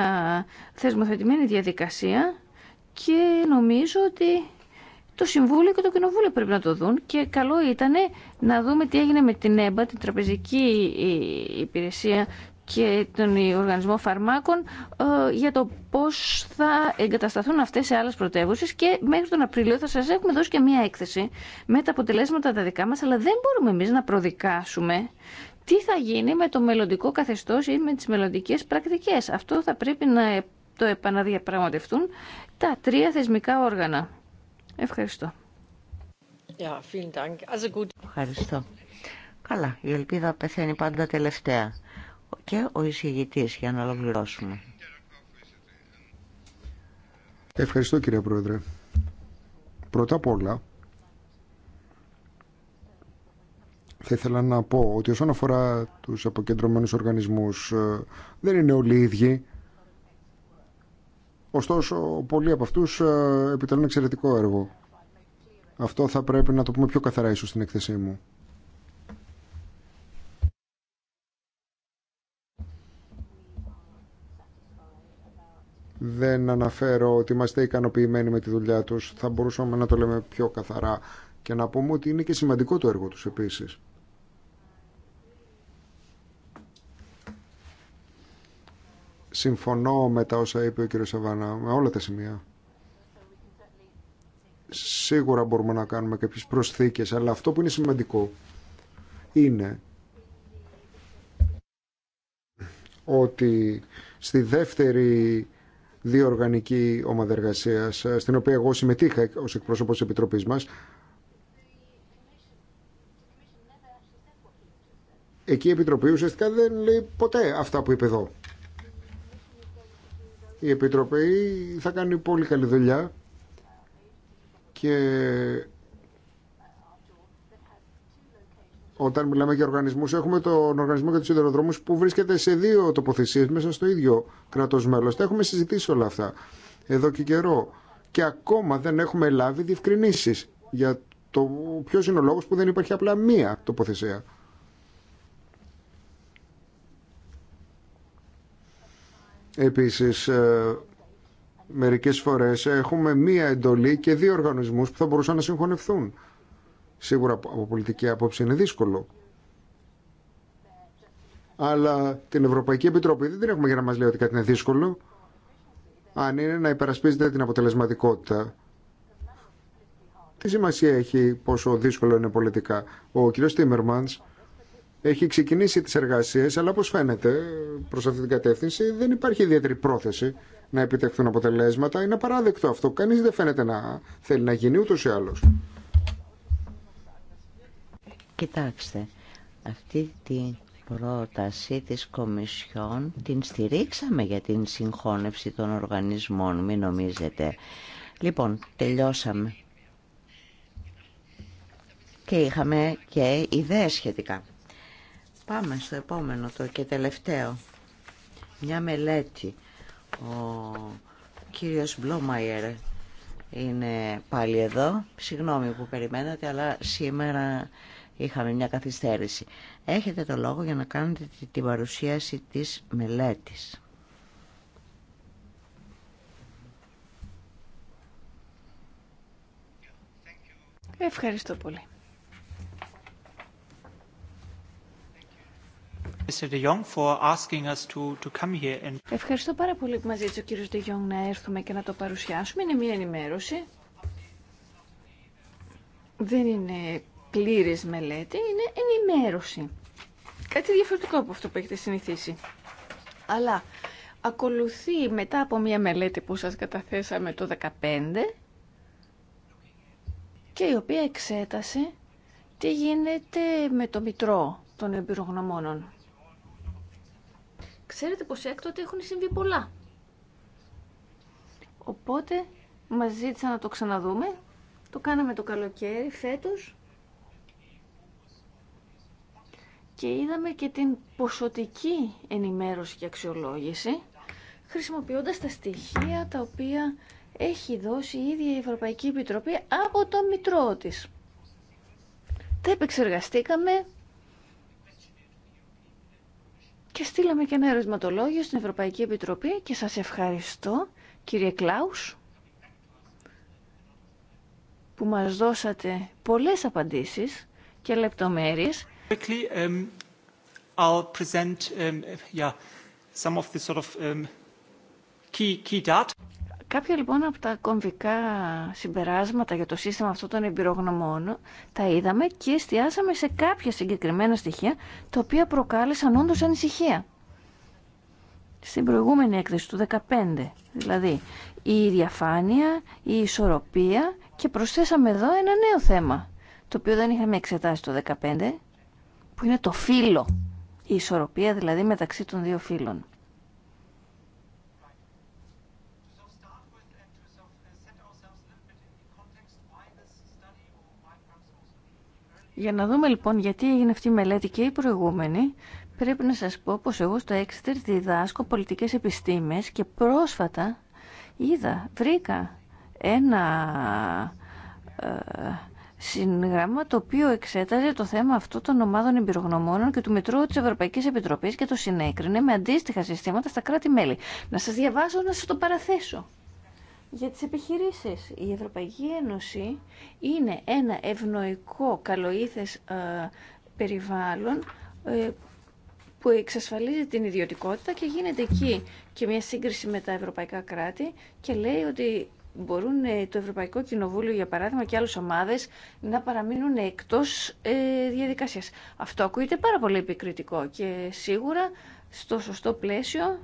θεσμοθετημένη διαδικασία και νομίζω ότι το Συμβούλιο και το Κοινοβούλιο πρέπει να το δουν και καλό ήταν να δούμε τι έγινε με την ΕΜΠΑ, την Τραπεζική ε, Υπηρεσία και τον Οργανισμό Φαρμάκων ε, για το πώς θα εγκατασταθούν αυτές σε άλλες πρωτεύουσες και μέχρι τον Απρίλιο θα σας έχουμε δώσει και μία έκθεση με τα αποτελέσματα τα δικά μας αλλά δεν μπορούμε εμείς να προδικάσουμε τι θα γίνει με το μελλοντικό καθεστώς ή με τις μελλοντικέ πρακτικές. Αυτό θα πρέπει να το επαναδιαπραγματευτούν τα τρία θεσμικά όργανα. Ευχαριστώ. Ευχαριστώ. Καλά, η ελπίδα πεθαίνει πάντα τελευταία. Και ο εισηγητής για να ολοκληρώσουμε. Ευχαριστώ κύριε Πρόεδρε. Πρώτα απ' όλα, θα ήθελα να πω ότι όσον αφορά τους αποκεντρωμένους οργανισμούς, ε, δεν είναι όλοι ίδιοι. Ωστόσο, πολλοί από αυτούς ε, επιτελούν εξαιρετικό έργο. Αυτό θα πρέπει να το πούμε πιο καθαρά ίσως στην εκθεσή μου. Δεν αναφέρω ότι είμαστε ικανοποιημένοι με τη δουλειά τους. Θα μπορούσαμε να το λέμε πιο καθαρά και να πούμε ότι είναι και σημαντικό το έργο τους επίσης. Συμφωνώ με τα όσα είπε ο κύριος Σαββάνα, με όλα τα σημεία. Σίγουρα μπορούμε να κάνουμε κάποιες προσθήκες, αλλά αυτό που είναι σημαντικό είναι ότι στη δεύτερη διοργανική ομάδα εργασία, στην οποία εγώ συμμετείχα ως εκπρόσωπος της Επιτροπής μας, εκεί η Επιτροπή ουσιαστικά δεν λέει ποτέ αυτά που είπε εδώ η Επιτροπή θα κάνει πολύ καλή δουλειά και όταν μιλάμε για οργανισμούς έχουμε τον οργανισμό για τους Ιδεροδρόμους που βρίσκεται σε δύο τοποθεσίες μέσα στο ίδιο κράτος μέλος. Τα έχουμε συζητήσει όλα αυτά εδώ και καιρό και ακόμα δεν έχουμε λάβει διευκρινήσεις για το ποιος είναι ο λόγος που δεν υπάρχει απλά μία τοποθεσία. Επίσης, ε, μερικές φορές έχουμε μία εντολή και δύο οργανισμούς που θα μπορούσαν να συγχωνευθούν. Σίγουρα από πολιτική άποψη είναι δύσκολο. Αλλά την Ευρωπαϊκή Επιτροπή δεν την έχουμε για να μας λέει ότι κάτι είναι δύσκολο. Αν είναι να υπερασπίζεται την αποτελεσματικότητα. Τι σημασία έχει πόσο δύσκολο είναι πολιτικά. Ο κ. Τίμερμανς έχει ξεκινήσει τις εργασίες, αλλά όπως φαίνεται προς αυτή την κατεύθυνση δεν υπάρχει ιδιαίτερη πρόθεση να επιτευχθούν αποτελέσματα. Είναι απαράδεκτο αυτό. Κανείς δεν φαίνεται να θέλει να γίνει ούτως ή άλλως. Κοιτάξτε, αυτή την πρόταση της Κομισιόν την στηρίξαμε για την συγχώνευση των οργανισμών, μην νομίζετε. Λοιπόν, τελειώσαμε. Και είχαμε και ιδέες σχετικά. Πάμε στο επόμενο το και τελευταίο. Μια μελέτη. Ο κύριος Μπλόμαϊερ είναι πάλι εδώ. Συγγνώμη που περιμένατε, αλλά σήμερα είχαμε μια καθυστέρηση. Έχετε το λόγο για να κάνετε την παρουσίαση της μελέτης. Ευχαριστώ πολύ. Ευχαριστώ πάρα πολύ που μας ζήτησε ο κύριος De να έρθουμε και να το παρουσιάσουμε. Είναι μια ενημέρωση. Δεν είναι πλήρης μελέτη, είναι ενημέρωση. Κάτι διαφορετικό από αυτό που έχετε συνηθίσει. Αλλά ακολουθεί μετά από μια μελέτη που σας καταθέσαμε το 2015 και η οποία εξέτασε τι γίνεται με το μητρό των εμπειρογνωμόνων. Ξέρετε πως έκτοτε έχουν συμβεί πολλά. Οπότε μας ζήτησαν να το ξαναδούμε. Το κάναμε το καλοκαίρι φέτος. Και είδαμε και την ποσοτική ενημέρωση και αξιολόγηση χρησιμοποιώντας τα στοιχεία τα οποία έχει δώσει η ίδια η Ευρωπαϊκή Επιτροπή από το μητρό της. Τα επεξεργαστήκαμε, και στείλαμε και ένα ερωτηματολόγιο στην Ευρωπαϊκή Επιτροπή και σας ευχαριστώ κύριε Κλάους που μας δώσατε πολλές απαντήσεις και λεπτομέρειες. Um, present, um, yeah, some of the sort of um, key, key data. Κάποια λοιπόν από τα κομβικά συμπεράσματα για το σύστημα αυτό των εμπειρογνωμών τα είδαμε και εστιάσαμε σε κάποια συγκεκριμένα στοιχεία τα οποία προκάλεσαν όντως ανησυχία. Στην προηγούμενη έκθεση του 2015, δηλαδή η διαφάνεια, η ισορροπία και προσθέσαμε εδώ ένα νέο θέμα το οποίο δεν είχαμε εξετάσει το 2015 που είναι το φύλλο, η ισορροπία δηλαδή μεταξύ των δύο φύλλων. Για να δούμε λοιπόν γιατί έγινε αυτή η μελέτη και η προηγούμενη, πρέπει να σας πω πως εγώ στο Exeter διδάσκω πολιτικές επιστήμες και πρόσφατα είδα, βρήκα ένα ε, συγγράμμα το οποίο εξέταζε το θέμα αυτό των ομάδων εμπειρογνωμόνων και του Μητρώου της Ευρωπαϊκής Επιτροπής και το συνέκρινε με αντίστοιχα συστήματα στα κράτη-μέλη. Να σας διαβάσω, να σας το παραθέσω για τις επιχειρήσεις. Η Ευρωπαϊκή Ένωση είναι ένα ευνοϊκό καλοήθες ε, περιβάλλον ε, που εξασφαλίζει την ιδιωτικότητα και γίνεται εκεί και μια σύγκριση με τα ευρωπαϊκά κράτη και λέει ότι μπορούν ε, το Ευρωπαϊκό Κοινοβούλιο, για παράδειγμα, και άλλες ομάδες να παραμείνουν εκτός διαδικασίας. Αυτό ακούγεται πάρα πολύ επικριτικό και σίγουρα στο σωστό πλαίσιο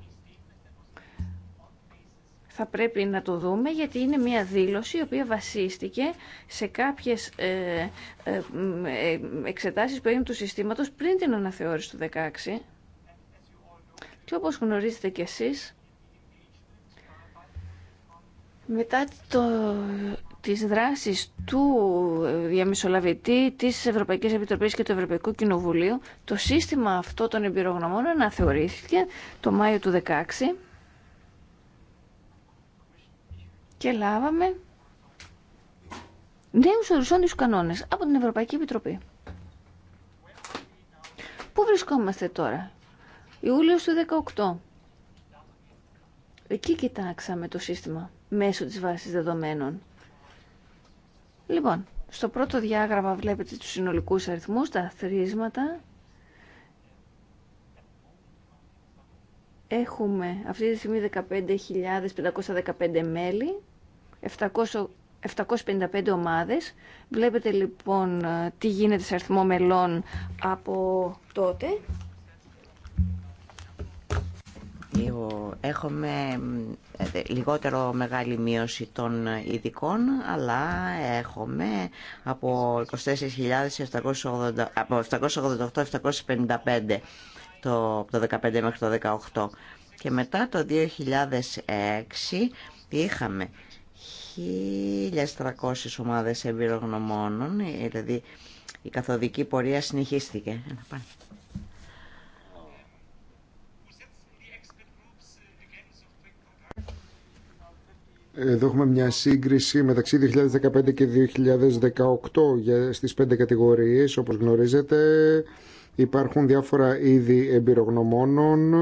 θα πρέπει να το δούμε γιατί είναι μια δήλωση η οποία βασίστηκε σε κάποιες ε, ε, ε, εξετάσεις που έγινε του συστήματος πριν την αναθεώρηση του 16 και όπως γνωρίζετε κι εσείς μετά το, τις δράσεις του διαμεσολαβητή της Ευρωπαϊκής Επιτροπής και του Ευρωπαϊκού Κοινοβουλίου το σύστημα αυτό των εμπειρογνωμών αναθεωρήθηκε το Μάιο του 2016 και λάβαμε νέου οριζόντιου κανόνες από την Ευρωπαϊκή Επιτροπή. Πού βρισκόμαστε τώρα, Ιούλιο του 18. Εκεί κοιτάξαμε το σύστημα μέσω της βάσης δεδομένων. Λοιπόν, στο πρώτο διάγραμμα βλέπετε τους συνολικούς αριθμούς, τα θρίσματα. Έχουμε αυτή τη στιγμή 15.515 μέλη 700, 755 ομάδες. Βλέπετε λοιπόν ε, τι γίνεται σε αριθμό μελών από τότε. Έχουμε ε, λιγότερο μεγάλη μείωση των ε, ειδικών, αλλά έχουμε από 24.788 από 788-755 το, το 15 μέχρι το 18. Και μετά το 2006 είχαμε 1.300 ομάδες εμπειρογνωμόνων, ε, δηλαδή η καθοδική πορεία συνεχίστηκε. Εδώ έχουμε μια σύγκριση μεταξύ 2015 και 2018 για στις πέντε κατηγορίες. Όπως γνωρίζετε υπάρχουν διάφορα είδη εμπειρογνωμόνων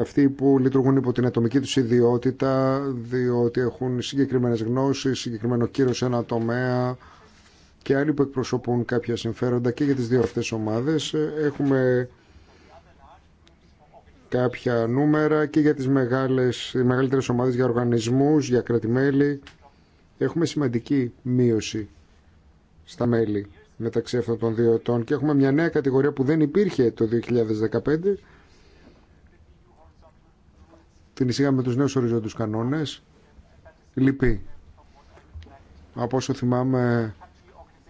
αυτοί που λειτουργούν υπό την ατομική τους ιδιότητα διότι έχουν συγκεκριμένες γνώσεις, συγκεκριμένο κύριο σε ένα τομέα και άλλοι που εκπροσωπούν κάποια συμφέροντα και για τις δύο αυτές ομάδες ε, έχουμε κάποια νούμερα και για τις μεγάλες, μεγαλύτερες ομάδες για οργανισμούς, για κρατημέλη έχουμε σημαντική μείωση στα μέλη μεταξύ αυτών των δύο ετών και έχουμε μια νέα κατηγορία που δεν υπήρχε το 2015 την εισήγαμε τους νέους οριζόντους κανόνες. Λυπή. Από όσο θυμάμαι,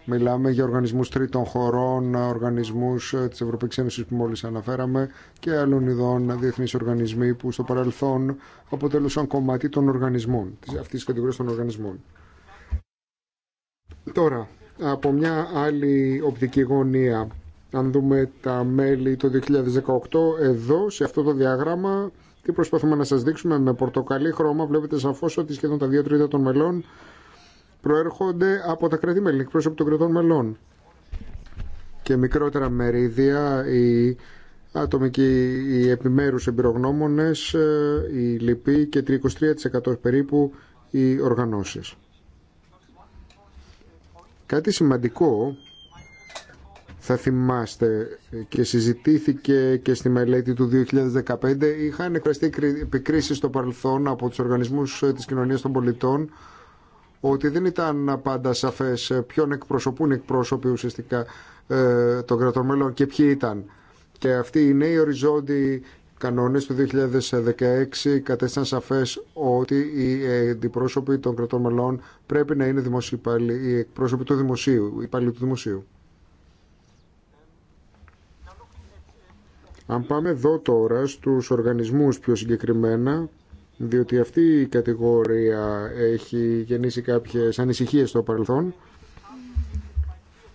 μιλάμε για οργανισμούς τρίτων χωρών, οργανισμούς ε, της Ευρωπαϊκής Ένωσης που μόλις αναφέραμε και άλλων ειδών διεθνείς οργανισμοί που στο παρελθόν αποτελούσαν κομμάτι των οργανισμών, αυτής της κατηγορίας των οργανισμών. Τώρα, από μια άλλη οπτική γωνία, αν δούμε τα μέλη το 2018, εδώ σε αυτό το διάγραμμα τι προσπαθούμε να σας δείξουμε με πορτοκαλί χρώμα βλέπετε σαφώς ότι σχεδόν τα δύο τρίτα των μελών προέρχονται από τα μελή, εκπρόσωποι των κρατών μελών και μικρότερα μερίδια οι ατομικοί, οι επιμέρους εμπειρογνώμονες, ε, οι λοιποί και 23% περίπου οι οργανώσεις. Κάτι σημαντικό θα θυμάστε ε, και συζητήθηκε και στη μελέτη του 2015 είχαν εκφραστεί επικρίσεις στο παρελθόν από τους οργανισμούς ε, της κοινωνίας των πολιτών ότι δεν ήταν πάντα σαφές ε, ποιον εκπροσωπούν εκπρόσωποι ουσιαστικά των κρατών μέλων και ποιοι ήταν. Και αυτοί οι νέοι οριζόντιοι κανόνες του 2016 κατέστησαν σαφές ότι οι αντιπρόσωποι των κρατών μελών πρέπει να είναι δημοσιοί οι εκπρόσωποι του δημοσίου, υπάλληλοι του δημοσίου. Αν πάμε εδώ τώρα στους οργανισμούς πιο συγκεκριμένα, διότι αυτή η κατηγορία έχει γεννήσει κάποιες ανησυχίες στο παρελθόν,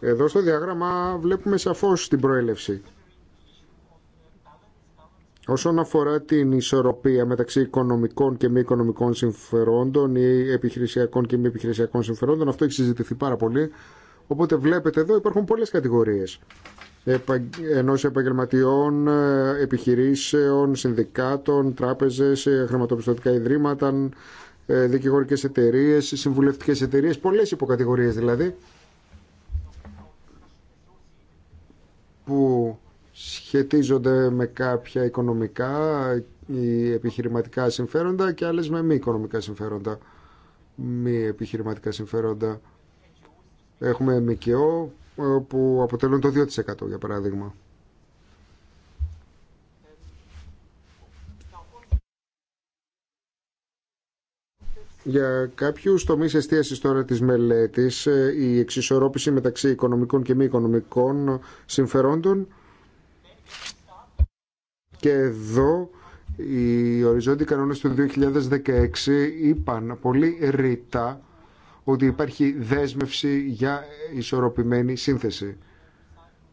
εδώ στο διάγραμμα βλέπουμε σαφώς την προέλευση. Όσον αφορά την ισορροπία μεταξύ οικονομικών και μη οικονομικών συμφερόντων ή επιχειρησιακών και μη επιχειρησιακών συμφερόντων, αυτό έχει συζητηθεί πάρα πολύ. Οπότε βλέπετε εδώ υπάρχουν πολλές κατηγορίες ενός επαγγελματιών, ε, επιχειρήσεων, συνδικάτων, τράπεζες, ε, χρηματοπιστωτικά ιδρύματα, ε, δικηγορικές εταιρείες, συμβουλευτικές εταιρείες, πολλές υποκατηγορίες δηλαδή, που σχετίζονται με κάποια οικονομικά ή επιχειρηματικά συμφέροντα και άλλες με μη οικονομικά συμφέροντα, μη επιχειρηματικά συμφέροντα. Έχουμε ΜΚΟ που αποτελούν το 2% για παράδειγμα. Για κάποιους τομείς εστίασης τώρα της μελέτης, ε, η εξισορρόπηση μεταξύ οικονομικών και μη οικονομικών συμφερόντων και εδώ οι οριζόντιοι κανόνες του 2016 είπαν πολύ ρητά ότι υπάρχει δέσμευση για ισορροπημένη σύνθεση.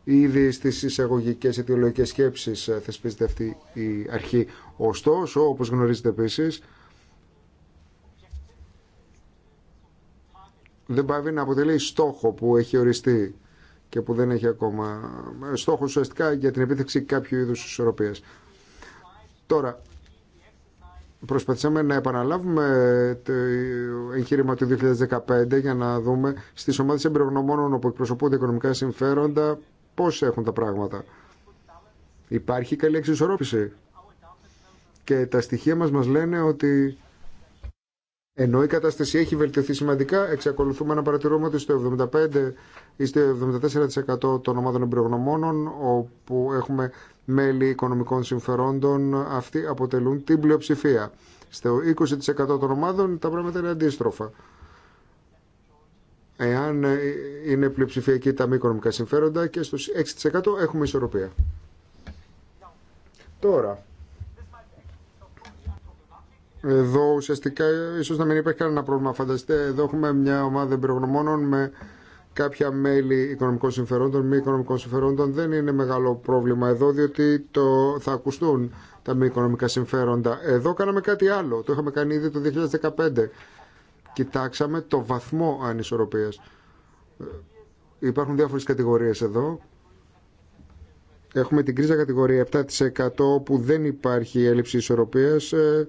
Ήδη στι εισαγωγικέ αιτιολογικέ σκέψει θεσπίζεται αυτή η αρχή. Ωστόσο, όπω γνωρίζετε επίση, δεν πάβει να αποτελεί στόχο που έχει οριστεί και που δεν έχει ακόμα στόχο ουσιαστικά για την επίθεση κάποιου είδους ισορροπία. Τώρα, προσπαθήσαμε να επαναλάβουμε το εγχείρημα του 2015 για να δούμε στις ομάδες εμπειρογνωμόνων όπου εκπροσωπούνται οικονομικά συμφέροντα πώς έχουν τα πράγματα. Υπάρχει καλή εξισορρόπηση. Και τα στοιχεία μας μας λένε ότι ενώ η κατάσταση έχει βελτιωθεί σημαντικά, εξακολουθούμε να παρατηρούμε ότι στο 75% ή στο 74% των ομάδων εμπειρογνωμόνων, όπου έχουμε μέλη οικονομικών συμφερόντων, αυτοί αποτελούν την πλειοψηφία. Στο 20% των ομάδων τα πράγματα είναι αντίστροφα. Εάν είναι πλειοψηφιακή τα μη οικονομικά συμφέροντα και στους 6% έχουμε ισορροπία. Τώρα, εδώ ουσιαστικά ίσω να μην υπάρχει κανένα πρόβλημα. Φανταστείτε, εδώ έχουμε μια ομάδα εμπειρογνωμόνων με κάποια μέλη οικονομικών συμφερόντων, μη οικονομικών συμφερόντων. Δεν είναι μεγάλο πρόβλημα εδώ, διότι το θα ακουστούν τα μη οικονομικά συμφέροντα. Εδώ κάναμε κάτι άλλο. Το είχαμε κάνει ήδη το 2015. Κοιτάξαμε το βαθμό ανισορροπίας. Ε, υπάρχουν διάφορε κατηγορίε εδώ. Έχουμε την κρίζα κατηγορία 7% που δεν υπάρχει έλλειψη ισορροπίας. Ε,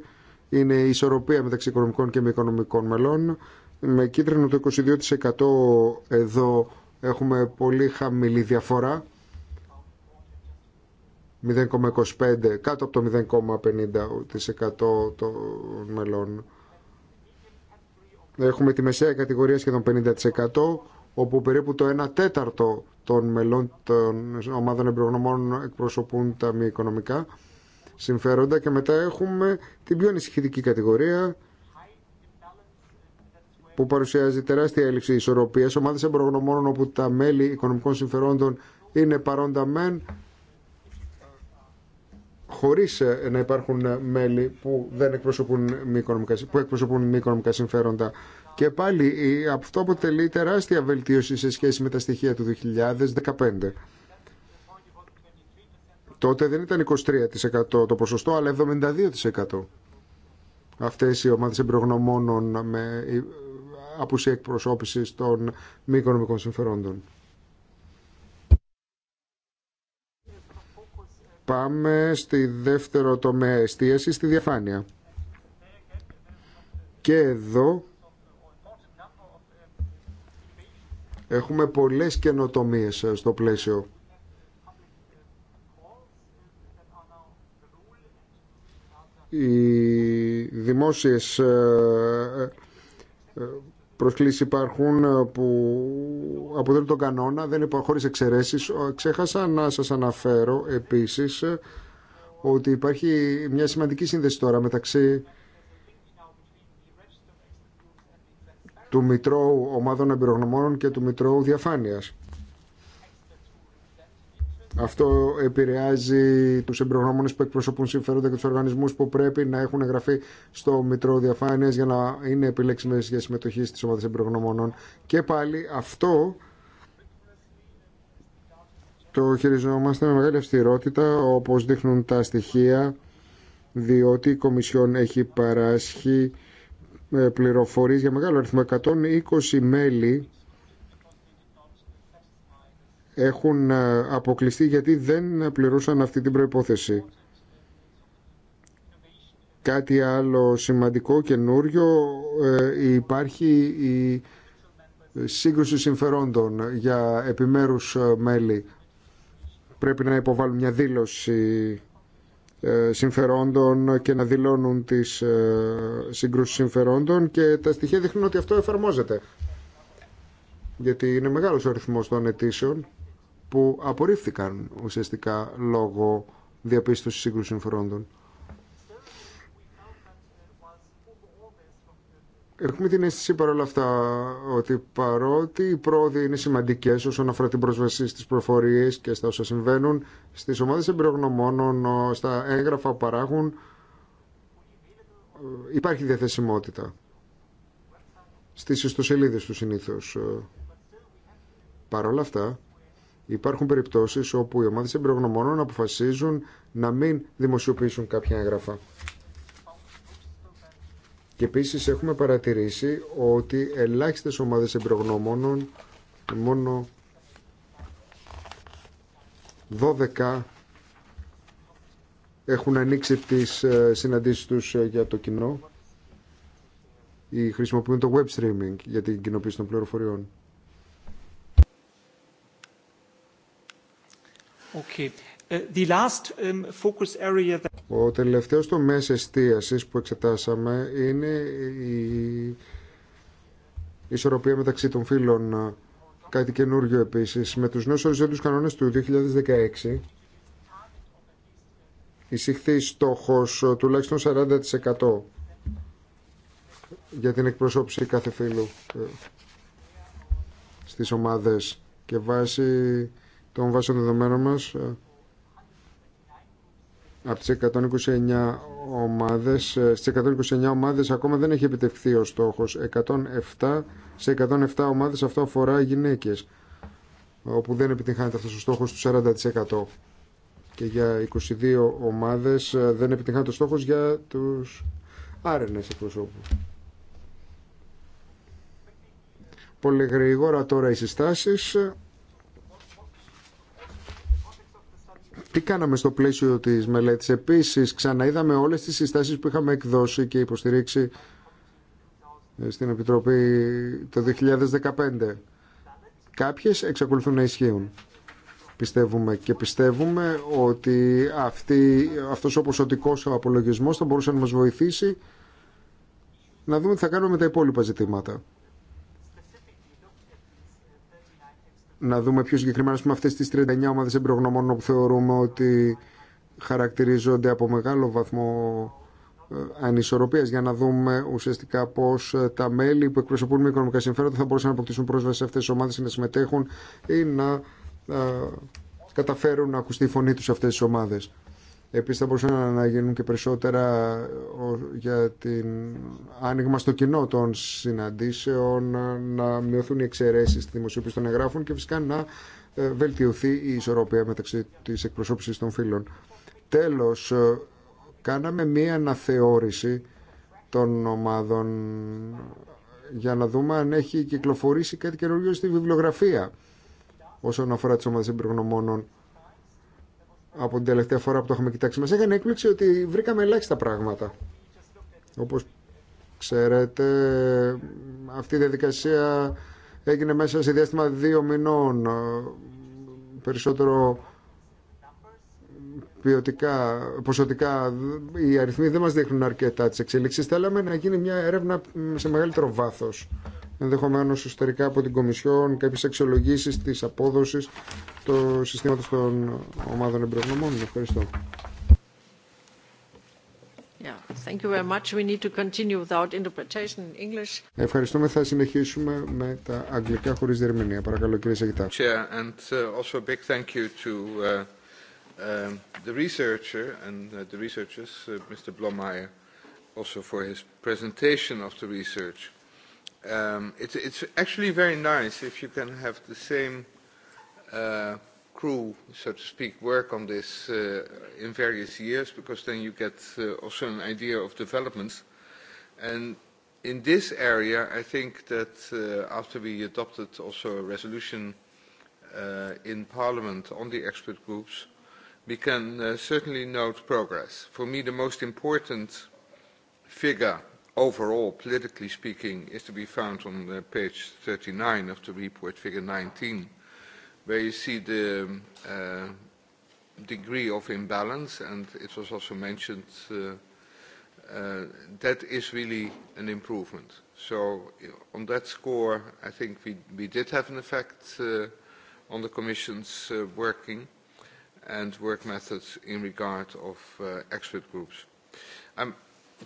είναι η ισορροπία μεταξύ οικονομικών και μη οικονομικών μελών. Με κίτρινο το 22% εδώ έχουμε πολύ χαμηλή διαφορά. 0,25 κάτω από το 0,50% των μελών. Έχουμε τη μεσαία κατηγορία σχεδόν 50% όπου περίπου το 1 τέταρτο των μελών των ομάδων εμπειρογνωμών εκπροσωπούν τα μη οικονομικά συμφέροντα και μετά έχουμε την πιο ανησυχητική κατηγορία που παρουσιάζει τεράστια έλλειψη ισορροπίας, ομάδες εμπρογνωμόνων όπου τα μέλη οικονομικών συμφερόντων είναι παρόντα μεν, χωρίς ε, να υπάρχουν μέλη που, δεν εκπροσωπούν, μη που εκπροσωπούν μη οικονομικά συμφέροντα. Και πάλι αυτό αποτελεί τεράστια βελτίωση σε σχέση με τα στοιχεία του 2015. Τότε δεν ήταν 23% το ποσοστό, αλλά 72%. Αυτές οι ομάδες εμπειρογνωμόνων με απουσία εκπροσώπησης των μη οικονομικών συμφερόντων. Πάμε στη δεύτερο τομέα εστίαση, στη διαφάνεια. Και εδώ έχουμε πολλές καινοτομίες στο πλαίσιο οι δημόσιες ε, ε, προσκλήσεις υπάρχουν ε, που αποτελούν τον κανόνα, δεν υπάρχουν χωρίς εξαιρέσεις. Ξέχασα να σας αναφέρω επίσης ότι υπάρχει μια σημαντική σύνδεση τώρα μεταξύ του Μητρώου Ομάδων Εμπειρογνωμόνων και του Μητρώου Διαφάνειας. Αυτό επηρεάζει του εμπειρογνώμονε που εκπροσωπούν συμφέροντα και του οργανισμού που πρέπει να έχουν εγγραφεί στο Μητρό Διαφάνεια για να είναι επιλέξιμε για συμμετοχή στι ομάδε εμπειρογνωμόνων. Και πάλι αυτό το χειριζόμαστε με μεγάλη αυστηρότητα όπως δείχνουν τα στοιχεία διότι η Κομισιόν έχει παράσχει ε, πληροφορίες για μεγάλο αριθμό 120 μέλη έχουν ε, αποκλειστεί γιατί δεν πληρούσαν αυτή την προϋπόθεση. Κάτι άλλο σημαντικό καινούριο ε, υπάρχει η σύγκρουση συμφερόντων για επιμέρους ε, μέλη. Πρέπει να υποβάλουν μια δήλωση συμφερόντων και να δηλώνουν τις σύγκρουσεις συμφερόντων και τα στοιχεία δείχνουν ότι αυτό εφαρμόζεται. Γιατί είναι μεγάλος ο αριθμός των αιτήσεων που απορρίφθηκαν ουσιαστικά λόγω διαπίστωσης σύγκρουση συμφερόντων. Έχουμε την αίσθηση παρόλα αυτά ότι παρότι οι πρόοδοι είναι σημαντικέ όσον αφορά την πρόσβαση στι προφορίε και στα όσα συμβαίνουν, στι ομάδε εμπειρογνωμόνων, στα έγγραφα που παράγουν, ε, υπάρχει διαθεσιμότητα στις ιστοσελίδες του συνήθως. Ε, Παρ' όλα αυτά, Υπάρχουν περιπτώσεις όπου οι ομάδες εμπειρογνωμόνων αποφασίζουν να μην δημοσιοποιήσουν κάποια έγγραφα. Και επίσης έχουμε παρατηρήσει ότι ελάχιστε ομάδες εμπειρογνωμόνων, μόνο 12 έχουν ανοίξει τις ε, συναντήσεις τους ε, για το κοινό ή χρησιμοποιούν το web streaming για την κοινοποίηση των πληροφοριών. Uh, um, Ο τελευταίος τομέας εστίασης που εξετάσαμε είναι η ισορροπία μεταξύ των φύλων. Ε, κάτι καινούριο επίσης. Με τους νέους οριζόντους κανόνες του 2016 εισηχθεί στόχος ε, τουλάχιστον 40% για την εκπροσώπηση κάθε φύλου ε, στις ομάδες και βάσει των βάσεων δεδομένων μας ε, από τις 129 ομάδες, ε, στις 129 ομάδες ακόμα δεν έχει επιτευχθεί ο στόχος. 107, σε 107 ομάδες αυτό αφορά γυναίκες, όπου δεν επιτυγχάνεται αυτός ο στόχος του 40%. Και για 22 ομάδες ε, δεν επιτυγχάνεται ο στόχος για τους άρενες εκπροσώπους. Πολύ γρήγορα τώρα οι συστάσεις. Τι κάναμε στο πλαίσιο τη μελέτη. Επίσης, ξαναείδαμε όλες τις συστάσεις που είχαμε εκδώσει και υποστηρίξει ε, στην Επιτροπή το 2015. Κάποιες εξακολουθούν να ισχύουν, πιστεύουμε. Και πιστεύουμε ότι αυτή, αυτός ο ποσοτικός απολογισμός θα μπορούσε να μας βοηθήσει να δούμε τι θα κάνουμε με τα υπόλοιπα ζητήματα. να δούμε πιο συγκεκριμένα με αυτές τις 39 ομάδες εμπειρογνωμών που θεωρούμε ότι χαρακτηρίζονται από μεγάλο βαθμό ε, ανισορροπίας για να δούμε ουσιαστικά πώς ε, τα μέλη που εκπροσωπούν με οικονομικά συμφέροντα θα μπορούσαν να αποκτήσουν πρόσβαση σε αυτές τις ομάδες να συμμετέχουν ή να ε, καταφέρουν να ακουστεί η φωνή τους σε αυτές τις ομάδες. Επίσης θα μπορούσαν να γίνουν και περισσότερα για την άνοιγμα στο κοινό των συναντήσεων, να μειωθούν οι εξαιρέσεις στη δημοσιοποίηση των εγγράφων και φυσικά να ε, βελτιωθεί η ισορροπία μεταξύ της εκπροσώπησης των φύλων. Τέλος, ε, κάναμε μία αναθεώρηση των ομάδων για να δούμε αν έχει κυκλοφορήσει κάτι καινούργιο στη βιβλιογραφία όσον αφορά τις ομάδες εμπειρογνωμόνων από την τελευταία φορά που το είχαμε κοιτάξει. Μας έκανε έκπληξη ότι βρήκαμε ελάχιστα πράγματα. Όπως ξέρετε, αυτή η διαδικασία έγινε μέσα σε διάστημα δύο μηνών. Περισσότερο ποιοτικά, ποσοτικά, οι αριθμοί δεν μας δείχνουν αρκετά τις εξελίξεις. Θέλαμε να γίνει μια έρευνα σε μεγαλύτερο βάθος ενδεχομένω εσωτερικά από την Κομισιόν κάποιε αξιολογήσει τη απόδοση του συστήματο των ομάδων εμπειρογνωμών. Ευχαριστώ. thank you very much. We need to continue without interpretation in Ευχαριστούμε. Θα συνεχίσουμε με τα αγγλικά χωρίς διερμηνία. Παρακαλώ, κύριε Σαγητά. and uh, also a big thank you to uh, um, the researcher and uh, the researchers, Mr. Blomeyer, also for his presentation of the research. Um, it's, it's actually very nice if you can have the same uh, crew, so to speak, work on this uh, in various years, because then you get uh, also an idea of developments. And in this area, I think that uh, after we adopted also a resolution uh, in Parliament on the expert groups, we can uh, certainly note progress. For me, the most important figure overall, politically speaking, is to be found on page 39 of the report, figure 19, where you see the degree of imbalance, and it was also mentioned that is really an improvement. So on that score, I think we, we did have an effect on the Commission's working and work methods in regard of expert groups. I'm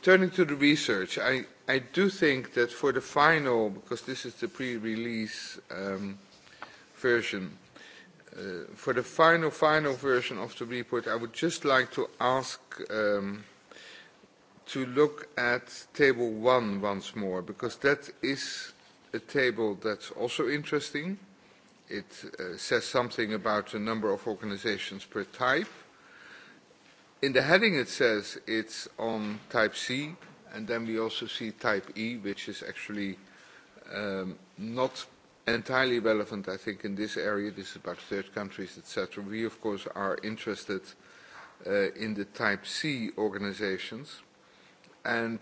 Turning to the research, I, I do think that for the final, because this is the pre-release um, version, for the final, final version of the report, I would just like to ask um, to look at table one once more, because that is a table that's also interesting. It says something about the number of organizations per type In the heading it says it's on type C, and then we also see type E, which is actually not entirely relevant, I think, in this area. This is about third countries, etc. We, of course, are interested in the type C organizations. And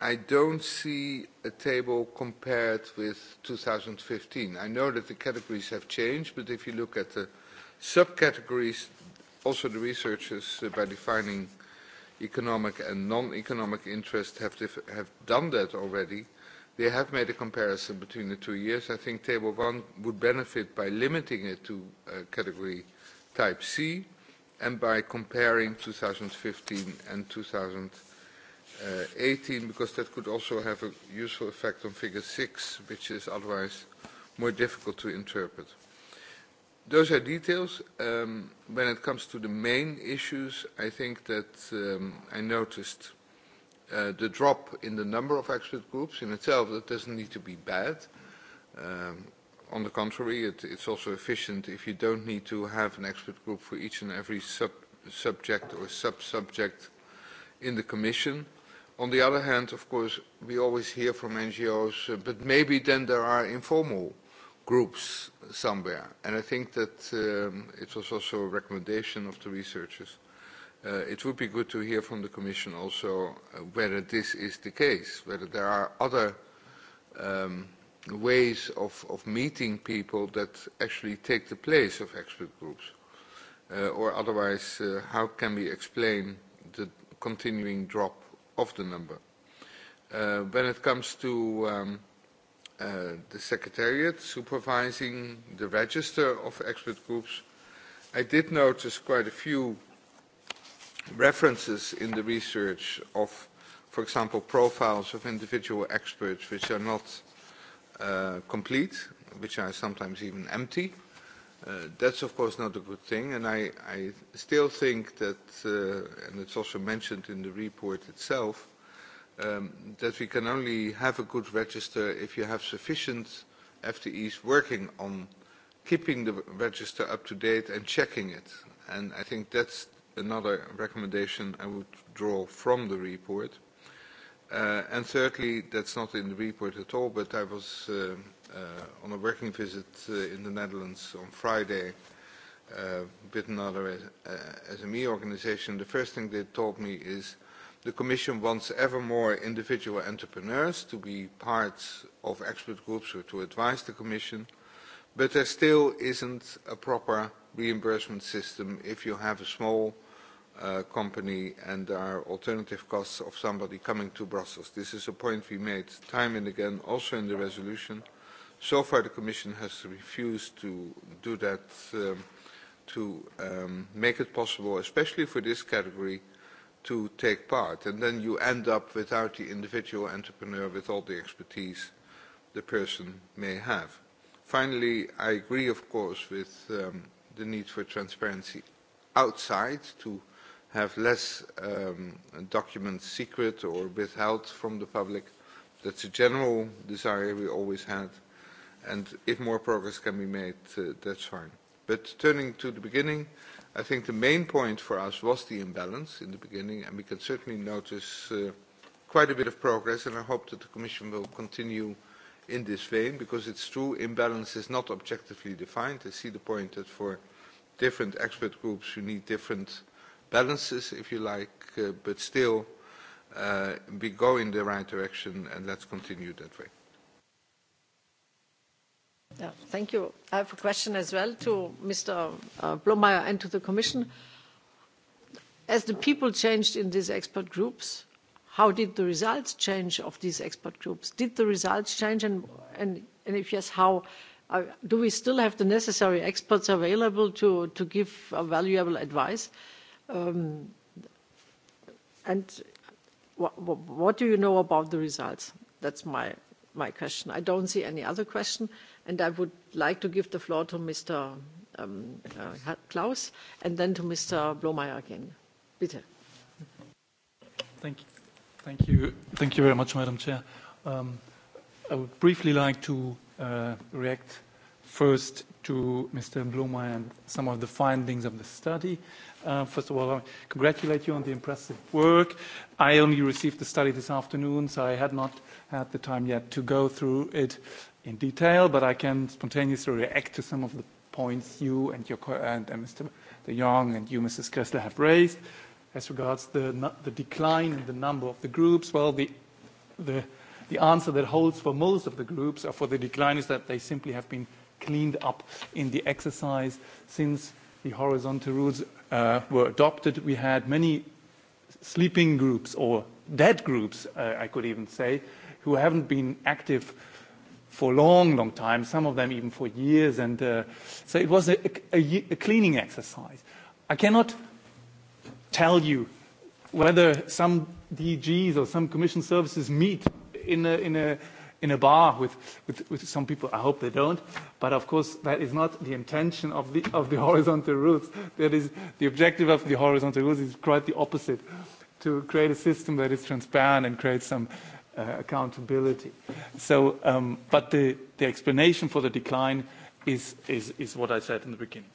I don't see a table compared with 2015. I know that the categories have changed, but if you look at the subcategories, Also, the researchers, by defining economic and non-economic interest, have have done that already. They have made a comparison between the two years. I think Table 1 would benefit by limiting it to category Type C and by comparing 2015 and 2018, because that could also have a useful effect on Figure 6, which is otherwise more difficult to interpret. Those are details. When it comes to the main issues, I think that I noticed the drop in the number of expert groups in itself. That doesn't need to be bad. On the contrary, it it's also efficient if you don't need to have an expert group for each and every subject or sub-subject in the Commission. On the other hand, of course, we always hear from NGOs, but maybe then there are informal groups somewhere. And I think that it was also a recommendation of the researchers. It would be good to hear from the Commission also whether this is the case, whether there are other ways of meeting people that actually take the place of expert groups. Or otherwise, how can we explain the continuing drop of the number? When it comes to the Secretariat supervising the register of expert groups. I did notice quite a few references in the research of, for example, profiles of individual experts which are not complete, which are sometimes even empty. That's, of course, not a good thing, and I still think that, and it's also mentioned in the report itself, that we can only have a good register if you have sufficient FTEs working on keeping the register up to date and checking it. And I think that's another recommendation I would draw from the report. And thirdly, that's not in the report at all, but I was on a working visit in the Netherlands on Friday with another SME organization. The first thing they told me is The Commission wants ever more individual entrepreneurs to be part of expert groups or to advise the Commission, but there still isn't a proper reimbursement system if you have a small company and there are alternative costs of somebody coming to Brussels. This is a point we made time and again, also in the resolution. So far, the Commission has refused to do that, to make it possible, especially for this category to take part. And then you end up without the individual entrepreneur with all the expertise the person may have. Finally, I agree, of course, with the need for transparency outside to have less documents secret or withheld from the public. That's a general desire we always had. And if more progress can be made, that's fine. But turning to the beginning, I think the main point for us was the imbalance in the beginning, and we can certainly notice quite a bit of progress, and I hope that the Commission will continue in this vein, because it's true, imbalance is not objectively defined. I see the point that for different expert groups you need different balances, if you like, but still we go in the right direction, and let's continue that way. Thank you. I have a question as well to Mr. Blomeyer and to the Commission. As the people changed in these expert groups, how did the results change of these expert groups? Did the results change, and if yes, how? Do we still have the necessary experts available to give valuable advice? And what do you know about the results? That's my question. I don't see any other question. And I would like to give the floor to Mr. Klaus and then to Mr. Blomeyer again. Bitte. Thank you. Thank you. very much, Madam Chair. I would briefly like to react first to Mr. Blomeyer and some of the findings of the study. First of all, I congratulate you on the impressive work. I only received the study this afternoon, so I had not had the time yet to go through it in detail, but I can spontaneously react to some of the points you and your and Mr. de Jong and you, Mrs. Kessler, have raised. As regards the the decline in the number of the groups, well, the the the answer that holds for most of the groups or for the decline is that they simply have been cleaned up in the exercise since the horizontal rules were adopted. We had many sleeping groups or dead groups, I could even say, who haven't been active for a long, long time, some of them even for years. And so it was a, a, a cleaning exercise. I cannot tell you whether some DGs or some commission services meet in a, in a, in a bar with, with, with some people. I hope they don't. But of course, that is not the intention of the, of the horizontal rules. That is the objective of the horizontal rules is quite the opposite, to create a system that is transparent and create some accountability. So, but the explanation for the decline is what I said in the beginning.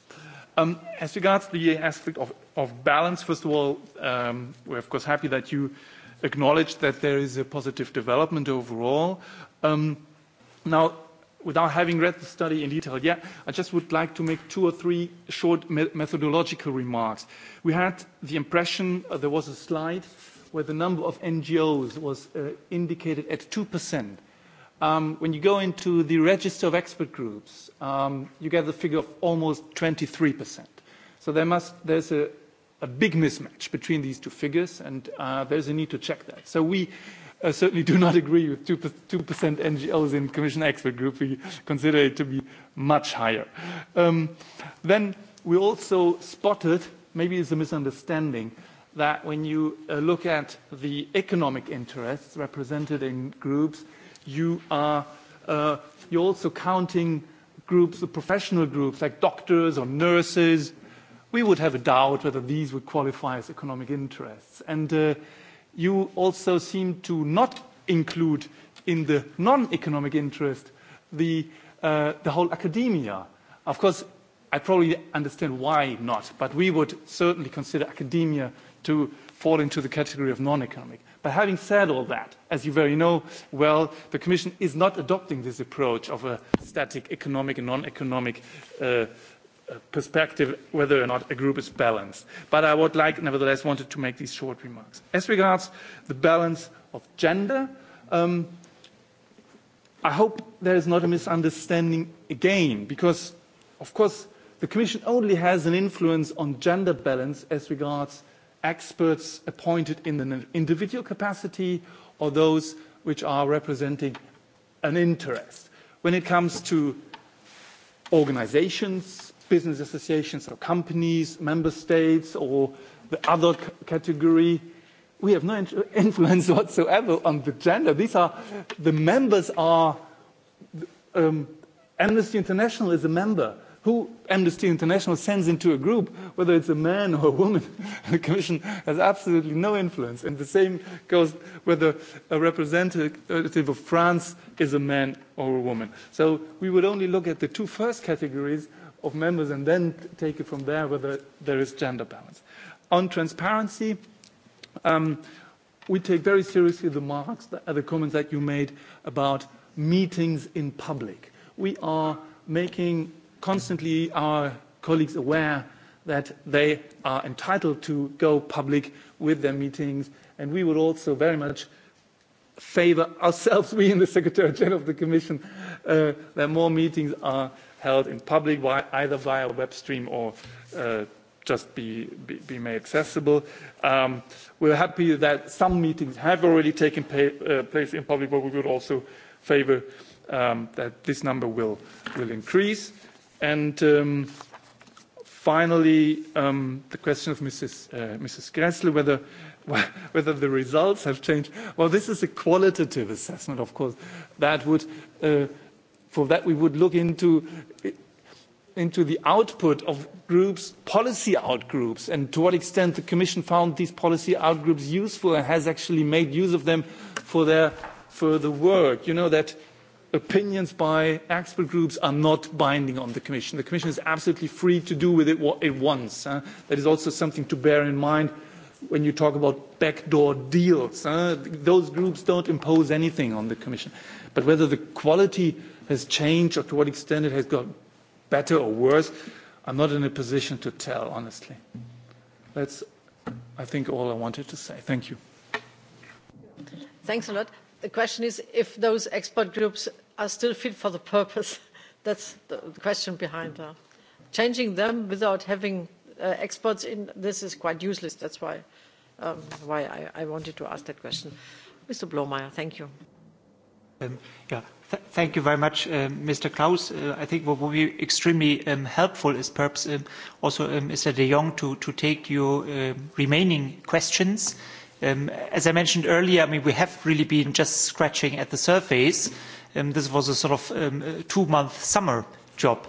As regards the aspect of balance, first of all, we're of course happy that you acknowledge that there is a positive development overall. Now, without having read the study in detail yet, I just would like to make two or three short methodological remarks. We had the impression, there was a slide where the number of NGOs was indicated at 2%. When you go into the register of expert groups, you get the figure of almost 23%. So there must there's a a big mismatch between these two figures, and there's a need to check that. So we certainly do not agree with 2% NGOs in Commission Expert Group. We consider it to be much higher. Then we also spotted, maybe it's a misunderstanding, that when you look at the economic interests represented in groups, you are you're also counting groups, the professional groups like doctors or nurses. We would have a doubt whether these would qualify as economic interests. And you also seem to not include in the non-economic interest the the whole academia. Of course, I probably understand why not, but we would certainly consider academia to fall into the category of non-economic. But having said all that, as you very know well, the Commission is not adopting this approach of a static economic and non-economic perspective whether or not a group is balanced. But I would like, nevertheless, wanted to make these short remarks. As regards the balance of gender, I hope there is not a misunderstanding again, because, of course, the Commission only has an influence on gender balance as regards experts appointed in an individual capacity or those which are representing an interest. When it comes to organizations, business associations or companies, member states or the other category, we have no influence whatsoever on the gender. These are the members are Amnesty International is a member who Amnesty International sends into a group, whether it's a man or a woman. The Commission has absolutely no influence. And the same goes whether a representative of France is a man or a woman. So we would only look at the two first categories of members and then take it from there whether there is gender balance. On transparency, um, we take very seriously the marks, the, the comments that you made about meetings in public. We are making constantly our colleagues aware that they are entitled to go public with their meetings and we would also very much favour ourselves we in the secretary general of the commission that more meetings are held in public either via web stream or just be be made accessible. we're happy that some meetings have already taken place in public but we would also favour that this number will will increase. And finally, the question of Mrs. Mrs. whether whether the results have changed. Well, this is a qualitative assessment, of course. That would, for that we would look into into the output of groups, policy outgroups, and to what extent the Commission found these policy outgroups useful and has actually made use of them for their further work. You know that opinions by expert groups are not binding on the Commission. The Commission is absolutely free to do with it what it wants. That is also something to bear in mind when you talk about backdoor deals. Those groups don't impose anything on the Commission. But whether the quality has changed or to what extent it has got better or worse, I'm not in a position to tell, honestly. That's, I think, all I wanted to say. Thank you. Thanks a lot. The question is if those expert groups are still fit for the purpose. That's the question behind that. Changing them without having experts in this is quite useless. That's why why I I wanted to ask that question. Mr. Blomeyer, thank you. Yeah, thank you very much, Mr. Klaus. I think what will be extremely helpful is perhaps also Mr. De Jong to take your remaining questions. As I mentioned earlier, I mean, we have really been just scratching at the surface This was a sort of two-month summer job.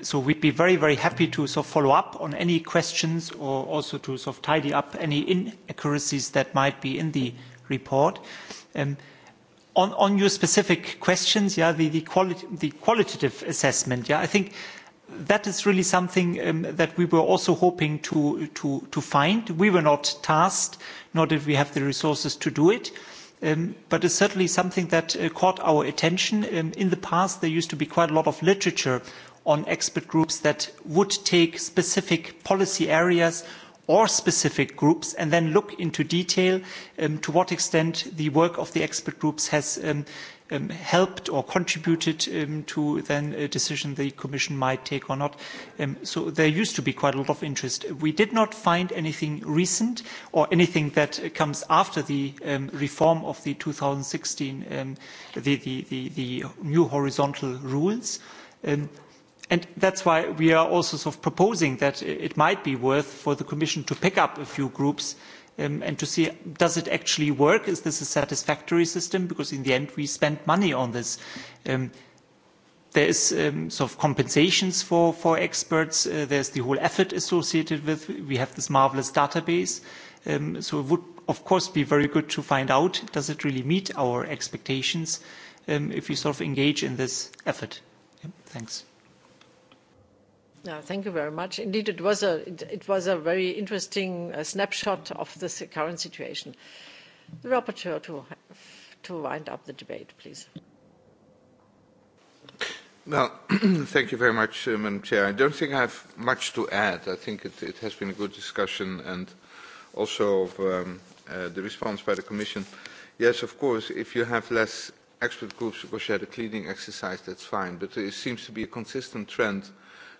So we'd be very, very happy to sort of follow up on any questions or also to sort of tidy up any inaccuracies that might be in the report. On your specific questions, yeah, the qualitative assessment, yeah, I think that is really something that we were also hoping to find. We were not tasked, nor did we have the resources to do it but is certainly something that caught our attention. In the past, there used to be quite a lot of literature on expert groups that would take specific policy areas or specific groups and then look into detail to what extent the work of the expert groups has helped or contributed to then a decision the Commission might take or not. So there used to be quite a lot of interest. We did not find anything recent or anything that comes after the reform of the 2016, the new horizontal rules. And that's why we are also proposing that it might be worth for the Commission to pick up a few groups and to see does it actually work? Is this a satisfactory system? Because in the end we spend money on this. There is sort of compensations for for experts. There's the whole effort associated with. We have this marvelous database. So it would of course be very good to find out does it really meet our expectations if we sort of engage in this effort. Thanks. Thank you very much. Indeed, it was a very interesting snapshot of the current situation. The rapporteur to wind up the debate, please. Well, thank you very much, Madam Chair. I don't think I have much to add. I think it has been a good discussion and also the response by the Commission. Yes, of course, if you have less expert groups because you had a cleaning exercise, that's fine. But it seems to be a consistent trend